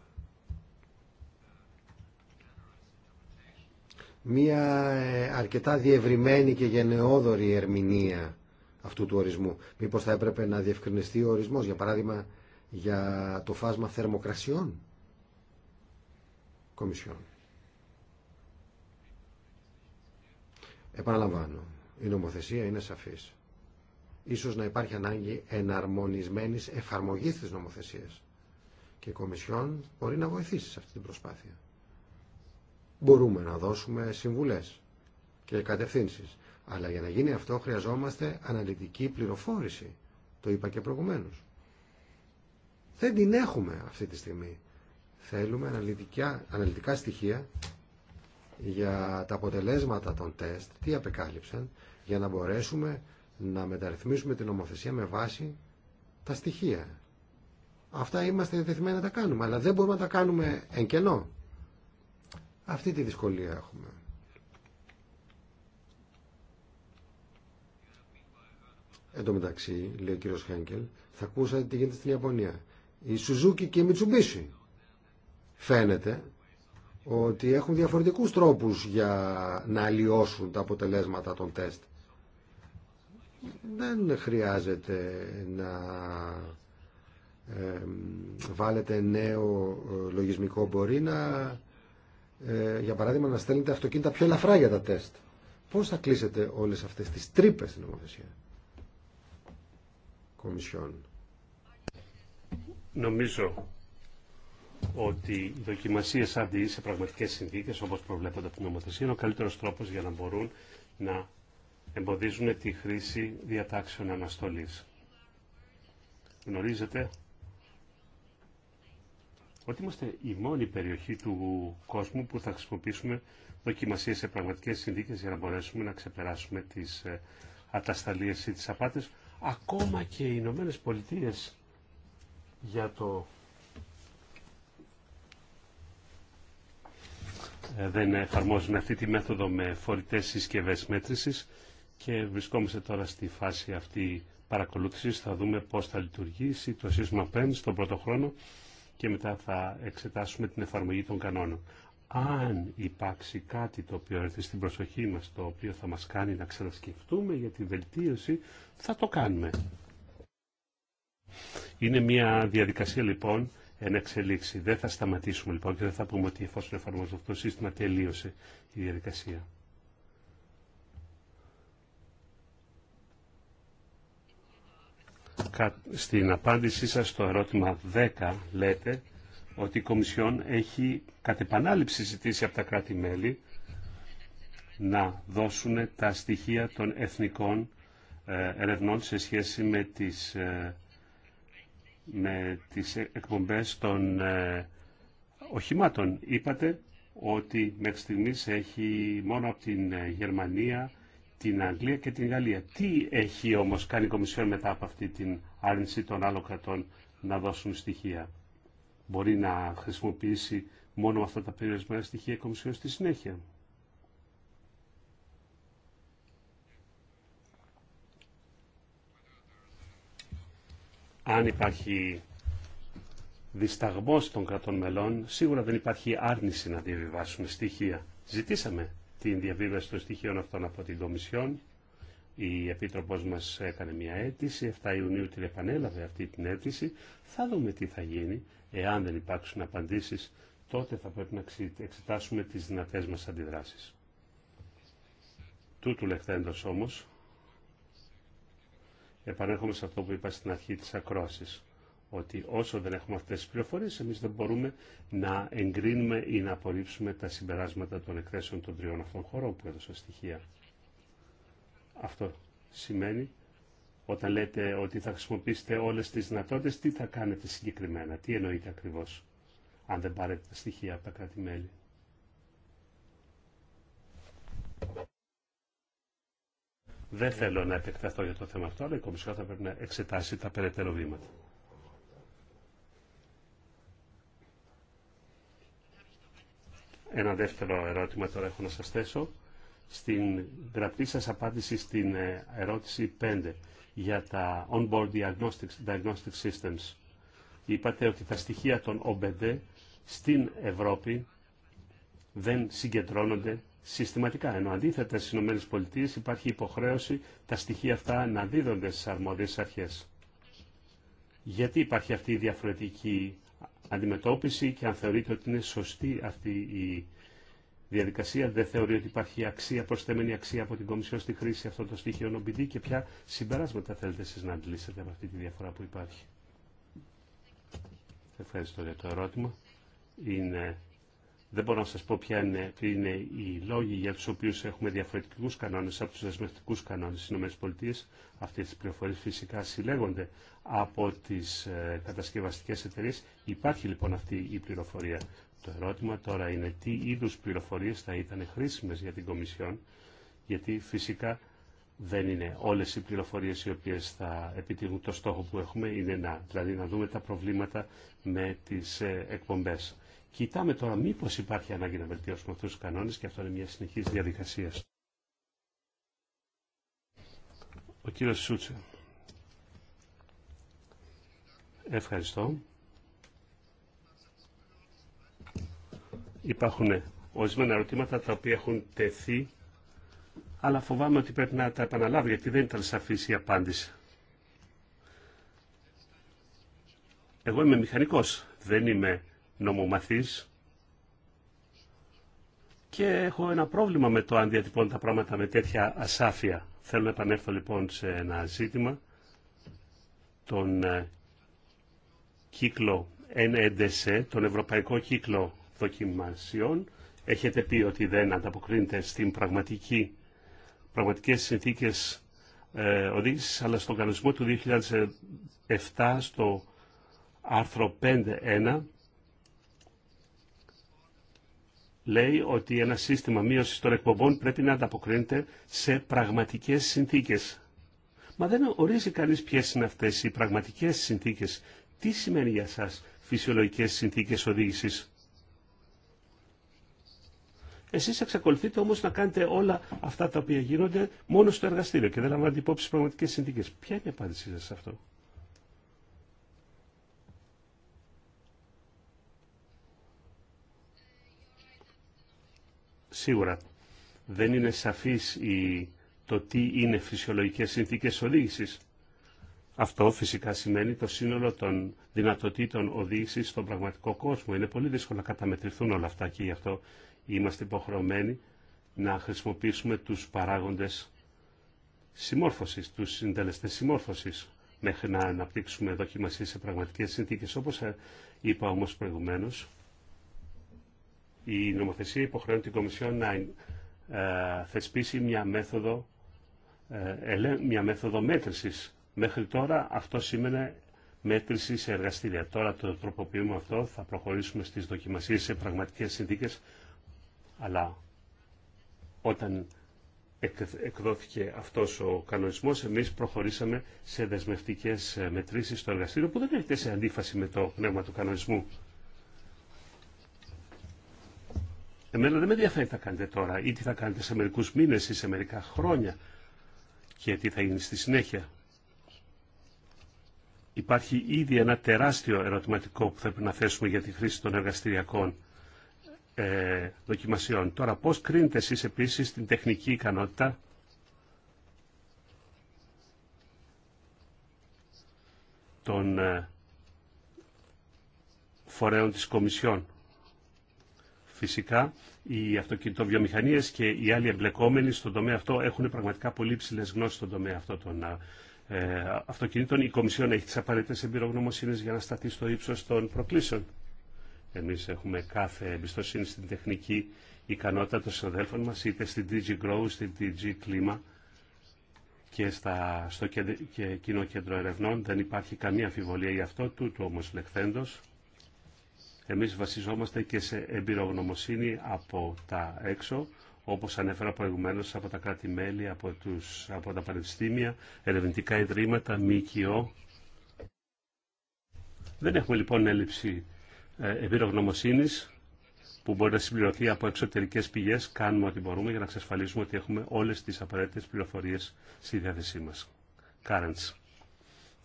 μία ε, αρκετά διευρυμένη και γενναιόδορη ερμηνεία αυτού του ορισμού. Μήπως θα έπρεπε να διευκρινιστεί ο ορισμός, για παράδειγμα, για το φάσμα θερμοκρασιών κομισιών. Επαναλαμβάνω, η νομοθεσία είναι σαφής. Ίσως να υπάρχει ανάγκη εναρμονισμένης εφαρμογής της νομοθεσίας. Και η Κομισιόν μπορεί να βοηθήσει σε αυτή την προσπάθεια. Μπορούμε να δώσουμε συμβουλές και κατευθύνσεις. Αλλά για να γίνει αυτό χρειαζόμαστε αναλυτική πληροφόρηση. Το είπα και προηγουμένως. Δεν την έχουμε αυτή τη στιγμή. Θέλουμε αναλυτικά, αναλυτικά στοιχεία για τα αποτελέσματα των τεστ, τι απεκάλυψαν, για να μπορέσουμε να μεταρρυθμίσουμε την νομοθεσία με βάση τα στοιχεία. Αυτά είμαστε διατεθειμένοι να τα κάνουμε, αλλά δεν μπορούμε να τα κάνουμε εν κενό. Αυτή τη δυσκολία έχουμε. Εν τω μεταξύ, λέει ο κύριος Χένκελ, θα ακούσατε τι γίνεται στην Ιαπωνία. Η Σουζούκη και η Μιτσουμπίση. Φαίνεται ότι έχουν διαφορετικούς τρόπους για να αλλοιώσουν τα αποτελέσματα των τεστ. Δεν χρειάζεται να βάλετε νέο ε, λογισμικό. Μπορεί να, ε, για παράδειγμα, να στέλνετε αυτοκίνητα πιο ελαφρά για τα τεστ. Πώς θα κλείσετε όλες αυτές τις τρύπες στην νομοθεσία. Κομισιόν.
Νομίζω ότι οι δοκιμασίες αντί σε πραγματικές συνθήκες, όπως προβλέπονται από την νομοθεσία, είναι ο καλύτερος τρόπος για να μπορούν να εμποδίζουν τη χρήση διατάξεων αναστολής. Γνωρίζετε ότι είμαστε η μόνη περιοχή του κόσμου που θα χρησιμοποιήσουμε δοκιμασίες σε πραγματικές συνθήκες για να μπορέσουμε να ξεπεράσουμε τις ε, ατασταλίες ή τι απάτε, Ακόμα και οι Ηνωμένε Πολιτείε για το Ε, δεν εφαρμόζουμε αυτή τη μέθοδο με φορητές συσκευές μέτρησης και βρισκόμαστε τώρα στη φάση αυτή παρακολούθησης. Θα δούμε πώς θα λειτουργήσει το σύστημα PEN στον πρώτο χρόνο και μετά θα εξετάσουμε την εφαρμογή των κανόνων. Αν υπάρξει κάτι το οποίο έρθει στην προσοχή μας, το οποίο θα μας κάνει να ξανασκεφτούμε για τη βελτίωση, θα το κάνουμε. Είναι μια διαδικασία λοιπόν εν εξελίξει. Δεν θα σταματήσουμε λοιπόν και δεν θα πούμε ότι εφόσον εφαρμόζεται αυτό το σύστημα τελείωσε η διαδικασία. Στην απάντησή σας στο ερώτημα 10 λέτε ότι η Κομισιόν έχει κατ' επανάληψη ζητήσει από τα κράτη-μέλη να δώσουν τα στοιχεία των εθνικών ε, ερευνών σε σχέση με τις ε, με τις εκπομπές των ε, οχημάτων. Είπατε ότι μέχρι στιγμής έχει μόνο από την ε, Γερμανία, την Αγγλία και την Γαλλία. Τι έχει όμως κάνει η Κομισιόν μετά από αυτή την άρνηση των άλλων κρατών να δώσουν στοιχεία. Μπορεί να χρησιμοποιήσει μόνο αυτά τα περιορισμένα στοιχεία η Κομισιόν στη συνέχεια. Αν υπάρχει δισταγμός των κρατών μελών, σίγουρα δεν υπάρχει άρνηση να διαβιβάσουν στοιχεία. Ζητήσαμε την διαβίβαση των στοιχείων αυτών από την Κομισιόν. Η Επίτροπος μας έκανε μια αίτηση, 7 Ιουνίου την επανέλαβε αυτή την αίτηση. Θα δούμε τι θα γίνει. Εάν δεν υπάρξουν απαντήσεις, τότε θα πρέπει να εξετάσουμε τις δυνατές μας αντιδράσεις. Τούτου λεχθέντος όμως, επανέρχομαι σε αυτό που είπα στην αρχή της ακρόασης ότι όσο δεν έχουμε αυτές τις πληροφορίες, εμείς δεν μπορούμε να εγκρίνουμε ή να απορρίψουμε τα συμπεράσματα των εκθέσεων των τριών αυτών χωρών που έδωσα στοιχεία. Αυτό σημαίνει όταν λέτε ότι θα χρησιμοποιήσετε όλες τις δυνατότητες, τι θα κάνετε συγκεκριμένα, τι εννοείτε ακριβώς, αν δεν πάρετε τα στοιχεία από τα κράτη-μέλη. Δεν θέλω να επεκταθώ για το θέμα αυτό, αλλά η Κομισιόν θα πρέπει να εξετάσει τα περαιτέρω βήματα. Ένα δεύτερο ερώτημα τώρα έχω να σας θέσω. Στην γραπτή σας απάντηση στην ε, ερώτηση 5 για τα onboard diagnostic, diagnostic systems. Είπατε ότι τα στοιχεία των OBD στην Ευρώπη δεν συγκεντρώνονται συστηματικά. Ενώ αντίθετα στι ΗΠΑ υπάρχει υποχρέωση τα στοιχεία αυτά να δίδονται στι αρμόδιε αρχέ. Γιατί υπάρχει αυτή η διαφορετική αντιμετώπιση και αν θεωρείτε ότι είναι σωστή αυτή η διαδικασία, δεν θεωρεί ότι υπάρχει αξία, προσθέμενη αξία από την Κομισιόν στη χρήση αυτών των στοιχείων OBD και ποια συμπεράσματα θέλετε εσείς να αντλήσετε από αυτή τη διαφορά που υπάρχει. Ευχαριστώ για το ερώτημα. Είναι δεν μπορώ να σας πω ποια είναι, ποιοι είναι οι λόγοι για τους οποίους έχουμε διαφορετικούς κανόνες από τους δεσμευτικούς κανόνες στις ΗΠΑ. Αυτές τις πληροφορίες φυσικά συλλέγονται από τις ε, κατασκευαστικές εταιρείες. Υπάρχει λοιπόν αυτή η πληροφορία. Το ερώτημα τώρα είναι τι είδους πληροφορίες θα ήταν χρήσιμες για την Κομισιόν, γιατί φυσικά δεν είναι όλες οι πληροφορίες οι οποίες θα επιτύχουν το στόχο που έχουμε, είναι να, δηλαδή να δούμε τα προβλήματα με τις ε, εκπομπές. Κοιτάμε τώρα μήπως υπάρχει ανάγκη να βελτιώσουμε αυτούς τους κανόνες και αυτό είναι μια συνεχής διαδικασία. Ο κύριος Σούτσε. Ευχαριστώ. Υπάρχουν ορισμένα ερωτήματα τα οποία έχουν τεθεί, αλλά φοβάμαι ότι πρέπει να τα επαναλάβω γιατί δεν ήταν σαφή η απάντηση. Εγώ είμαι μηχανικός, δεν είμαι νομομαθής και έχω ένα πρόβλημα με το αν διατυπώνω τα πράγματα με τέτοια ασάφεια. Θέλω να επανέλθω λοιπόν σε ένα ζήτημα, τον ε, κύκλο NEDC, ε, τον Ευρωπαϊκό Κύκλο Δοκιμασιών. Έχετε πει ότι δεν ανταποκρίνεται στην πραγματική, πραγματικές συνθήκες ε, οδήγησης, αλλά στον κανονισμό του 2007 στο άρθρο 5.1 λέει ότι ένα σύστημα μείωση των εκπομπών πρέπει να ανταποκρίνεται σε πραγματικέ συνθήκε. Μα δεν ορίζει κανεί ποιες είναι αυτέ οι πραγματικέ συνθήκε. Τι σημαίνει για σα φυσιολογικές συνθήκε οδήγηση. Εσεί εξακολουθείτε όμω να κάνετε όλα αυτά τα οποία γίνονται μόνο στο εργαστήριο και δεν λαμβάνετε υπόψη πραγματικέ συνθήκε. Ποια είναι η απάντησή σα σε αυτό. Σίγουρα δεν είναι σαφής η, το τι είναι φυσιολογικές συνθήκες οδήγησης. Αυτό φυσικά σημαίνει το σύνολο των δυνατοτήτων οδήγηση στον πραγματικό κόσμο. Είναι πολύ δύσκολο να καταμετρηθούν όλα αυτά και γι' αυτό είμαστε υποχρεωμένοι να χρησιμοποιήσουμε τους παράγοντες συμμόρφωσης, τους συντελεστές συμμόρφωσης μέχρι να αναπτύξουμε δοκιμασίες σε πραγματικές συνθήκες. Όπως ε, είπα όμως προηγουμένως, η νομοθεσία υποχρεώνει την Κομισιόν να ε, θεσπίσει μια μέθοδο, ε, μια μέθοδο μέτρησης. Μέχρι τώρα αυτό σήμαινε μέτρηση σε εργαστήρια. Τώρα το τροποποιούμε αυτό, θα προχωρήσουμε στις δοκιμασίες σε πραγματικές συνθήκες, αλλά όταν εκδόθηκε αυτός ο κανονισμός, εμείς προχωρήσαμε σε δεσμευτικές ε, μετρήσεις στο εργαστήριο, που δεν έρχεται σε αντίφαση με το πνεύμα του κανονισμού. Εμένα δεν με ενδιαφέρει τι θα κάνετε τώρα ή τι θα κάνετε σε μερικού μήνε ή σε μερικά χρόνια και τι θα γίνει στη συνέχεια. Υπάρχει ήδη ένα τεράστιο ερωτηματικό που θα πρέπει να θέσουμε για τη χρήση των εργαστηριακών ε, δοκιμασιών. Τώρα, πώ κρίνετε εσεί επίση την τεχνική ικανότητα των ε, φορέων της Κομισιόν Φυσικά οι αυτοκινητοβιομηχανίες και οι άλλοι εμπλεκόμενοι στον τομέα αυτό έχουν πραγματικά πολύ ψηλέ γνώσει στον τομέα αυτό των ε, αυτοκινήτων. Η Κομισιόν έχει τι απαραίτητε εμπειρογνωμοσύνε για να σταθεί στο ύψο των προκλήσεων. Εμεί έχουμε κάθε εμπιστοσύνη στην τεχνική ικανότητα των συναδέλφων μα είτε στην DG Grow, στην DG Κλίμα και, στα, στο και κοινό κέντρο ερευνών. Δεν υπάρχει καμία αμφιβολία γι' αυτό, τούτου όμω λεχθέντο εμείς βασιζόμαστε και σε εμπειρογνωμοσύνη από τα έξω, όπως ανέφερα προηγουμένως από τα κράτη-μέλη, από, τους, από τα πανεπιστήμια, ερευνητικά ιδρύματα, ΜΚΟ. Δεν έχουμε λοιπόν έλλειψη ε, εμπειρογνωμοσύνης που μπορεί να συμπληρωθεί από εξωτερικές πηγές. Κάνουμε ό,τι μπορούμε για να εξασφαλίσουμε ότι έχουμε όλες τις απαραίτητες πληροφορίες στη διάθεσή μας. Currents.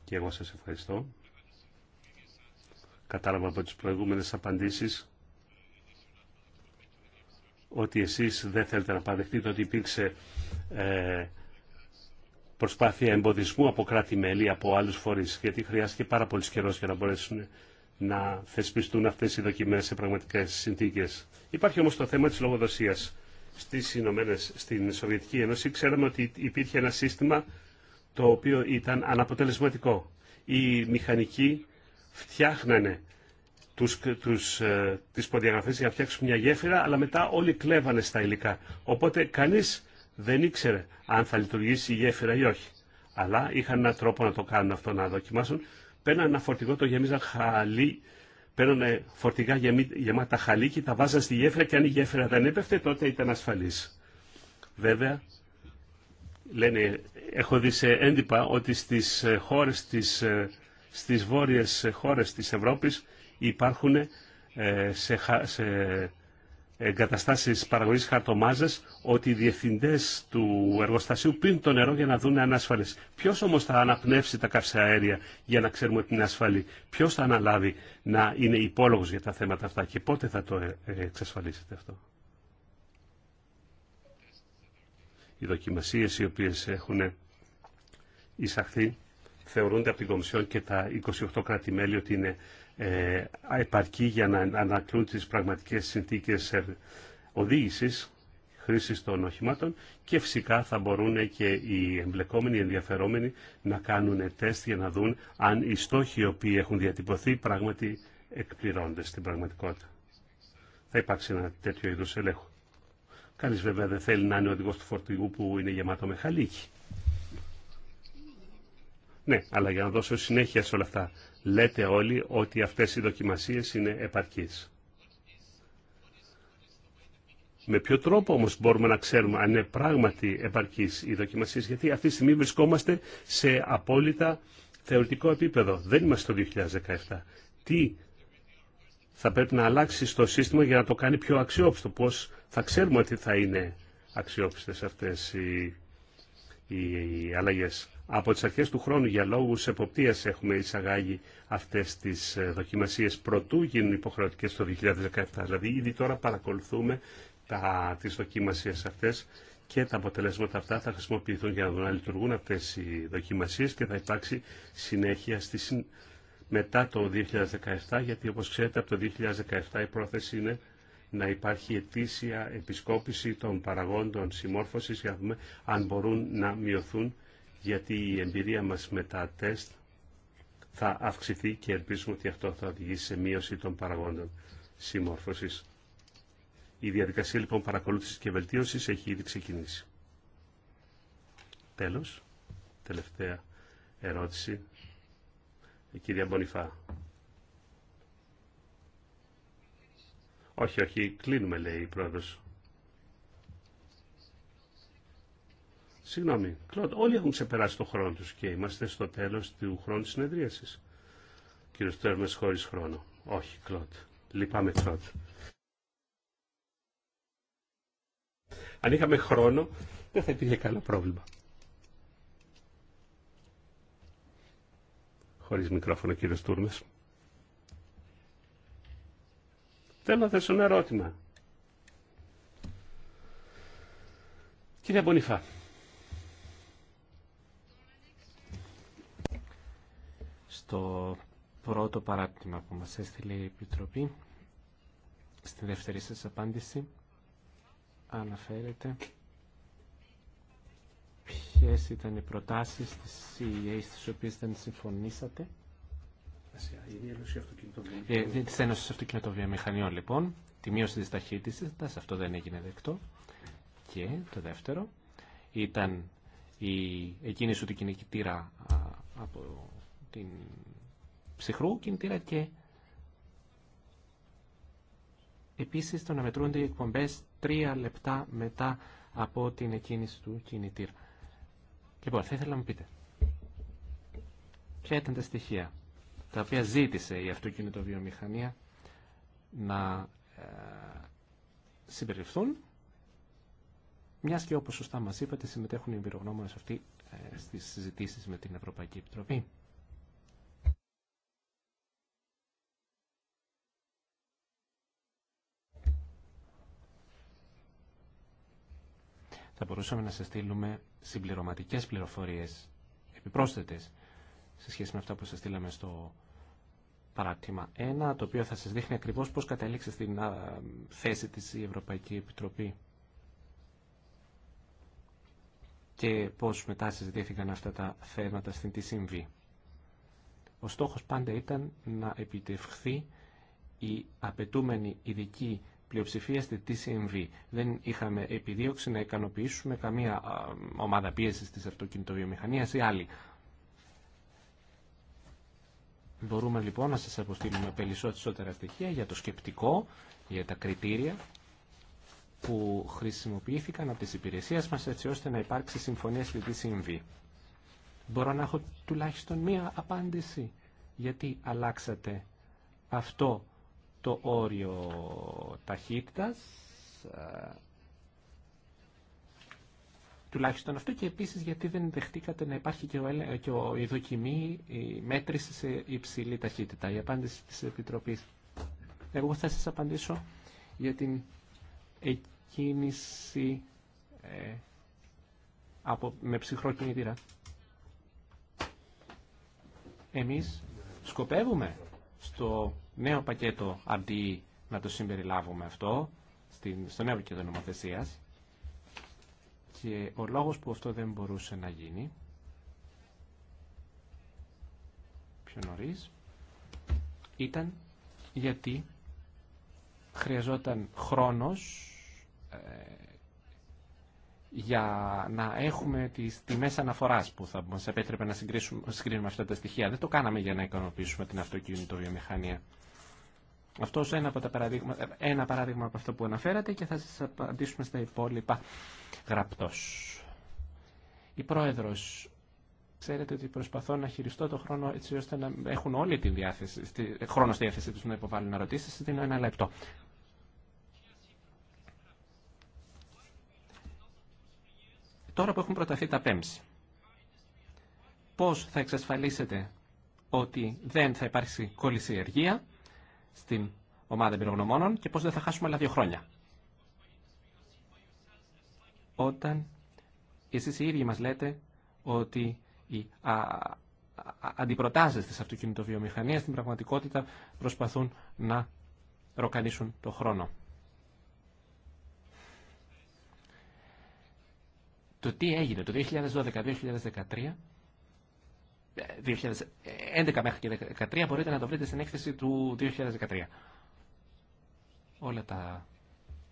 Και εγώ σας ευχαριστώ κατάλαβα από τις προηγούμενες απαντήσεις ότι εσείς δεν θέλετε να παραδεχτείτε ότι υπήρξε ε, προσπάθεια εμποδισμού από κράτη-μέλη, από άλλους φορείς, γιατί χρειάστηκε πάρα πολύ καιρό για να μπορέσουν να θεσπιστούν αυτές οι δοκιμές σε πραγματικές συνθήκες. Υπάρχει όμως το θέμα της λογοδοσίας. Στις Ηνωμένες, στην Σοβιετική Ένωση ξέραμε ότι υπήρχε ένα σύστημα το οποίο ήταν αναποτελεσματικό. ή μηχανική φτιάχνανε τους, τους, ε, τις προδιαγραφές για να φτιάξουν μια γέφυρα, αλλά μετά όλοι κλέβανε στα υλικά. Οπότε κανείς δεν ήξερε αν θα λειτουργήσει η γέφυρα ή όχι. Αλλά είχαν έναν τρόπο να το κάνουν αυτό, να δοκιμάσουν. Παίρνανε ένα φορτηγό, το γεμίζαν χαλί, παίρνανε φορτηγά γεμί, γεμάτα χαλί και τα βάζαν στη γέφυρα και αν η γέφυρα δεν έπεφτε τότε ήταν ασφαλής. Βέβαια, λένε, έχω δει σε έντυπα ότι στις ε, χώρες της ε, στις βόρειες χώρες της Ευρώπης υπάρχουν ε, σε, σε εγκαταστάσεις παραγωγής χαρτομάζες ότι οι διευθυντές του εργοστασίου πίνουν το νερό για να δουν αν ασφαλές. Ποιος όμως θα αναπνεύσει τα καυσαέρια για να ξέρουμε την είναι ασφαλή. Ποιος θα αναλάβει να είναι υπόλογος για τα θέματα αυτά και πότε θα το ε, ε, εξασφαλίσετε αυτό. Οι δοκιμασίες οι οποίες έχουν εισαχθεί θεωρούνται από την Κομισιόν και τα 28 κράτη-μέλη ότι είναι ε, επαρκή για να ανακλούν τις πραγματικές συνθήκες ε, οδήγησης χρήσης των οχημάτων και φυσικά θα μπορούν και οι εμπλεκόμενοι, οι ενδιαφερόμενοι να κάνουν τεστ για να δουν αν οι στόχοι οι οποίοι έχουν διατυπωθεί πράγματι εκπληρώνονται στην πραγματικότητα. Θα υπάρξει ένα τέτοιο είδους ελέγχο. Κανείς βέβαια δεν θέλει να είναι ο οδηγός του φορτηγού που είναι γεμάτο με χαλίκι. Ναι, αλλά για να δώσω συνέχεια σε όλα αυτά. Λέτε όλοι ότι αυτές οι δοκιμασίες είναι επαρκείς. Με ποιο τρόπο όμως μπορούμε να ξέρουμε αν είναι πράγματι επαρκείς οι δοκιμασίες, γιατί αυτή τη στιγμή βρισκόμαστε σε απόλυτα θεωρητικό επίπεδο. Δεν είμαστε το 2017. Τι θα πρέπει να αλλάξει στο σύστημα για να το κάνει πιο αξιόπιστο, πώς θα ξέρουμε ότι θα είναι αξιόπιστες αυτές οι οι αλλαγέ. Από τις αρχές του χρόνου για λόγους εποπτείας έχουμε εισαγάγει αυτές τις ε, δοκιμασίες πρωτού γίνουν υποχρεωτικές το 2017. Δηλαδή ήδη τώρα παρακολουθούμε τι τις δοκιμασίες αυτές και τα αποτελέσματα αυτά θα χρησιμοποιηθούν για να λειτουργούν αυτέ οι δοκιμασίε και θα υπάρξει συνέχεια στη, μετά το 2017 γιατί όπω ξέρετε από το 2017 η πρόθεση είναι να υπάρχει ετήσια επισκόπηση των παραγόντων συμμόρφωσης για να δούμε αν μπορούν να μειωθούν γιατί η εμπειρία μας με τα τεστ θα αυξηθεί και ελπίζουμε ότι αυτό θα οδηγήσει σε μείωση των παραγόντων συμμόρφωσης. Η διαδικασία λοιπόν παρακολούθησης και βελτίωσης έχει ήδη ξεκινήσει. Τέλος, τελευταία ερώτηση. Η κυρία Μπονιφά. Όχι, όχι, κλείνουμε λέει η πρόεδρος. Συγγνώμη, Κλοντ, όλοι έχουν ξεπεράσει το χρόνο τους και είμαστε στο τέλος του χρόνου της συνεδρίασης. Κύριος Τέρμες χωρίς χρόνο. Όχι, Κλοντ. Λυπάμαι, Κλοντ. Αν είχαμε χρόνο, δεν θα υπήρχε κανένα πρόβλημα. Χωρίς μικρόφωνο, κύριος Τούρμες. Θέλω να θέσω ένα ερώτημα. Κύριε Μπονιφά. Στο
πρώτο παράπτυμα που μας έστειλε η Επιτροπή, στη δεύτερη σας απάντηση, αναφέρεται ποιες ήταν οι προτάσεις της CEA στις οποίες δεν συμφωνήσατε η ε, Ένωση τη αυτοκινητοβιομηχανιών λοιπόν, τη μείωση τη ταχύτητα, αυτό δεν έγινε δεκτό. Και το δεύτερο ήταν η εκκίνηση του κινητήρα από την ψυχρού κινητήρα και επίση το να μετρούνται οι εκπομπέ τρία λεπτά μετά από την εκκίνηση του κινητήρα. Λοιπόν, θα ήθελα να μου πείτε, ποια ήταν τα στοιχεία τα οποία ζήτησε η αυτοκινητοβιομηχανία να ε, συμπεριληφθούν, μια και όπω σωστά μα είπατε συμμετέχουν οι εμπειρογνώμονε αυτοί ε, στις συζητήσει με την Ευρωπαϊκή Επιτροπή. Θα μπορούσαμε να σας στείλουμε συμπληρωματικές πληροφορίες, επιπρόσθετες, σε σχέση με αυτά που σας στείλαμε στο παράτημα 1, το οποίο θα σας δείχνει ακριβώς πώς κατέληξε στην θέση της η Ευρωπαϊκή Επιτροπή και πώς μετά συζητήθηκαν αυτά τα θέματα στην τι συμβεί. Ο στόχος πάντα ήταν να επιτευχθεί η απαιτούμενη ειδική πλειοψηφία στη TCMV. Δεν είχαμε επιδίωξη να ικανοποιήσουμε καμία ομάδα πίεσης της αυτοκινητοβιομηχανίας ή άλλη Μπορούμε λοιπόν να σας αποστείλουμε περισσότερα στοιχεία για το σκεπτικό, για τα κριτήρια που χρησιμοποιήθηκαν από τις υπηρεσίες μας έτσι ώστε να υπάρξει συμφωνία στη τι συμβεί. Μπορώ να έχω τουλάχιστον μία απάντηση γιατί αλλάξατε αυτό το όριο ταχύτητας τουλάχιστον αυτό και επίσης γιατί δεν δεχτήκατε να υπάρχει και, ο, και η δοκιμή, η μέτρηση σε υψηλή ταχύτητα, η απάντηση της Επιτροπής. Εγώ θα σας απαντήσω για την εκκίνηση ε, από, με ψυχρό κινητήρα. Εμείς σκοπεύουμε στο νέο πακέτο αντί e να το συμπεριλάβουμε αυτό, στην, στο νέο πακέτο νομοθεσίας, και ο λόγος που αυτό δεν μπορούσε να γίνει πιο νωρίς ήταν γιατί χρειαζόταν χρόνος ε, για να έχουμε τις τιμές αναφοράς που θα μας επέτρεπε να συγκρίνουμε αυτά τα στοιχεία. Δεν το κάναμε για να ικανοποιήσουμε την αυτοκίνητο βιομηχανία. Αυτό είναι από τα παραδείγματα, ένα παράδειγμα από αυτό που αναφέρατε και θα σας απαντήσουμε στα υπόλοιπα γραπτός. Η Πρόεδρος, ξέρετε ότι προσπαθώ να χειριστώ το χρόνο έτσι ώστε να έχουν όλη τη διάθεση, χρόνο στη διάθεσή τους να υποβάλουν ερωτήσεις. Δίνω ένα λεπτό. Τώρα που έχουν προταθεί τα πέμψη, πώς θα εξασφαλίσετε ότι δεν θα υπάρξει κολλησιεργία στην ομάδα εμπειρογνωμόνων και πώς δεν θα χάσουμε άλλα δύο χρόνια. Όταν εσείς οι ίδιοι μας λέτε ότι οι αντιπροτάσεις της αυτοκινητοβιομηχανίας στην πραγματικότητα προσπαθούν να ροκανίσουν το χρόνο. Το τι έγινε το 2012-2013 2011 ε, μέχρι και 2013 μπορείτε να το βρείτε στην έκθεση του 2013. Όλα τα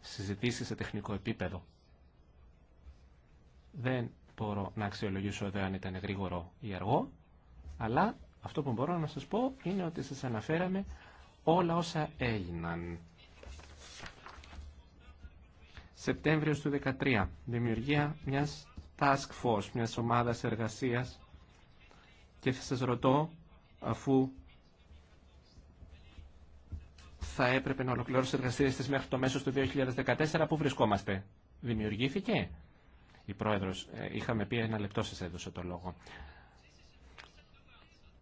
συζητήσεις σε τεχνικό επίπεδο. Δεν μπορώ να αξιολογήσω εδώ αν ήταν γρήγορο ή αργό, αλλά αυτό που μπορώ να σας πω είναι ότι σας αναφέραμε όλα όσα έγιναν. Σεπτέμβριος του 2013, δημιουργία μιας task force, μιας ομάδας εργασίας και θα σας ρωτώ αφού θα έπρεπε να ολοκληρώσει εργασίες τη μέχρι το μέσο του 2014 που βρισκόμαστε. Δημιουργήθηκε η πρόεδρος. Ε, είχαμε πει ένα λεπτό σας έδωσε το λόγο.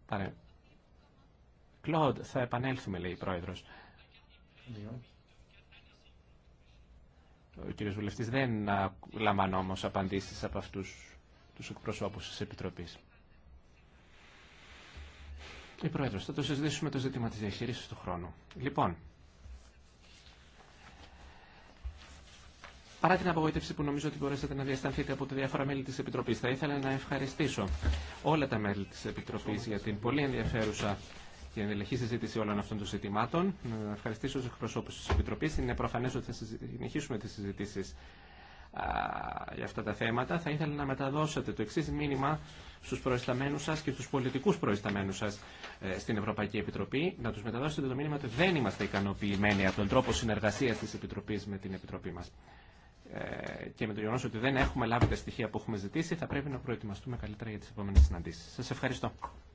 Πάρε. Κλόντ, θα επανέλθουμε, λέει η πρόεδρος. Ο κύριος Βουλευτής δεν λαμβάνει όμως απαντήσεις από αυτούς τους εκπροσώπους της Επιτροπής. Η ε, Πρόεδρος, θα το συζητήσουμε το ζήτημα της διαχείρισης του χρόνου. Λοιπόν, Παρά την απογοήτευση που νομίζω ότι μπορέσατε να διασταθείτε από τα διάφορα μέλη τη Επιτροπή, θα ήθελα να ευχαριστήσω όλα τα μέλη τη Επιτροπή για την πολύ ενδιαφέρουσα και ενδελεχή συζήτηση όλων αυτών των ζητημάτων. Να ευχαριστήσω του εκπροσώπου τη Επιτροπή. Είναι προφανέ ότι θα συνεχίσουμε τι συζητήσει για αυτά τα θέματα, θα ήθελα να μεταδώσετε το εξή μήνυμα στους προϊσταμένους σας και στους πολιτικούς προϊσταμένους σας ε, στην Ευρωπαϊκή Επιτροπή, να τους μεταδώσετε το μήνυμα ότι δεν είμαστε ικανοποιημένοι από τον τρόπο συνεργασίας της Επιτροπής με την Επιτροπή μας. Ε, και με το γεγονό ότι δεν έχουμε λάβει τα στοιχεία που έχουμε ζητήσει, θα πρέπει να προετοιμαστούμε καλύτερα για τι επόμενε συναντήσει. Σα ευχαριστώ.